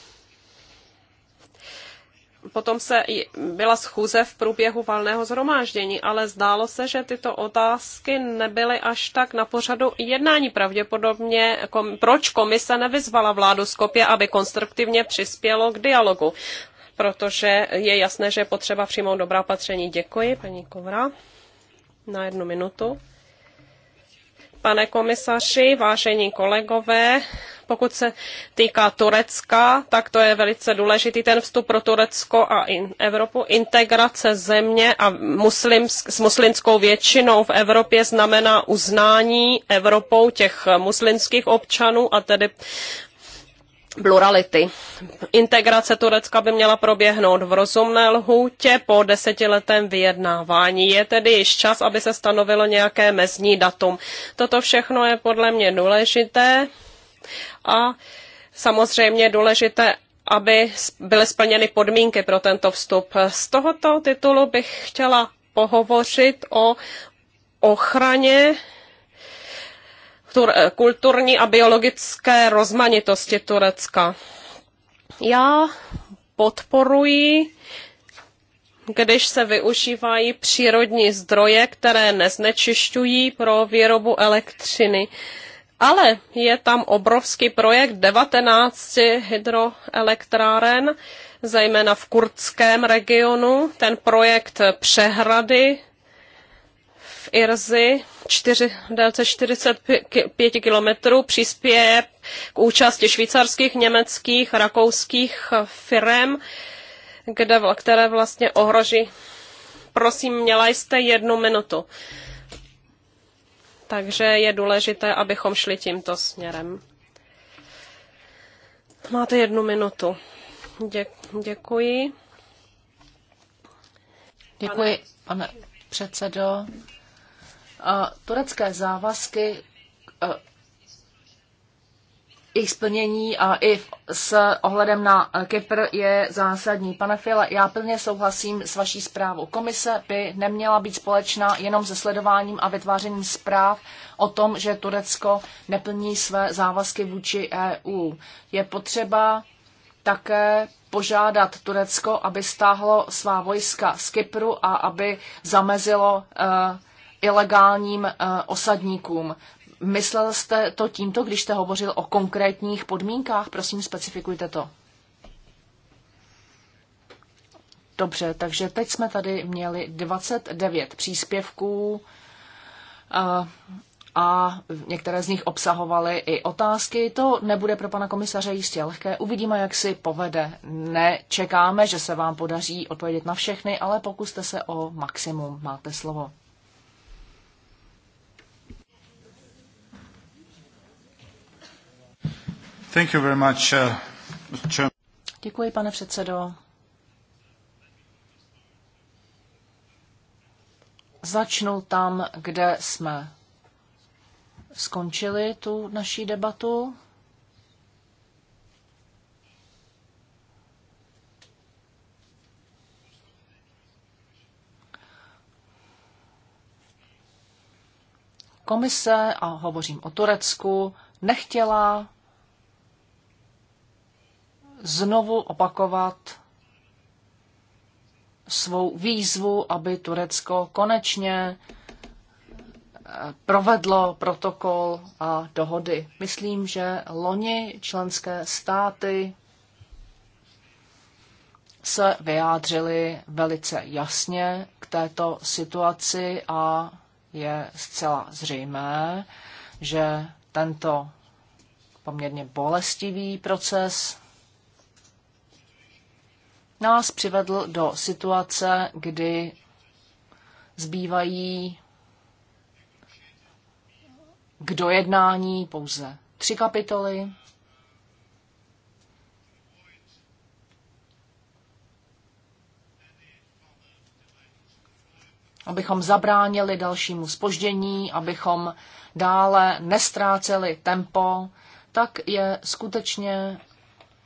potom se byla schůze v průběhu valného zhromáždění, ale zdálo se, že tyto otázky nebyly až tak na pořadu jednání. Pravděpodobně, kom, proč komise nevyzvala vládu Skopje, aby konstruktivně přispělo k dialogu? Protože je jasné, že je potřeba přijmout dobrá opatření. Děkuji, paní Kovra, na jednu minutu. Pane komisaři, vážení kolegové, pokud se týká Turecka, tak to je velice důležitý ten vstup pro Turecko a in Evropu. Integrace země a muslimsk, s muslimskou většinou v Evropě znamená uznání Evropou těch muslimských občanů a tedy plurality. Integrace Turecka by měla proběhnout v rozumné lhůtě po desetiletém vyjednávání. Je tedy již čas, aby se stanovilo nějaké mezní datum. Toto všechno je podle mě důležité a samozřejmě důležité aby byly splněny podmínky pro tento vstup. Z tohoto titulu bych chtěla pohovořit o ochraně kulturní a biologické rozmanitosti Turecka. Já podporuji, když se využívají přírodní zdroje, které neznečišťují pro výrobu elektřiny. Uh, ale je tam obrovský projekt 19 hydroelektráren, zejména v kurdském regionu. Ten projekt přehrady v Irzi 4, délce 45 kilometrů přispěje k účasti švýcarských, německých, rakouských firm, kde, které vlastně ohroží. Prosím, měla jste jednu minutu. Takže je důležité, abychom šli tímto směrem. Máte jednu minutu. děkuji. Děkuji, pane předsedo. Turecké závazky jejich splnění a i s ohledem na eh, Kypr je zásadní. Pane File, já plně souhlasím s vaší zprávou. Komise by neměla být společná jenom se sledováním a vytvářením zpráv o tom, že Turecko neplní své závazky vůči EU. Je potřeba také požádat Turecko, aby stáhlo svá vojska z Kypru a aby zamezilo uh, ilegálním uh, osadníkům. Myslel jste to tímto, když jste hovořil o konkrétních podmínkách? Prosím, specifikujte to. Dobře, takže teď jsme tady měli 29 příspěvků a, eh, a některé z nich obsahovaly i otázky. To nebude pro pana komisaře jistě lehké. Uvidíme, jak si povede. Nečekáme, že se vám podaří odpovědět na všechny, ale pokuste se o maximum. Máte slovo. Thank you very much, uh, Děkuji, pane předsedo. Začnu tam, kde jsme skončili tu naší debatu. Komise, a hovořím o Turecku, nechtěla znovu opakovat svou výzvu, aby Turecko konečně eh, provedlo protokol a dohody. Myslím, že loni členské státy se vyjádřili velice jasně k této situaci a je zcela zřejmé, že tento poměrně bolestivý proces nás přivedl do situace, kdy zbývají k dojednání pouze tři kapitoly. Abychom zabránili dalšímu spoždění, abychom dále nestráceli tempo, tak je skutečně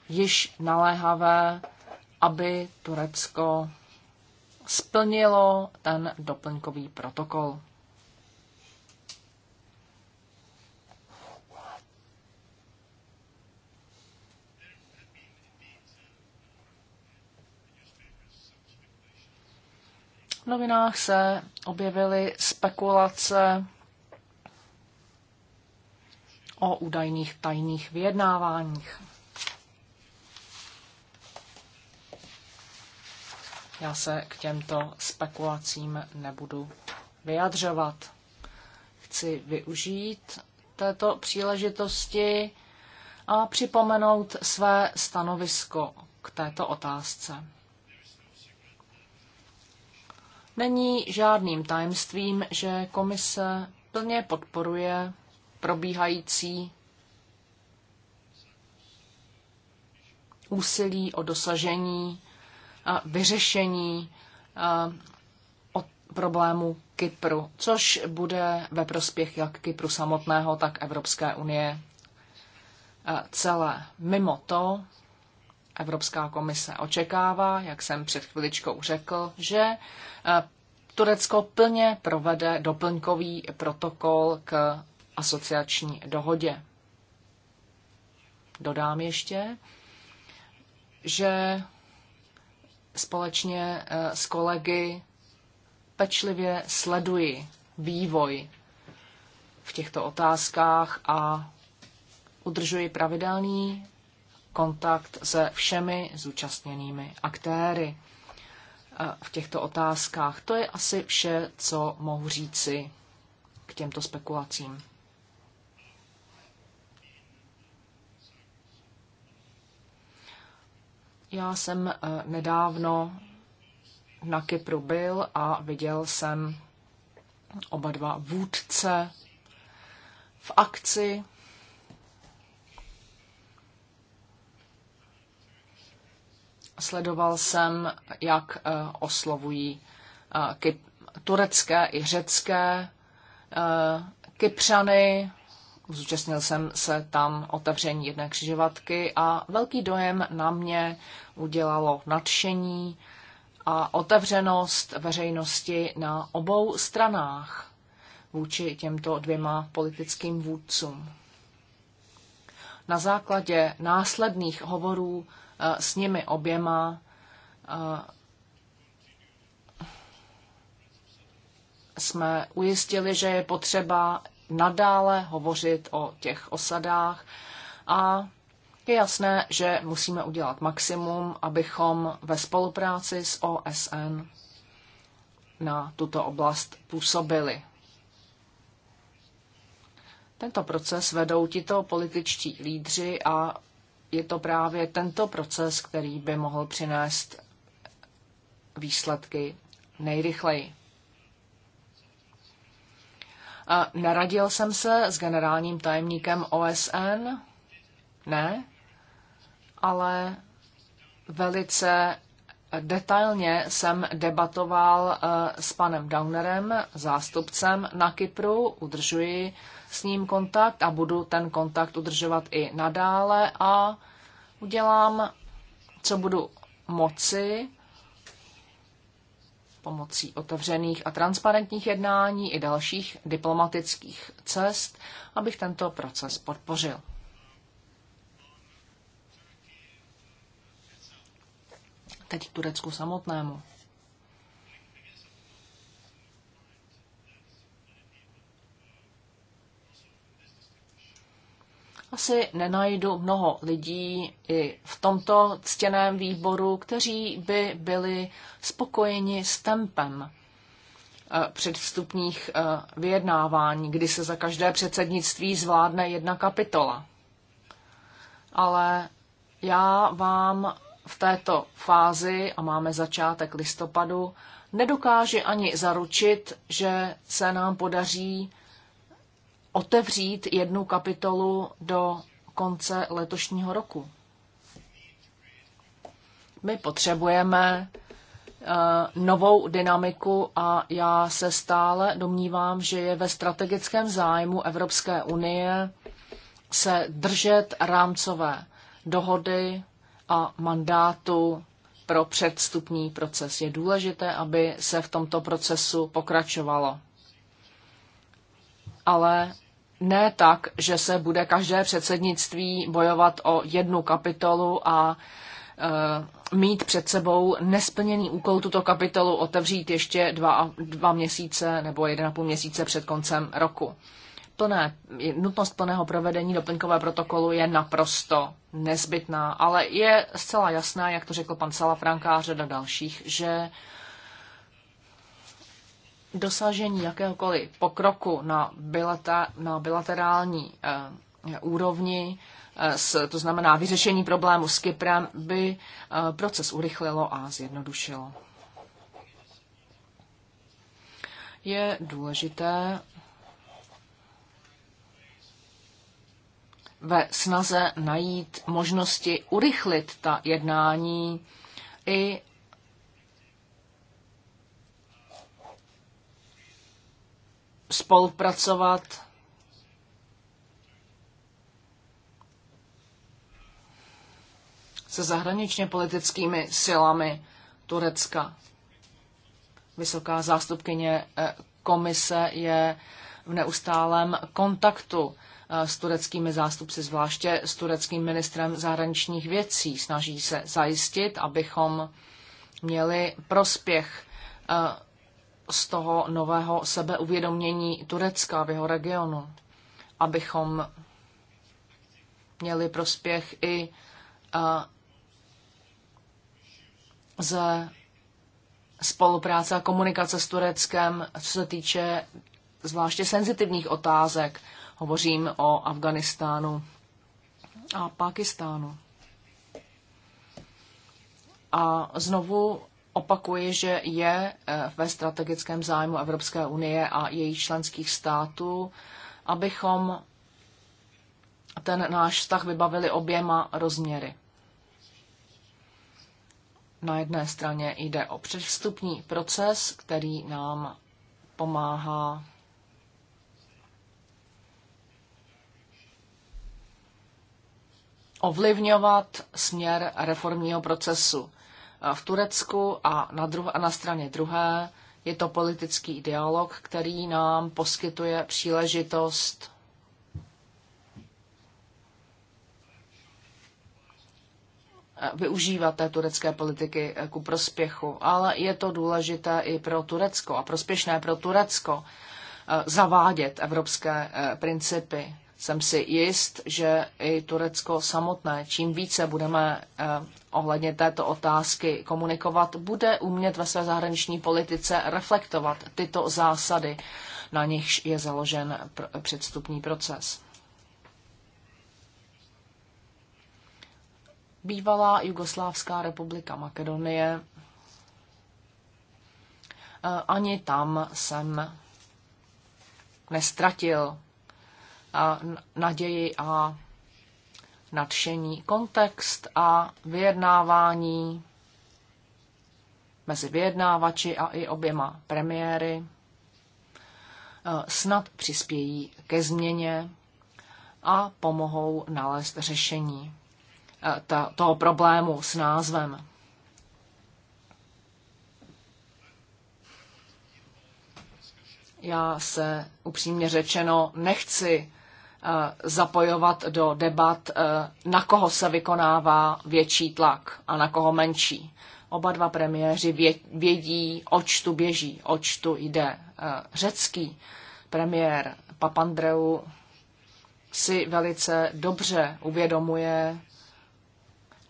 již naléhavé aby Turecko splnilo ten doplňkový protokol. V novinách se objevily spekulace o údajných tajných vyjednáváních. Já se k těmto spekulacím nebudu vyjadřovat. Chci využít této příležitosti a připomenout své stanovisko k této otázce. Není žádným tajemstvím, že komise plně podporuje probíhající úsilí o dosažení vyřešení problému Kypru, což bude ve prospěch jak Kypru samotného, tak Evropské unie celé. Mimo to Evropská komise očekává, jak jsem před chviličkou řekl, že Turecko plně provede doplňkový protokol k asociační dohodě. Dodám ještě, že společně eh, s kolegy pečlivě sleduji vývoj v těchto otázkách a udržuji pravidelný kontakt se všemi zúčastněnými aktéry eh, v těchto otázkách. To je asi vše, co mohu říci k těmto spekulacím. Já jsem eh, nedávno na Kypru byl a viděl jsem oba dva vůdce v akci. Sledoval jsem, jak eh, oslovují eh, turecké i řecké kypřany, Zúčastnil jsem se tam otevření jedné křižovatky a velký dojem na mě udělalo nadšení a otevřenost veřejnosti na obou stranách vůči těmto dvěma politickým vůdcům. Na základě následných hovorů eh, s nimi oběma eh, jsme ujistili, že je potřeba nadále hovořit o těch osadách a je jasné, že musíme udělat maximum, abychom ve spolupráci s OSN na tuto oblast působili. Tento proces vedou tito političtí lídři a je to právě tento proces, který by mohl přinést výsledky nejrychleji. Neradil jsem se s generálním tajemníkem OSN, ne, ale velice detailně jsem debatoval eh, s panem Downerem, zástupcem na Kypru, udržuji s ním kontakt a budu ten kontakt udržovat i nadále a udělám, co budu moci, pomocí otevřených a transparentních jednání i dalších diplomatických cest, abych tento proces podpořil. Teď k Turecku samotnému. asi nenajdu mnoho lidí i v tomto ctěném výboru, kteří by byli spokojeni s tempem eh, předvstupních eh, vyjednávání, kdy se za každé předsednictví zvládne jedna kapitola. Ale já vám v této fázi, a máme začátek listopadu, nedokáže ani zaručit, že se nám podaří otevřít jednu kapitolu do konce letošního roku. My potřebujeme eh, novou dynamiku a já se stále domnívám, že je ve strategickém zájmu Evropské unie se držet rámcové dohody a mandátu pro předstupní proces. Je důležité, aby se v tomto procesu pokračovalo. Ale ne tak, že se bude každé předsednictví bojovat o jednu kapitolu a e, mít před sebou nesplněný úkol tuto kapitolu otevřít ještě dva, dva měsíce nebo jeden a půl měsíce před koncem roku. Plné, nutnost plného provedení doplňkového protokolu je naprosto nezbytná, ale je zcela jasná, jak to řekl pan Salafranka a řada dalších, že dosažení jakéhokoliv pokroku na, bilata, na bilaterální eh, úrovni, eh, s, to znamená vyřešení problému s Kyprem, by eh, proces urychlilo a zjednodušilo. Je důležité ve snaze najít možnosti urychlit ta jednání i spolupracovat. se zahraničně politickými silami Turecka. Vysoká zástupkyně eh, komise je v neustálém kontaktu eh, s tureckými zástupci, zvláště s tureckým ministrem zahraničních věcí. Snaží se zajistit, abychom měli prospěch eh, z toho nového sebeuvědomění Turecka v jeho regionu, abychom měli prospěch i eh, ze spolupráce a komunikace s Tureckem, co se týče zvláště senzitivních otázek. Hovořím o Afganistánu a Pakistánu. A znovu opakuji, že je eh, ve strategickém zájmu Evropské unie a jejich členských států, abychom ten náš vztah vybavili oběma rozměry. Na jedné straně jde o předvstupní proces, který nám pomáhá ovlivňovat směr reformního procesu Eh, v Turecku a na, druh- a na straně druhé je to politický dialog, který nám poskytuje příležitost eh, využívat té turecké politiky eh, ku prospěchu, ale je to důležité i pro Turecko a prospěšné pro Turecko zavádět evropské principy jsem si jist, že i Turecko samotné, čím více budeme eh, ohledně této otázky komunikovat, bude umět ve své zahraniční politice reflektovat tyto zásady, na nichž je založen pr- předstupní proces. Bývalá Jugoslávská republika Makedonie. Eh, ani tam jsem nestratil naději a nadšení. Kontext a vyjednávání mezi vyjednávači a i oběma premiéry e, snad přispějí ke změně a pomohou nalézt řešení e, toho problému s názvem. Já se upřímně řečeno nechci Eh, zapojovat do debat, eh, na koho se vykonává větší tlak a na koho menší. Oba dva premiéři vědí, oč tu běží, oč tu jde. Eh, řecký premiér Papandreou si velice dobře uvědomuje,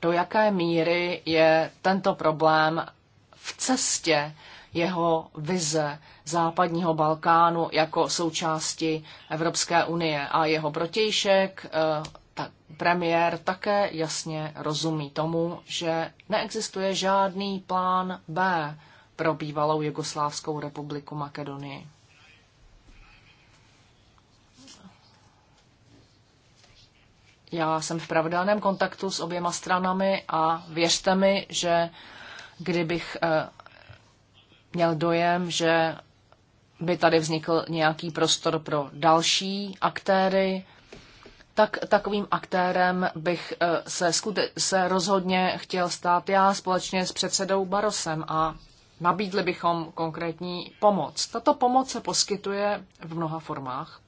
do jaké míry je tento problém v cestě jeho vize západního Balkánu jako součásti Evropské unie a jeho protějšek, eh, premiér také jasně rozumí tomu, že neexistuje žádný plán B pro bývalou Jugoslávskou republiku Makedonii. Já jsem v pravidelném kontaktu s oběma stranami a věřte mi, že kdybych eh, měl dojem, že by tady vznikl nějaký prostor pro další aktéry, tak takovým aktérem bych eh, se, skute- se rozhodně chtěl stát já společně s předsedou Barosem a nabídli bychom konkrétní pomoc. Tato pomoc se poskytuje v mnoha formách.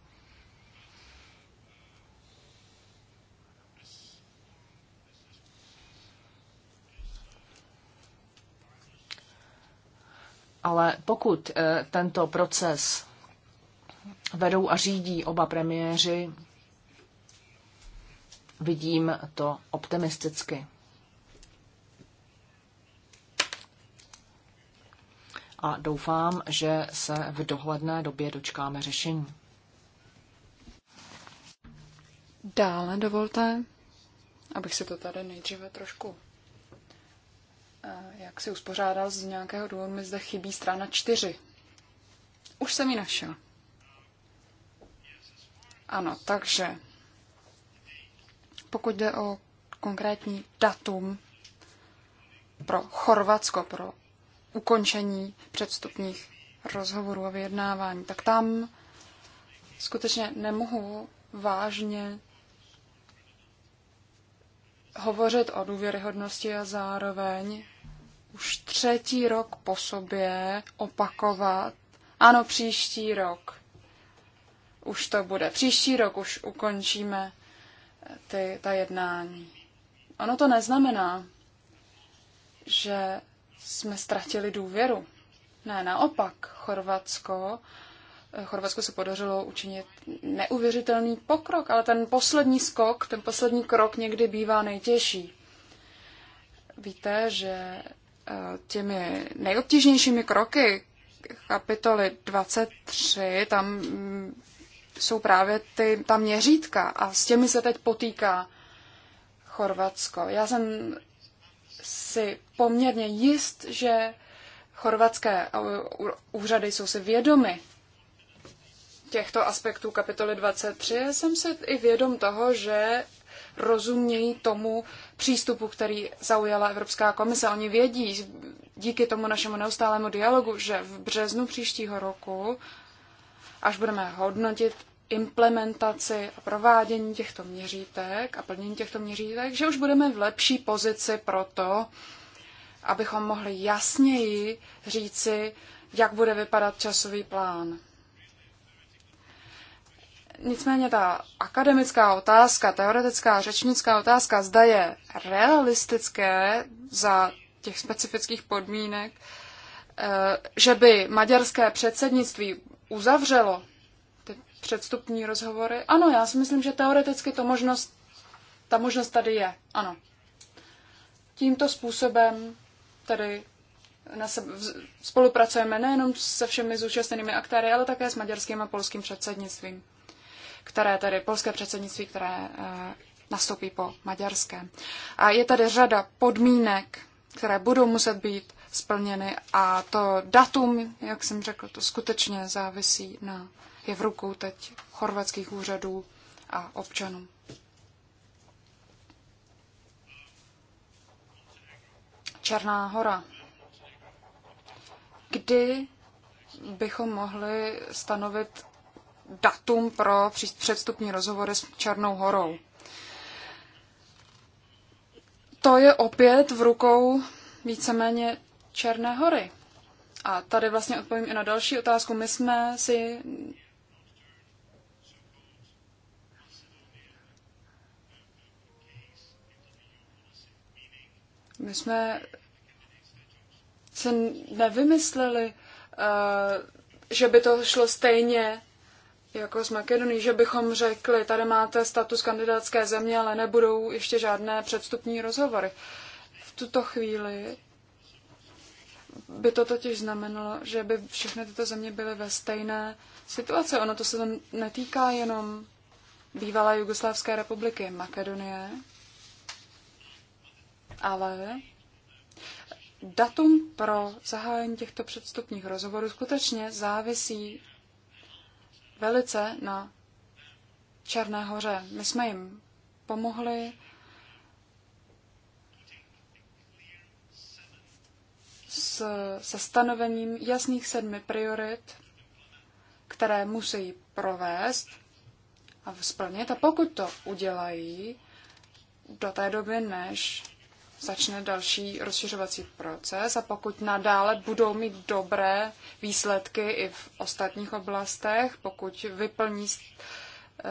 Ale pokud eh, tento proces vedou a řídí oba premiéři, vidím to optimisticky. A doufám, že se v dohledné době dočkáme řešení. Dále dovolte, abych se to tady nejdříve trošku Eh, jak si uspořádal z nějakého důvodu, mi zde chybí strana čtyři. Už jsem ji našel. Ano, takže pokud jde o konkrétní datum pro Chorvatsko, pro ukončení předstupních rozhovorů a vyjednávání, tak tam skutečně nemohu vážně hovořit o důvěryhodnosti a zároveň už třetí rok po sobě opakovat. Ano, příští rok. Už to bude. Příští rok už ukončíme eh, ty, ta jednání. Ono to neznamená, že jsme ztratili důvěru. Ne, naopak, Chorvatsko, eh, Chorvatsko se podařilo učinit neuvěřitelný pokrok, ale ten poslední skok, ten poslední krok někdy bývá nejtěžší. Víte, že těmi nejobtížnějšími kroky kapitoly 23, tam mm, jsou právě ty, ta měřítka a s těmi se teď potýká Chorvatsko. Já jsem si poměrně jist, že chorvatské úřady jsou si vědomy těchto aspektů kapitoly 23. Jsem si i vědom toho, že rozumějí tomu přístupu, který zaujala Evropská komise. Oni vědí díky tomu našemu neustálému dialogu, že v březnu příštího roku, až budeme hodnotit implementaci a provádění těchto měřítek a plnění těchto měřítek, že už budeme v lepší pozici pro to, abychom mohli jasněji říci, jak bude vypadat časový plán. Nicméně ta akademická otázka, teoretická řečnická otázka, zda je realistické za těch specifických podmínek, eh, že by maďarské předsednictví uzavřelo ty předstupní rozhovory. Ano, já si myslím, že teoreticky to možnost, ta možnost tady je. Ano. Tímto způsobem tedy na se, spolupracujeme nejenom se všemi zúčastněnými aktéry, ale také s maďarským a polským předsednictvím které tedy polské předsednictví, které eh, nastoupí po maďarském. A je tady řada podmínek, které budou muset být splněny a to datum, jak jsem řekl, to skutečně závisí na, je v rukou teď chorvatských úřadů a občanů. Černá hora. Kdy bychom mohli stanovit datum pro předstupní rozhovory s Černou horou. To je opět v rukou víceméně Černé hory. A tady vlastně odpovím i na další otázku. My jsme si My jsme si nevymysleli, eh, že by to šlo stejně jako z Makedonii, že bychom řekli, tady máte status kandidátské země, ale nebudou ještě žádné předstupní rozhovory. V tuto chvíli by to totiž znamenalo, že by všechny tyto země byly ve stejné situaci. Ono to se tam netýká jenom bývalé Jugoslávské republiky Makedonie, ale datum pro zahájení těchto předstupních rozhovorů skutečně závisí velice na Černé hoře. My jsme jim pomohli s, se stanovením jasných sedmi priorit, které musí provést a splnit. A pokud to udělají do té doby, než začne další rozšiřovací proces a pokud nadále budou mít dobré výsledky i v ostatních oblastech, pokud vyplní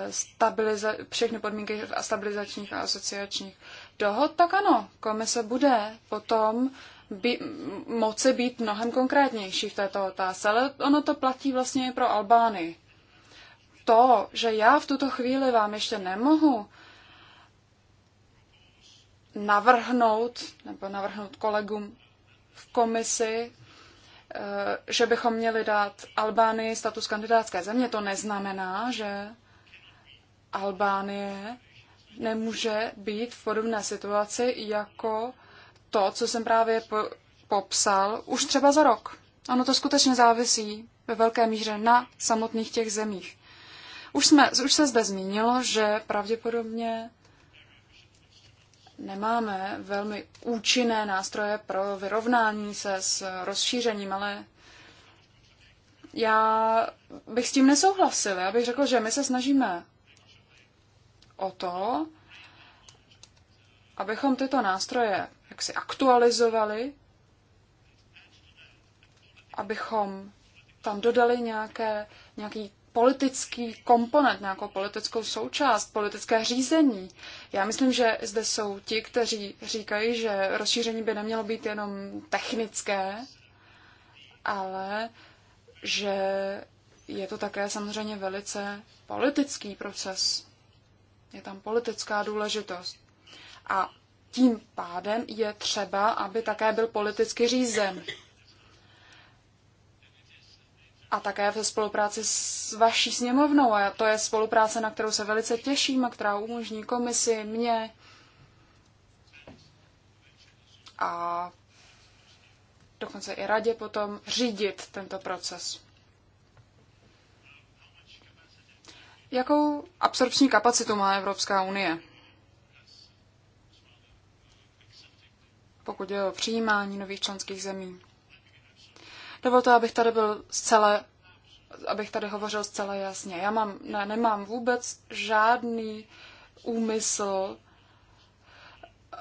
stabiliza- všechny podmínky stabilizačních a asociačních dohod, tak ano, komise bude potom by, moci být mnohem konkrétnější v této otázce, ale ono to platí vlastně i pro Albány. To, že já v tuto chvíli vám ještě nemohu navrhnout nebo navrhnout kolegům v komisi, eh, že bychom měli dát Albánii status kandidátské země. To neznamená, že Albánie nemůže být v podobné situaci jako to, co jsem právě po- popsal, už třeba za rok. Ono to skutečně závisí ve velké míře na samotných těch zemích. Už, jsme, už se zde zmínilo, že pravděpodobně nemáme velmi účinné nástroje pro vyrovnání se s rozšířením, ale já bych s tím nesouhlasil. Já bych řekl, že my se snažíme o to, abychom tyto nástroje jaksi aktualizovali, abychom tam dodali nějaké, nějaký politický komponent, nějakou politickou součást, politické řízení. Já myslím, že zde jsou ti, kteří říkají, že rozšíření by nemělo být jenom technické, ale že je to také samozřejmě velice politický proces. Je tam politická důležitost. A tím pádem je třeba, aby také byl politicky řízen a také ve spolupráci s vaší sněmovnou. A to je spolupráce, na kterou se velice těším a která umožní komisi, mě a dokonce i radě potom řídit tento proces. Jakou absorpční kapacitu má Evropská unie? Pokud je o přijímání nových členských zemí. Dovolte, abych tady byl zcela, abych tady hovořil zcela jasně. Já mám, ne, nemám vůbec žádný úmysl eh,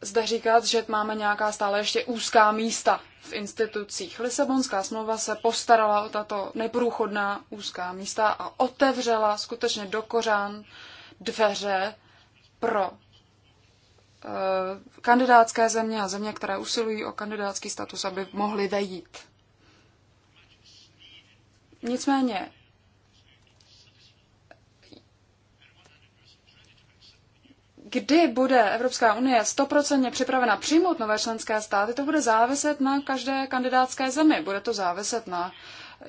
zde říkat, že máme nějaká stále ještě úzká místa v institucích. Lisabonská smlouva se postarala o tato neprůchodná úzká místa a otevřela skutečně do kořán dveře pro eh, kandidátské země a země, které usilují o kandidátský status, aby mohly vejít. Nicméně kdy bude Evropská unie stoprocentně připravena přijmout nové členské státy, to bude záviset na každé kandidátské zemi. Bude to záviset na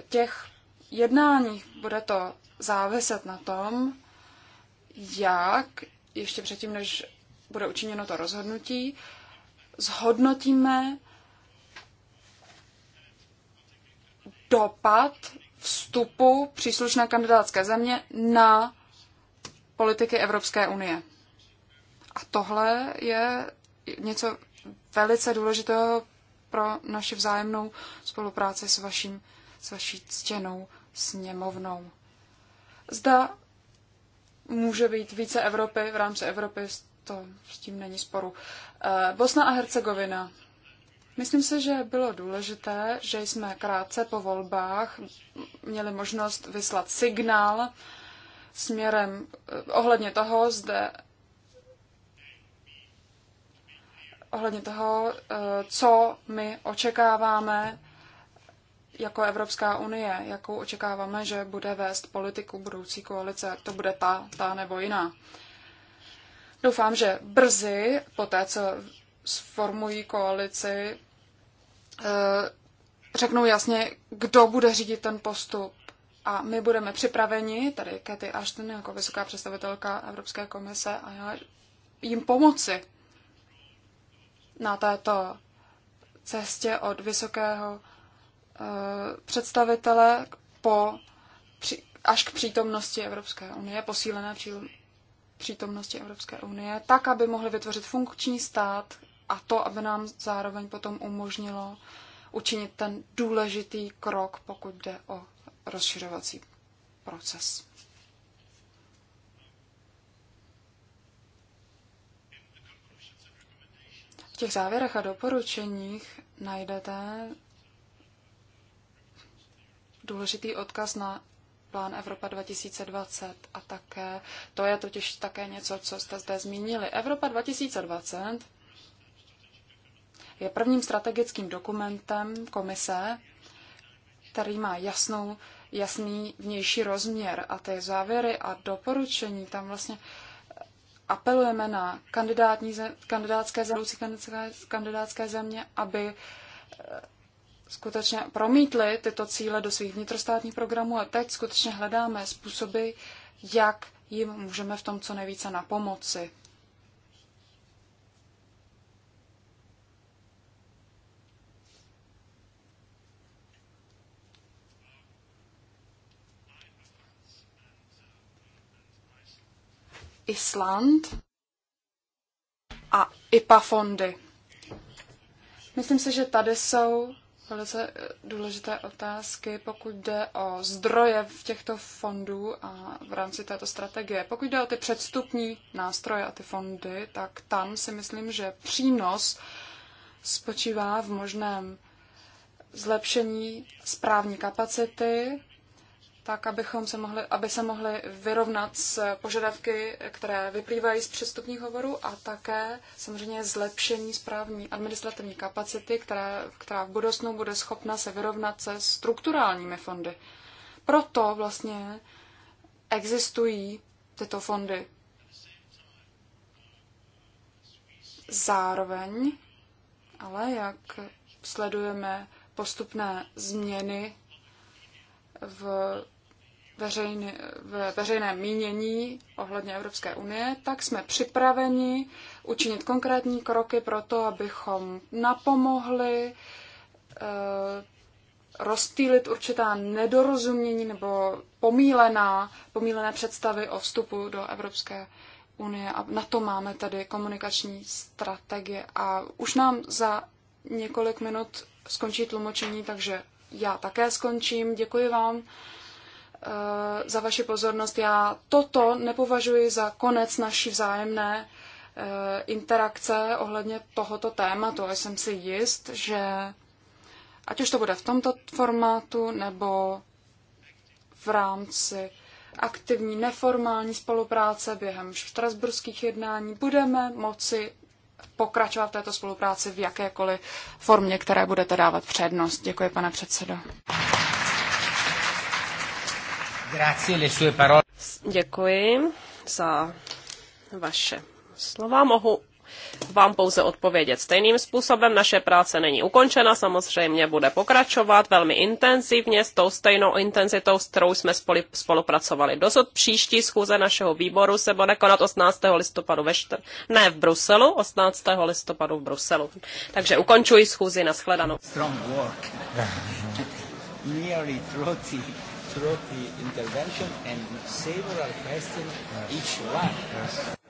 těch jednáních, bude to záviset na tom, jak, ještě předtím, než bude učiněno to rozhodnutí, zhodnotíme dopad vstupu příslušné kandidátské země na politiky Evropské unie. A tohle je něco velice důležitého pro naši vzájemnou spolupráci s, vaším, s vaší ctěnou sněmovnou. Zda může být více Evropy v rámci Evropy, to s tím není sporu. Eh, Bosna a Hercegovina. Myslím si, že bylo důležité, že jsme krátce po volbách měli možnost vyslat signál směrem eh, ohledně toho, zde ohledně toho, eh, co my očekáváme jako Evropská unie, jakou očekáváme, že bude vést politiku budoucí koalice, to bude ta, ta nebo jiná. Doufám, že brzy, po té, co sformují koalici, eh, řeknou jasně, kdo bude řídit ten postup. A my budeme připraveni, tady Katy Ashton jako vysoká představitelka Evropské komise a já, jim pomoci na této cestě od vysokého eh, představitele po, až k přítomnosti Evropské unie, posílené přítomnosti Evropské unie, tak, aby mohli vytvořit funkční stát, a to, aby nám zároveň potom umožnilo učinit ten důležitý krok, pokud jde o rozšiřovací proces. V těch závěrech a doporučeních najdete důležitý odkaz na plán Evropa 2020 a také, to je totiž také něco, co jste zde zmínili. Evropa 2020 je prvním strategickým dokumentem komise, který má jasnou, jasný vnější rozměr a ty závěry a doporučení tam vlastně eh, apelujeme na kandidátní, kandidátské, země, kandidátské země, aby eh, skutečně promítli tyto cíle do svých vnitrostátních programů a teď skutečně hledáme způsoby, jak jim můžeme v tom co nejvíce napomoci. Island a IPA Myslím si, že tady jsou velice eh, důležité otázky, pokud jde o zdroje v těchto fondů a v rámci této strategie. Pokud jde o ty předstupní nástroje a ty fondy, tak tam si myslím, že přínos spočívá v možném zlepšení správní kapacity tak abychom se mohli, aby se mohli vyrovnat s požadavky, které vyplývají z přestupních hovorů a také samozřejmě zlepšení správní administrativní kapacity, která, která v budoucnu bude schopna se vyrovnat se strukturálními fondy. Proto vlastně existují tyto fondy. Zároveň, ale jak sledujeme postupné změny v veřejny, ve veřejné mínění ohledně Evropské unie, tak jsme připraveni učinit konkrétní kroky pro to, abychom napomohli eh, rozstýlit určitá nedorozumění nebo pomílená, pomílené představy o vstupu do Evropské unie. A na to máme tady komunikační strategie. A už nám za několik minut skončí tlumočení, takže já také skončím. Děkuji vám Eh, za vaši pozornost. Já toto nepovažuji za konec naší vzájemné eh, interakce ohledně tohoto tématu. A jsem si jist, že ať už to bude v tomto formátu nebo v rámci aktivní neformální spolupráce během štrasburských jednání, budeme moci pokračovat v této spolupráci v jakékoliv formě, které budete dávat přednost. Děkuji, pane předsedo. Děkuji za vaše slova. Mohu vám pouze odpovědět stejným způsobem. Naše práce není ukončena, samozřejmě bude pokračovat velmi intenzivně, s tou stejnou intenzitou, s kterou jsme spolupracovali dosud. Příští schůze našeho výboru se bude konat 18. listopadu ve štr- ne v Bruselu, 18. listopadu v Bruselu. Takže ukončuji schůzi, nashledanou. Strong work. 30. throughout the intervention and several questions yes. each one. Yes.